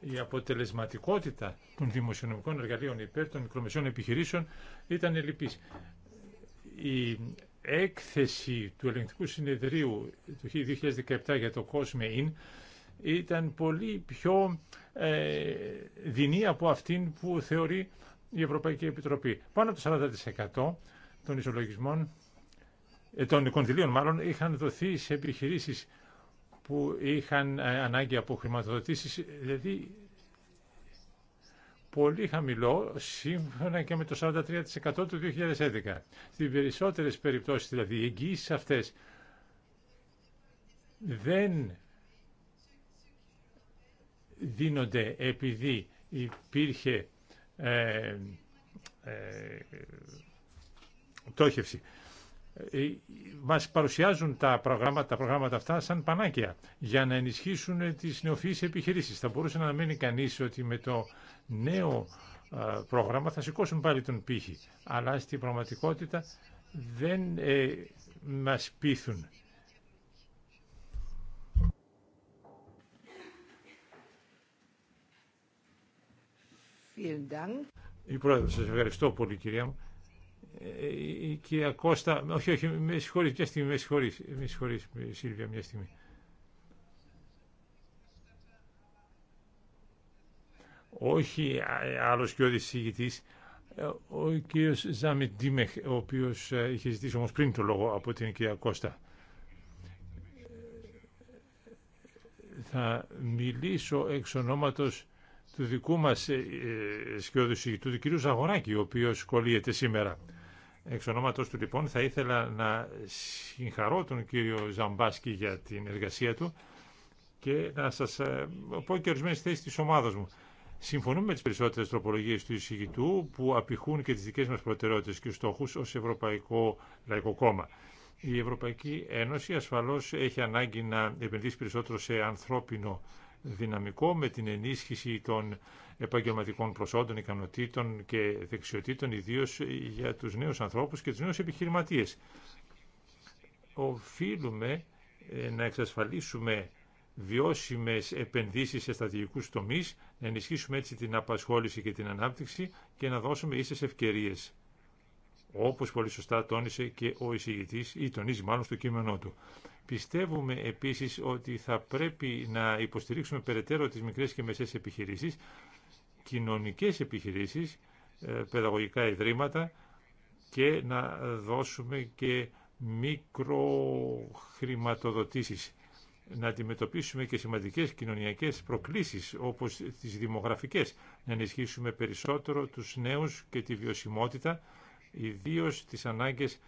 η αποτελεσματικότητα των δημοσιονομικών εργαλείων υπέρ των μικρομεσαίων επιχειρήσεων ήταν ελλειπής. Η έκθεση του Ελεγκτικού Συνεδρίου του 2017 για το COSME-IN ήταν πολύ πιο ε, δεινή από αυτήν που θεωρεί η Ευρωπαϊκή Επιτροπή. Πάνω από το 40% των ισολογισμών, ε, των κονδυλίων μάλλον, είχαν δοθεί σε επιχειρήσεις που είχαν ε, ανάγκη από χρηματοδοτήσεις, δηλαδή πολύ χαμηλό, σύμφωνα και με το 43% του 2011. Στις περισσότερες περιπτώσεις, δηλαδή οι εγγύησεις αυτές δεν δίνονται επειδή υπήρχε ε, ε, πτώχευση. Ε, μας παρουσιάζουν τα προγράμματα, τα προγράμματα αυτά σαν πανάκια για να ενισχύσουν τις νεοφυείς επιχειρήσεις. Θα μπορούσε να αναμένει κανείς ότι με το νέο ε, πρόγραμμα θα σηκώσουν πάλι τον πύχη. Αλλά στην πραγματικότητα δεν ε, μας πείθουν. Η πρόεδρο, σα ευχαριστώ πολύ, κυρία μου. Ε, η κυρία Κώστα, όχι, όχι, με συγχωρείς, μια στιγμή, με συγχωρείς, με συγχωρείς, Σίλβια, μια στιγμή. Όχι άλλο και ο ε, ο κύριο Ζάμι Ντίμεχ, ο οποίο ε, είχε ζητήσει όμω πριν το λόγο από την κυρία Κώστα. Θα μιλήσω εξ ονόματος του δικού μας ε, ε του κυρίου Ζαγοράκη, ο οποίος κολλείεται σήμερα. Εξ ονόματος του λοιπόν θα ήθελα να συγχαρώ τον κύριο Ζαμπάσκη για την εργασία του και να σας ε, πω και ορισμένε θέσει της ομάδας μου. Συμφωνούμε με τις περισσότερες τροπολογίες του εισηγητού που απηχούν και τις δικές μας προτεραιότητες και στόχους ως Ευρωπαϊκό Λαϊκό Κόμμα. Η Ευρωπαϊκή Ένωση ασφαλώς έχει ανάγκη να επενδύσει περισσότερο σε ανθρώπινο δυναμικό με την ενίσχυση των επαγγελματικών προσόντων, ικανοτήτων και δεξιοτήτων, ιδίως για τους νέους ανθρώπους και τους νέους επιχειρηματίες. Οφείλουμε ε, να εξασφαλίσουμε βιώσιμες επενδύσεις σε στρατηγικούς τομείς, να ενισχύσουμε έτσι την απασχόληση και την ανάπτυξη και να δώσουμε ίσες ευκαιρίες. Όπως πολύ σωστά τόνισε και ο εισηγητής ή τονίζει μάλλον στο κείμενό του. Πιστεύουμε επίσης ότι θα πρέπει να υποστηρίξουμε περαιτέρω τις μικρές και μεσές επιχειρήσεις, κοινωνικές επιχειρήσεις, ε, παιδαγωγικά ιδρύματα και να δώσουμε και μικροχρηματοδοτήσεις. Να αντιμετωπίσουμε και σημαντικές κοινωνιακές προκλήσεις όπως τις δημογραφικές. Να ενισχύσουμε περισσότερο τους νέους και τη βιωσιμότητα, ιδίως τις ανάγκες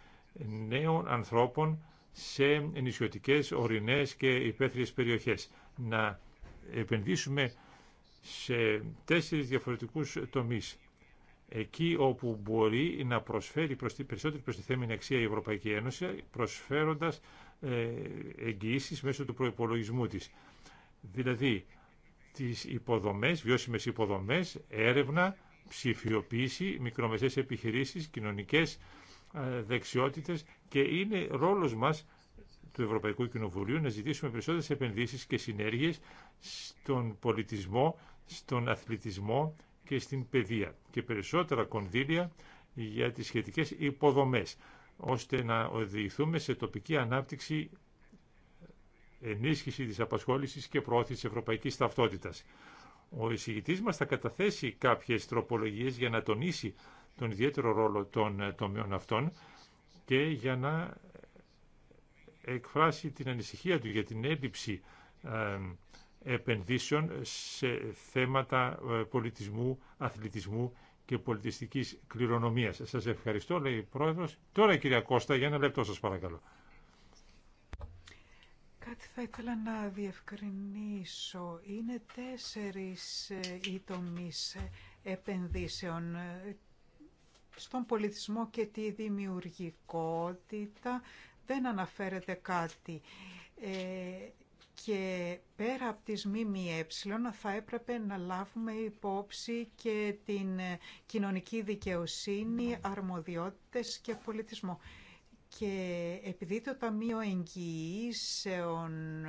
νέων ανθρώπων σε νησιωτικές, ορεινές και υπαίθριες περιοχές. Να επενδύσουμε σε τέσσερις διαφορετικούς τομείς. Εκεί όπου μπορεί να προσφέρει προς τη περισσότερη προστιθέμενη αξία η Ευρωπαϊκή Ένωση, προσφέροντας ε, εγγυήσεις μέσω του προϋπολογισμού της. Δηλαδή, τις υποδομές, βιώσιμες υποδομές, έρευνα, ψηφιοποίηση, μικρομεσαίες επιχειρήσεις, κοινωνικές ε, δεξιότητες και είναι ρόλος μας του Ευρωπαϊκού Κοινοβουλίου να ζητήσουμε περισσότερες επενδύσεις και συνέργειες στον πολιτισμό, στον αθλητισμό και στην παιδεία και περισσότερα κονδύλια για τις σχετικές υποδομές ώστε να οδηγηθούμε σε τοπική ανάπτυξη ενίσχυση της απασχόλησης και προώθηση της ευρωπαϊκής ταυτότητας. Ο εισηγητής μας θα καταθέσει κάποιες τροπολογίες για να τονίσει τον ιδιαίτερο ρόλο των ε, τομέων αυτών και για να εκφράσει την ανησυχία του για την έλλειψη επενδύσεων σε θέματα ε, πολιτισμού, αθλητισμού και πολιτιστικής κληρονομίας. Σας ευχαριστώ, λέει η Πρόεδρος. Τώρα, κυρία Κώστα, για ένα λεπτό σας παρακαλώ. Κάτι θα ήθελα να διευκρινίσω. Είναι τέσσερις ε, οι τομείς επενδύσεων στον πολιτισμό και τη δημιουργικότητα δεν αναφέρεται κάτι. Ε, και πέρα από τις ΜΜΕ θα έπρεπε να λάβουμε υπόψη και την κοινωνική δικαιοσύνη, αρμοδιότητες και πολιτισμό. Και επειδή το Ταμείο Εγγυήσεων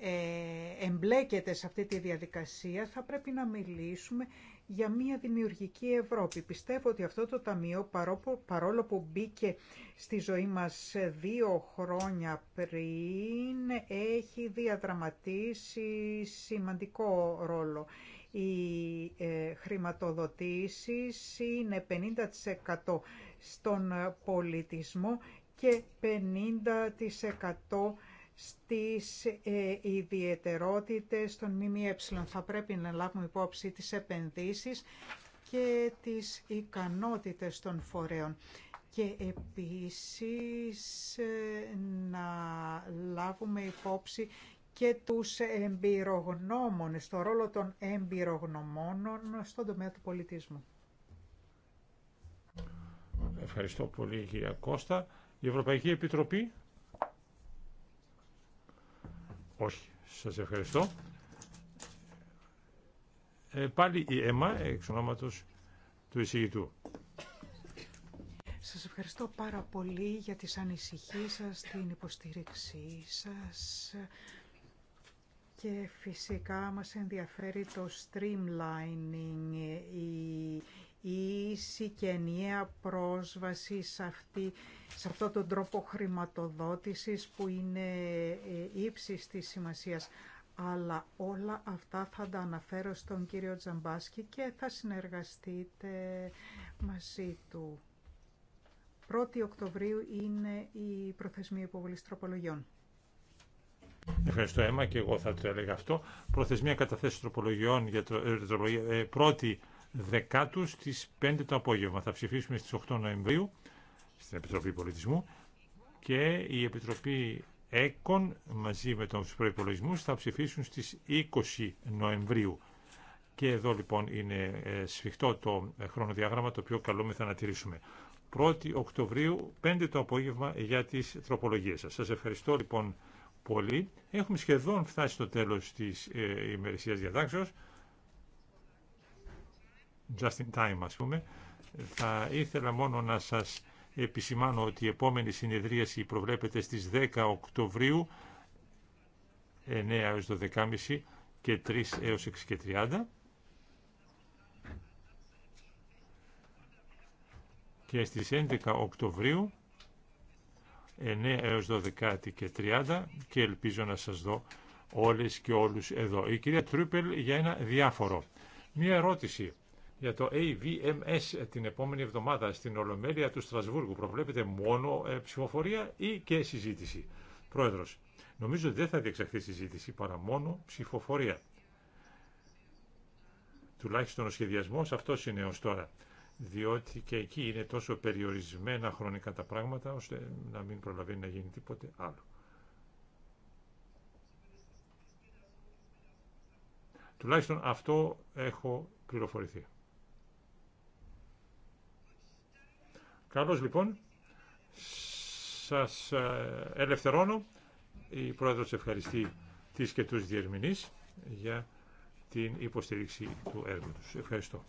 ε, εμπλέκεται σε αυτή τη διαδικασία, θα πρέπει να μιλήσουμε για μια δημιουργική Ευρώπη. Πιστεύω ότι αυτό το Ταμείο, παρόλο που μπήκε στη ζωή μας δύο χρόνια πριν, έχει διαδραματίσει σημαντικό ρόλο. Οι ε, χρηματοδοτήσεις είναι 50% στον πολιτισμό και 50% στις ε, ιδιαιτερότητες των ΜΜΕ. Θα πρέπει να λάβουμε υπόψη τις επενδύσεις και τις ικανότητες των φορέων. Και επίσης ε, να λάβουμε υπόψη και τους εμπειρογνώμονες, στο ρόλο των εμπειρογνωμόνων στον τομέα του πολιτισμού. Ευχαριστώ πολύ κυρία Κώστα. Η Ευρωπαϊκή Επιτροπή. Όχι. Σας ευχαριστώ. Ε, πάλι η ΕΜΑ, εξ ονόματος του εισηγητού. Σας ευχαριστώ πάρα πολύ για τις ανησυχίες σας, την υποστήριξή σας και φυσικά μας ενδιαφέρει το streamlining, η η και ενιαία πρόσβαση σε, αυτή, σε αυτό τον τρόπο χρηματοδότησης που είναι ε, ύψης της σημασίας. Αλλά όλα αυτά θα τα αναφέρω στον κύριο Τζαμπάσκι και θα συνεργαστείτε μαζί του. 1η Οκτωβρίου είναι η προθεσμία υποβολής τροπολογιών. Ευχαριστώ, Έμα, και εγώ θα το έλεγα αυτό. Προθεσμία καταθέσεων τροπολογιών για το, 1 ε, ε, δεκάτου στι 5 το απόγευμα. Θα ψηφίσουμε στι 8 Νοεμβρίου στην Επιτροπή Πολιτισμού και η Επιτροπή ΕΚΟΝ μαζί με του προπολογισμού θα ψηφίσουν στι 20 Νοεμβρίου. Και εδώ λοιπόν είναι ε, σφιχτό το χρονοδιάγραμμα το οποίο καλούμε να τηρήσουμε. 1η Οκτωβρίου, 5 το απόγευμα για τι τροπολογίε. Σα Σα ευχαριστώ λοιπόν πολύ. Έχουμε σχεδόν φτάσει στο τέλος της ε, ημερησίας διατάξεως just in time ας πούμε. Θα ήθελα μόνο να σας επισημάνω ότι η επόμενη συνεδρίαση προβλέπεται στις 10 Οκτωβρίου 9 έως 12.30 και 3 έως 6 και 30. και στις 11 Οκτωβρίου 9 έως 12 και 30 και ελπίζω να σας δω όλες και όλους εδώ. Η κυρία Τρούπελ για ένα διάφορο. Μία ερώτηση για το AVMS την επόμενη εβδομάδα στην Ολομέλεια του Στρασβούργου. Προβλέπετε μόνο ε, ψηφοφορία ή και συζήτηση. Πρόεδρος, νομίζω δεν θα διεξαχθεί συζήτηση παρά μόνο ψηφοφορία. Τουλάχιστον ο σχεδιασμός αυτό είναι ως τώρα. Διότι και εκεί είναι τόσο περιορισμένα χρονικά τα πράγματα ώστε να μην προλαβαίνει να γίνει τίποτε άλλο. Τουλάχιστον αυτό έχω πληροφορηθεί. Καλώς λοιπόν, σας ε, ελευθερώνω. Η Πρόεδρος ευχαριστεί τις και τους διερμηνείς για την υποστήριξη του έργου τους. Ευχαριστώ.